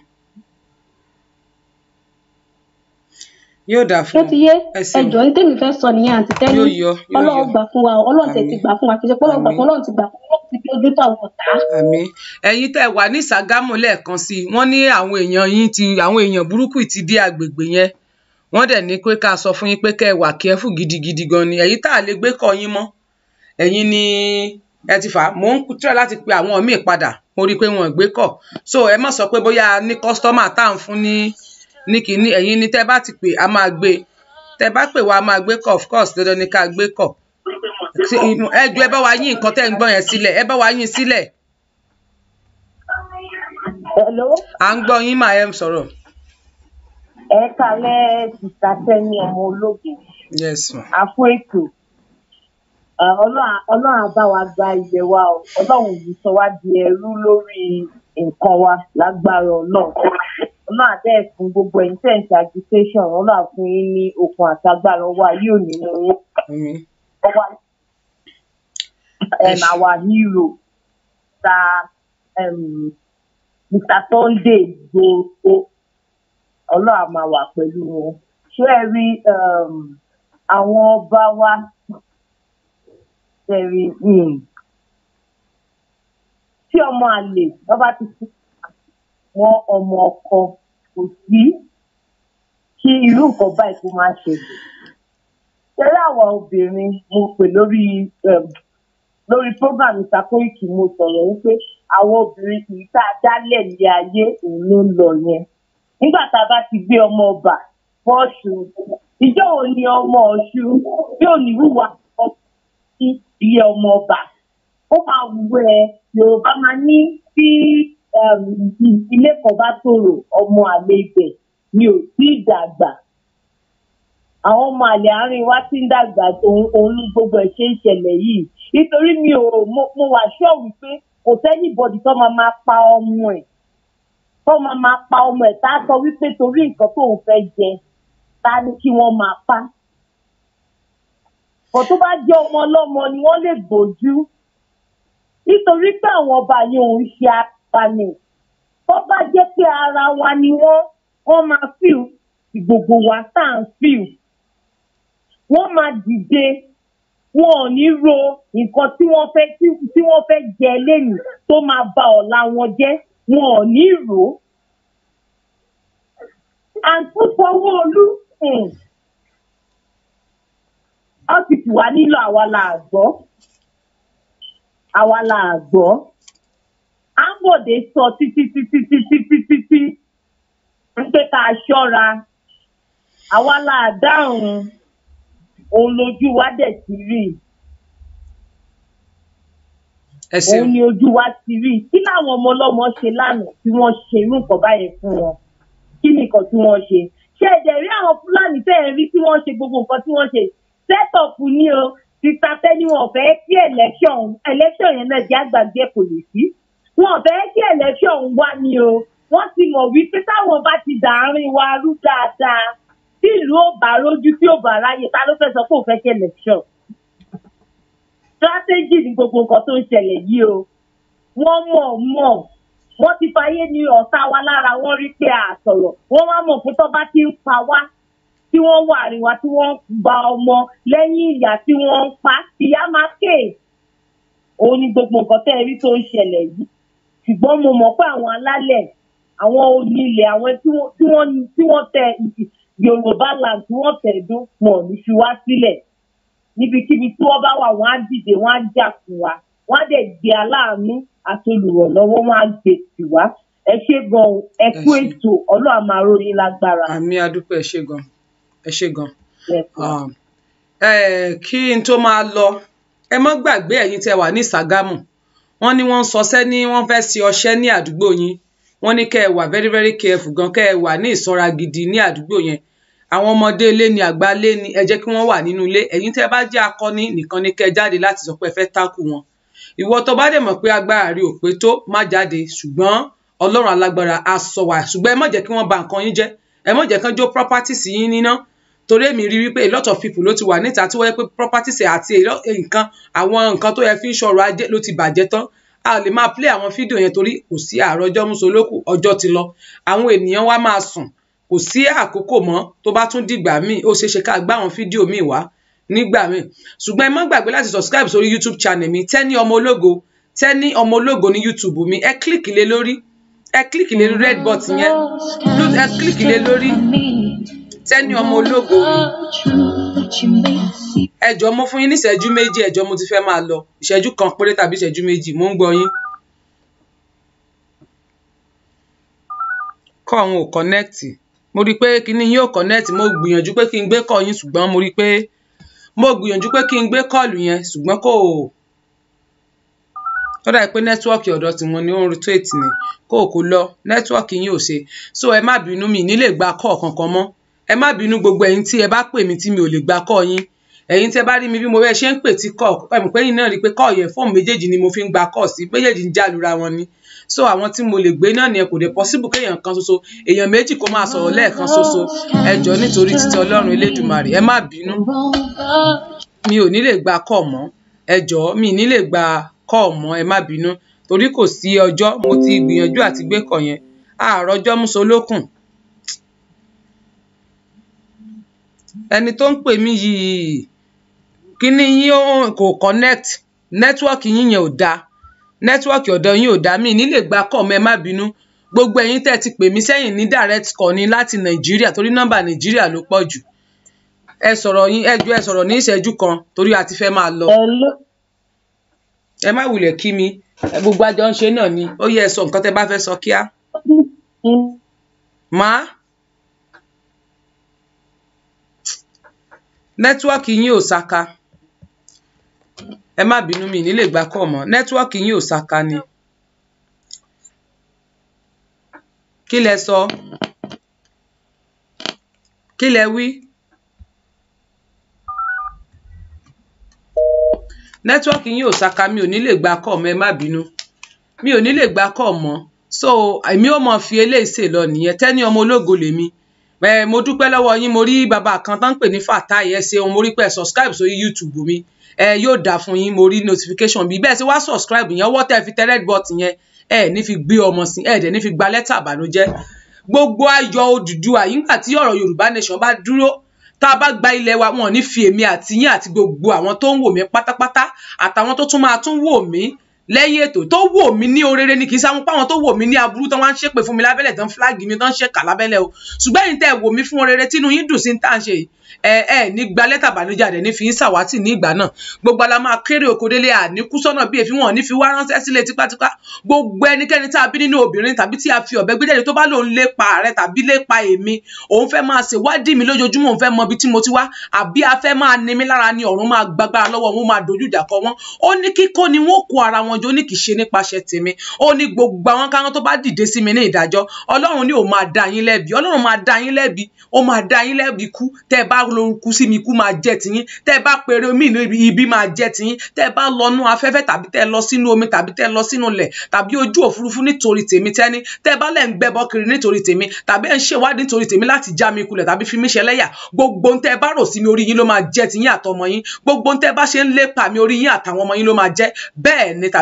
yóò dà fún ẹsẹ ẹjọ ní tèmi fẹ́ sọ nìyẹn àti tẹni Ọlọ́run gbà fún wa Ọlọ́run tẹ ti gbà fún wa kì í ṣe pé Ọlọ́run gbà fún Ọlọ́run ti gbà fún Ọlọ́run ti dojú tó àwọn ọ̀tá. àmín ẹ̀yin tẹ́ wà ní Ṣàgámù lẹ́ẹ̀kan sí i wọ́n ní àwọn èèyàn yín ti àwọn èèyàn burúkú ti dé agbègbè yẹn wọ́n dẹ̀ ní pé ká sọ fún yín pé kẹ́ wà kí ẹ fún gidigidi gan ni ẹ̀yin tá a lè gbé kọ yín mọ́ ẹ̀yin ni ẹ ti fà á mò ń try láti pe àwọn míì padà mo rí i pé wọn gbé kọ so ẹ má sọ pé bóyá ní kọ́sítọ́mà tá à ń fún ní ní kínní ẹ̀yin ni tẹ́ bá ti pè á máa gbé tẹ́ bá pè wá máa gbé kọ of course dandan ni ká gbé kọ ẹ jọ̀ọ́ ẹ bá wa yín nǹkan tẹ́ ń gbọ́ yẹn sílẹ̀ ẹ bá wa yín sílẹ̀. hello. à ń gbọ́ yín màá ẹ sọ̀rọ̀. ẹ kalẹ́ sísá sẹ́yìn ọmọ ológun. yes ma. àfọ ètò ọlọ́run bá wa gba ilẹ̀ wa o ọlọ́run yìí sọ wá di ẹrú lórí nǹkan wa lágbára ọlọ́run ọlọ́run àbẹ́ fún gbogbo ẹ̀yin tẹ̀ ń ṣe agitation ọlọ́run àfún yín ní okun àtagbára wa yóò ní mú wọn ọwọ́ àwa hero ta um, Mr Sunday Igboho ọlọ́run àmà wà pẹ̀lú wọn ṣé ẹ rí um, àwọn ọba wa ẹ̀rìn um mm. tí ọmọ àlè bá ti fi mọ ọmọ ọkọ kò sí kí irú nǹkan báyìí kó máa ṣẹlẹ̀ tẹ́lẹ̀ àwọn obìnrin mo pè lórí ehm, lórí program ìsàkóríkì mo sọ̀rọ̀ wípé àwọn obìnrin kì í tá a dálẹ̀ ní ayé òun ló ń lọ yẹn nígbà tá a bá ti gbé ọmọ ọba fọ́ọ̀ṣù ìjọ wo ọmọ ọ̀ṣun yóò ní wúwa sí iye ọmọ ọba ó máa wù ẹ yorùbá máa ní bí ilé kan bá tòrò ọmọ àlè ibẹ̀ ni ò tí ì dàgbà àwọn ọmọ àlè àárín wa ti ń dàgbà òun ní gbogbo ẹ̀ ṣe ń ṣẹlẹ̀ yìí nítorí mi ò mo wà ṣọ́ wípé kò sẹ́ni bọ̀dì tó máa máa pa ọmọ ẹ̀ tó máa máa pa ọmọ ẹ̀ tá a sọ wípé torí nǹkan tóun fẹ́ jẹ ta ni kí wọ́n máa pa á but tó bá jẹ́ ọmọ ọlọ́mọ ni wọ́n lè gbójú nítorí pé àwọn ọba yẹn ò ṣe apani tó bá jẹ́ pé ara wa ni wọ́n wọ́n máa fíl tí gbogbo wa tá à ń fíl wọ́n máa dìde wọn ò ní ro nǹkan tí wọ́n fẹ́ tí wọ́n fẹ́ jẹ lẹ́yìn tó máa ba ọ̀la wọn jẹ́ wọn ò ní rò àǹtí fọwọ́ olú. Mm ọ́fíìsì wa nílò àwa là gbọ́ àwa là gbọ́ ambode sọ títí títí títí títí tí ń pé ká ṣọ́ra àwa là dáhùn òun lójú wa dẹ̀ ti rí òun ni ojú wa ti rí kí làwọn ọmọ ọlọ́mọ ṣe lánàá tí wọ́n ṣe irú nǹkan báyẹn fún wọn kí nìkan tí wọ́n ṣe ṣe ẹ̀jẹ̀ rí àwọn fúlàní tẹ́ rí tí wọ́n ṣe gbogbo nǹkan tí wọ́n ṣe setup ni o títa tẹ́ni wọn fẹ́ kí election election yẹn náà jẹ́ àgbàgbé kò lè sí wọn fẹ́ kí election wá ni o wọ́n ti mọ̀ wípé táwọn bá ti dàárín wa rú dáadáa tí ìlú ò bá rójú tí ò bá ráyè ta ló fẹ́ sọ pé òun fẹ́ kí election strategy ni gbogbo nǹkan tó ń ṣẹlẹ̀ yìí o wọ́n mọ̀ mọ̀ wọ́n ti fàyè ní ọ̀tá wa lára wọ́n rí pé àtọ̀rọ̀ wọ́n wá mọ̀ fún tó bá ti ń pa wá tí wọ́n wà àríwá tí wọ́n gba ọmọ lẹ́yìn ìyá tí wọ́n ń pa ìyá máa ké òun ni gbogbo nǹkan tẹ́ ẹ rí tó ń ṣẹlẹ̀ yìí ṣùgbọ́n mo mọ̀ pé àwọn alálẹ̀ àwọn onílẹ̀ àwọn tí wọ́n tẹ Yorùbá land tí wọ́n tẹ̀dó pọ̀ ní fi wá sílẹ̀ níbikíbi tí wọ́n bá wà wọ́n á dìde wọ́n á jà fún wa wọ́n á dẹ̀ gbé aláàánú àti olùrànlọ́wọ́ wọ́n á gbé tì wá ẹ ṣé gan ẹ kú ètò Ọlọ́run máa ró yín lágbára. àmì adúpẹ́ ṣé gan ẹ ṣe gan um, kí n tó máa lọ ẹ mọ́ gbàgbé ẹ̀yin tẹ́ wà ní Ṣàgámù wọ́n ní wọ́n ń sọṣẹ́ ní wọ́n fẹ́ ṣe ọṣẹ́ ní àdúgbò yín wọ́n ní kẹ́ ẹ wà very very careful gan kẹ́ ẹ wà ní ìṣọ́ra gidi ní àdúgbò yẹn àwọn ọmọdé ilé ni àgbà ilé ni ẹ jẹ́ kí wọ́n wà nínú ilé ẹ̀yin tẹ́ bá jẹ́ akọni nìkan ni kẹ́ ẹ jáde láti sọ pé ẹ fẹ́ tákù wọn ìwọ tó bá dẹ̀ mọ̀ pé agbára rí òpé tó má jáde ṣùgbọ́n ọlọ́run alágbára á sọ wá ṣùgbọ́n ẹ má jẹ́ kí wọ́n ba nǹkan yín jẹ́ ẹ má jẹ́ kán jó properties yín níná torí èmi rí wípé a lot of people ló ti wà níta tí wọ́n yẹ pé properties àti eh, nǹkan àwọn nǹkan tó yẹ fi ń ṣọrọ̀ ajé ló ti bàjẹ́ tán a lè máa play àwọn fídíò yẹn torí kò sí àárọ̀ ọjọ́ mú solókù ọjọ́ ti lọ àwọn ènìyàn wa máa sùn kò sí àkókò mọ́ tó bá tún dìgbà míì ó ṣeéṣe ká gbá àwọn fídíò míì wá nígbà míì ṣùgbọ́n ẹ má gbàgbé láti subscribe sórí YouTube channel mi Tenny ọmọ ológo Tenny ọmọ ológo ní YouTube mi ẹ kílìkì lé lórí ẹ kílìkì lé lórí red button yẹn ẹ kílìkì lé lórí tẹ́ni ọmọ ológo mi ẹjọ́ mo fún yín ní ìṣẹ́jú méjì ẹjọ́ mo ti fẹ́ máa lọ ìṣẹ́jú kan péré tàbí ìṣẹ́jú méjì mo ń gbọ́ yín. kọ́ ọ̀hún ò kọ́nẹ́ẹ̀tì mo rí i pé kíní yín ò kọ́nẹ́ẹ̀tì mo gbìyànjú pé kí n gbé kọ́ yín ṣùgbọ́n mo rí i pé mo gbìyànjú pé kí n gbé kọ́ọ̀lù yẹn ṣùgbọ́n kò ó dà pé nẹ́tíwọ́ọ̀kì ọ̀dọ̀ tiwọn ni ó ń rotate ni kó o kò lọ nẹ́tíwọ́ọ̀kì yín ò ṣe so ẹ má bínú mi ní lè gba kọ́ọ̀ kankan mọ́ ẹ má bínú gbogbo ẹ̀yin tí ẹ bá pè mí tí mi ò lè gba kọ́ yín ẹ̀yin tí ẹ bá rí mi bí mo bẹ́ẹ̀ ṣe ń pè tí kọ́ ẹ̀mí pé yín náà rí i pé kọ́ yẹn fọ́ọ̀mù méjèèjì ni mo fi ń gba kọ́ sí méjèèjì ń jálura wọn ni so àwọn tí mo lè gbé náà ni ẹ kò dé possible kéèyàn kan ṣoṣo èèyàn méjì kó máa sọ̀rọ̀ lẹ́ẹ̀kan ṣoṣo ẹ jọ̀ọ́ nítorí títí Ọlọ́run Elédùmarè ẹ má bínú mi ò ní lè gba kọ́ mọ́ ẹ jọ̀ọ́ mi ní lè gba kọ́ mọ́ ẹ má bínú torí kò sí ọjọ́ mo ti gbìyànjú àti gbé kọ̀ yẹn àárọ̀ ọjọ́ mú solókùn ẹni tó ń pè mí yìí kíní yín kò connect network yín yẹn ò dáa network ọ̀dọ̀ yín ò dáa mí nílè gba kọ́ mẹ́ má bínú gbogbo ẹ̀yin tẹ́ ti pè mí sẹ́yìn ní direct call ni láti nàìjíríà torí nọ́mbà nàìjíríà ló pọ̀ jù ẹ sọ̀rọ̀ yín ẹ jù ẹ sọ̀rọ̀ ní ìṣẹ́jú kan torí a ti fẹ́ máa lọ. ẹ má wulẹ̀ kí mi gbogbo àjọ ń ṣe náà ni ó yẹ ẹ sọ nǹkan tẹ́ bá fẹ́ sọ kíá. máa. nẹ́tíwọ́ọ̀kì yín ò ṣaka ẹ má bínú mi nílé ìgbà kọ̀ mọ́ nẹ́tíwọ́ọ̀kì yín ò ni kí lẹ sọ kí lẹ wí nẹ́tíwọ́ọ̀kì yín ò mi ò nílé ìgbà kọ̀ mọ́ ẹ má bínú mi ò nílé ìgbà kọ̀ mọ́ so èmi ò mọ̀ fi eléyìí ṣe lọ nìyẹn tẹ́ni ọmọ ológo lèmi ẹ mo dúpẹ́ lọ́wọ́ yín mo rí bàbá kan tó ń pè ní Fatai ẹ ṣeun mo rí pé subscribe sórí YouTube mi ẹ yóò dà fún yín mo rí notification bí bẹ́ẹ̀ ṣe wá subscribe yẹn ọwọ́ tẹ́ fi tẹ red button yẹn ẹ ní fi gbé ọmọ sí ẹ dẹ̀ ní fi gba lẹ́tà àbànújẹ́ gbogbo ayọ̀ Odùduwà yíngbà tí ọ̀rọ̀ Yorùbá nation bá dúró tá a bá gba ilẹ̀ wa wọn ní fi èmi àti yín àti gbogbo àwọn tó ń wò mí pátápátá àtàwọn tó tún máa tún wò mí lẹ́yìn ètò tó wò mí ní orere ni kì í sáwọn páwọn tó wò mí ní aburú tán wá ń ṣépè fún mi lábẹ́lẹ̀ tán fúláàgì mi tán ṣèkà lábẹ́lẹ̀ o ṣùgbọ́n ẹ̀yin tẹ́ ẹ wò mí fún orere tínú yín dùn sí ń tà ń ṣe ẹ ẹ ní gba lẹ́tà bànújẹ́ àdẹ̀ ní fi ń ṣàwátì ní ìgbà náà gbogbo ala máa kéré oko délé àníkú sọ́nà bí èéfín wọn ní fi wá ránṣẹ́ sílé tipátipá gbogbo ẹnikẹ́ni tá a bí nínú obìnrin tàbí tí a fi ọ̀bẹ gbé jáde tó bá lòun lépa rẹ tàbí lépa èmi òun fẹ́ máa ṣèwádìí mi lójoojúmọ́ òun fẹ́ mọ ibi tí mo ti wá àbí a fẹ́ máa ní mi lára ni ọ̀run máa gbagbára lọ́wọ́ wọn máa dojú ìjà kọ wọn ó ní àwọn jọ ní kì í ṣe nípasẹ̀ tèmi ó ní gbogbo àwọn káwọn tó bá dìde sí mi ní ìdájọ́ ọlọ́run ni ó máa dá yín lẹ́bi ọlọ́run máa dá yín lẹ́bi ó máa dá yín lẹ́bi kú tẹ́ ẹ bá lo kú sí mi kú máa jẹ́ tiyín tẹ́ ẹ bá pèrè omi ìlú ibi máa jẹ́ tiyín tẹ́ ẹ bá lọ́nú afẹ́fẹ́ tàbí tẹ́ ẹ lọ sínú omi tàbí tẹ́ ẹ lọ sínú ilẹ̀ tàbí ojú òfurufú nítorí tèmi tẹ́ni tẹ́ ẹ bá lẹ̀ ń gbẹ́bọ kiri nítorí tèmi tàbí ẹ̀ ń ṣèwádìí nítorí tèmi láti já mi kulẹ̀ tàbí fi mí ṣẹlẹ́yà gbogbo ń tẹ́ ẹ bá rò sí mi orí yín ló máa jẹ́ tiyín àtọmọ yín gbogbo ń tẹ́ ẹ bá mi orí yín àtàwọn ọmọ yín ló máa jẹ́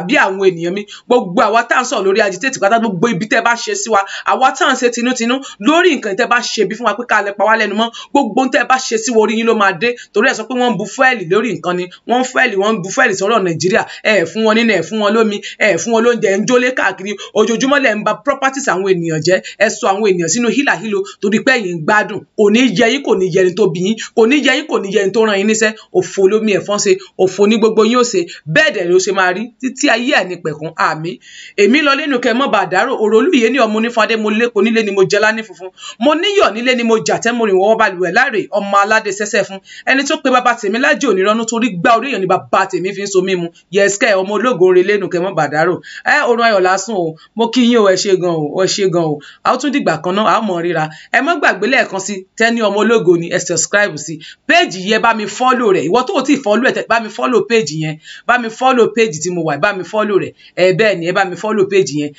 tàbí àwọn ènìyàn mi gbogbo àwa tá à ń sọ̀rọ̀ lórí agitate pátá gbogbo ibi tẹ́ bá ṣe sí wa àwa tá à ń ṣe tinútinú lórí nǹkan tẹ́ bá ṣe bí fún wa pé ká lẹ pa wá lẹ́nu mọ́ gbogbo tẹ́ bá ṣe sí orí yín ló máa dé torí ẹ̀ sọ pé wọ́n ń bu fẹ́ẹ̀lì lórí nǹkan ni wọ́n ń fẹ́ẹ̀lì wọ́n ń bu fẹ́ẹ̀lì sọ̀rọ̀ nàìjíríà ẹ̀ fún wọn nínú ẹ̀ fún wọn lómi ẹ̀ fún wọn lóúnjẹ ń jólé káàkiri ojoojúmọ́ lẹ̀ ń ba properties àwọn ènìyàn jẹ́ ẹ sọ àwọn ènìyàn sínú hílàhílo torí pé ẹ̀yin gbádùn kò ní yẹ yín kò ní yẹ ẹni tó bí yín kò ní yẹ yín kò ní yẹ ẹni tó ràn yín níṣẹ́ òfò lómi ẹ̀fọ́n ṣe òfò ní gbogbo yín ó ṣe bẹ́ẹ̀ dẹ̀ ló ṣe máa rí títí ayé ẹ̀ pẹ̀kún àmì èmi lọ lẹ́nu kẹ́ mọ́ bá dárò òròlù yìí ní ọmọ onífọ́dé mo lépo nílé ni mo jẹ́ láni funfun mo níyọ̀ nílé ni mo jà tẹ́ mo rìn wọ́wọ́ balùwẹ̀ láre ọmọ aládé sẹ́sẹ́ fún ẹni tó pe bàbá tèmi lájẹ́ òníránú torí gbá orí èèyàn ni bàbá tèmi fi ń so mímu yẹ́sìkẹ́ ọmọ ológo orin lẹ́nu kẹ́ mọ́ bá dárò ẹ orun ayọ̀ lásán o mo kí yín o ẹ ṣe gan o ẹ ṣe gan o a ó tún dìgbà kan náà a ó ríra ẹ mọ́ gbàgbé lẹ́ẹ̀kan sí tẹ́ni ọmọ ológo ni ẹ subscribe sí péèjì yẹn bá mi fọ́lò rẹ̀ ìwọ tó ti fọ́lò ẹ̀ bá mi fọ́lò péèjì yẹn bá mi fọ́lò péèjì tí mo wà bá mi mi fọ́lò rẹ̀ ẹ bẹ́ẹ̀ ni ẹ bá mi fọ́lò péjì yẹn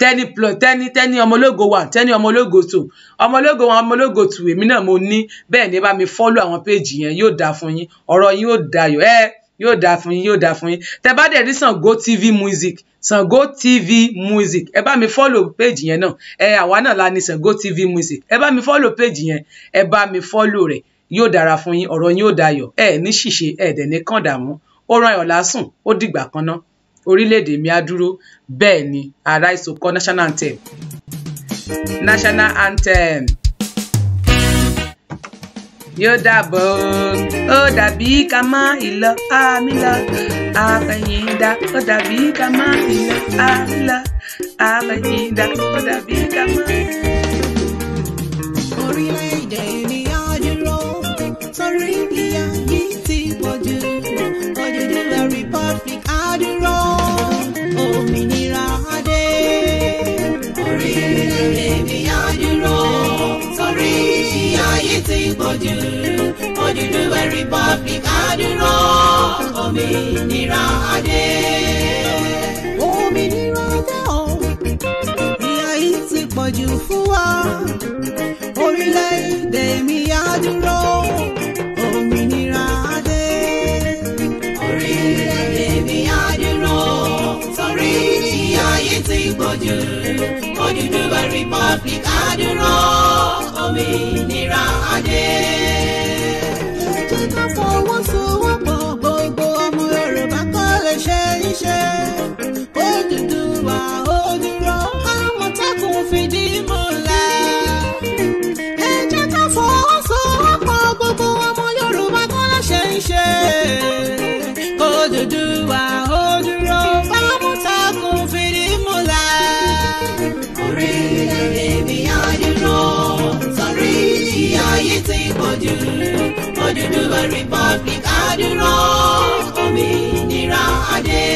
tẹ́ni plọ tẹ́ni tẹ́ni ọmọlógo wà tẹ́ni ọmọlógo tù ọmọlógo wọn ọmọlógo tù èmi náà mo ní bẹ́ẹ̀ ni ẹ bá mi fọ́lò àwọn péjì yẹn yóò dáa fún yín ọ̀rọ̀ yín yóò dayọ̀ ẹ yóò dáa fún yín yóò dáa fún yín tẹ́ bá dẹ̀ rí Sango TV music Sango TV music ẹ bá mi fọ́lò péjì yẹn náà ẹ àwa náà la ní Sango TV music ẹ bá mi fọ́lò péjì yẹn ẹ bá mi fọ́lò rẹ̀ yóò dára fún yín ọ̀rọ̀ yín yóò dayọ̀ ẹ ní ṣìṣe ẹ dẹ̀ ní kàn dààmú ó rán ẹ̀ ọ̀la sùn ó dìgbà kan náà orílẹ̀-èdè mi á dúró bẹ́ẹ̀ ni arise to kọ́ national anthem national anthem yóò dàbọ̀ ó dàbí ká má ìlọ àmì lọ àfẹ̀yìndà ó dàbí ká má ìlọ àmì lọ àfẹ̀yìndà ó dàbí ká má. orílẹ̀-èdè mi. ìgbòjú Odùduwà republic àdúrà òmìnira ade. òmìnira dé o ìyà yìí ti pọ̀jù fún wa orílẹ̀-èdè mi yá dúró òmìnira adé. orílẹ̀-èdè mi yá dúró sórí ìyà yìí ti pọ̀jù Odùduwà republic àdúrà òmìnira adé. ẹ jẹ́ ká fọwọ́sowọ́. Odùduwà Republic adúró òmìnira adé.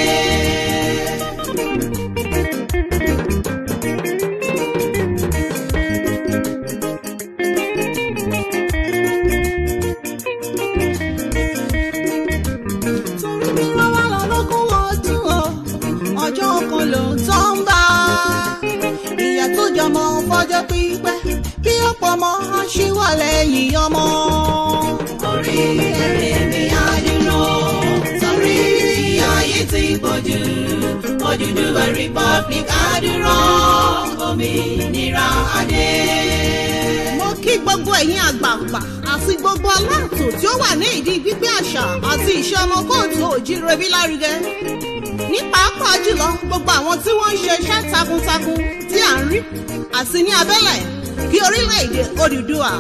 Odùduwà Republic àdúrà òmìnira adé. mo kí gbogbo ẹ̀yin àgbààgbà àti gbogbo aláàtò tí ó wà ní ìdí gbígbé àṣà àti ìṣe ọmọ kóòtù òjíire bí lárugẹ ní pàápàá jùlọ gbogbo àwọn tí wọ́n ń ṣe iṣẹ́ takuntakun tí à ń rí àti ní abẹ́lẹ̀ kí orílẹ̀-èdè Odùduwà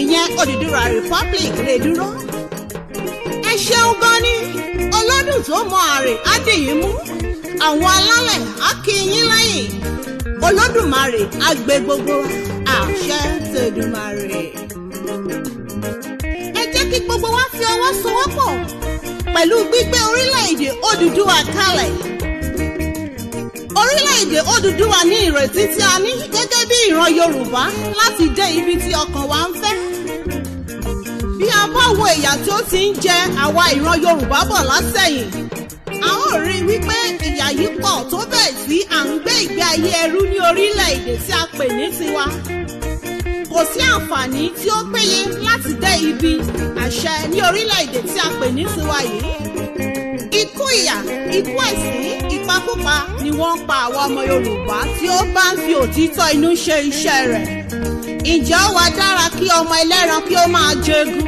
ìyẹn Odùduwà Republic lè dúró. ẹ ṣeun gan ni ọlọ́dún tó mọ àrè á dì yín mú àwọn alálẹ̀ á kí yín lẹ́yìn olódùmarè á gbé gbogbo àṣẹ tèdùmarè. ẹ jẹ́ kí gbogbo wa fi ọwọ́ sowọ́pọ̀ pẹ̀lú gbígbé orílẹ̀-èdè Odùduwà kalẹ̀. orílẹ̀-èdè Odùduwà ní ìrètí tí a ní gẹ́gẹ́ bí ìran Yorùbá láti dé ibi tí ọkàn wa ń fẹ́. bí a bá wo ìyà tí ó ti ń jẹ àwa ìran Yorùbá bọ̀ látẹ̀yìn ò rí wípé ìyà yìí pọ̀ tó bẹ́ẹ̀ sí à ń gbé ìgbé ayé ẹrú ní orílẹ̀-èdè tí a pè ní tiwa. kò sí àǹfààní tí ó péye láti dé ibi àṣẹ ní orílẹ̀-èdè tí a pè ní tiwa yìí. ikú ìyà ikú ẹ̀sìn ìpakúpa ni wọ́n pa àwa ọmọ Yorùbá tí ó bá ń fi òtítọ́ inú ṣe iṣẹ́ rẹ̀. ǹjẹ́ ó wá dára kí ọmọ ẹlẹ́ran kí ó máa jẹgun?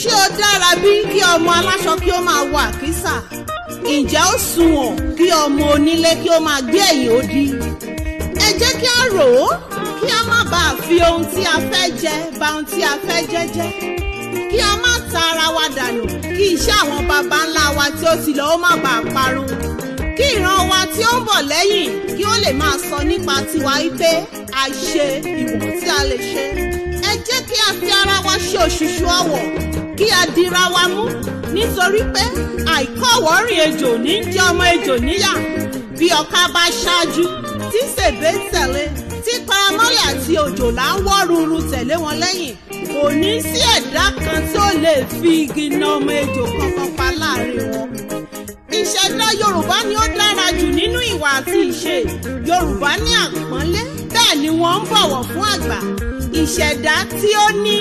ṣé ó dára bí kí ọmọ aláṣọ kí ó máa wọ àkísà? ǹjẹ́ ó sunwọ̀n kí ọmọ onílé kí ó máa gbé ẹ̀yìn odi ẹ jẹ́ kí a rò ó kí a má bàa fi ohun tí a fẹ́ jẹ bà ohun tí a fẹ́ jẹ jẹ́ kí a má ta ara wa dànù kí iṣẹ́ àwọn baba ńlá wa tí ó ti lọ ó má bàa parun kí ìran wa tí ó ń bọ̀ lẹ́yìn kí ó lè máa sọ nípa tiwa wípé a ṣe ìwọ̀n tí a lè ṣe ẹ jẹ́ kí a fi ara wa ṣe òṣùṣù ọwọ̀ kí a dira wa mú nítorí pé àìkọ́wọ́rìn ejò ní jẹ́ ọmọ ejò níyà bí ọ̀ka bá ṣáájú tí sèbé tẹ̀lé tí paramọ́lẹ̀ àti òjòlá ń wọ́ ruru tẹ̀lé wọn lẹ́yìn kò ní sí ẹ̀dá kan tí lè fi igi na ọmọ ejò kankan pa láàrin wọn. ìṣẹ̀dá yorùbá ni ó dára jù nínú ìwà àti ìṣe yorùbá ní àpọ́nlé bẹ́ẹ̀ ni wọ́n ń bọ̀wọ̀ fún àgbà ìṣẹ̀dá tí ó ní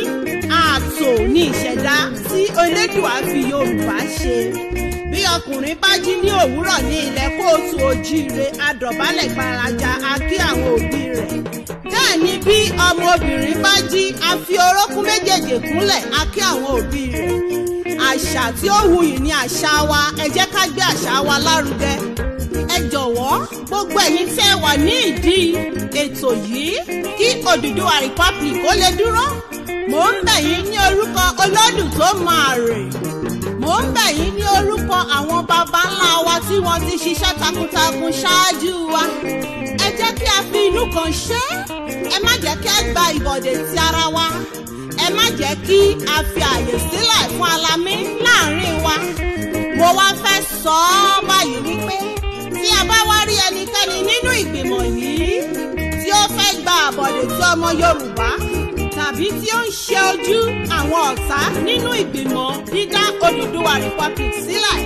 ààtò ni ìṣẹ̀dá tí Elédùà fi Yorùbá ṣe bí ọkùnrin bá jí ní òwúrọ̀ ní ilẹ̀ kóòtù ojíire adọ̀bálẹ̀ gbaraja a kí àwọn òbí rẹ̀ bẹ́ẹ̀ ni bí ọmọbìnrin bá jí a fi orókún méjèèjì kúnlẹ̀ a àwọn òbí rẹ̀ àṣà tí ó wuyì ni àṣà wa ẹ jẹ́ ká gbé àṣà wa lárugẹ ẹ jọ̀wọ́ gbogbo ẹ̀yin tẹ́ wà ní ìdí ètò yìí kí Odùduwà Republic ó lè dúró mò ń bẹ̀ yín ní orúkọ Olódùn tó máa rè mò ń bẹ̀ yín ní orúkọ àwọn baba ńlá wa tí wọ́n ti ṣiṣẹ́ takuntakun ṣáájú wa ẹ jẹ́ kí a fi inú kan ṣe ẹ má jẹ́ kí a gba ìbọ̀dè ti ara wa ẹ má jẹ́ kí a fi àyè sílẹ̀ fún alamí láàrin wa mo wá fẹ́ sọ ọ́ báyìí wípé tí a bá wá rí ẹnikẹ́ni nínú ìgbìmọ̀ yìí tí ó fẹ́ gba àbọ̀dè tí ọmọ Yorùbá tàbí tí ó ń ṣe ojú àwọn ọ̀tá nínú ìgbìmọ̀ dídá Odùduwà Republic sílẹ̀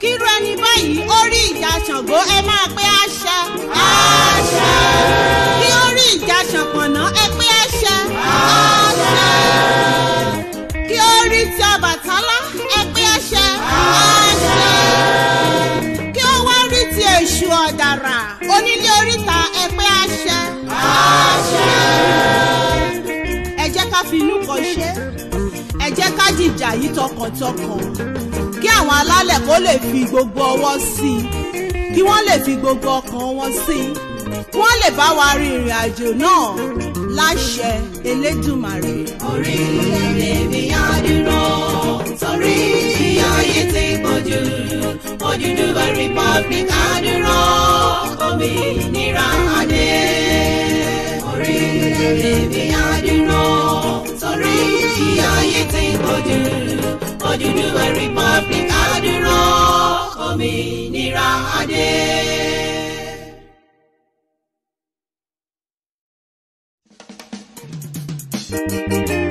kírú ẹni báyìí ó rí ìjà Ṣàngó ẹ máa pé àṣẹ àṣẹ kí ó rí ìjà Ṣànpọ̀nná ẹ fi inú kan ṣe ẹ jẹ́ ká jìjà yìí tọkàntọkàn kí àwọn alálẹ̀ kó lè fi gbogbo ọwọ́ sí i kí wọ́n lè fi gbogbo ọkàn wọn sí i kí wọ́n lè bá wa rin ìrìn àjò náà láṣẹ Elédùmarè. orílẹ̀-èdè mi á dúró torí ìyà ayé ti pọ̀jù Odùduwà republic á dúró omi ìnira adé orí èmi àdúrà torí ìdí ayé ti gbòdì Odùduwà republic àdúrà òmìnira adé. thank you